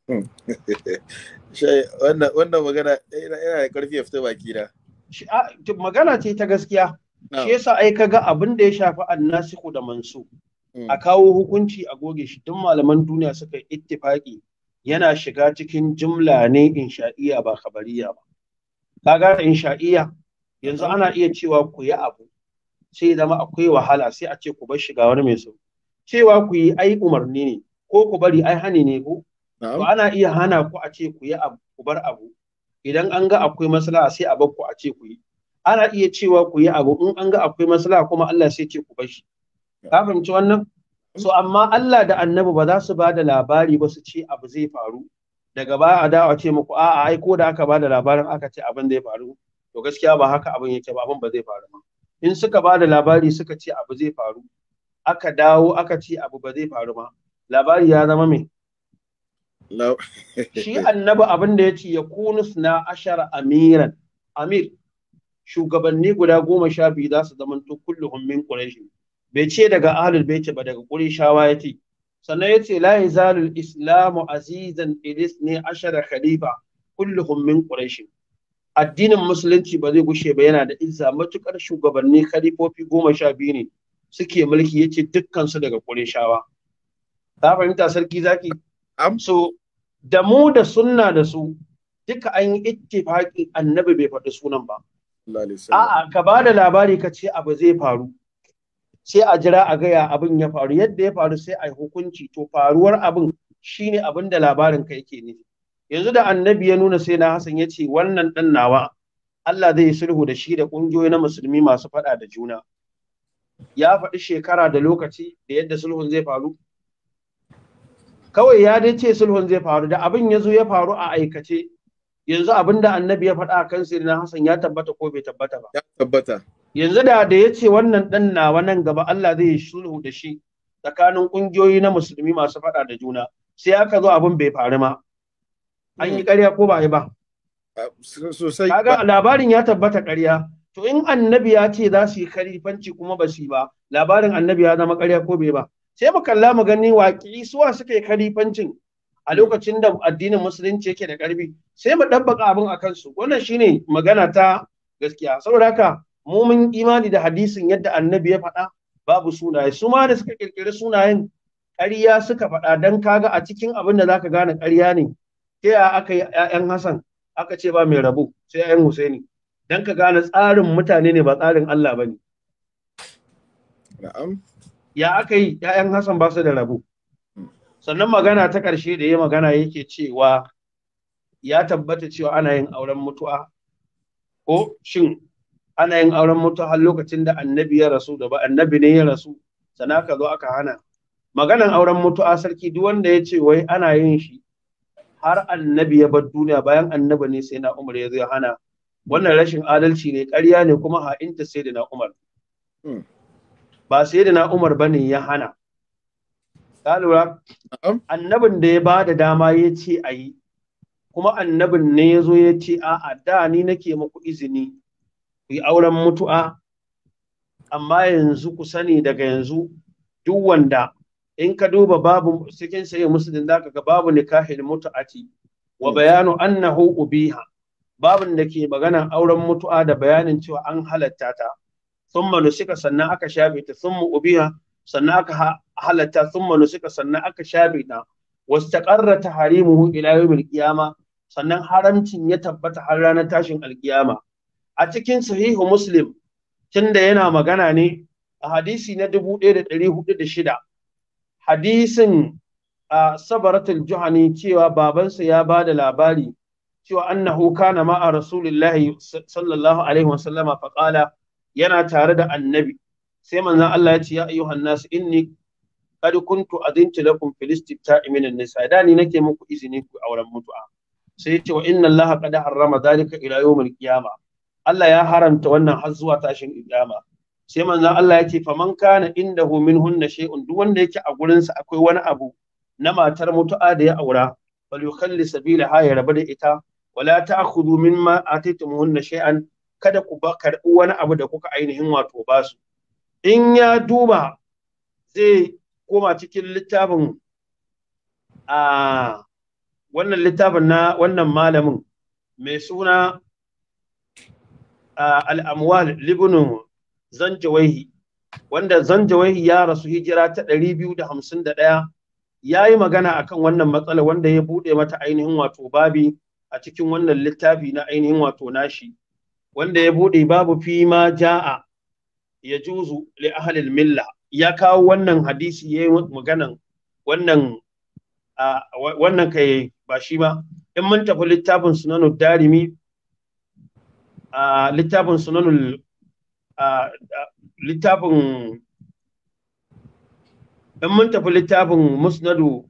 hmm. (laughs) wannan magana yana da karfi ya fita baki na magana ce ta gaskiya ah. shi yasa ai kaga abin da ya shafi annasiku da mansu hmm. a kawo hukunci a goge shi duk malaman duniya suka yi ittifaki yana shiga cikin jumla ne insha'iya ba khabariya ba ka insha'iya yanzu ana iya cewa ku yi abu sai zama akwai wahala sai a ce ku bar shiga wani mai sauki. cewa ku yi ai umarni ne ko ku bari ai hani ne ko To ana iya hana ku a ce ku yi abu bar abu idan an ga akwai maslaha sai a bar ku a ce ku yi. Ana iya cewa ku yi abu in an ga akwai maslaha kuma Allah sai ce ku bar shi. Ka fahimci wannan? So amma Allah da Annabi ba za su ba da labari ba su ce abu zai faru. Daga ba a dawa ce muku a ai ko da aka ba da labarin aka ce abin zai faru. To gaskiya ba haka abin yake ba abin ba zai faru ba. In suka ba da labari suka ce abu zai faru. Aka dawo aka ce abu ba zai faru ba. Labari ya zama mai Shi annaba abin da ya ce ya kunus na ashar amiran, amir, shugabanni guda goma sha biyu za su zama to kullu min quraish bai ce daga ahlul bait ba daga qurayshawa yace sannan yace la yazalul islamu azizan ilis ne ashara khalifa kulluhum min quraish addinin musulunci ba zai gushe ba yana da izza matukar shugabanni khalifofi goma sha biyu ne suke mulki yace dukkan su daga qurayshawa ta fahimta sarki zaki am da mu da sunna da su duka an yi ittifaqi annabi bai faɗi sunan ba a'a ka ba da labari ka ce abu zai faru sai a jira a gaya abin ya faru yadda ya faru sai a yi hukunci to faruwar abin shine abin da labarin ka yake ne. yanzu da annabi ya nuna sai na hasan ya ce wannan dan nawa Allah zai yi sulhu da shi da ƙungiyoyi na musulmi masu faɗa da juna ya faɗi shekara da lokaci da yadda sulhun zai faru kawai ya dai ce sulhun zai faru da abin ya zo ya faru a aikace yanzu abin da annabi ya faɗa kan sirina Hassan ya tabbata ko bai tabbata ba ya tabbata yanzu da da ya ce wannan ɗan nawa nan gaba Allah zai sulhu da shi tsakanin ƙungiyoyi na musulmi masu faɗa da juna sai aka zo abin bai faru ma an yi ƙarya ko ba yi ba sosai kaga labarin ya tabbata ƙarya to in annabi ya ce za su yi kalifanci kuma ba su ba labarin annabi ya zama ƙarya ko bai ba sai mu kalla mu gani waƙi suwa suka yi khalifancin a hmm. lokacin da addinin musulunci yake da ƙarfi sai mu ɗabbaka abin a kansu wannan shine magana ta gaskiya saboda haka mu mun imani da hadisin yadda annabi ya faɗa babu sunaye su ma da suka kirkira sunayen ƙarya suka faɗa dan kaga a cikin abin da zaka gane ƙarya ne ta ya aka yi ƴaƴan Hassan aka ce ba mai rabu, sai ƴaƴan Husaini dan ka gane tsarin mutane ne ba tsarin Allah bane na'am ya aka yi ‘ya'yan Hassan ba su da rabo. Sannan magana ta ƙarshe da ya magana yake cewa ya tabbata cewa ana yin auren mutu'a, ko shin ana yin auren mutuwa lokacin da annabi ya rasu da ba annabi ne ya rasu, sana ka zo aka hana. Maganan auren mutuwa sarki duk wanda ya ce wai ana yin shi har annabi ya bar duniya bayan annabi ne sai na Umar ya zo hana. Wannan rashin adalci ne ƙarya ne kuma ha'inta sai da na Umar. Hmm. ba sai da na umar bane ya hana ka lura annabin da ya ba da dama ya ce a yi kuma annabin ne ya zo ya ce a'a da ni nake muku izini ku yi auren mutu'a amma yanzu ku sani daga yanzu duk wanda in ka duba babu cikin sai musulun da ga babu nikahil mutu'ati wa bayanu annahu ubiha Babun da ke maganan auren mutu'a da bayanin cewa an halatta ta thumma nusika sannan aka shafe ta thumma ubiha sannan aka halatta thumma nusika sannan aka shafe ta wastaqarra taharimuhu ila yawmil qiyama sannan haramcin ya tabbata har ranar tashin alkiyama a cikin sahihu muslim tunda yana magana ne a hadisi na da shida. hadisin a sabaratul juhani cewa babansa ya ba da labari cewa annahu kana ma'a rasulillahi sallallahu alaihi wasallama faqala yana tare da annabi sai manzan Allah ya ce ya ayyuhan nas inni qad kuntu adintu lakum fil istibta'i min an-nisa da ni nake muku izini ku auren mutu'a sai ya ce wa inna Allah qad harrama dhalika ila yawmil qiyamah Allah ya haramta wannan har zuwa tashin kiyama sai manzan Allah ya ce faman kana indahu minhunna shay'un duk wanda yake a gurinsa akwai wani abu na matar mutu'a da ya aura fal yukalli sabila ha ya rabu da ita wala ta'khudhu mimma ataytumuhunna shay'an kada ku karɓi wani abu da kuka ainihin wato ba su in ya duba zai koma cikin littafin a wannan littafin na wannan malamin mai suna al'amwal libinin zanjawaihi wanda zanjawaihi ya rasu hijira ta 251 ya yi magana akan wannan matsala wanda ya buɗe mata ainihin wato babi a cikin wannan littafi na ainihin wato nashi wanda ya bude babu fi ma ja'a ya juzu li ahlil milla ya kawo wannan hadisi yayi maganan wannan wannan kai ba shi ba in mun tafi littafin sunanu darimi littafin sunanul littafin in mun tafi littafin musnadu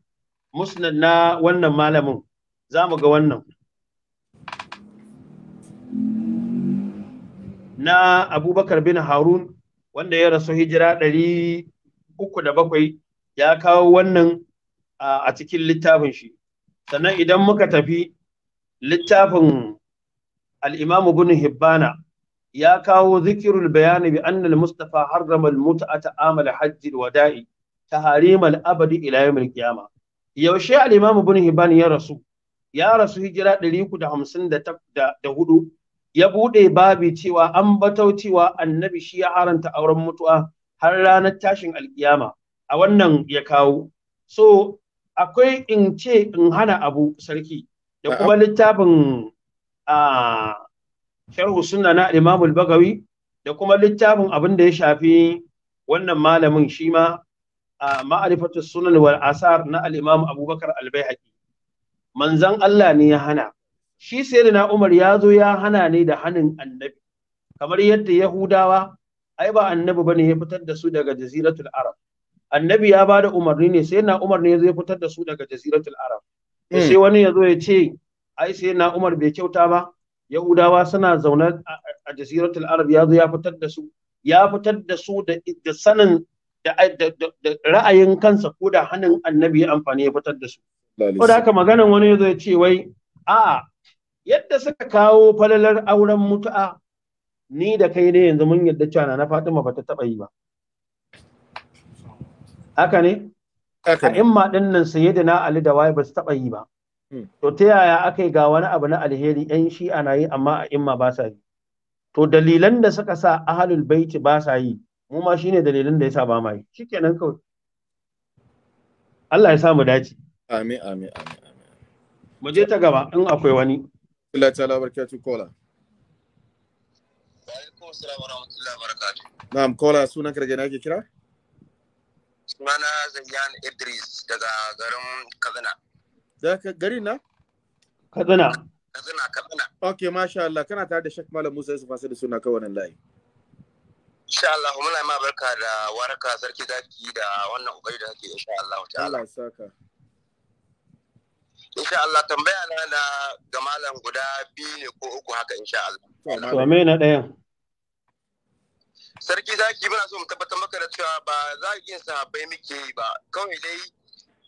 musnad na wannan malamin za mu ga wannan na abubakar bin harun wanda ya rasu hijira ɗari uku da bakwai ya kawo wannan a cikin littafin shi sannan idan muka tafi littafin al'imamu bin hibbana ya kawo zikirul bayani bi annal mustafa harramal al-mut'ata amal hajji wada'i tahrim al-abadi ila yawm yaushe al-imam ibn hibban ya rasu ya rasu hijira 354 ya buɗe babi cewa an batau cewa annabi shi ya haranta auren mutuwa har ranar tashin alkiyama a wannan ya kawo so akwai in ce in hana abu sarki da kuma littafin a sharhu sunna na Imam bagawi da kuma littafin abin da ya shafi wannan malamin shi ma a sunan wal asar na al-Imam Abubakar al-Baihaqi manzon Allah ne ya hana shi sai na Umar ya zo ya hana ne da hanin annabi kamar yadda Yahudawa ai ba annabi bane ya fitar da su daga jaziratul Arab annabi ya bada umarni ne sai na Umar ne ya zo ya fitar da su daga jaziratul Arab sai hmm. wani ya zo ya ce ai sai na Umar bai kyauta ba Yahudawa suna zaune a jaziratul Arab ya zo ya fitar da su ya fitar da su da sanin da ra'ayin kansa ko da hanin annabi ya amfani ya fitar da su. Ko da haka maganan wani ya ce wai a'a yadda suka kawo falalar auren mutu'a ni da kai ne yanzu mun yadda cewa na Fatima ba ta taba yi ba haka ne a imma din nan sayyidina Ali da waye ba su taba yi ba hmm. to ta yaya aka yi ga wani abu na alheri yan shi ana yi amma a imma ba sa yi to dalilan da suka sa ahlul baiti ba sa yi mu ma shine dalilan da yasa ba ma yi shikenan kawai Allah ya sa mu dace amin amin amin mu je ta gaba in akwai wani Allah ta'ala barakatu kola. Na'am kola sunan ka na ake kira? Sunana Zayyan Idris daga garin Kaduna. Daga garin na? Kaduna. Kaduna, Kaduna. Ok, masha Allah, kana tare da Sheikh Malam Musa Yusuf Asadi suna kawai nan layi. Insha Allah, muna ma barka da waraka sarki zaki da wannan kokari da kake insha Allah Allah saka. insha Allah tambaya na na ga malam guda biyu ne ko uku haka insha Allah to me na daya sarki zaki muna so mu tabbatar maka da cewa ba zagin sahabbai muke yi ba kawai dai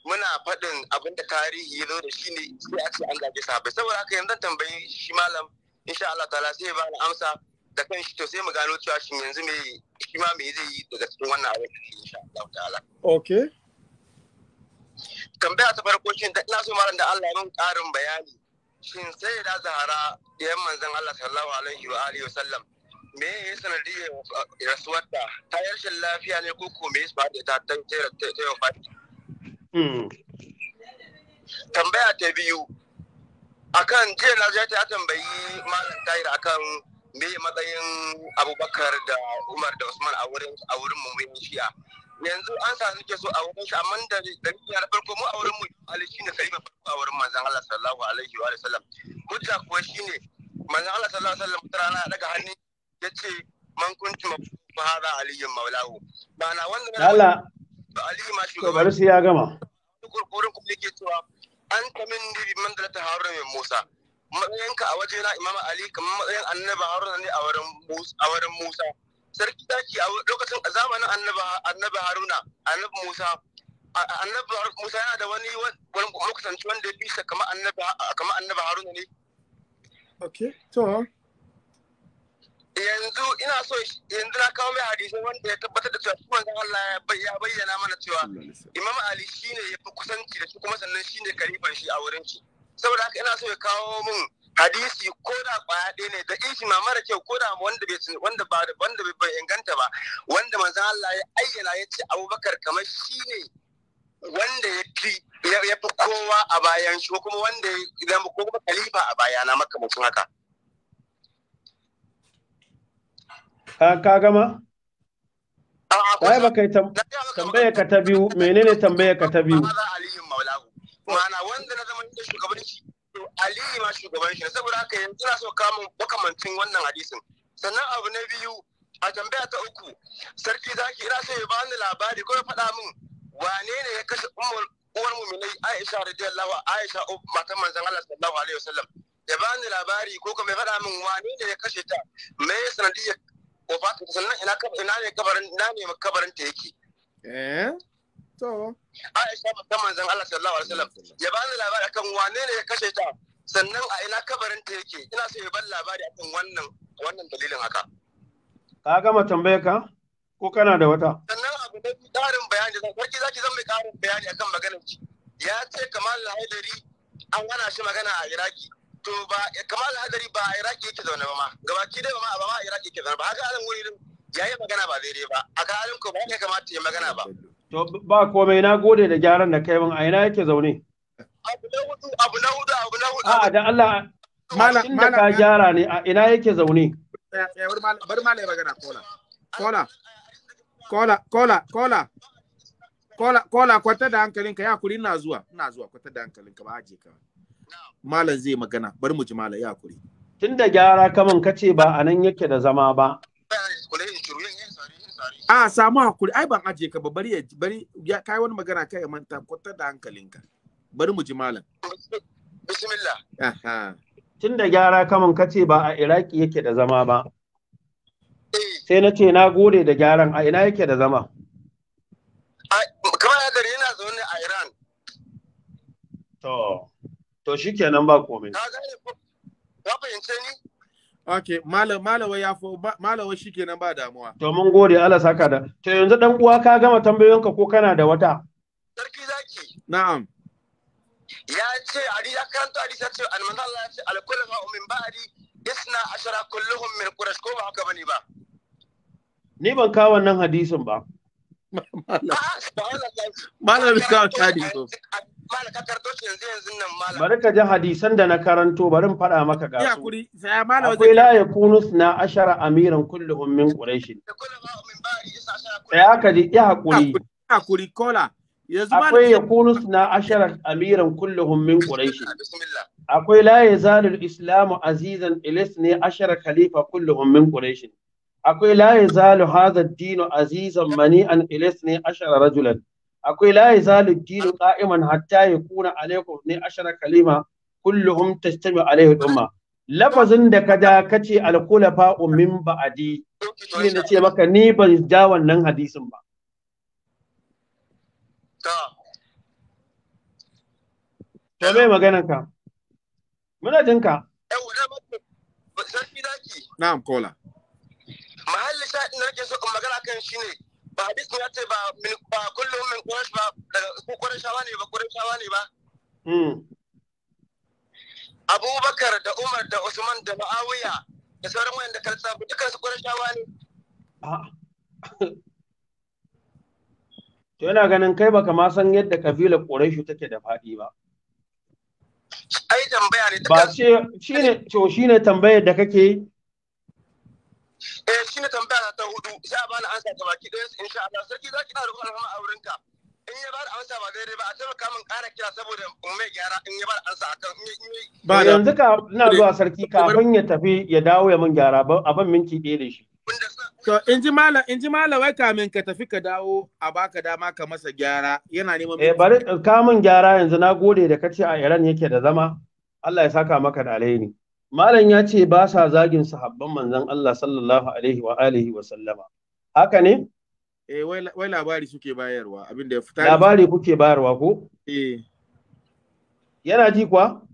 muna faɗin abin da tarihi ya zo da shi ne sai a ce an zage sahabbai saboda haka yanzu tambayi shi malam insha Allah ta'ala sai ba ni amsa da kan shi to sai mu gano cewa shin yanzu me shi ma me zai yi daga cikin wannan abin insha Allah ta'ala okay tambaya ta farko shin ina so malam da Allah ya mun karin bayani shin sai da zahara yan manzon Allah sallallahu alaihi wa alihi wasallam me ya sanadiyar rasuwar da ta yi rashin lafiya ne ko ko me ya da ta ta ta ta fadi tambaya ta biyu akan jiya na ta tambayi malam tayir akan me matsayin abubakar da umar da usman a wurin a wurin mu shi'a yanzu an sa suke so a wurin shi amma da dalilin na farko mu a wurin mu Ali shine khalifa farko a wurin manzon Allah sallallahu alaihi wa sallam hujja kuwa shine manzon Allah sallallahu alaihi wa sallam rana daga hannu yace man kuntu fahara aliyyin maulahu bana wannan Allah Ali ma shi bari sai ya gama kurkurin kuma yake cewa an ta min dibi man da ta haruna Musa matsayinka a wajena Imam Ali kamar matsayin annabi Haruna ne a wurin Musa sarki zaki a lokacin zamanin annabi haruna annabi musa annabi musa yana da wani lokacin wanda ya bisa kamar annabi haruna ne okay to yanzu ina so yanzu na kawo mai hadisi wanda ya tabbatar da cewa kuma zan Allah ya bayyana mana cewa imam ali shine ya fi kusanci da shi kuma sannan shine karifan shi a wurin shi saboda haka ina so ya kawo mun hadisi ko da kwaya ɗaya ne da ishi ma mara kyau ko da wanda bai wanda ba wanda bai inganta ba wanda manzon Allah ya ayyana ya ce Abubakar kamar shine wanda ya fi ya fi kowa a bayan shi ko kuma wanda ya zama ko kuma khalifa a na maka mutum haka ka Ka gama Sai ba kai tambaya ka ta biyu menene tambaya ka ta biyu Mana wanda na zama shugabanci aliyu ma shugaban shi saboda haka yanzu na so kamun makamancin wannan hadisin sannan abu na biyu a tambaya ta uku sarki zaki ina so ya bani labari ko ya faɗa min wane ne ya kashe umar uwar mu'minai Aisha radiyallahu Aisha oh, matan manzon Allah sallallahu alaihi wasallam ya bani labari ko kuma ya faɗa min wane ne ya kashe ta me ya sanadiyar wafatin sannan ina ina ne kabarin ne makabarin ta yake eh Aisha ta manzon Allah sallallahu alaihi wasallam ya bani labari akan wane ne ya kashe ta sannan a ina kabarin ta yake ina so ya bar labari akan wannan wannan dalilin haka. Ka gama tambaye ka ko kana da wata? Sannan abu na biyu ƙarin bayani da sarki zaki zan mai ƙarin bayani akan maganar ki. Ya ce Kamal Haidari an hana shi magana a Iraki. To ba Kamal Haidari ba a Iraki yake zaune ba ma. Gabaki dai ba ma ba ma a Iraki yake zaune ba. Haka alin wuri ya yi magana ba daidai ba. A halin ko ba ya kamata ya magana ba. To ba komai na gode da gyaran da kai min a ina yake zaune. Abu na hudu abu na hudu abu na hudu. A'a da Allah mashin da ka gyara ne a ina yake zaune. Bar ma lai magana kola. Kola. Kola kola kola. Kola kola kwata da hankalinka ya kuri ina zuwa ina zuwa kwata da hankalinka ba aje ka. Malam zai magana bari mu ji malam ya kuri. Tun da gyara kaman kace ba anan yake da zama ba. Kula in yin a samu hakuri ai ban ajiye ka ba bari ya bari ya kai wani magana kai ya manta kwata da hankalinka bari mu ji malam bismillah aha tun da gyara kaman kace ba a iraki yake da zama ba eh. sai na ce na gode da gyaran a ina yake da zama kamar yadda yana zaune a iran to to shikenan ba komai ka fahimce ni Okay, malawa ya fi malawa shi kenan ba damuwa. To mun gode Allah saka da. To yanzu dan uwa ka gama tambayoyinka ko kana da wata? Sarki zaki. Na'am. Ya ce Ali ya karanta Ali ya ce almanzo Allah ya ce alkullu fa min ba'di isna ashara kulluhum min quraish ko ba haka bane ba. Ni ban kawo wannan hadisin ba. (laughs) Malam ah, ka kawo hadisin. ka shi yanzu yanzu nan bari ka ji hadisan da na karanto bari in faɗa maka ga su akwai la kunus na ashara amiran kulluhum ummin quraish tsaya ka ji ya hakuri hakuri kola akwai kunus na ashara amiran kulluhum ummin quraish akwai la yazalu al-islamu azizan ne ashara khalifa kulluhum ummin quraish akwai la zalu hadha ad-din azizan mani'an ne ashara rajulan akwai la yazalu dinu qa'iman hatta yakuna alaykum ni ashara kalima kulluhum tastami alayhi umma lafazin da ka da ka ce alkulafa min ba'adi shine ne ce maka ni ban ja wannan hadisin ba Ta. mai maganar ka muna jin ka na'am kola mahallin sha'in da nake so in magana kan shi ne ba hadisi ya ce ba ba kullum min quraish ba daga ba ne ba ba ne ba hmm. abubakar da umar da usman da ma'awiya da sauran da kalsa ba dukkan su ba ne to yana ganin kai baka ma san yadda kabilar qurayshu take da fadi ba ai tambaya ne ba ce shine to tambayar da kake yi eh ne tambaya ta hudu sai a bani ansa ta baki ɗaya insha Allah sarki ki na roƙon alhamma a wurin ka? in ya da ansa ba daidai ba a taimaka kamun ƙara kira saboda mai gyara in ya da ansa kan ba yanzu ka ina zuwa sarki kafin ya tafi ya dawo ya min gyara ba ban minti ɗaya da shi To in ji malam in ji malam wai kamin ka tafi ka dawo a baka dama ka masa gyara yana neman Eh bari ka gyara yanzu na gode da kace a Iran yake da zama Allah ya saka maka da alheri malam ya ce ba sa zagin sahabban manzon Allah sallallahu alaihi wa alihi wa sallama haka ne eh wai labari suke bayarwa abin da ya fita labari kuke bayarwa ko eh yana ji kuwa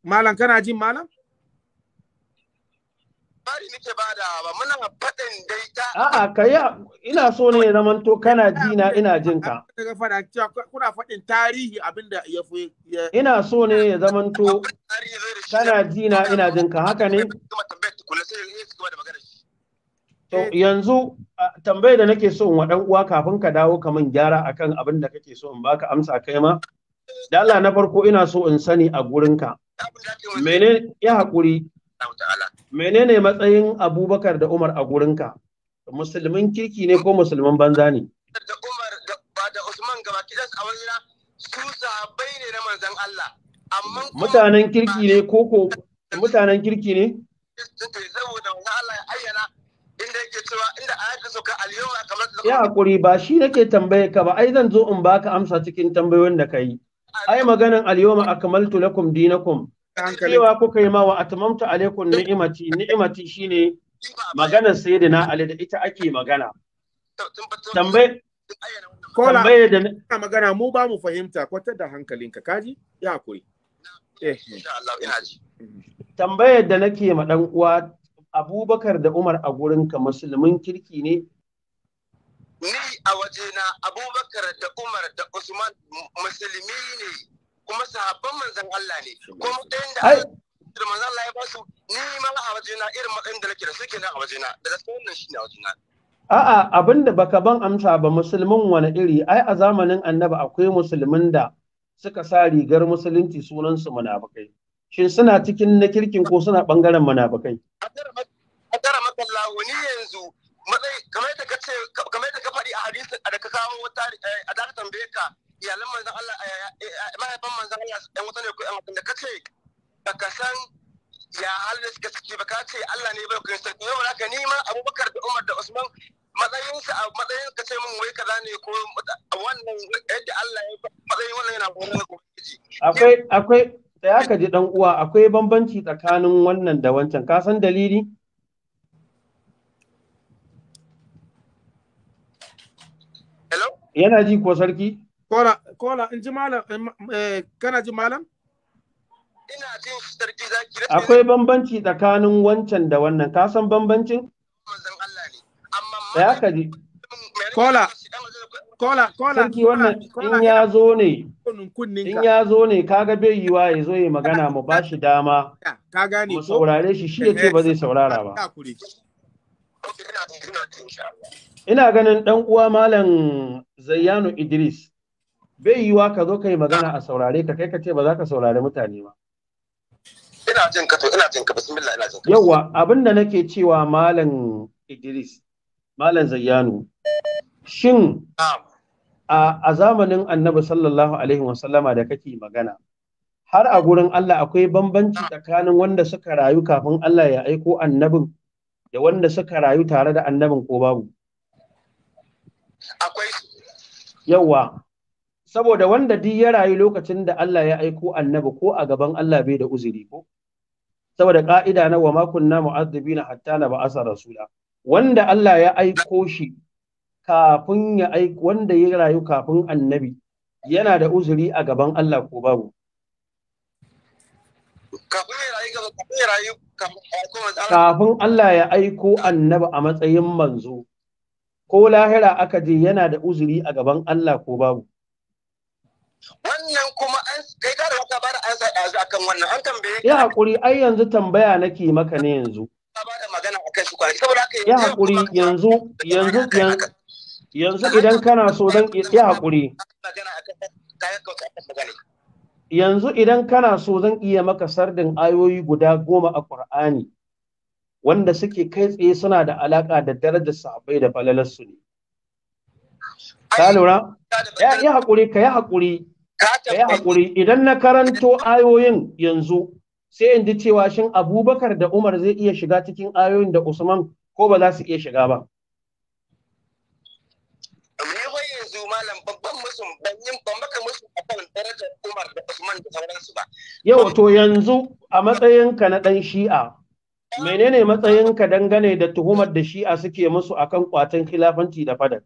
malam kana jin malam labari nake bada ba muna faɗin dai ta a'a kai ina so ne zaman to kana ji na ina jin ka daga kuna faɗin tarihi abinda ya ina so ne ya zaman to kana ji na ina jin ka haka ne to eh. yanzu tambayar da nake so in wa dan uwa kafin ka dawo ka min gyara akan abin da kake so in baka amsa kai ma da Allah na farko ina so in sani a gurinka mene ya haƙuri subhanahu ta'ala menene matsayin Abubakar da Umar a gurinka musulmin kirki ne ko musulmin banza ne da Umar da ba da Usman gaba kidan a wajena su sahabbai ne na manzon Allah amma mutanen kirki ne ko ko mutanen kirki ne saboda Allah ya ayyana inda yake cewa inda ayatu suka al-yawma kamar ya hakuri ba shi nake tambaye ka ba ai zan zo in baka amsa cikin tambayoyin da kai ai maganan al-yawma akmaltu lakum dinakum cewa kuka yi mawa atmamtu alaikun ni'imati ni'imati shine maganar sayyidina ali da ita ake magana tambaye kola da magana mu ba mu fahimta kwata da hankalinka kaji ya kuri eh. tambayar da nake ma dan uwa abubakar da umar a gurinka musulmin kirki ne ni a wajena abubakar da umar da usman musulmi ne kuma sahabban manzan Allah ne ko mutanen da manzan Allah ya ba su ni ma a wajena irin matsayin da nake da suke na a wajena da gaske wannan shine a wajena A'a abin da baka ban amsa ba musulmin wani iri ai a zamanin annabi akwai musulmin da suka sa rigar musulunci sunansu munafukai shin suna cikin na kirkin ko suna bangaren munafukai tara makallahu ni yanzu matsayi kamar yadda ka ce kamar yadda ka faɗi a hadisin da ka kawo wata eh, a da tambaye ka iyalan manzan Allah eh, eh, eh, mahaifan manzan Allah ɗan wata ne ko da ka ce baka san ya halin da suka ciki ba ka ce Allah ne bai kun sarki yau haka ni ma Abubakar da Umar da Usman matsayin sa matsayin ka ce min wai kaza ne ko wannan yadda Allah ya matsayin wannan yana gobe da akwai akwai da aka ji dan uwa akwai bambanci tsakanin wannan da wancan ka san dalili Hello? Yana ji ko sarki? kola kola in ji malam eh, eh, kana ji malam ina jin sarki zaki akwai bambanci tsakanin wancan da wannan ka san bambancin manzon Allah ne amma ma ya ka ji kola kola kola sarki wannan in ya zo ne in ya zo ne kaga bai yiwa ya zo yi magana mu ba shi dama ka gane ko saurare shi shi yace ba zai saurara ba ina ganin dan uwa malam Zayyano Idris bai yiwa ka zo ka yi magana a saurare ka kai ka ce ba za ka saurari mutane ba ina jin ka ina jin ka bismillah ina jin ka Yawwa, abin da nake cewa malam Idris malam Zayyanu shin a zamanin Annabi sallallahu alaihi wasallama da kake magana har a gurin Allah akwai bambanci tsakanin wanda suka rayu kafin Allah ya aiko annabin da wanda suka rayu tare da annabin ko babu akwai yawa saboda wanda duk ya rayu lokacin da Allah ya aiko annabi ko a gaban Allah bai da uzuri ko saboda ka'ida na wa makunna kunna mu'azzibina hatta na ba'asa rasula wanda Allah ya aiko shi kafin ya aiko wanda ya rayu kafin annabi yana da uzuri a gaban Allah ko babu kafin Allah ya aiko annabi a matsayin manzo ko lahira aka je yana da uzuri a gaban Allah ko babu wannan kuma an kai ka da wata bada an sa ɗazu akan wannan an tambaye ya hakuri ai yanzu tambaya nake maka ne yanzu ba ya hakuri yanzu yanzu yanzu idan kana so dan ya hakuri yanzu idan kana so zan iya maka sardin ayoyi guda goma a Qur'ani wanda suke kai tsaye suna da alaka da darajar sahabbai da falalarsu ne ka lura ya hakuri ka yi hakuri Kai hakuri idan na karanto ayoyin yanzu sai in ji cewa shin Abubakar da Umar zai iya shiga cikin ayoyin da Usman ko ba za su iya shiga ba. malam Yau to yanzu a matsayinka na ɗan Shi'a menene matsayinka dangane da tuhumar da Shi'a suke musu akan kwatan khilafanci da fadar?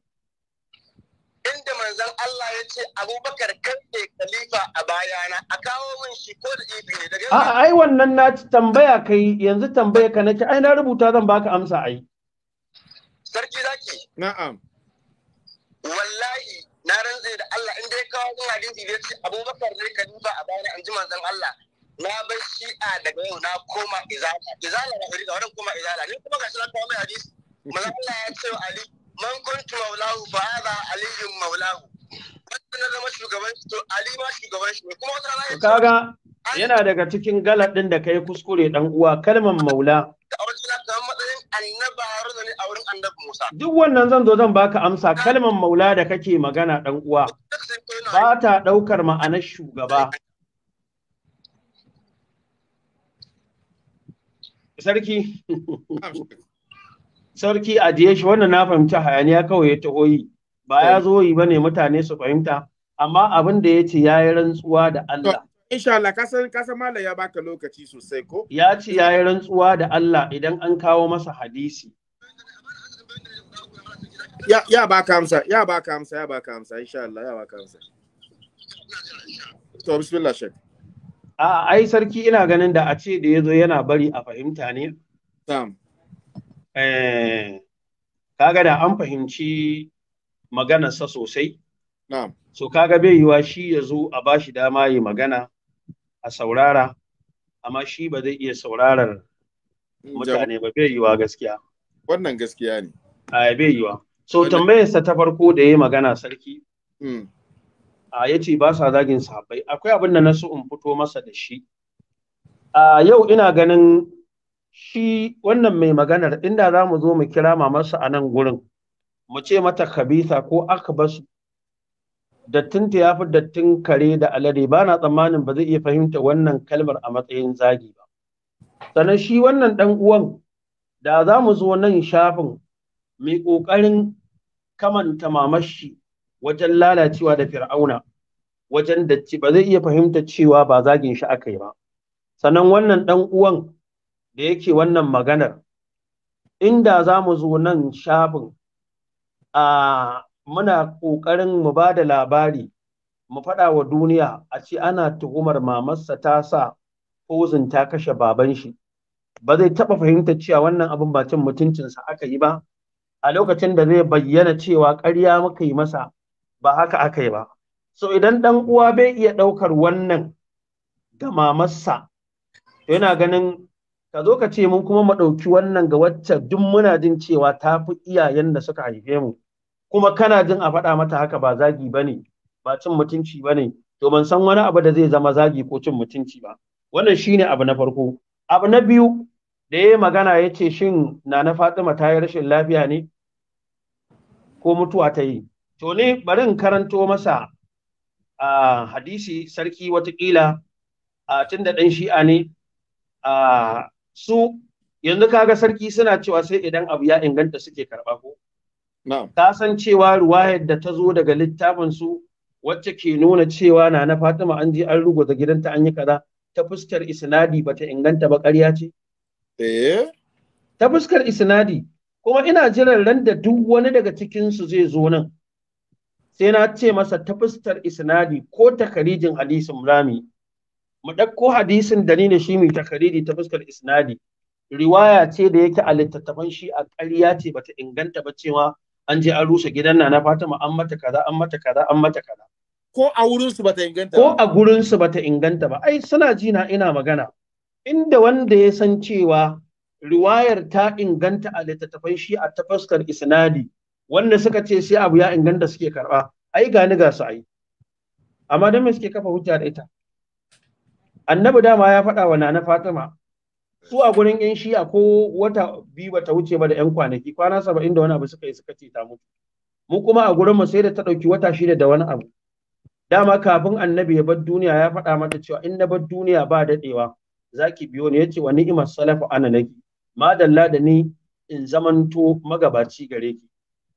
Inda manzon Allah ya ce Abubakar kan ne khalifa a bayana a kawo min shi ko da ibi ne daga a ai wannan na tambaya kai yanzu tambaya ka nake ai na rubuta zan baka amsa ai sarki zaki na'am wallahi na rantse da Allah in dai kawo min hadisi da ce Abubakar ne khalifa a bayana anji ji manzon Allah na bar shi'a daga yau na koma izala izala na hori da wannan koma izala ni kuma shi na kawo min hadisi manzon Allah ya ce wa Ali man kuntu maulahu fa hada aliyun maulahu wanda na zama shugaban shi to ali ma shugaban shi kuma wata rana kaga yana daga cikin galadin da kai kuskure dan uwa kalman maula Duk wannan zan zo zan baka amsa ah. kalmar maula da kake magana dan uwa ba ta ɗaukar ma'anar shugaba. (laughs) Sarki. sarki jiye shi wannan na fahimci hayaniya kawai ya taho yi ba ya zo yi bane mutane su fahimta amma abin da ya ce ya yi rantsuwa da Allah insha Allah kasan kasan mallam ya baka lokaci sosai ko ya ce ya yi rantsuwa da Allah idan an kawo masa hadisi ya ya baka amsa ya baka amsa ya baka amsa insha Allah ya baka amsa to bismillah shek a ai sarki ina ganin da a ce da yazo yana bari a fahimta ne tam Eh, kaga da an fahimci maganarsa sosai so kaga bai yiwa shi ya zo a bashi dama yi magana a saurara amma shi ba zai iya saurarar hmm, mutane ba bai yiwa gaskiya wannan gaskiya ne a bai yiwa so tambayarsa ta farko da ya magana sarki hmm. a ya ce ba sa zagin sahabbai akwai abin da na so in fito masa da shi a yau ina ganin shi wannan mai maganar inda za mu zo mu kira mamarsa a nan gurin mu ce mata kabisa ko aka basu? dattin ta yafi dattin kare da alade ba na tsammanin ba zai iya fahimta wannan kalmar a matsayin zagi ba sannan shi wannan ɗan uwan da za mu zo nan shafin mai ƙoƙarin kamanta mamashi wajen lalacewa da fir'auna wajen datti ba zai iya fahimta cewa ba zagin shi aka yi ba sannan wannan ɗan uwan da yake wannan maganar inda za mu zo nan shafin a muna ƙoƙarin mu ba da labari mu faɗa wa duniya a ce ana tuhumar mamarsa ta sa kozin ta kashe baban shi ba zai taɓa fahimtar cewa wannan abin ba cin mutuncinsa aka yi ba a lokacin da zai bayyana cewa ƙarya muka yi masa ba haka aka yi ba so idan ɗan uwa bai iya ɗaukar wannan ga mamarsa yana ganin ka zo ka ce mun kuma mu ɗauki wannan ga wacce duk muna jin cewa ta fi iyayen da suka haife mu kuma kana jin a faɗa mata haka ba zagi ba ne ba cin mutunci ba ne to ban san wani abu da zai zama zagi ko cin mutunci ba wannan shine abu na farko abu na biyu da ya magana ya ce shin nana fatima ta yi rashin lafiya ne ko mutuwa ta yi to ne bari in karanto masa a hadisi sarki watakila a tun da ɗan shi'a ne a su yanzu kaga sarki suna cewa sai idan abu ya inganta suke karɓa ko ta san cewa ruwayar da ta zo daga littafin su wacce ke nuna cewa na na Fatima an je an da gidanta an yi kaza ta fuskar isnadi bata inganta ba ƙarya ce eh ta fuskar isnadi kuma ina jiran ran da duk wani daga cikin su zai zo nan sai na ce masa ta fuskar isnadi ko takarijin hadisin rami mu ɗauko hadisin da shi mai takariri ta fuskar isnadi riwaya ce da yake a littattafan shi a ƙarya ce bata inganta ba cewa an je an rushe gidan na na Fatima an mata kaza an mata kaza an mata kaza ko a wurin su bata inganta ko a gurin su bata inganta ba ai suna ji na ina magana inda wanda ya san cewa riwayar ta inganta a littattafan shi a ta fuskar isnadi wanda suka ce sai abu ya inganta suke karba ai gani ga su ai amma dan me suke kafa hujja da ita annabi dama ya faɗa wa nana fatima su a gurin yan shi'a ko wata biyu bata wuce ba da yan kwanaki kwana saba'in da wani abu suka yi suka ce ta mutu mu kuma a gurin mu sai da ta ɗauki wata shida da wani abu dama kafin annabi ya bar duniya ya faɗa mata cewa in na bar duniya ba daɗewa zaki biyo ne yace wa ni'imar salafu ana naki madalla da ni in zamanto magabaci gare ki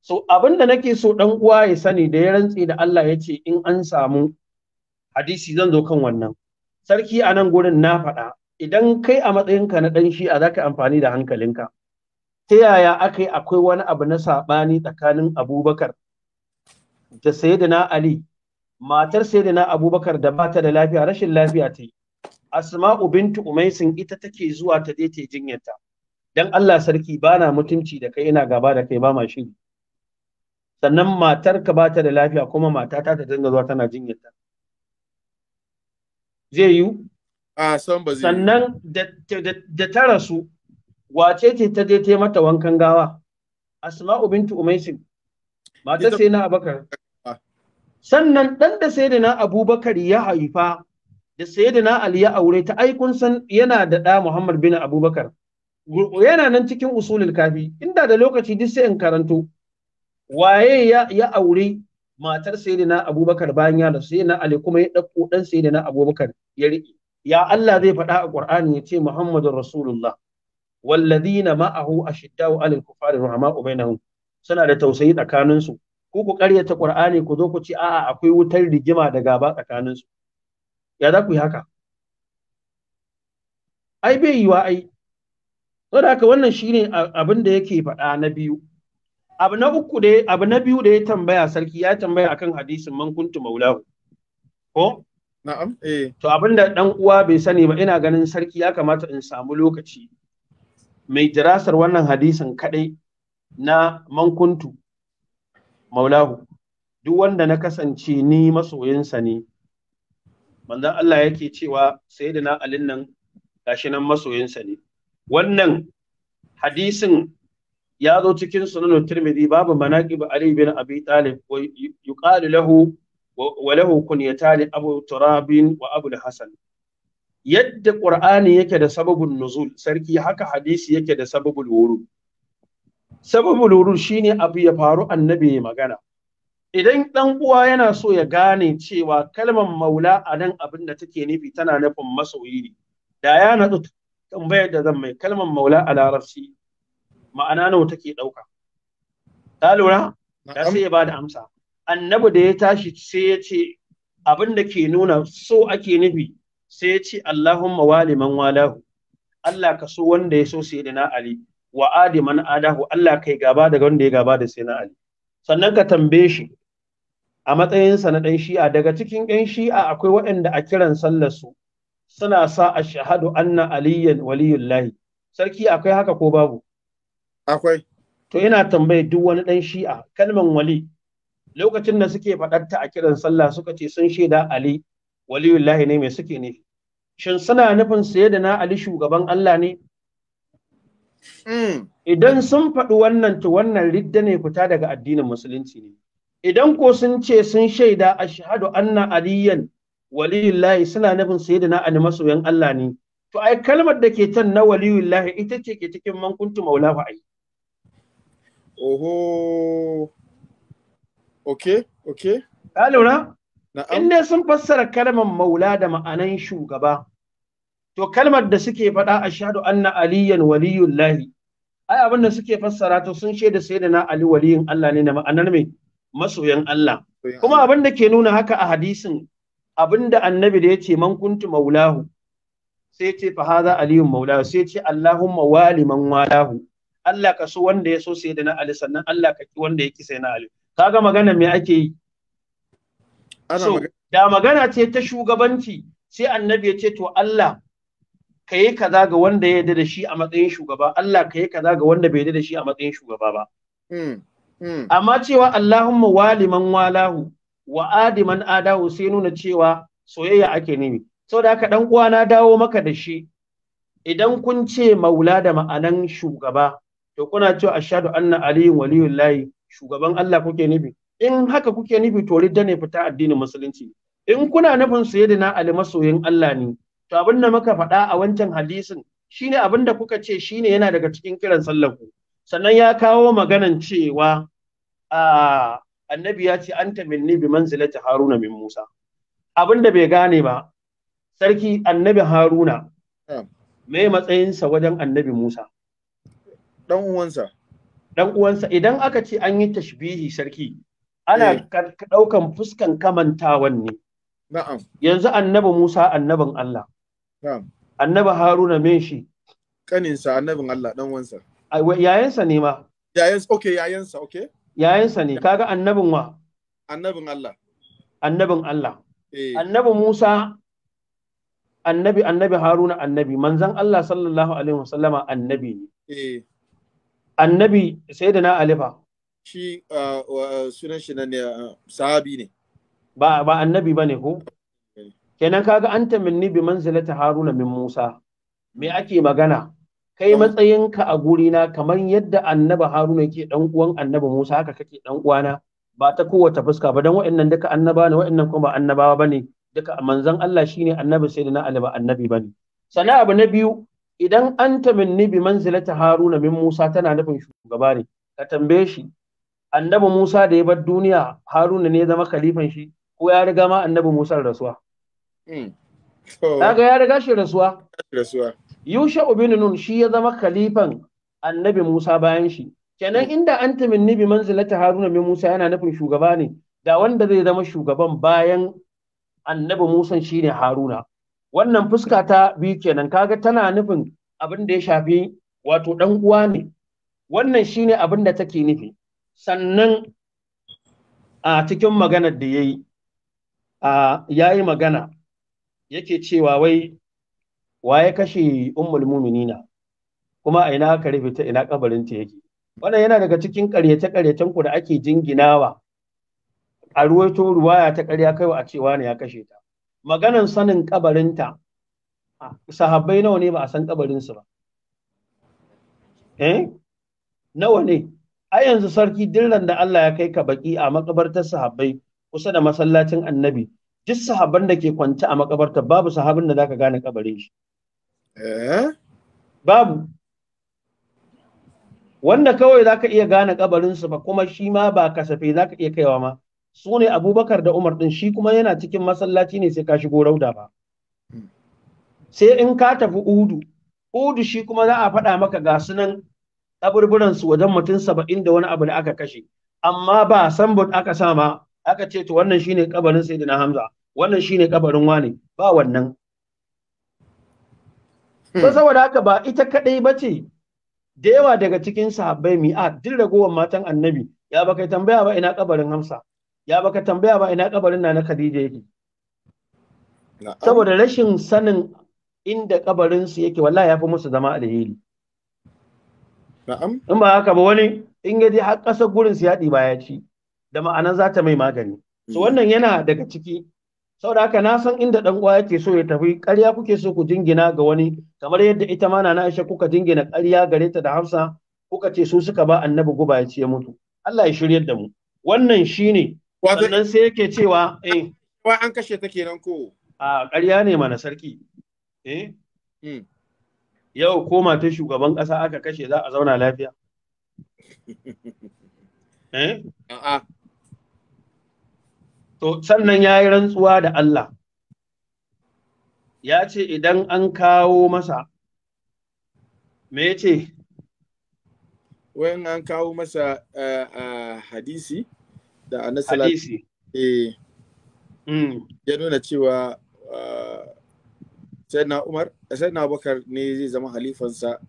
so abin da nake so dan uwa ya sani da ya rantse da Allah yace in an samu hadisi zan zo kan wannan sarki a nan gurin na faɗa idan kai a matsayinka na ɗan shi'a za ka amfani da hankalinka ta yaya aka yi akwai wani abu na saɓani tsakanin abubakar da sayyidina ali matar sayyidina abubakar da ba ta da lafiya rashin lafiya ta yi asma'u bintu umaisin ita take zuwa ta je ta jinyarta dan Allah sarki bana mutunci da kai ina gaba da kai ba ma shiri sannan matar ka ba ta da lafiya kuma matata ta dinga zuwa tana jinyarta zai yi sannan da ta rasu wace ce ta je ta mata wankan gawa asma'u bintu umaisin mata sai na abakar ah. sannan dan da sai na abubakar ya haifa da sai na ali ya aure ta aikun san yana da ɗa muhammad bin abubakar yana nan cikin usulul kafi inda da lokaci duk sai in karanto waye ya aure matar sayyidina abubakar bayan ya rasu sayyidina ali kuma ya dauko ɗan sayyidina abubakar ya riƙe ya Allah zai faɗa a Qur'ani ya ce Muhammadun Rasulullah walladina ma'ahu ashiddau alal kufari rahma bainahum suna da tausayi tsakanin su ku ku ta Qur'ani ku zo ku ci a'a akwai wutar rigima da gaba tsakanin su ya za ku yi haka ai bai yi wa ai saboda haka wannan shine abin da yake faɗa na biyu abu na uku da abu na biyu da ya tambaya sarki ya tambaya akan hadisin man kuntu maulahu ko na'am eh to abinda dan uwa bai sani ba ina ganin sarki ya kamata in samu lokaci mai jirasar wannan hadisin kadai na man kuntu maulahu duk wanda na kasance ni masoyinsa ne manzon Allah yake cewa sayyidina alin nan gashi nan masoyinsa ne wannan hadisin ya zo cikin sunan tirmidhi babu manaqib ali bin abi talib wa yuqalu lahu wa lahu kunyatan abu turabin wa abu hasan yadda qur'ani yake da sababun nuzul sarki haka hadisi yake da sababul wurud sababul wurud shine abu ya faru annabi ya magana idan dan uwa yana so ya gane cewa kalmar maula a nan abin da take nufi tana nufin masoyi ne da ya natsu tambayar da zan mai kalmar maula a larabci ma'ana nawa take ɗauka ta lura ya sai ya ba da amsa annabi da ya tashi sai ya ce abin da ke nuna so ake nufi sai ya ce Allahumma wali man walahu Allah ka so wanda ya so sai da na Ali wa adi man adahu Allah kai gaba daga wanda ya gaba da sai na Ali sannan ka tambaye shi a matsayinsa na ɗan shi'a daga cikin ɗan shi'a akwai waɗanda a kiran sallar su suna sa a shahadu anna aliyyan waliyullahi sarki akwai haka ko babu Akwai. To ina tambaye duk wani ɗan shi'a kalman wali lokacin da suke faɗarta a kiran sallah suka ce sun shaida Ali waliyullahi ne mai suke ne. Shin suna nufin saye da na Ali shugaban Allah ne? Hmm. Idan sun faɗi wannan to wannan ridda ne fita daga addinin musulunci ne. Idan ko sun ce sun shaida ashhadu anna aliyan waliyullahi suna nufin saye da na Ali masoyan Allah ne. To ai kalmar da ke can na waliyullahi ita ce ke cikin mankuntu maula ai. Oho. Ok, ok. Ya lura? In dai sun fassara kalmar maula da ma'anan shugaba, to kalmar da suke faɗa a shahadu anna aliyan waliyun lahi, ai abin da suke fassara to sun shaida sai da na Ali waliyin Allah ne na ma'anar mai masoyan Allah. Kuma abin da ke nuna haka a hadisin abin da annabi da ya ce man kuntu maulahu sai ce fa haza aliyun maulahu sai ce Allahumma wali man walahu. Allah ka so wanda ya so sai da na Ali sannan Allah ka ki wanda ya ki sai na Ali kaga magana me ake yi so da magana ce ta shugabanci sai annabi ya ce to Allah ka yi kaza ga wanda ya yarda da shi a matsayin shugaba Allah ka yi kaza ga wanda bai yarda da shi a matsayin shugaba ba hmm, hmm. amma cewa Allahumma waliman walahu wa adiman adahu sai nuna cewa soyayya ake nemi saboda haka dan uwa na dawo maka da shi idan kun ce maula da ma'anan shugaba to kuna cewa ashhadu anna aliyun waliyullahi shugaban Allah kuke nufi in haka kuke nufi to ridda ne fita addinin musulunci in kuna nufin na ali masoyin Allah ne to abin da muka faɗa a wancan hadisin shine abin da kuka ce shine yana daga cikin kiran sallar ku sannan ya kawo maganan cewa annabi ya ce anta minni bi manzilati haruna min musa abin da bai gane ba sarki annabi haruna mai matsayinsa wajen annabi musa dan uwansa dan uwansa idan aka ce an yi tashbihi sarki ana ɗaukan eh. fuskan kamantawan ne na'am yanzu annabi Musa annabin Allah na'am annabi Haruna men shi kaninsa annabin Allah dan uwansa yayansa ne ma yayansa okay yayansa okay yayansa ne kaga annabin wa annabin Allah annabin Allah eh. annabi Musa annabi annabi Haruna annabi manzon Allah sallallahu alaihi wasallama annabi ne eh. annabi sai da na alifa shi uh, uh, sunan shi ne uh, sahabi ne ba ba annabi bane ko eh. kenan kaga anta minni bi manzilati haruna min musa me ake magana kai matsayinka a gurina kamar yadda annabi haruna yake dan uwan annabi musa haka kake dan uwana ba ta kowace fuska ba dan wa'annan duka annaba ne wa'annan kuma annabawa bane duka manzon Allah shine annabi sai da na alifa annabi bane sana abu na biyu idan an tamanni bi manzilata haruna min musa tana nufin shugaba ne ka tambaye shi annabi musa da ya bar duniya haruna ne ya zama khalifan shi ko ya riga ma annabi musa rasuwa hmm. kaga ya riga shi rasuwa rasuwa yusha ibn nun shi ya zama khalifan annabi musa bayan shi kenan hmm. inda an tamanni bi manzilata haruna min musa yana nufin shugaba ne da wanda zai zama shugaban bayan annabi musa shine haruna wannan fuska ta biyu kenan kaga tana nufin abin da ya shafi wato ɗan uwa ne wannan shine abin da take nufi sannan a cikin maganar da yayi a yayi magana yake cewa wai wa ya kashe ummul muminina kuma a ina aka rufe ta ina kabarin ta yake wannan yana daga cikin karyace karyacen ku da ake jinginawa a ruwaito ruwaya ta karya kaiwa a cewa ne ya kashe ta maganan sanin kabarinta sahabbai nawa ne ba a san kabarinsu ba eh nawa ne a yanzu sarki dillan da Allah ya kai ka baki a makabartar sahabbai kusa da masallacin annabi duk sahabban da ke kwance a makabartar babu sahabin da zaka gane kabarin shi eh babu wanda kawai zaka iya gane kabarin su ba kuma shi ma ba kasafe zaka iya kaiwa ma su ne abubakar da umar din shi kuma yana cikin masallaci ne sai ka shigo rauda ba hmm. sai in ka tafi udu udu shi kuma za a faɗa maka ga sunan kaburburan su wajen mutum saba'in da wani abu da aka kashe amma ba bud aka sa ma, aka ce to wannan shine kabarin sayyidina hamza wannan shine kabarin wane ba wannan so hmm. saboda haka ba ita kadai bace da yawa daga cikin sahabbai mi'a duk ragowar matan annabi ya baka tambaya ba ina kabarin hamsa ya baka tambaya ba ina kabarin na na Khadija yake saboda rashin sanin inda kabarin su yake wallahi fi musu zama alheri na'am in ba haka ba wani in yaje har kasar gurin su yadi ba ya ci da ma'ana za ta mai magani so mm. wannan yana daga ciki saboda haka na san inda dan uwa yake so ya tafi ƙarya kuke so ku jingina ga wani kamar yadda ita ma na Aisha kuka jingina ƙarya gare ta da Hafsa kuka ce su suka ba annabi guba ya ce ya mutu Allah ya shiryar da mu wannan shine sannan sai yake cewa eh wa an kashe ta kenan ko a ƙarya ne mana sarki eh hmm. yau koma ta shugaban ƙasa aka kashe za a zauna lafiya (laughs) eh a'a to sannan yayi rantsuwa da Allah ya ce idan an kawo masa me ya ce? Wayan an kawo masa eh, eh, hadisi? da anasala eh mm. ya nuna cewa ah, sayyidina umar sayyidina abubakar ne zai zama halifansa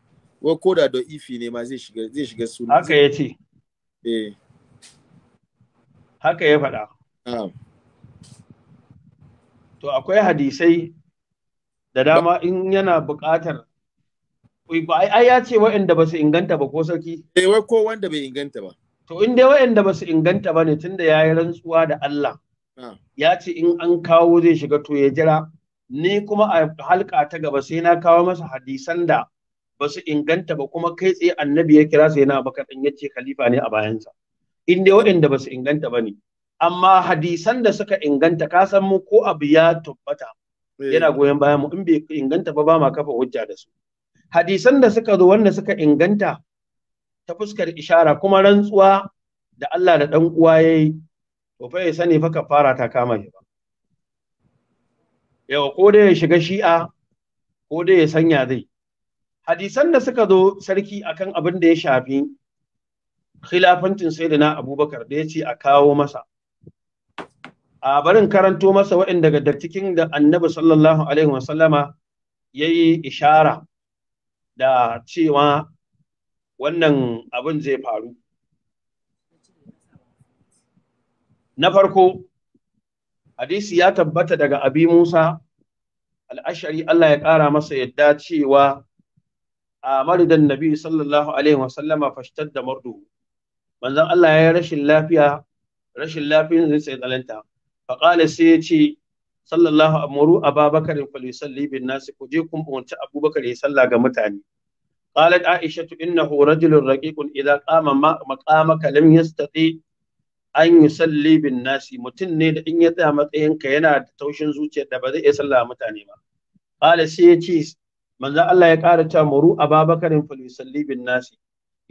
wai ko da ifi ne ma zai shiga zai shiga suna haka ya ce eh haka ya faɗa to akwai hadisai da dama in yana buƙatar ai ya ce wa'anda ba su inganta ba ko sarki eh wai ko wanda bai inganta ba to in dai wayanda ba su inganta ba ne tunda ya yi rantsuwa da Allah ah. ya ce in an kawo zai shiga to ya jira ni kuma a halka ta gaba sai na kawo masa hadisan da ba su inganta ba kuma kai tsaye annabi ya kira sai na baka ya ce khalifa ne a bayansa in dai waɗanda ba su inganta ba ne amma hadisan da suka inganta ka san mu ko abu ya tabbata eh. yana goyon bayan mu in bai inganta ba ba ma kafa hujja da su hadisan da suka zo wanda suka inganta ta fuskar ishara kuma rantsuwa da Allah da ɗan uwa ya yi to fa ya sani fa ka fara ta kama shi ba yawa ko dai ya shiga shi'a ko dai ya sanya zai hadisan da suka zo sarki akan abin da ya shafi da na abubakar da ya ce a kawo masa a barin karanto masa waɗanda daga cikin da annabi sallallahu alaihi wasallama ya yi ishara da cewa wannan abin zai faru na farko hadisi ya tabbata daga abi musa al'ashari Allah ya ƙara masa yadda cewa a maridan nabi sallallahu alaihi wasallama fashtar da mardu manzon Allah ya yi rashin lafiya rashin lafiyan zai sai tsananta faƙala sai ya ce sallallahu amuru ababakar falisalli bin nasi ku je kun umarci abubakar ya salla ga mutane قالت عائشة إنه رجل رقيق إذا قام مقامك لم يستطيع أن يصلي بالناس متن إن يتامت إن كينا توشن زوجة دبدي يصلى متاني ما قال سيتيس من الله Allah ya أبا بكر فليصلي بالناس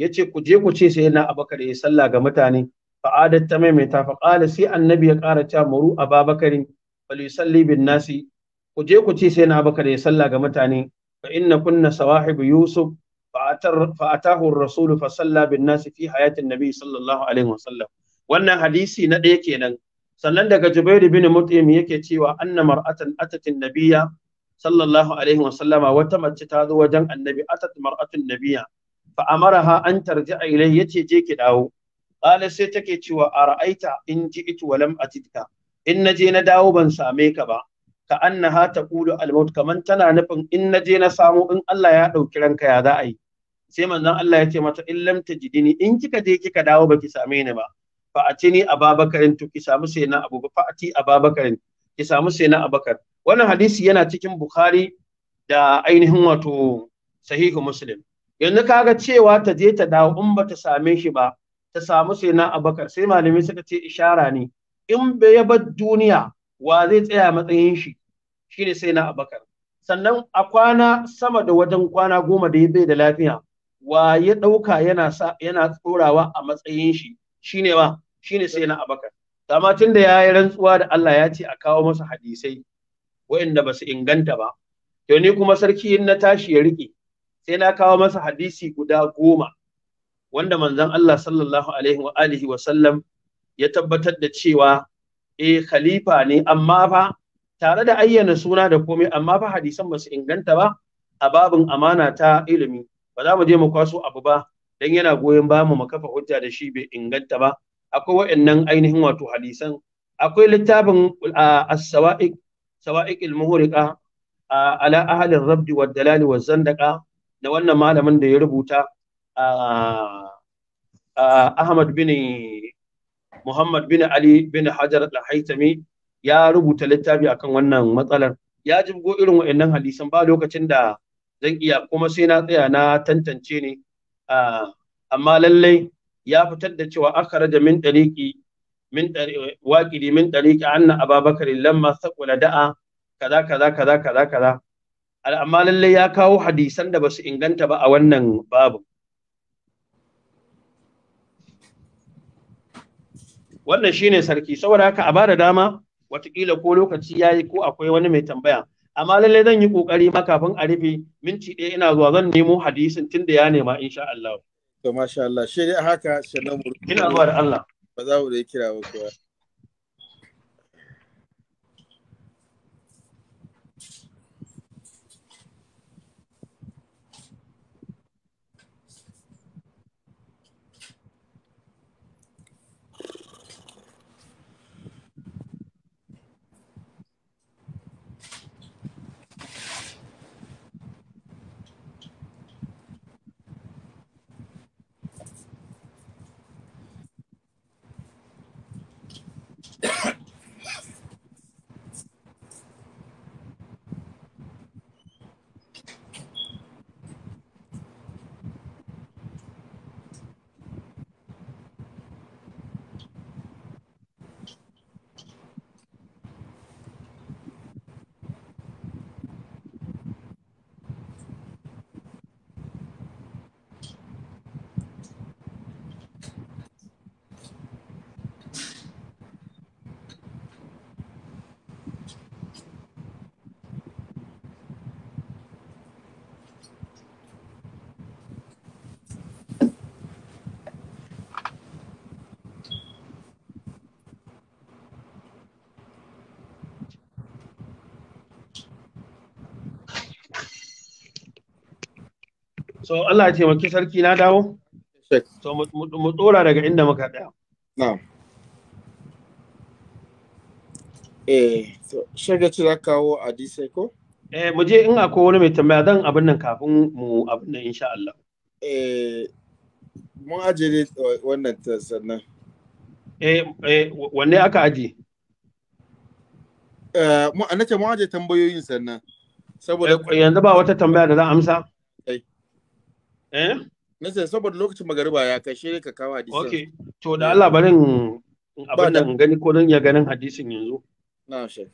yace ku je ku ce sai na abakar ya sallah ga mutane fa adat ta maimaita fa qala annabi ya ƙara ta muru ababakarin fal yusalli bin nasi ku je ku ce sai na abakar ya sallah ga mutane fa inna kunna sawahib yusuf فأتاه الرسول فصلى بالناس في حياة النبي صلى الله عليه وسلم wannan hadisi na ɗaya kenan sannan daga Jubairu bin Mut'im yake cewa anna atatin nabiyya sallallahu alaihi wasallama wata mace ta zo wajen annabi atat mar'atun nabiyya fa amaraha an tarji'a ilayhi yace je ki dawo qala sai take cewa ara'aita in ji'tu wa lam atidka in naje na dawo ban same ka ba ka annaha taqulu al-maut kamar tana nufin in naje na samu in Allah ya ɗauki ranka ya za sai manzon Allah ya ce mata in lam tajidini in kika je kika dawo baki same ni ba fa a Babakarin to ki samu sai na abu fa a Babakarin ki samu sai na abakar wannan hadisi yana cikin bukhari da ainihin wato sahihu muslim yanzu kaga cewa ta je ta dawo in bata same shi ba ta samu sai na abakar sai malami suka ce ishara ne in bai bar duniya wa zai tsaya matsayin shi shine sai na abakar sannan a kwana sama da wajen kwana goma da ya bai da lafiya wa ya ɗauka yana tsorawa a matsayin shi shine wa shine sai na abakar amma tun da yi rantsuwa da Allah ya ce a kawo masa hadisai waɗanda ba su inganta ba to ni kuma sarki in na tashi ya rike sai na kawo masa hadisi guda goma wanda manzon Allah sallallahu alaihi wa alihi wa sallam ya tabbatar da cewa eh khalifa ne amma fa tare da ayyana suna da komai amma fa hadisan ba su inganta ba a babin amana ta ilimi ba za mu je mu kwaso abu ba dan yana goyon ba mu kafa hujja da shi bai inganta ba akwai waɗannan ainihin wato hadisan akwai littafin as-sawa'iq sawa'iqil muhriqa ala ahli ar rabd wa dalal wa zandaqa da wannan malamin da ya rubuta Ahmad bin Muhammad bin Ali bin Hajar al-Haytami ya rubuta littafi akan wannan matsalar ya jibgo irin waɗannan hadisan ba lokacin da zan iya kuma sai na tsaya na tantance ne amma lallai ya fitar da cewa akhraja min dariki min waqidi min dariki anna ababakar lamma saqula da'a kaza kaza kaza kaza kaza amma lallai ya kawo hadisan da basu inganta ba a wannan babu wannan shine sarki saboda haka a bada dama watakila ko lokaci yayi ko akwai wani mai tambaya amma lalle zan yi kokari ma kafin a rufe minti ɗaya ina zuwa zan nemo hadisin tunda ya nema insha Allah to masha Allah shi dai haka sannan mu ina zuwa da Allah ba za mu da kira ba kuwa So Allah ya taimaki sarki na dawo? So mu tsora daga inda muka ɗaya. Na'am. Eh, so shirya ci za kawo a disai ko? Eh, mu je in akwai wani mai tambaya zan abin nan kafin mu abin nan insha Allah. Eh, mun ajiye wannan sannan. Eh, eh, wanne aka aje Eh, mu anace mun ajiye tambayoyin sannan. Saboda eh, yanzu ba wata tambaya da za amsa? eh nasa saboda lokacin magariba ya kai shi ka kawo hadisin okay to da eh. Allah barin abin da gani ko nan ya ganin hadisin yanzu na shek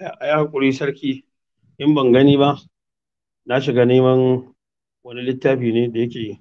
a yi haƙuri sarki in ban gani ba na shiga neman wani littafi ne da yake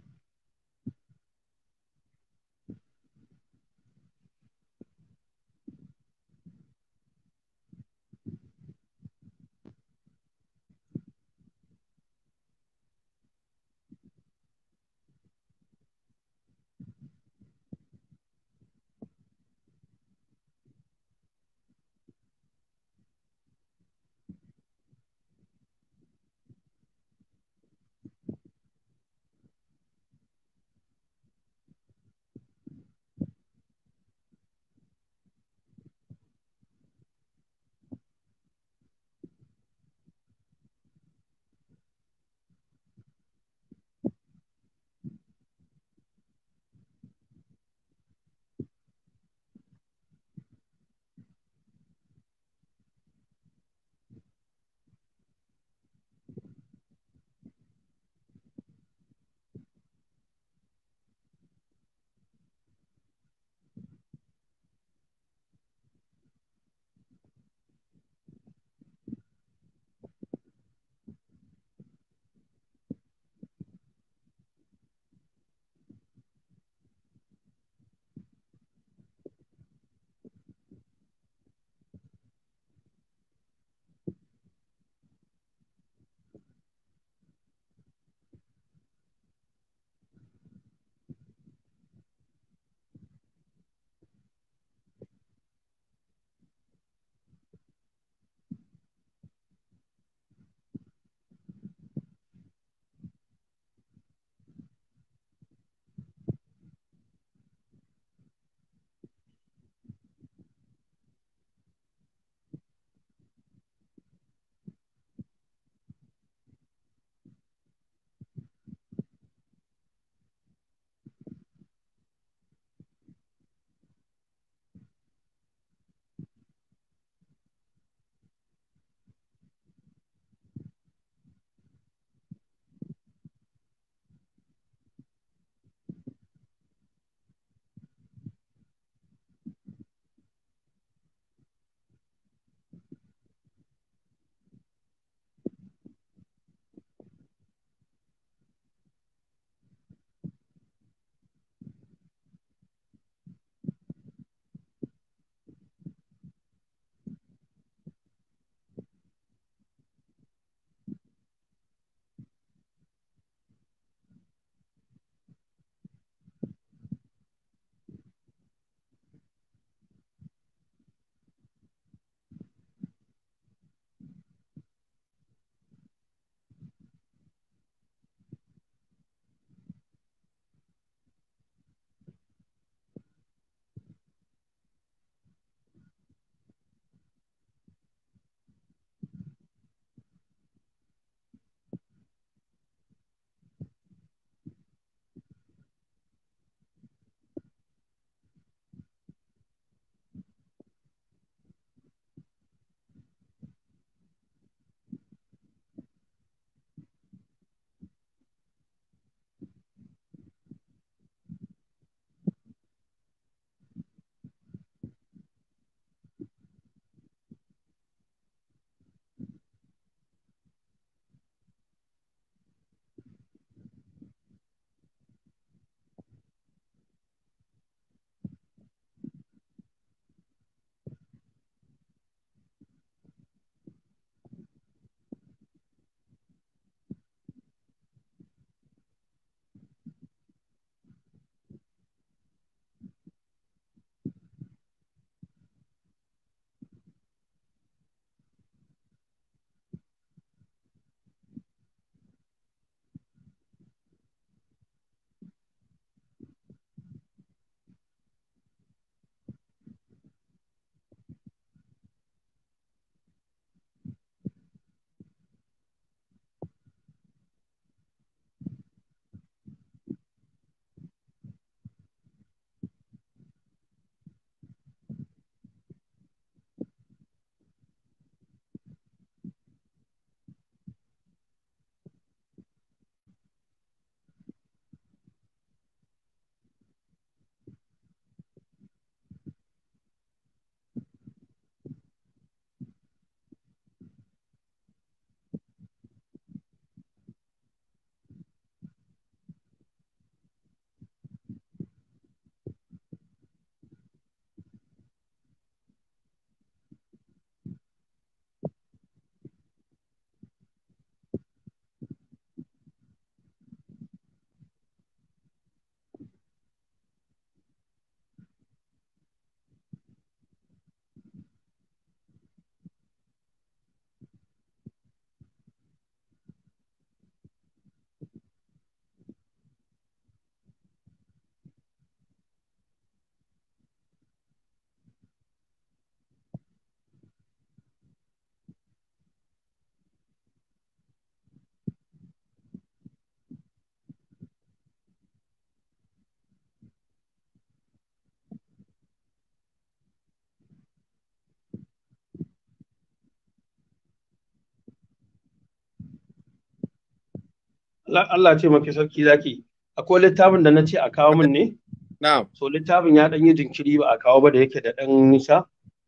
Allah ce maki sarki zaki akwai littafin da na ce a kawo min ne na'am so littafin ya dan yi jinkiri ba a kawo ba da yake da dan nisa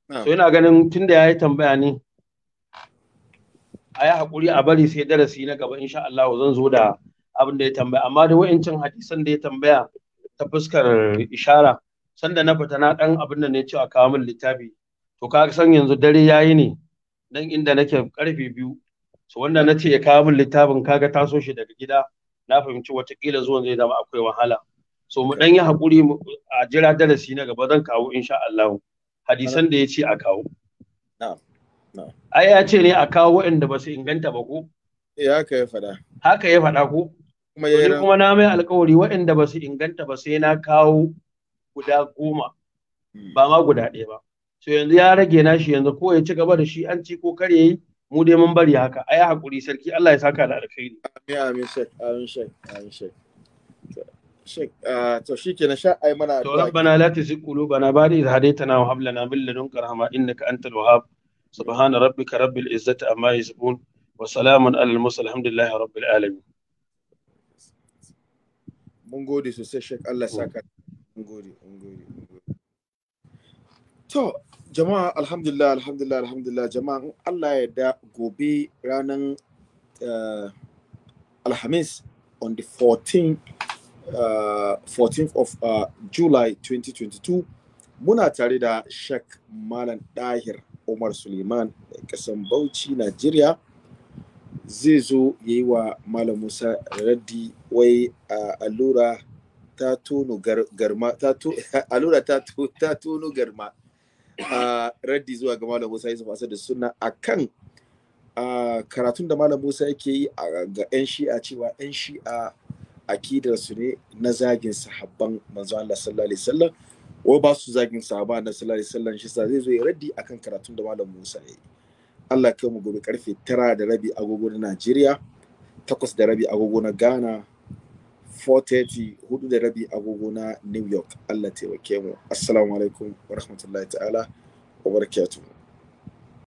so yana ganin tunda yayi tambaya ne a yi hakuri a bari sai darasi na gaba insha Allah zan zo da abin da ya tambaya amma da wa'incin hadisan da ya tambaya ta fuskar ishara sanda na fita na dan abin da ne a kawo min littafi to ka san yanzu dare yayi ne dan inda nake karfe biyu so wanda na ce ya kawo min littafin kaga taso shi daga gida na fahimci watakila zuwan zai zama akwai wahala so mu dan yi hakuri a jira darasi na gaba zan kawo insha Allah hadisan da ya ce a kawo na'am na'am ai ya ce ne a kawo waɗanda ba su inganta ba ko eh haka ya faɗa haka ya faɗa ko kuma ya kuma na mai alƙawari waɗanda ba su inganta ba sai na kawo guda goma hmm. ba ma guda ɗaya ba so yanzu ya rage na shi yanzu ko ya ci gaba da shi an ci ko kar yayi mu dai mun bari haka ai hakuri sarki Allah ya saka da alkhairi amin amin shek amin shek amin shek shek ah, to shikenan sha ai mana to rabbana la tuzigh qulubana ba'da idh hadaytana wa hab lana min ladunka rahma innaka antal wahhab subhana rabbika rabbil izzati amma yasifun wa salamun alal mursalin alhamdulillahi rabbil alamin mun gode sosai shek Allah saka mun gode mun gode to jama'a alhamdulillah alhamdulillah alhamdulillah jama'a Allah ya da gobe ranar uh, eh, alhamis on the 14th, uh, 14th of uh, july 2022 muna tare da shek malam dahir umar suleiman kasan bauchi nigeria zai zo ya yi wa malam musa raddi wai a eh, allura ta tono garma (laughs) raddi zuwa ga malam Musa Yusuf Asad da sunna akan karatun da malam Musa yake yi ga 'yan shi'a cewa 'yan shi'a akidar su ne na zagin sahabban manzo Allah sallallahu alaihi wasallam wai ba su zagin sahaba na sallallahu alaihi wasallam shi sa zai zo ya raddi akan karatun da malam Musa yake. Allah kai mu gobe karfe tara da rabi agogo na Najeriya takwas da rabi agogo na Ghana 4:30 hudu da rabi agogo na New York. Allah taimake mu. Assalamu alaikum wa rahmatullahi ta'ala wa barakatuhu.